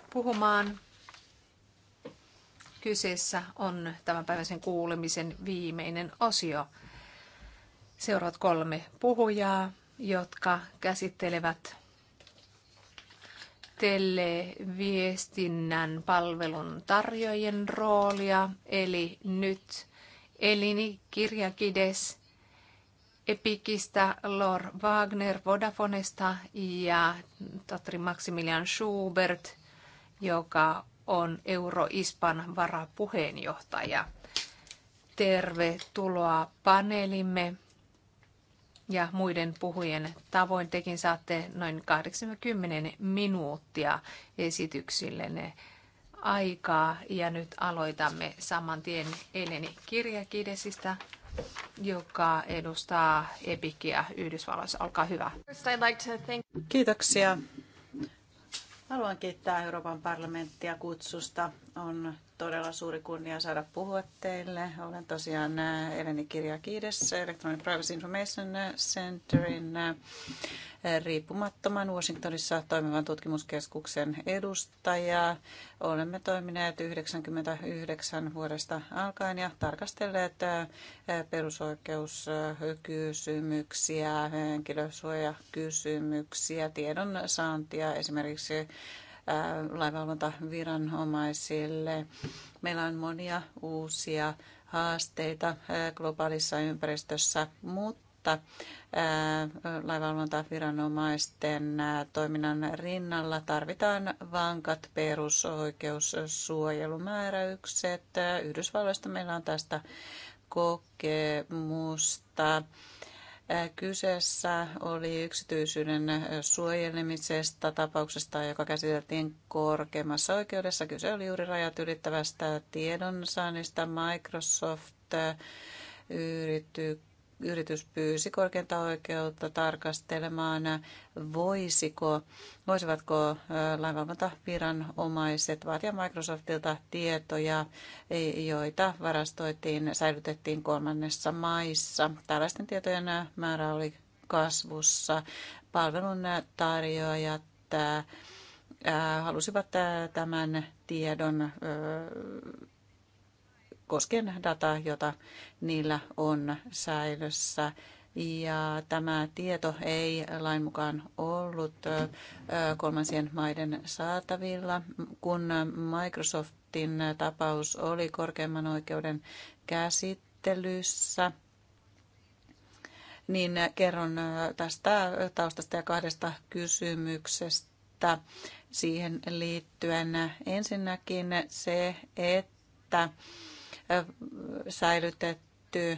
puhumaan. Kyseessä on tämän päiväisen kuulemisen viimeinen osio seuraavat kolme puhujaa, jotka käsittelevät televiestinnän palvelun tarjoajien roolia, eli nyt Elini Kirjakides Epikistä, Lor Wagner Vodafonesta ja Tatri Maximilian Schubert, joka on Euroispan varapuheenjohtaja. Tervetuloa paneelimme ja muiden puhujien tavoin tekin saatte noin 80 minuuttia esityksillenne aikaa. Ja nyt aloitamme saman tien Eleni Kirjakidesistä, joka edustaa Epikia Yhdysvalloissa. Olkaa hyvä. Kiitoksia. Haluan kiittää Euroopan parlamenttia kutsusta on todella suuri kunnia saada puhua teille. Olen tosiaan äh, Eleni Kirja Kiides, Electronic Privacy Information Centerin äh, riippumattoman Washingtonissa toimivan tutkimuskeskuksen edustaja. Olemme toimineet 99 vuodesta alkaen ja tarkastelleet äh, perusoikeuskysymyksiä, henkilösuojakysymyksiä, tiedonsaantia esimerkiksi Äh, lainvalvontaviranomaisille. Meillä on monia uusia haasteita äh, globaalissa ympäristössä, mutta äh, lainvalvontaviranomaisten toiminnan rinnalla tarvitaan vankat perusoikeussuojelumääräykset. Yhdysvalloista meillä on tästä kokemusta. Kyseessä oli yksityisyyden suojelemisesta tapauksesta, joka käsiteltiin korkeimmassa oikeudessa. Kyse oli juuri rajat ylittävästä tiedonsaannista Microsoft yrityksestä yritys pyysi korkeinta oikeutta tarkastelemaan, voisiko, voisivatko lainvalvontaviranomaiset vaatia Microsoftilta tietoja, e, joita varastoitiin, säilytettiin kolmannessa maissa. Tällaisten tietojen määrä oli kasvussa. Palvelun tarjoajat halusivat tämän tiedon koskien dataa, jota niillä on säilössä. Ja tämä tieto ei lain mukaan ollut kolmansien maiden saatavilla, kun Microsoftin tapaus oli korkeimman oikeuden käsittelyssä niin kerron tästä taustasta ja kahdesta kysymyksestä siihen liittyen. Ensinnäkin se, että säilytetty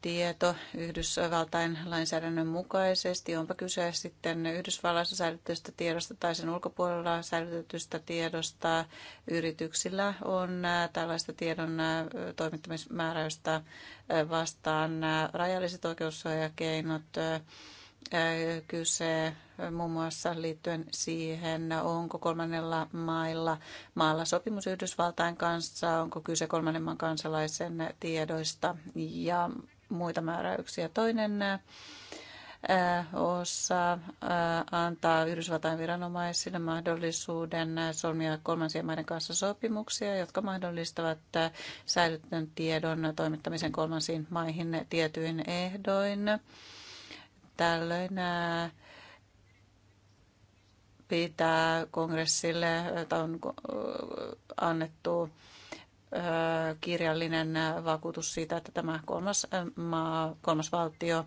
tieto Yhdysvaltain lainsäädännön mukaisesti, onpa kyse sitten Yhdysvalloissa säilytetystä tiedosta tai sen ulkopuolella säilytetystä tiedosta. Yrityksillä on tällaista tiedon toimittamismääräystä vastaan rajalliset oikeussuojakeinot. keinot kyse muun muassa liittyen siihen, onko kolmannella mailla maalla sopimus Yhdysvaltain kanssa, onko kyse kolmannen maan kansalaisen tiedoista ja muita määräyksiä. Toinen äh, osa äh, antaa Yhdysvaltain viranomaisille mahdollisuuden solmia kolmansien maiden kanssa sopimuksia, jotka mahdollistavat äh, säilytön tiedon toimittamisen kolmansiin maihin tietyin ehdoin. Tällöin äh, pitää kongressille, on äh, annettu äh, kirjallinen vakuutus siitä, että tämä kolmas, maa, kolmas valtio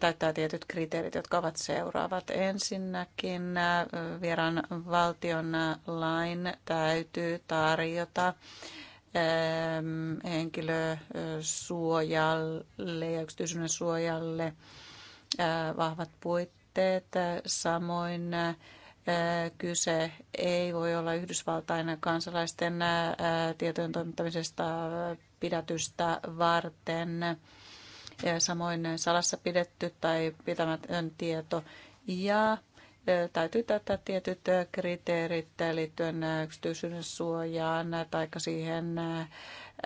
täyttää tietyt kriteerit, jotka ovat seuraavat. Ensinnäkin vieraan valtion lain täytyy tarjota ähm, henkilösuojalle ja yksityisyyden suojalle Äh, vahvat puitteet, samoin äh, kyse ei voi olla Yhdysvaltain kansalaisten äh, tietojen toimittamisesta pidätystä varten, samoin salassa pidetty tai pitämätön tieto ja täytyy täyttää tietyt kriteerit liittyen yksityisyyden suojaan tai siihen,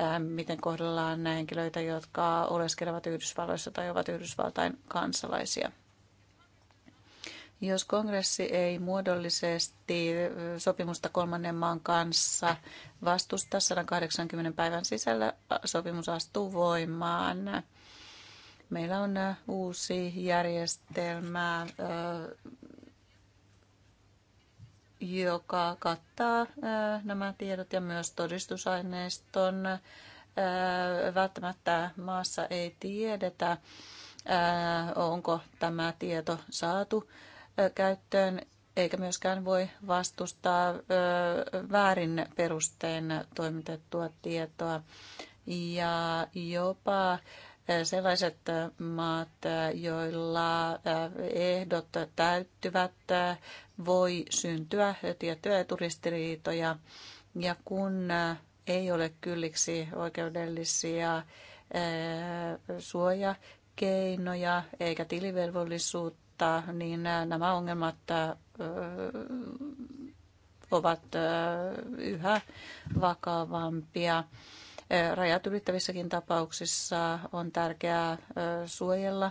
Ähm, miten kohdellaan henkilöitä, jotka oleskelevat Yhdysvalloissa tai ovat Yhdysvaltain kansalaisia. Jos kongressi ei muodollisesti sopimusta kolmannen maan kanssa vastusta 180 päivän sisällä, sopimus astuu voimaan. Meillä on uusi järjestelmä joka kattaa nämä tiedot ja myös todistusaineiston. Välttämättä maassa ei tiedetä, onko tämä tieto saatu käyttöön, eikä myöskään voi vastustaa väärin perustein toimitettua tietoa. Ja jopa sellaiset maat, joilla ehdot täyttyvät voi syntyä ja eturistiriitoja. Ja kun ei ole kylliksi oikeudellisia suojakeinoja eikä tilivelvollisuutta, niin nämä ongelmat ovat yhä vakavampia. Rajat ylittävissäkin tapauksissa on tärkeää suojella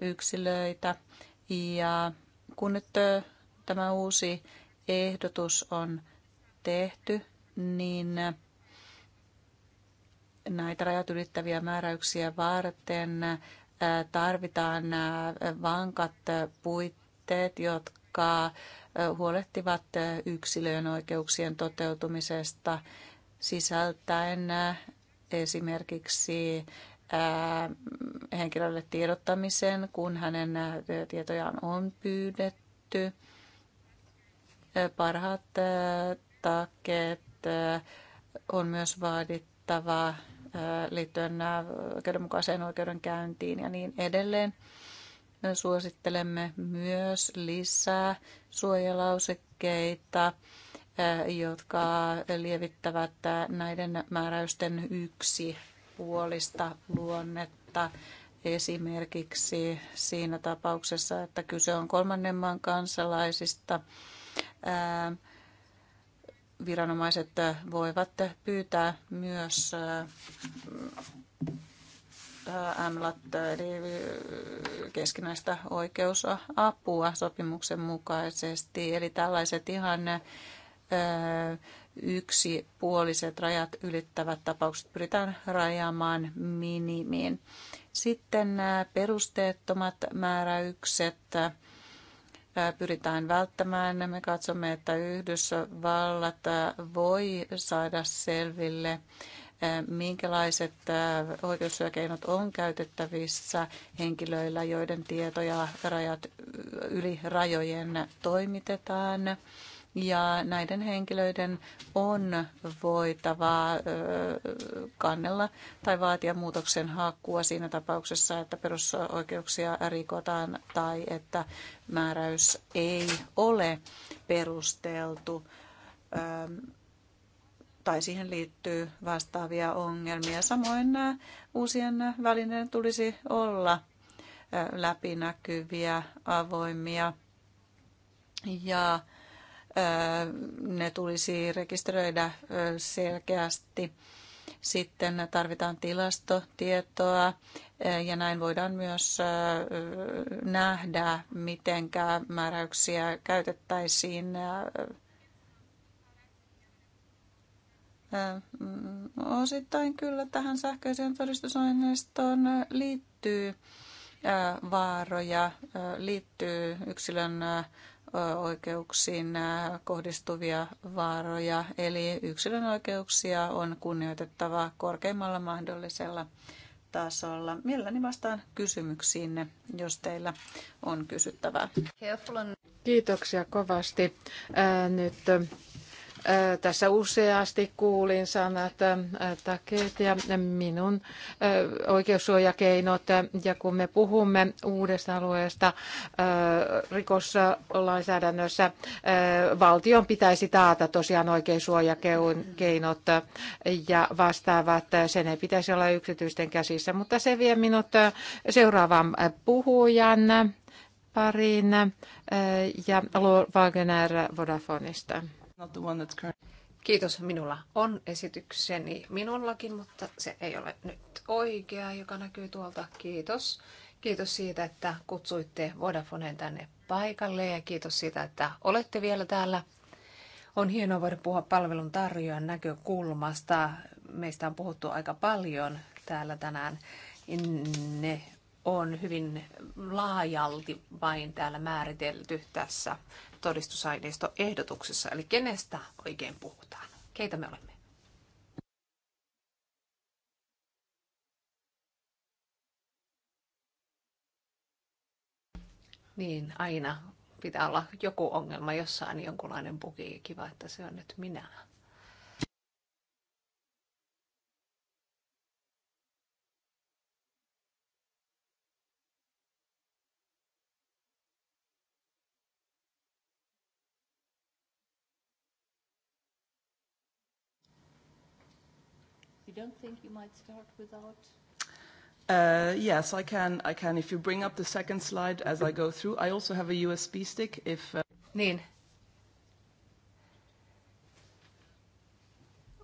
yksilöitä. Ja kun nyt tämä uusi ehdotus on tehty, niin näitä rajat ylittäviä määräyksiä varten tarvitaan vankat puitteet, jotka huolehtivat yksilöjen oikeuksien toteutumisesta sisältäen esimerkiksi henkilölle tiedottamisen, kun hänen tietojaan on pyydetty parhaat takeet on myös vaadittava liittyen oikeudenmukaiseen oikeudenkäyntiin ja niin edelleen. Suosittelemme myös lisää suojalausekkeita, jotka lievittävät näiden määräysten yksi puolista luonnetta esimerkiksi siinä tapauksessa, että kyse on kolmannen maan kansalaisista – Ähm, viranomaiset äh, voivat pyytää myös äh, äh, MLAT eli keskinäistä oikeusapua sopimuksen mukaisesti. Eli tällaiset ihan yksipuoliset rajat ylittävät tapaukset pyritään rajaamaan minimiin. Sitten nämä perusteettomat määräykset pyritään välttämään. Me katsomme, että Yhdysvallat voi saada selville minkälaiset oikeussyökeinot on käytettävissä henkilöillä, joiden tietoja rajat yli rajojen toimitetaan ja näiden henkilöiden on voitava kannella tai vaatia muutoksen hakkua siinä tapauksessa, että perusoikeuksia rikotaan tai että määräys ei ole perusteltu tai siihen liittyy vastaavia ongelmia. Samoin nämä uusien välineiden tulisi olla läpinäkyviä, avoimia ja ne tulisi rekisteröidä selkeästi. Sitten tarvitaan tilastotietoa ja näin voidaan myös nähdä, miten määräyksiä käytettäisiin mm, Osittain kyllä tähän sähköiseen todistusaineistoon liittyy vaaroja, liittyy yksilön oikeuksiin kohdistuvia vaaroja, eli yksilön oikeuksia on kunnioitettava korkeimmalla mahdollisella tasolla. Mielelläni vastaan kysymyksiinne, jos teillä on kysyttävää. Kiitoksia kovasti. Nyt tässä useasti kuulin sanat takeet ja minun oikeussuojakeinot. Ja kun me puhumme uudesta alueesta rikoslainsäädännössä, valtion pitäisi taata tosiaan oikeussuojakeinot ja vastaavat. Sen ei pitäisi olla yksityisten käsissä, mutta se vie minut seuraavaan puhujan pariin ja Wagner Vodafonista. Kiitos, minulla on esitykseni minullakin, mutta se ei ole nyt oikea, joka näkyy tuolta. Kiitos. Kiitos siitä, että kutsuitte Vodafoneen tänne paikalle ja kiitos siitä, että olette vielä täällä. On hienoa voida puhua palvelun tarjoajan näkökulmasta. Meistä on puhuttu aika paljon täällä tänään. Ne on hyvin laajalti vain täällä määritelty tässä todistusaineisto ehdotuksessa, eli kenestä oikein puhutaan? Keitä me olemme? Niin, aina pitää olla joku ongelma jossain, jonkunlainen bugi. Kiva, että se on nyt minä. don't think you might start without Uh, yes, I can. I can. If you bring up the second slide as I go through, I also have a USB stick. If uh... niin.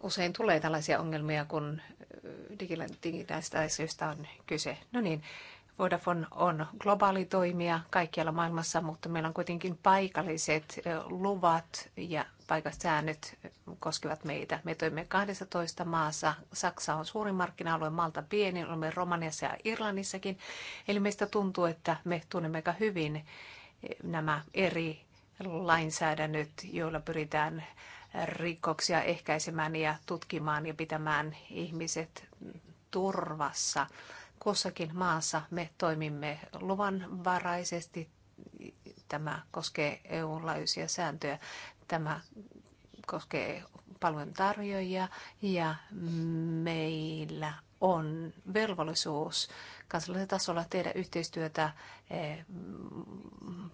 Usein tulee tällaisia ongelmia, kun äh, digitaalisista on kyse. No niin, Vodafone on globaali toimija kaikkialla maailmassa, mutta meillä on kuitenkin paikalliset luvat ja paikasäännöt koskevat meitä. Me toimimme 12 maassa. Saksa on suurin markkina-alue, Malta pieni, olemme Romaniassa ja Irlannissakin. Eli meistä tuntuu, että me tunnemme aika hyvin nämä eri lainsäädännöt, joilla pyritään rikoksia ehkäisemään ja tutkimaan ja pitämään ihmiset turvassa kussakin maassa me toimimme luvanvaraisesti. Tämä koskee EU-laajuisia sääntöjä. Tämä koskee palveluntarjoajia ja meillä on velvollisuus kansallisella tasolla tehdä yhteistyötä eh,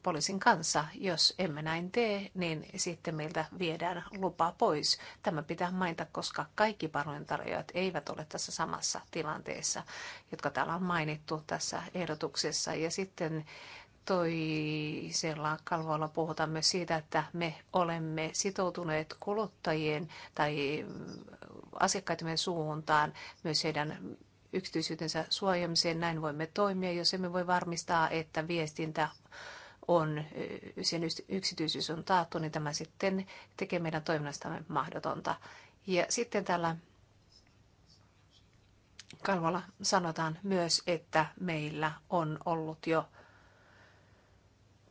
poliisin kanssa. Jos emme näin tee, niin sitten meiltä viedään lupa pois. Tämä pitää mainita, koska kaikki palveluntarjoajat eivät ole tässä samassa tilanteessa, jotka täällä on mainittu tässä ehdotuksessa. Ja sitten toisella kalvoilla puhutaan myös siitä, että me olemme sitoutuneet kuluttajien tai asiakkaiden suuntaan, myös heidän yksityisyytensä suojamiseen. Näin voimme toimia, jos emme voi varmistaa, että viestintä on, sen yksityisyys on taattu, niin tämä sitten tekee meidän toiminnastamme mahdotonta. Ja sitten täällä kalvolla sanotaan myös, että meillä on ollut jo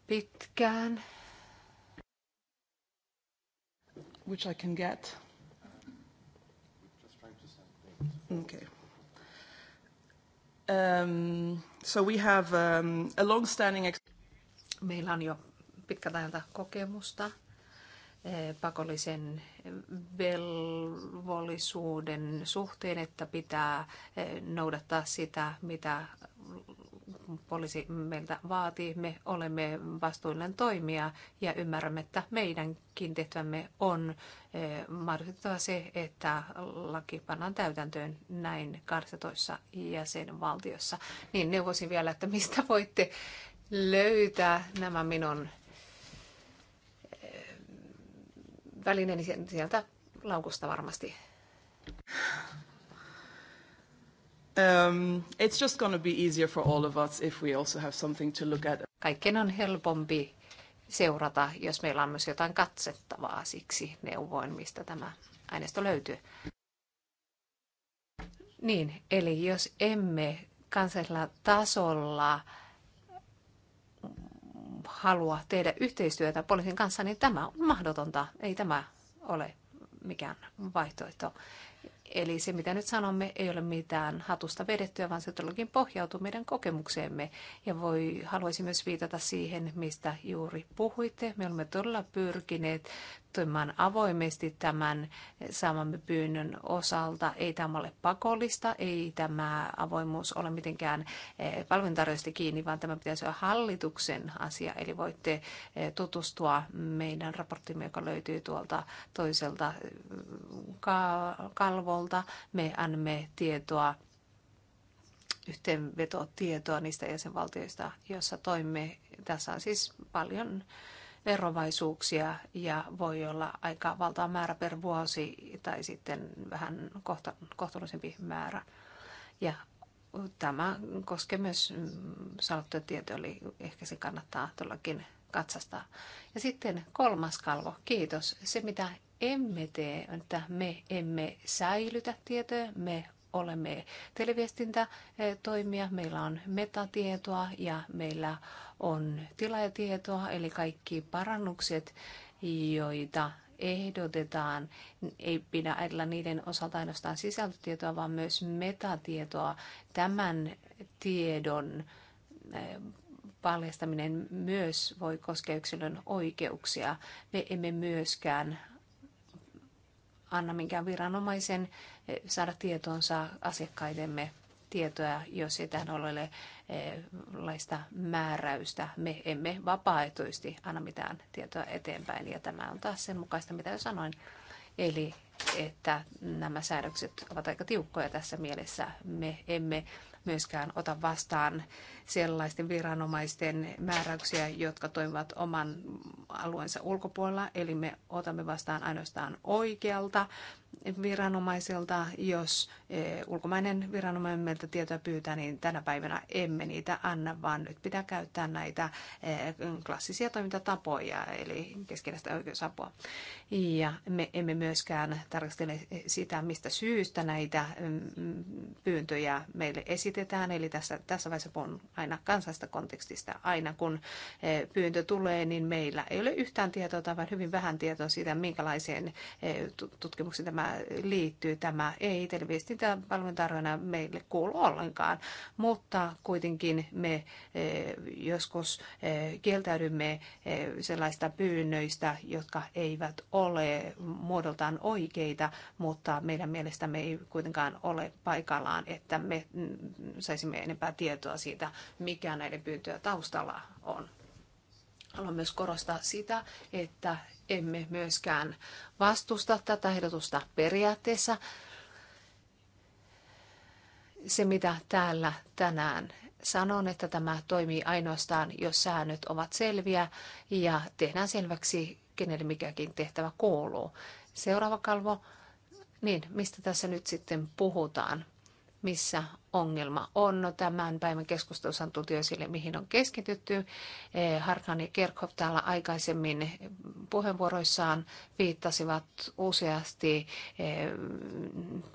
pitkään. Which I can get. Okay. Um, so we have um, a long-standing... Meillä on jo pitkältä ajalta kokemusta eh, pakollisen velvollisuuden suhteen, että pitää eh, noudattaa sitä, mitä poliisi meiltä vaatii. Me olemme vastuullinen toimija ja ymmärrämme, että meidänkin tehtävämme on eh, mahdollistettava se, että laki pannaan täytäntöön näin 12 jäsenvaltiossa. Niin neuvosin vielä, että mistä voitte löytää nämä minun eh, välineeni sieltä laukusta varmasti Um, it's just going to be easier for all of us if we also have something to look at. Kaikkien on helpompi seurata, jos meillä on myös jotain katsettavaa siksi neuvoin, mistä tämä aineisto löytyy. Niin, eli jos emme kansallisella tasolla halua tehdä yhteistyötä poliisin kanssa, niin tämä on mahdotonta. Ei tämä ole mikään vaihtoehto. Eli se, mitä nyt sanomme, ei ole mitään hatusta vedettyä, vaan se todellakin pohjautuu meidän kokemukseemme. Ja voi, haluaisin myös viitata siihen, mistä juuri puhuitte. Me olemme todella pyrkineet toimimaan avoimesti tämän saamamme pyynnön osalta. Ei tämä ole pakollista, ei tämä avoimuus ole mitenkään eh, palveluntarjoajista kiinni, vaan tämä pitäisi olla hallituksen asia. Eli voitte eh, tutustua meidän raporttimme, joka löytyy tuolta toiselta eh, kalvolta. Me annamme tietoa yhteenvetotietoa niistä jäsenvaltioista, joissa toimme. Tässä on siis paljon verovaisuuksia ja voi olla aika valtava määrä per vuosi tai sitten vähän kohta, kohtuullisempi määrä. Ja tämä koskee myös mm, salattuja tietoja, eli ehkä se kannattaa tuollakin katsastaa. Ja sitten kolmas kalvo, kiitos. Se mitä emme tee, on, että me emme säilytä tietoja, me olemme televiestintätoimija, meillä on metatietoa ja meillä on tilaajatietoa, eli kaikki parannukset, joita ehdotetaan, ei pidä ajatella niiden osalta ainoastaan sisältötietoa, vaan myös metatietoa. Tämän tiedon eh, paljastaminen myös voi koskea yksilön oikeuksia. Me emme myöskään anna minkään viranomaisen eh, saada tietoonsa asiakkaidemme tietoja, jos ei tähän ole eh, laista määräystä. Me emme vapaaehtoisesti anna mitään tietoa eteenpäin, ja tämä on taas sen mukaista, mitä jo sanoin. Eli että nämä säädökset ovat aika tiukkoja tässä mielessä. Me emme myöskään ota vastaan sellaisten viranomaisten määräyksiä, jotka toimivat oman alueensa ulkopuolella. Eli me otamme vastaan ainoastaan oikealta viranomaiselta, jos eh, ulkomainen viranomainen meiltä tietoa pyytää, niin tänä päivänä emme niitä anna, vaan nyt pitää käyttää näitä eh, klassisia toimintatapoja, eli keskinäistä oikeusapua. Ja me emme myöskään tarkastele sitä, mistä syystä näitä mm, pyyntöjä meille esitetään, eli tässä, tässä vaiheessa on aina kansasta kontekstista. Aina kun e, pyyntö tulee, niin meillä ei ole yhtään tietoa tai vain hyvin vähän tietoa siitä, minkälaiseen e, tutkimukseen tämä liittyy. Tämä ei televiestintäpalveluntarjoajana meille kuulu ollenkaan, mutta kuitenkin me e, joskus kieltäydymme sellaista pyynnöistä, jotka eivät ole muodoltaan oikeita, mutta meidän mielestämme ei kuitenkaan ole paikallaan, että me mm, saisimme enempää tietoa siitä, mikä näiden pyyntöjä taustalla on. Haluan myös korostaa sitä, että emme myöskään vastusta tätä ehdotusta periaatteessa. Se, mitä täällä tänään sanon, että tämä toimii ainoastaan, jos säännöt ovat selviä ja tehdään selväksi, kenelle mikäkin tehtävä kuuluu. Seuraava kalvo. Niin, mistä tässä nyt sitten puhutaan? missä ongelma on. No, tämän päivän keskustelussa on tultu esille, mihin on keskitytty. Eh, Harkan ja Kerkhoff täällä aikaisemmin puheenvuoroissaan viittasivat useasti eh,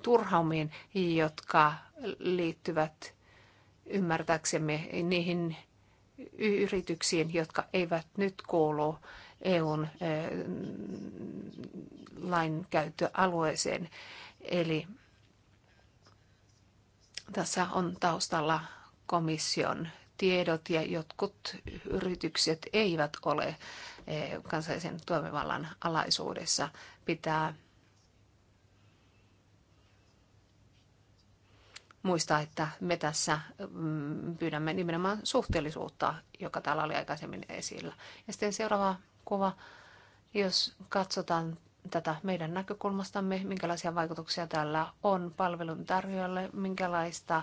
turhaumiin, jotka liittyvät ymmärtääksemme niihin yrityksiin, jotka eivät nyt kuulu EUn eh, lainkäyttöalueeseen. Eli tässä on taustalla komission tiedot ja jotkut yritykset eivät ole eh, kansallisen toimivallan alaisuudessa. Pitää muistaa, että me tässä mm, pyydämme nimenomaan suhteellisuutta, joka täällä oli aikaisemmin esillä. Ja sitten seuraava kuva, jos katsotaan tätä meidän näkökulmastamme, minkälaisia vaikutuksia tällä on palvelun tarjoajalle, minkälaista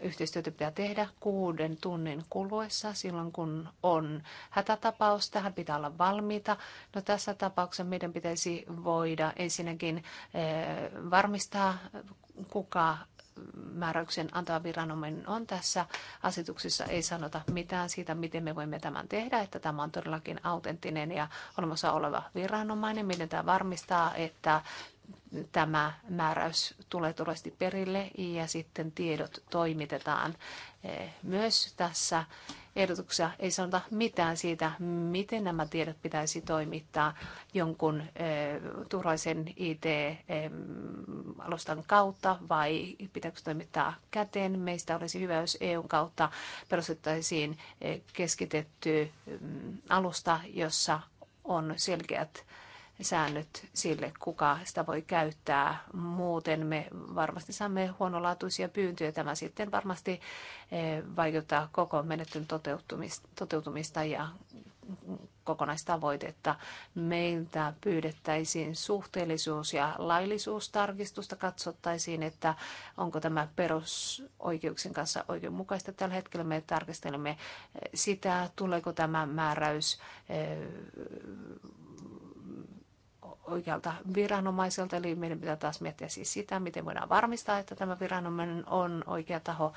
yhteistyötä pitää tehdä kuuden tunnin kuluessa silloin, kun on hätätapaus. Tähän pitää olla valmiita. No, tässä tapauksessa meidän pitäisi voida ensinnäkin eh, varmistaa, kuka määräyksen antava viranomainen on tässä asetuksessa. Ei sanota mitään siitä, miten me voimme tämän tehdä, että tämä on todellakin autenttinen ja olemassa oleva viranomainen, miten tämä varmistaa, että tämä määräys tulee todellisesti perille ja sitten tiedot toimitetaan eh, myös tässä ehdotuksia, ei sanota mitään siitä, miten nämä tiedot pitäisi toimittaa jonkun eh, turvallisen IT-alustan eh, kautta vai pitääkö toimittaa käteen. Meistä olisi hyvä, jos EUn kautta perustettaisiin eh, keskitetty mm, alusta, jossa on selkeät säännöt sille, kuka sitä voi käyttää. Muuten me varmasti saamme huonolaatuisia pyyntöjä. Tämä sitten varmasti eh, vaikuttaa koko menettelyn toteutumista ja kokonaistavoitetta. Meiltä pyydettäisiin suhteellisuus- ja laillisuustarkistusta. Katsottaisiin, että onko tämä perusoikeuksien kanssa oikeudenmukaista. Tällä hetkellä me tarkastelemme eh, sitä, tuleeko tämä määräys eh, oikealta viranomaiselta, eli meidän pitää taas miettiä siis sitä, miten voidaan varmistaa, että tämä viranomainen on oikea taho,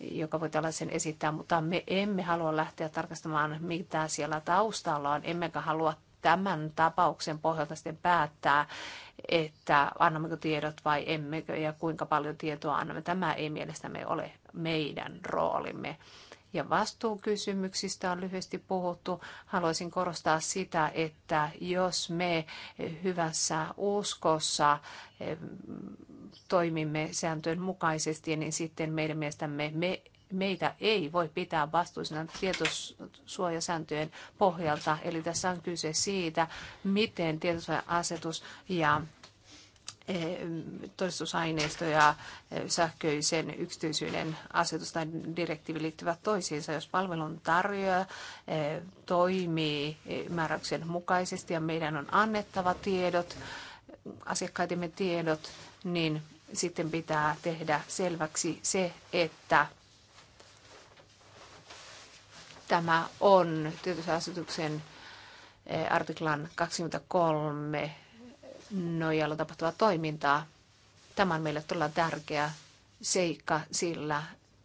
joka voi tällaisen esittää, mutta me emme halua lähteä tarkastamaan, mitä siellä taustalla on, emmekä halua tämän tapauksen pohjalta sitten päättää, että annammeko tiedot vai emmekö ja kuinka paljon tietoa annamme. Tämä ei mielestämme ole meidän roolimme ja vastuukysymyksistä on lyhyesti puhuttu. Haluaisin korostaa sitä, että jos me hyvässä uskossa toimimme sääntöjen mukaisesti, niin sitten meidän mielestämme me meitä ei voi pitää vastuullisena tietosuojasääntöjen pohjalta. Eli tässä on kyse siitä, miten tietosuoja-asetus ja Eh, todistusaineistoja eh, sähköisen yksityisyyden asetus tai direktiivi liittyvät toisiinsa. Jos palvelun tarjoaja eh, toimii määräyksen mukaisesti ja meidän on annettava tiedot, asiakkaitemme tiedot, niin sitten pitää tehdä selväksi se, että tämä on tietysti asetuksen artiklan 23 nojalla tapahtuvaa toimintaa. Tämä on meille todella tärkeä seikka, sillä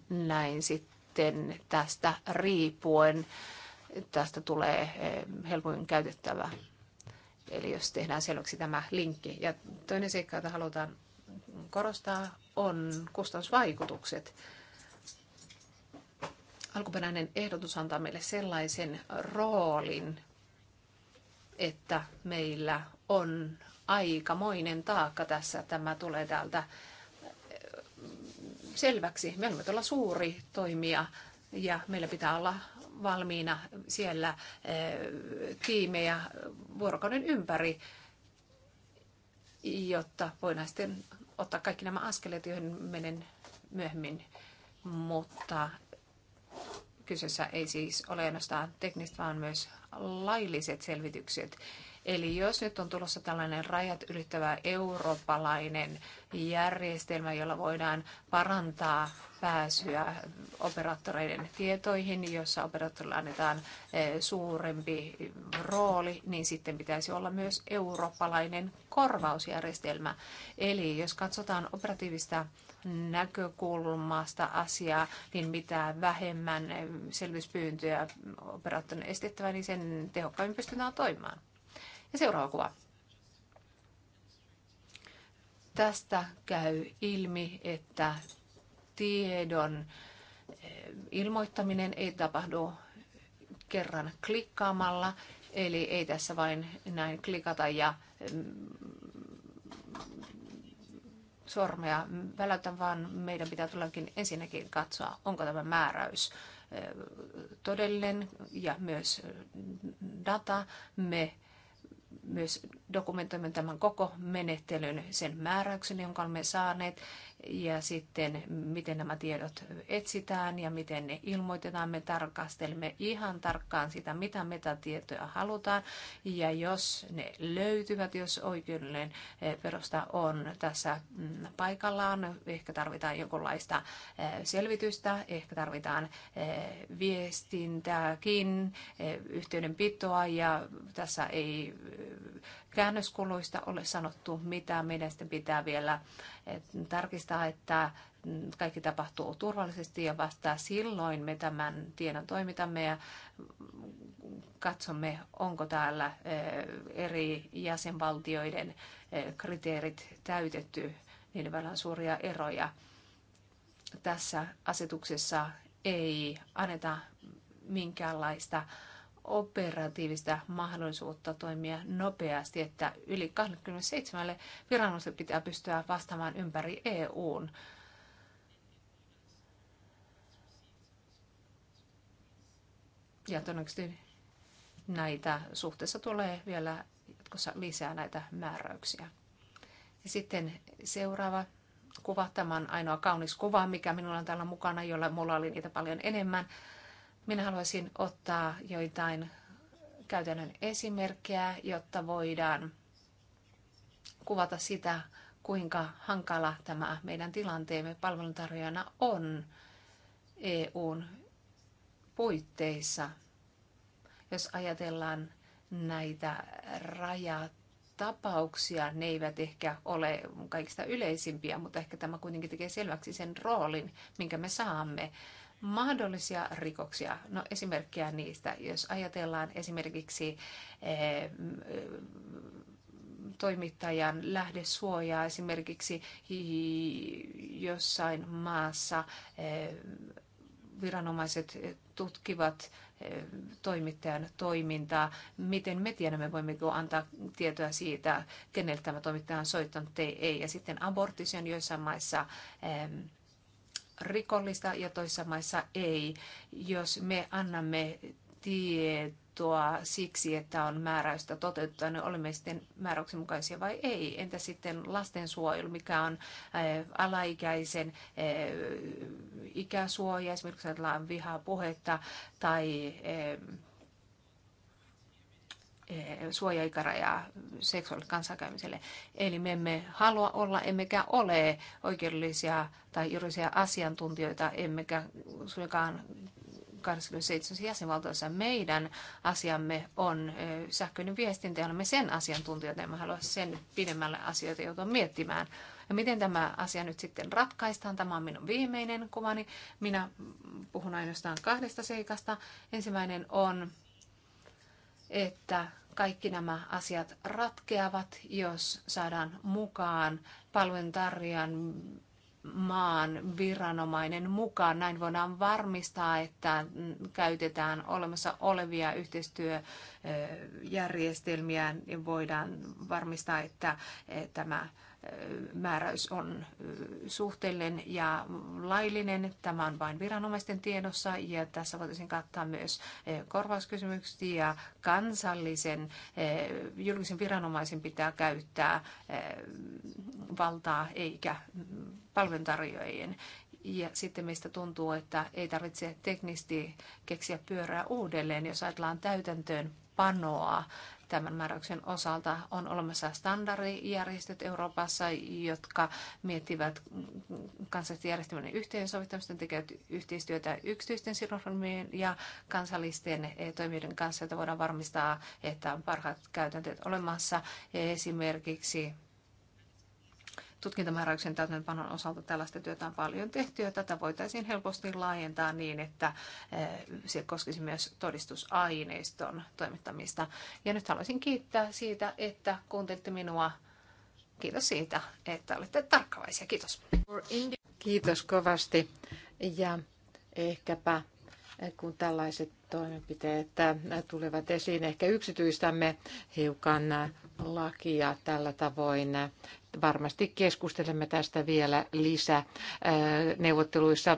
näin sitten tästä riippuen tästä tulee eh, helpoin käytettävä. Eli jos tehdään selväksi tämä linkki. Ja toinen seikka, jota halutaan korostaa, on kustannusvaikutukset. Alkuperäinen ehdotus antaa meille sellaisen roolin, että meillä on aikamoinen taakka tässä. Tämä tulee täältä selväksi. Me olemme tuolla suuri toimija ja meillä pitää olla valmiina siellä tiimejä vuorokauden ympäri, jotta voidaan sitten ottaa kaikki nämä askeleet, joihin menen myöhemmin. Mutta Kyseessä ei siis ole ainoastaan tekniset, vaan myös lailliset selvitykset. Eli jos nyt on tulossa tällainen rajat ylittävä eurooppalainen järjestelmä, jolla voidaan parantaa pääsyä operaattoreiden tietoihin, jossa operaattorille annetaan eh, suurempi rooli, niin sitten pitäisi olla myös eurooppalainen korvausjärjestelmä. Eli jos katsotaan operatiivista näkökulmasta asiaa, niin mitä vähemmän selvityspyyntöjä operaation estettävä, niin sen tehokkaammin pystytään toimimaan. Ja seuraava kuva. Tästä käy ilmi, että tiedon eh, ilmoittaminen ei tapahdu kerran klikkaamalla, eli ei tässä vain näin klikata ja sormea välätä, vaan meidän pitää tullakin ensinnäkin katsoa, onko tämä määräys todellinen ja myös data. Me myös dokumentoimme tämän koko menettelyn, sen määräyksen, jonka olemme saaneet, ja sitten miten nämä tiedot etsitään ja miten ne ilmoitetaan. Me tarkastelemme ihan tarkkaan sitä, mitä metatietoja halutaan ja jos ne löytyvät, jos oikeudellinen eh, perusta on tässä mm, paikallaan, ehkä tarvitaan jonkunlaista eh, selvitystä, ehkä tarvitaan eh, viestintääkin, yhteydenpitoa ja tässä ei käännöskuluista ole sanottu mitä Meidän sitten pitää vielä eh, tarkistaa, että mm, kaikki tapahtuu turvallisesti ja vasta silloin me tämän tiedon toimitamme ja mm, katsomme, onko täällä eh, eri jäsenvaltioiden eh, kriteerit täytetty. niin välillä on suuria eroja. Tässä asetuksessa ei anneta minkäänlaista äh, operatiivista mahdollisuutta toimia nopeasti, että yli 27 viranomaiselle pitää pystyä vastaamaan ympäri EUn. Ja todennäköisesti näitä suhteessa tulee vielä jatkossa lisää näitä määräyksiä. Ja sitten seuraava kuva. Tämä on ainoa kaunis kuva, mikä minulla on täällä mukana, jolla mulla oli niitä paljon enemmän. Minä haluaisin ottaa joitain käytännön esimerkkejä, jotta voidaan kuvata sitä, kuinka hankala tämä meidän tilanteemme palveluntarjoajana on EUn puitteissa. Jos ajatellaan näitä rajatapauksia, ne eivät ehkä ole kaikista yleisimpiä, mutta ehkä tämä kuitenkin tekee selväksi sen roolin, minkä me saamme mahdollisia rikoksia. No esimerkkejä niistä, jos ajatellaan esimerkiksi eh, toimittajan lähdesuojaa esimerkiksi jossain maassa eh, viranomaiset tutkivat eh, toimittajan toimintaa. Miten me tiedämme, voimmeko antaa tietoa siitä, keneltä tämä toimittaja on soittanut ei. Ja sitten abortti, on joissain maissa rikollista ja toisissa maissa ei. Jos me annamme tietoa siksi, että on määräystä toteuttaa, niin olemme sitten määräyksen mukaisia vai ei? Entä sitten lastensuojelu, mikä on eh, alaikäisen eh, ikäsuoja, esimerkiksi ajatellaan vihaa puhetta tai eh, Eh, suoja-ikarajaa seksuaaliselle kanssakäymiselle. Eli me emme halua olla, emmekä ole oikeudellisia tai juridisia asiantuntijoita, emmekä suinkaan 27 jäsenvaltiossa meidän asiamme on eh, sähköinen viestintä ja olemme sen asiantuntijoita. Emme halua sen pidemmälle asioita joutua miettimään. Ja miten tämä asia nyt sitten ratkaistaan? Tämä on minun viimeinen kuvani. Minä puhun ainoastaan kahdesta seikasta. Ensimmäinen on että kaikki nämä asiat ratkeavat, jos saadaan mukaan palveluntarjoajan maan viranomainen mukaan. Näin voidaan varmistaa, että käytetään olemassa olevia yhteistyöjärjestelmiä ja voidaan varmistaa, että tämä määräys on suhteellinen ja laillinen. Tämä on vain viranomaisten tiedossa ja tässä voitaisiin kattaa myös korvauskysymykset ja kansallisen julkisen viranomaisen pitää käyttää valtaa eikä palveluntarjoajien. Ja sitten meistä tuntuu, että ei tarvitse teknisesti keksiä pyörää uudelleen, jos ajatellaan täytäntöön panoa tämän määräyksen osalta on olemassa standardijärjestöt Euroopassa, jotka miettivät kansallisten järjestelmien yhteensovittamista, tekevät yhteistyötä yksityisten sidosryhmien ja kansallisten toimijoiden kanssa, että voidaan varmistaa, että on parhaat käytänteet olemassa. Esimerkiksi tutkintamääräyksen täytäntöpanon osalta tällaista työtä on paljon tehty ja tätä voitaisiin helposti laajentaa niin, että eh, se koskisi myös todistusaineiston toimittamista. Ja nyt haluaisin kiittää siitä, että kuuntelitte minua. Kiitos siitä, että olette tarkkavaisia. Kiitos. Kiitos kovasti ja ehkäpä kun tällaiset toimenpiteet tulevat esiin. Ehkä yksityistämme hiukan lakia tällä tavoin. Varmasti keskustelemme tästä vielä lisä äh, neuvotteluissa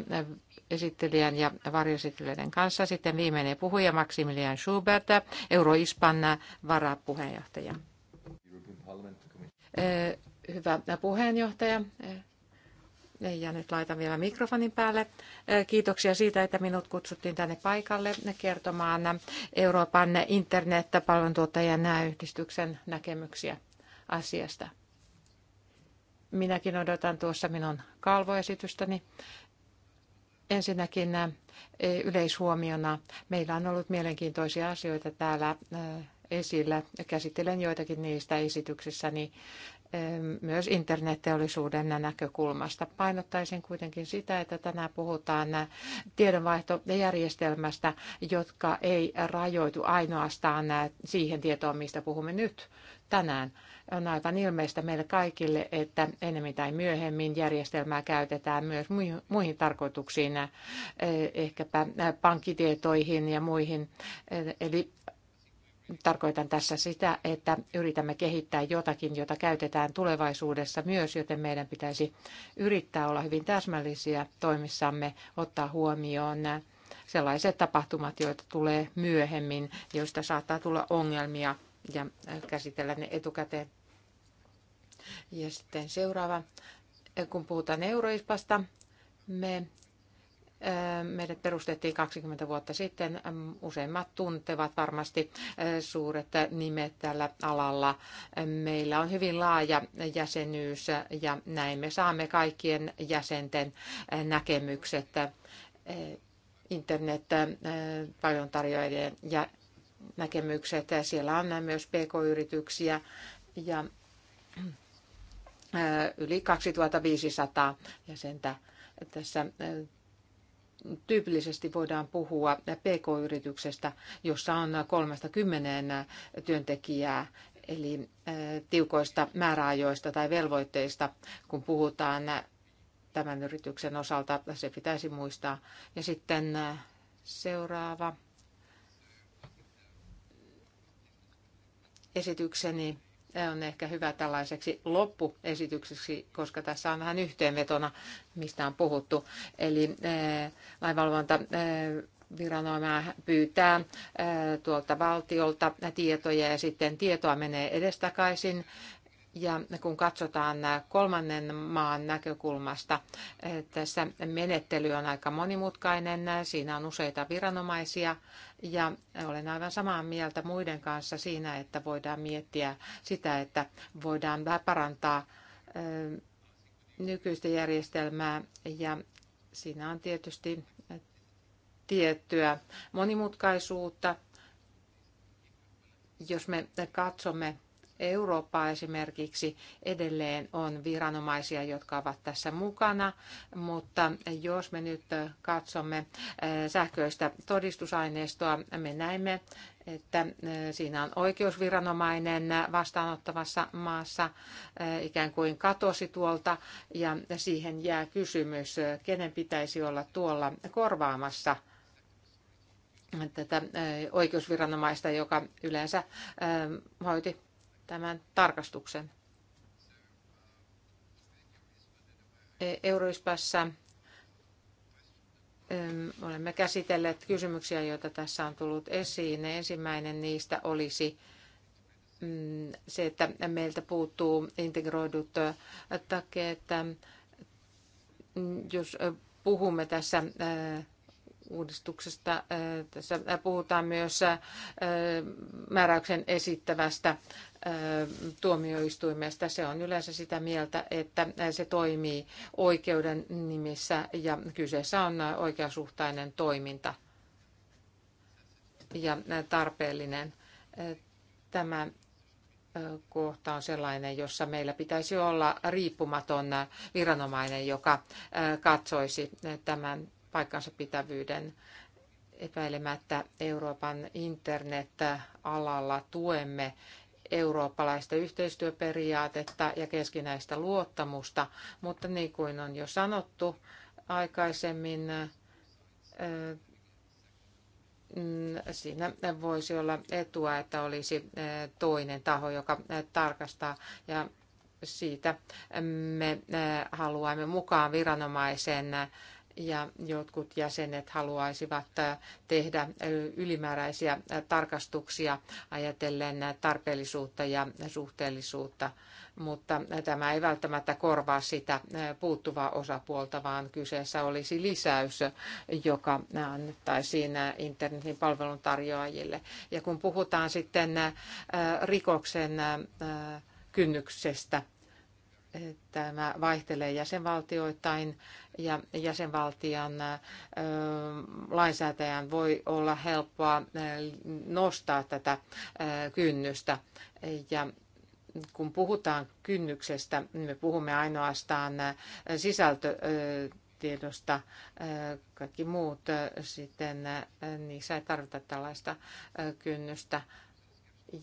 esittelijän ja varjoesittelijöiden kanssa. Sitten viimeinen puhuja Maximilian Schubert, Euroispan varapuheenjohtaja. Äh, hyvä puheenjohtaja, ja nyt laitan vielä mikrofonin päälle. Kiitoksia siitä, että minut kutsuttiin tänne paikalle kertomaan Euroopan internet-palveluntuottajien yhdistyksen näkemyksiä asiasta. Minäkin odotan tuossa minun kalvoesitystäni. Ensinnäkin yleishuomiona meillä on ollut mielenkiintoisia asioita täällä esillä. Käsittelen joitakin niistä Niin myös internetteollisuuden näkökulmasta. Painottaisin kuitenkin sitä, että tänään puhutaan tiedonvaihtojärjestelmästä, jotka ei rajoitu ainoastaan siihen tietoon, mistä puhumme nyt tänään. On aivan ilmeistä meille kaikille, että enemmän tai myöhemmin järjestelmää käytetään myös muihin tarkoituksiin, eh, ehkäpä pankkitietoihin ja muihin. Eh, eli Tarkoitan tässä sitä, että yritämme kehittää jotakin, jota käytetään tulevaisuudessa myös, joten meidän pitäisi yrittää olla hyvin täsmällisiä toimissamme, ottaa huomioon sellaiset tapahtumat, joita tulee myöhemmin, joista saattaa tulla ongelmia ja käsitellä ne etukäteen. Ja sitten seuraava, kun puhutaan euroispasta, me Meidät perustettiin 20 vuotta sitten. Useimmat tuntevat varmasti suuret nimet tällä alalla. Meillä on hyvin laaja jäsenyys ja näin me saamme kaikkien jäsenten näkemykset internet paljon tarjoajien ja näkemykset. Siellä on myös pk-yrityksiä ja yli 2500 jäsentä tässä tyypillisesti voidaan puhua PK-yrityksestä, jossa on kolmesta kymmeneen työntekijää, eli tiukoista määräajoista tai velvoitteista, kun puhutaan tämän yrityksen osalta, se pitäisi muistaa. Ja sitten seuraava esitykseni on ehkä hyvä tällaiseksi loppuesitykseksi, koska tässä on vähän yhteenvetona, mistä on puhuttu. Eli eh, lainvalvonta eh, viranomainen pyytää eh, tuolta valtiolta tietoja ja sitten tietoa menee edestakaisin ja kun katsotaan kolmannen maan näkökulmasta, eh, tässä menettely on aika monimutkainen, siinä on useita viranomaisia ja olen aivan samaa mieltä muiden kanssa siinä, että voidaan miettiä sitä, että voidaan vähän parantaa eh, nykyistä järjestelmää ja siinä on tietysti eh, tiettyä monimutkaisuutta. Jos me katsomme Eurooppaa esimerkiksi edelleen on viranomaisia, jotka ovat tässä mukana, mutta jos me nyt katsomme eh, sähköistä todistusaineistoa, me näemme, että eh, siinä on oikeusviranomainen vastaanottavassa maassa eh, ikään kuin katosi tuolta ja siihen jää kysymys, kenen pitäisi olla tuolla korvaamassa tätä oikeusviranomaista, joka yleensä hoiti tämän tarkastuksen. E, Euroispassa olemme käsitelleet kysymyksiä, joita tässä on tullut esiin. Ensimmäinen niistä olisi mm, se, että meiltä puuttuu integroidut että Jos puhumme tässä uudistuksesta. Tässä puhutaan myös määräyksen esittävästä tuomioistuimesta. Se on yleensä sitä mieltä, että se toimii oikeuden nimissä ja kyseessä on oikeasuhtainen toiminta ja tarpeellinen. Tämä kohta on sellainen, jossa meillä pitäisi olla riippumaton viranomainen, joka katsoisi tämän paikkansa pitävyyden. Epäilemättä Euroopan internet-alalla tuemme eurooppalaista yhteistyöperiaatetta ja keskinäistä luottamusta, mutta niin kuin on jo sanottu aikaisemmin, eh, mm, siinä voisi olla etua, että olisi eh, toinen taho, joka eh, tarkastaa ja siitä me haluamme mukaan viranomaisen ja jotkut jäsenet haluaisivat äh, tehdä äh, ylimääräisiä äh, tarkastuksia ajatellen tarpeellisuutta ja suhteellisuutta, mutta tämä ei välttämättä korvaa sitä puuttuvaa osapuolta, vaan kyseessä olisi lisäys, joka annettaisiin internetin palveluntarjoajille. Ja kun puhutaan sitten rikoksen kynnyksestä, Tämä vaihtelee jäsenvaltioittain ja jäsenvaltion lainsäätäjän voi olla helppoa nostaa tätä kynnystä. Ja kun puhutaan kynnyksestä, niin me puhumme ainoastaan sisältötiedosta, kaikki muut sitten, niissä ei tarvita tällaista kynnystä.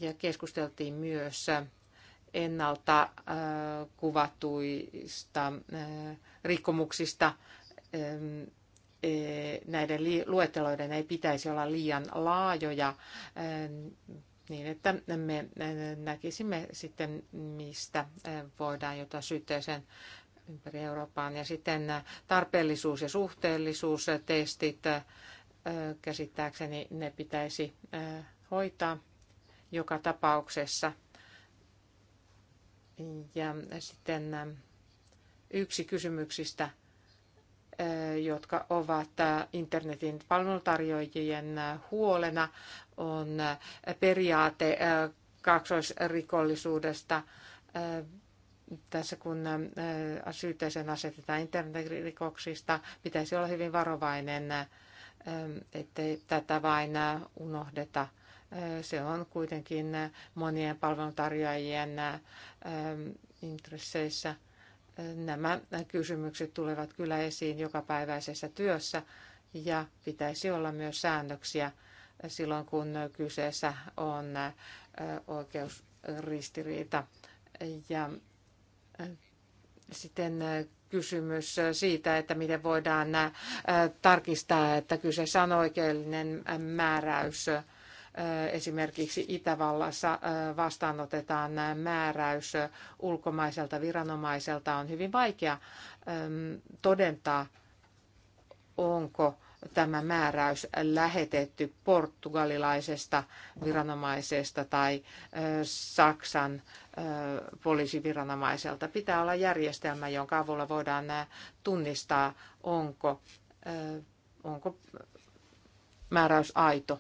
Ja keskusteltiin myös ennalta äh, kuvatuista äh, rikkomuksista ähm, e, näiden luetteloiden ei pitäisi olla liian laajoja ähm, niin, että me äh, näkisimme sitten, mistä voidaan jota syytteeseen ympäri Eurooppaan. Ja sitten tarpeellisuus- ja suhteellisuustestit, käsittääkseni ne pitäisi hoitaa joka tapauksessa – ja sitten yksi kysymyksistä, jotka ovat internetin palveluntarjoajien huolena, on periaate kaksoisrikollisuudesta. Tässä kun syytteeseen asetetaan internetrikoksista, pitäisi olla hyvin varovainen, ettei tätä vain unohdeta – se on kuitenkin monien palveluntarjoajien ähm, intresseissä. Nämä kysymykset tulevat kyllä esiin jokapäiväisessä työssä ja pitäisi olla myös säännöksiä silloin, kun kyseessä on äh, oikeusristiriita. Ja äh, sitten äh, kysymys siitä, että miten voidaan tarkistaa, että kyseessä on oikeellinen määräys Esimerkiksi Itävallassa vastaanotetaan määräys ulkomaiselta viranomaiselta. On hyvin vaikea todentaa, onko tämä määräys lähetetty portugalilaisesta viranomaisesta tai Saksan poliisiviranomaiselta. Pitää olla järjestelmä, jonka avulla voidaan tunnistaa, onko, onko määräys aito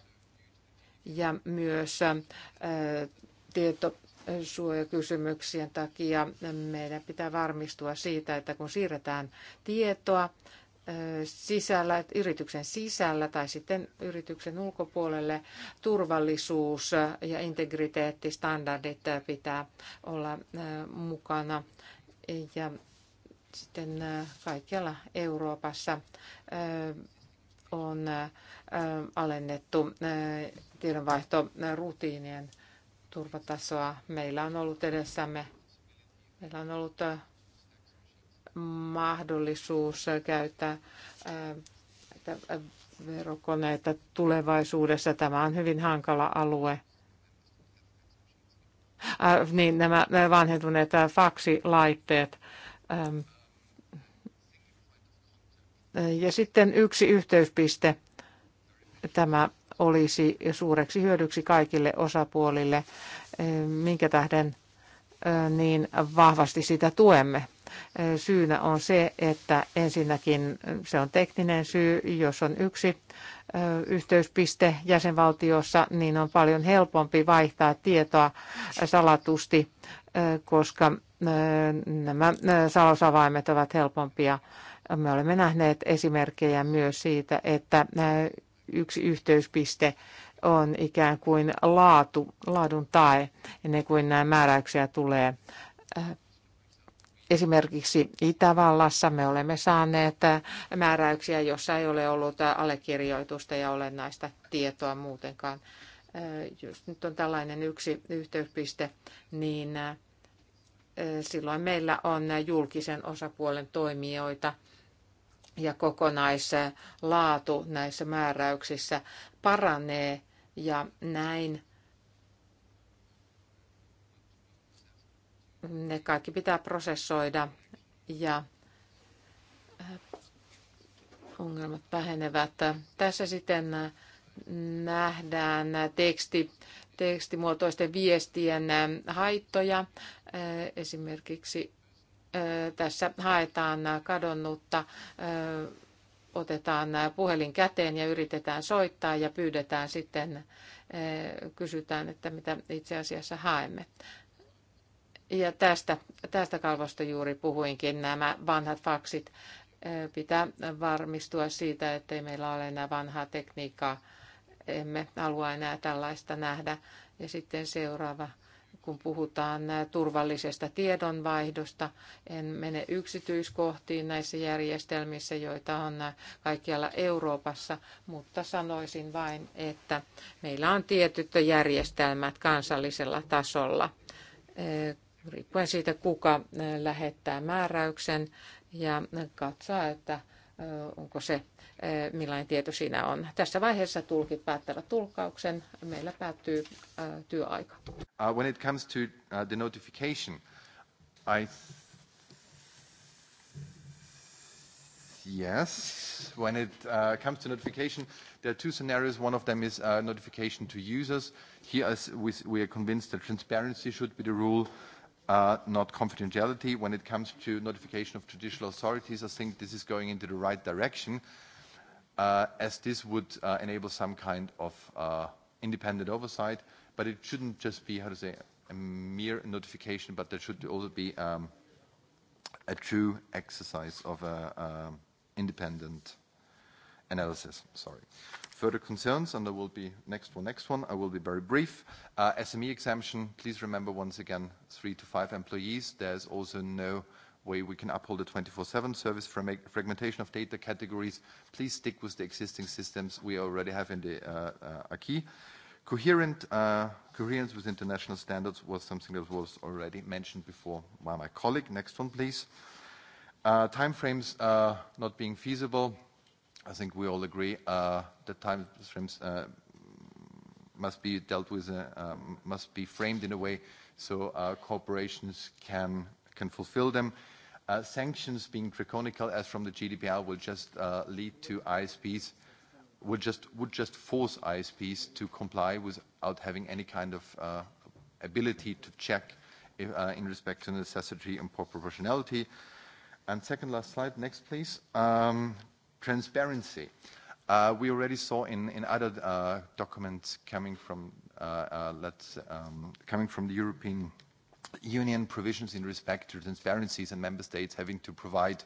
ja myös äh, tieto suojakysymyksien takia meidän pitää varmistua siitä, että kun siirretään tietoa äh, sisällä, yrityksen sisällä tai sitten yrityksen ulkopuolelle, turvallisuus ja integriteettistandardit pitää olla äh, mukana. Ja sitten kaikkialla Euroopassa on alennettu tiedonvaihto rutiinien turvatasoa. Meillä on ollut edessämme, meillä on ollut äh, mahdollisuus käyttää äh, äh, verokoneita tulevaisuudessa. Tämä on hyvin hankala alue. Äh, niin, nämä, vanhentuneet faksilaitteet. Ähm, ja sitten yksi yhteyspiste, tämä olisi suureksi hyödyksi kaikille osapuolille, minkä tähden niin vahvasti sitä tuemme. Syynä on se, että ensinnäkin se on tekninen syy, jos on yksi yhteyspiste jäsenvaltiossa, niin on paljon helpompi vaihtaa tietoa salatusti, koska nämä salausavaimet ovat helpompia. Me olemme nähneet esimerkkejä myös siitä, että yksi yhteyspiste on ikään kuin laatu, laadun tae, ennen kuin nämä määräyksiä tulee. Äh, esimerkiksi Itävallassa me olemme saaneet äh, määräyksiä, jossa ei ole ollut äh, allekirjoitusta ja olennaista tietoa muutenkaan. Jos nyt on tällainen yksi yhteyspiste, niin silloin meillä on julkisen osapuolen toimijoita – ja kokonaislaatu näissä määräyksissä paranee ja näin ne kaikki pitää prosessoida ja äh, ongelmat vähenevät. Tässä sitten äh, nähdään teksti, tekstimuotoisten viestien äh, haittoja. Esimerkiksi tässä haetaan kadonnutta, otetaan puhelin käteen ja yritetään soittaa ja pyydetään sitten, kysytään, että mitä itse asiassa haemme. Ja tästä, tästä kalvosta juuri puhuinkin, nämä vanhat faksit. Pitää varmistua siitä, ettei meillä ole enää vanhaa tekniikkaa. Emme halua enää tällaista nähdä. Ja sitten seuraava kun puhutaan turvallisesta tiedonvaihdosta. En mene yksityiskohtiin näissä järjestelmissä, joita on kaikkialla Euroopassa, mutta sanoisin vain, että meillä on tietyt järjestelmät kansallisella tasolla, eh, riippuen siitä, kuka eh, lähettää määräyksen ja katsoa, että eh, onko se Eh, millainen tieto siinä on. Tässä vaiheessa tulkit päättävät tulkauksen. Meillä päättyy äh, työaika. Uh, when it comes to uh, the notification, I... Yes, when it uh, comes to notification, there are two scenarios. One of them is uh, notification to users. Here is, we are convinced that transparency should be the rule, uh, not confidentiality. When it comes to notification of judicial authorities, I think this is going into the right direction. Uh, as this would uh, enable some kind of uh, independent oversight. But it shouldn't just be, how to say, a mere notification, but there should also be um, a true exercise of um, independent analysis. Sorry. Further concerns, and there will be next one, next one. I will be very brief. SME exemption, please remember once again, three to five employees. There's also no way we can uphold a 24/7 service fragmentation of data categories. Please stick with the existing systems we already have in the uh, uh, acquis. Coherent, uh, coherence with international standards was something that was already mentioned before by my colleague. Next one, please. Time frames not being feasible. I think we all agree that time frames must be dealt with, um, must be framed in a way so corporations can fulfill them. Uh, sanctions being draconian as from the GDPR will just uh, lead to ISPs, would just, force ISPs to comply without having any kind of uh, ability to check if, in respect to necessity and proportionality. And second last slide, next please. Um, transparency. We already saw in, other documents coming from, let's, um, coming from the European union provisions in respect to transparencies and member states having to provide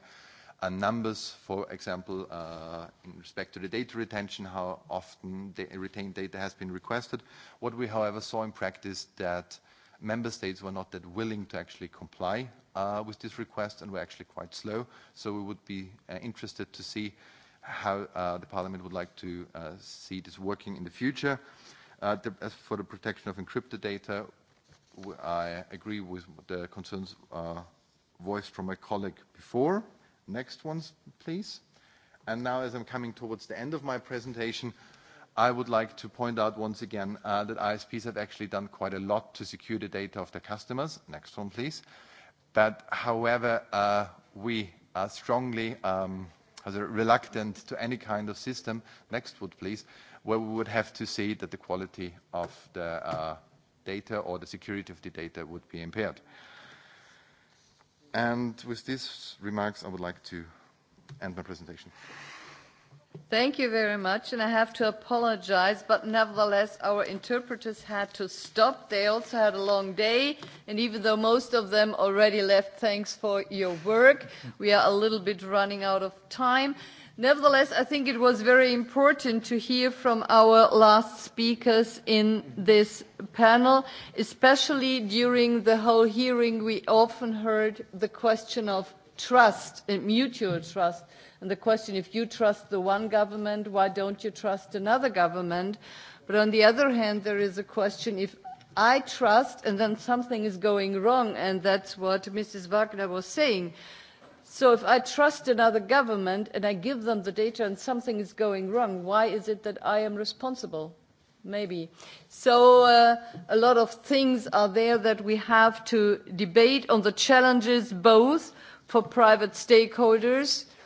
uh, numbers, for example, uh, in respect to the data retention, how often the retained data has been requested. What we, however, saw in practice that member states were not that willing to actually comply uh, with this request and were actually quite slow. So we would be uh, interested to see how uh, the parliament would like to uh, see this working in the future. Uh, The, as for the protection of encrypted data, I agree with the concerns uh, voiced from my colleague before. Next ones, please. And now, as I'm coming towards the end of my presentation, I would like to point out once again uh, that ISPs have actually done quite a lot to secure the data of their customers. Next one, please. But however, uh, we are strongly um, reluctant to any kind of system, next one, please, where we would have to see that the quality of the uh, data or the security of the data would be impaired. And with these remarks, I would like to end my presentation. Thank you very much, and I have to apologize, but nevertheless, our interpreters had to stop. They also had a long day, and even though most of them already left, thanks for your work. We are a little bit running out of time. Nevertheless, I think it was very important to hear from our last speakers in this panel, especially during the whole hearing, we often heard the question of trust and eh, mutual trust and the question if you trust the one government why don't you trust another government but on the other hand there is a question if i trust and then something is going wrong and that's what mrs wagner was saying So if I trust another government and I give them the data and something is going wrong, why is it that I am responsible? Maybe. So uh, a lot of things are there that we have to debate on the challenges both for private stakeholders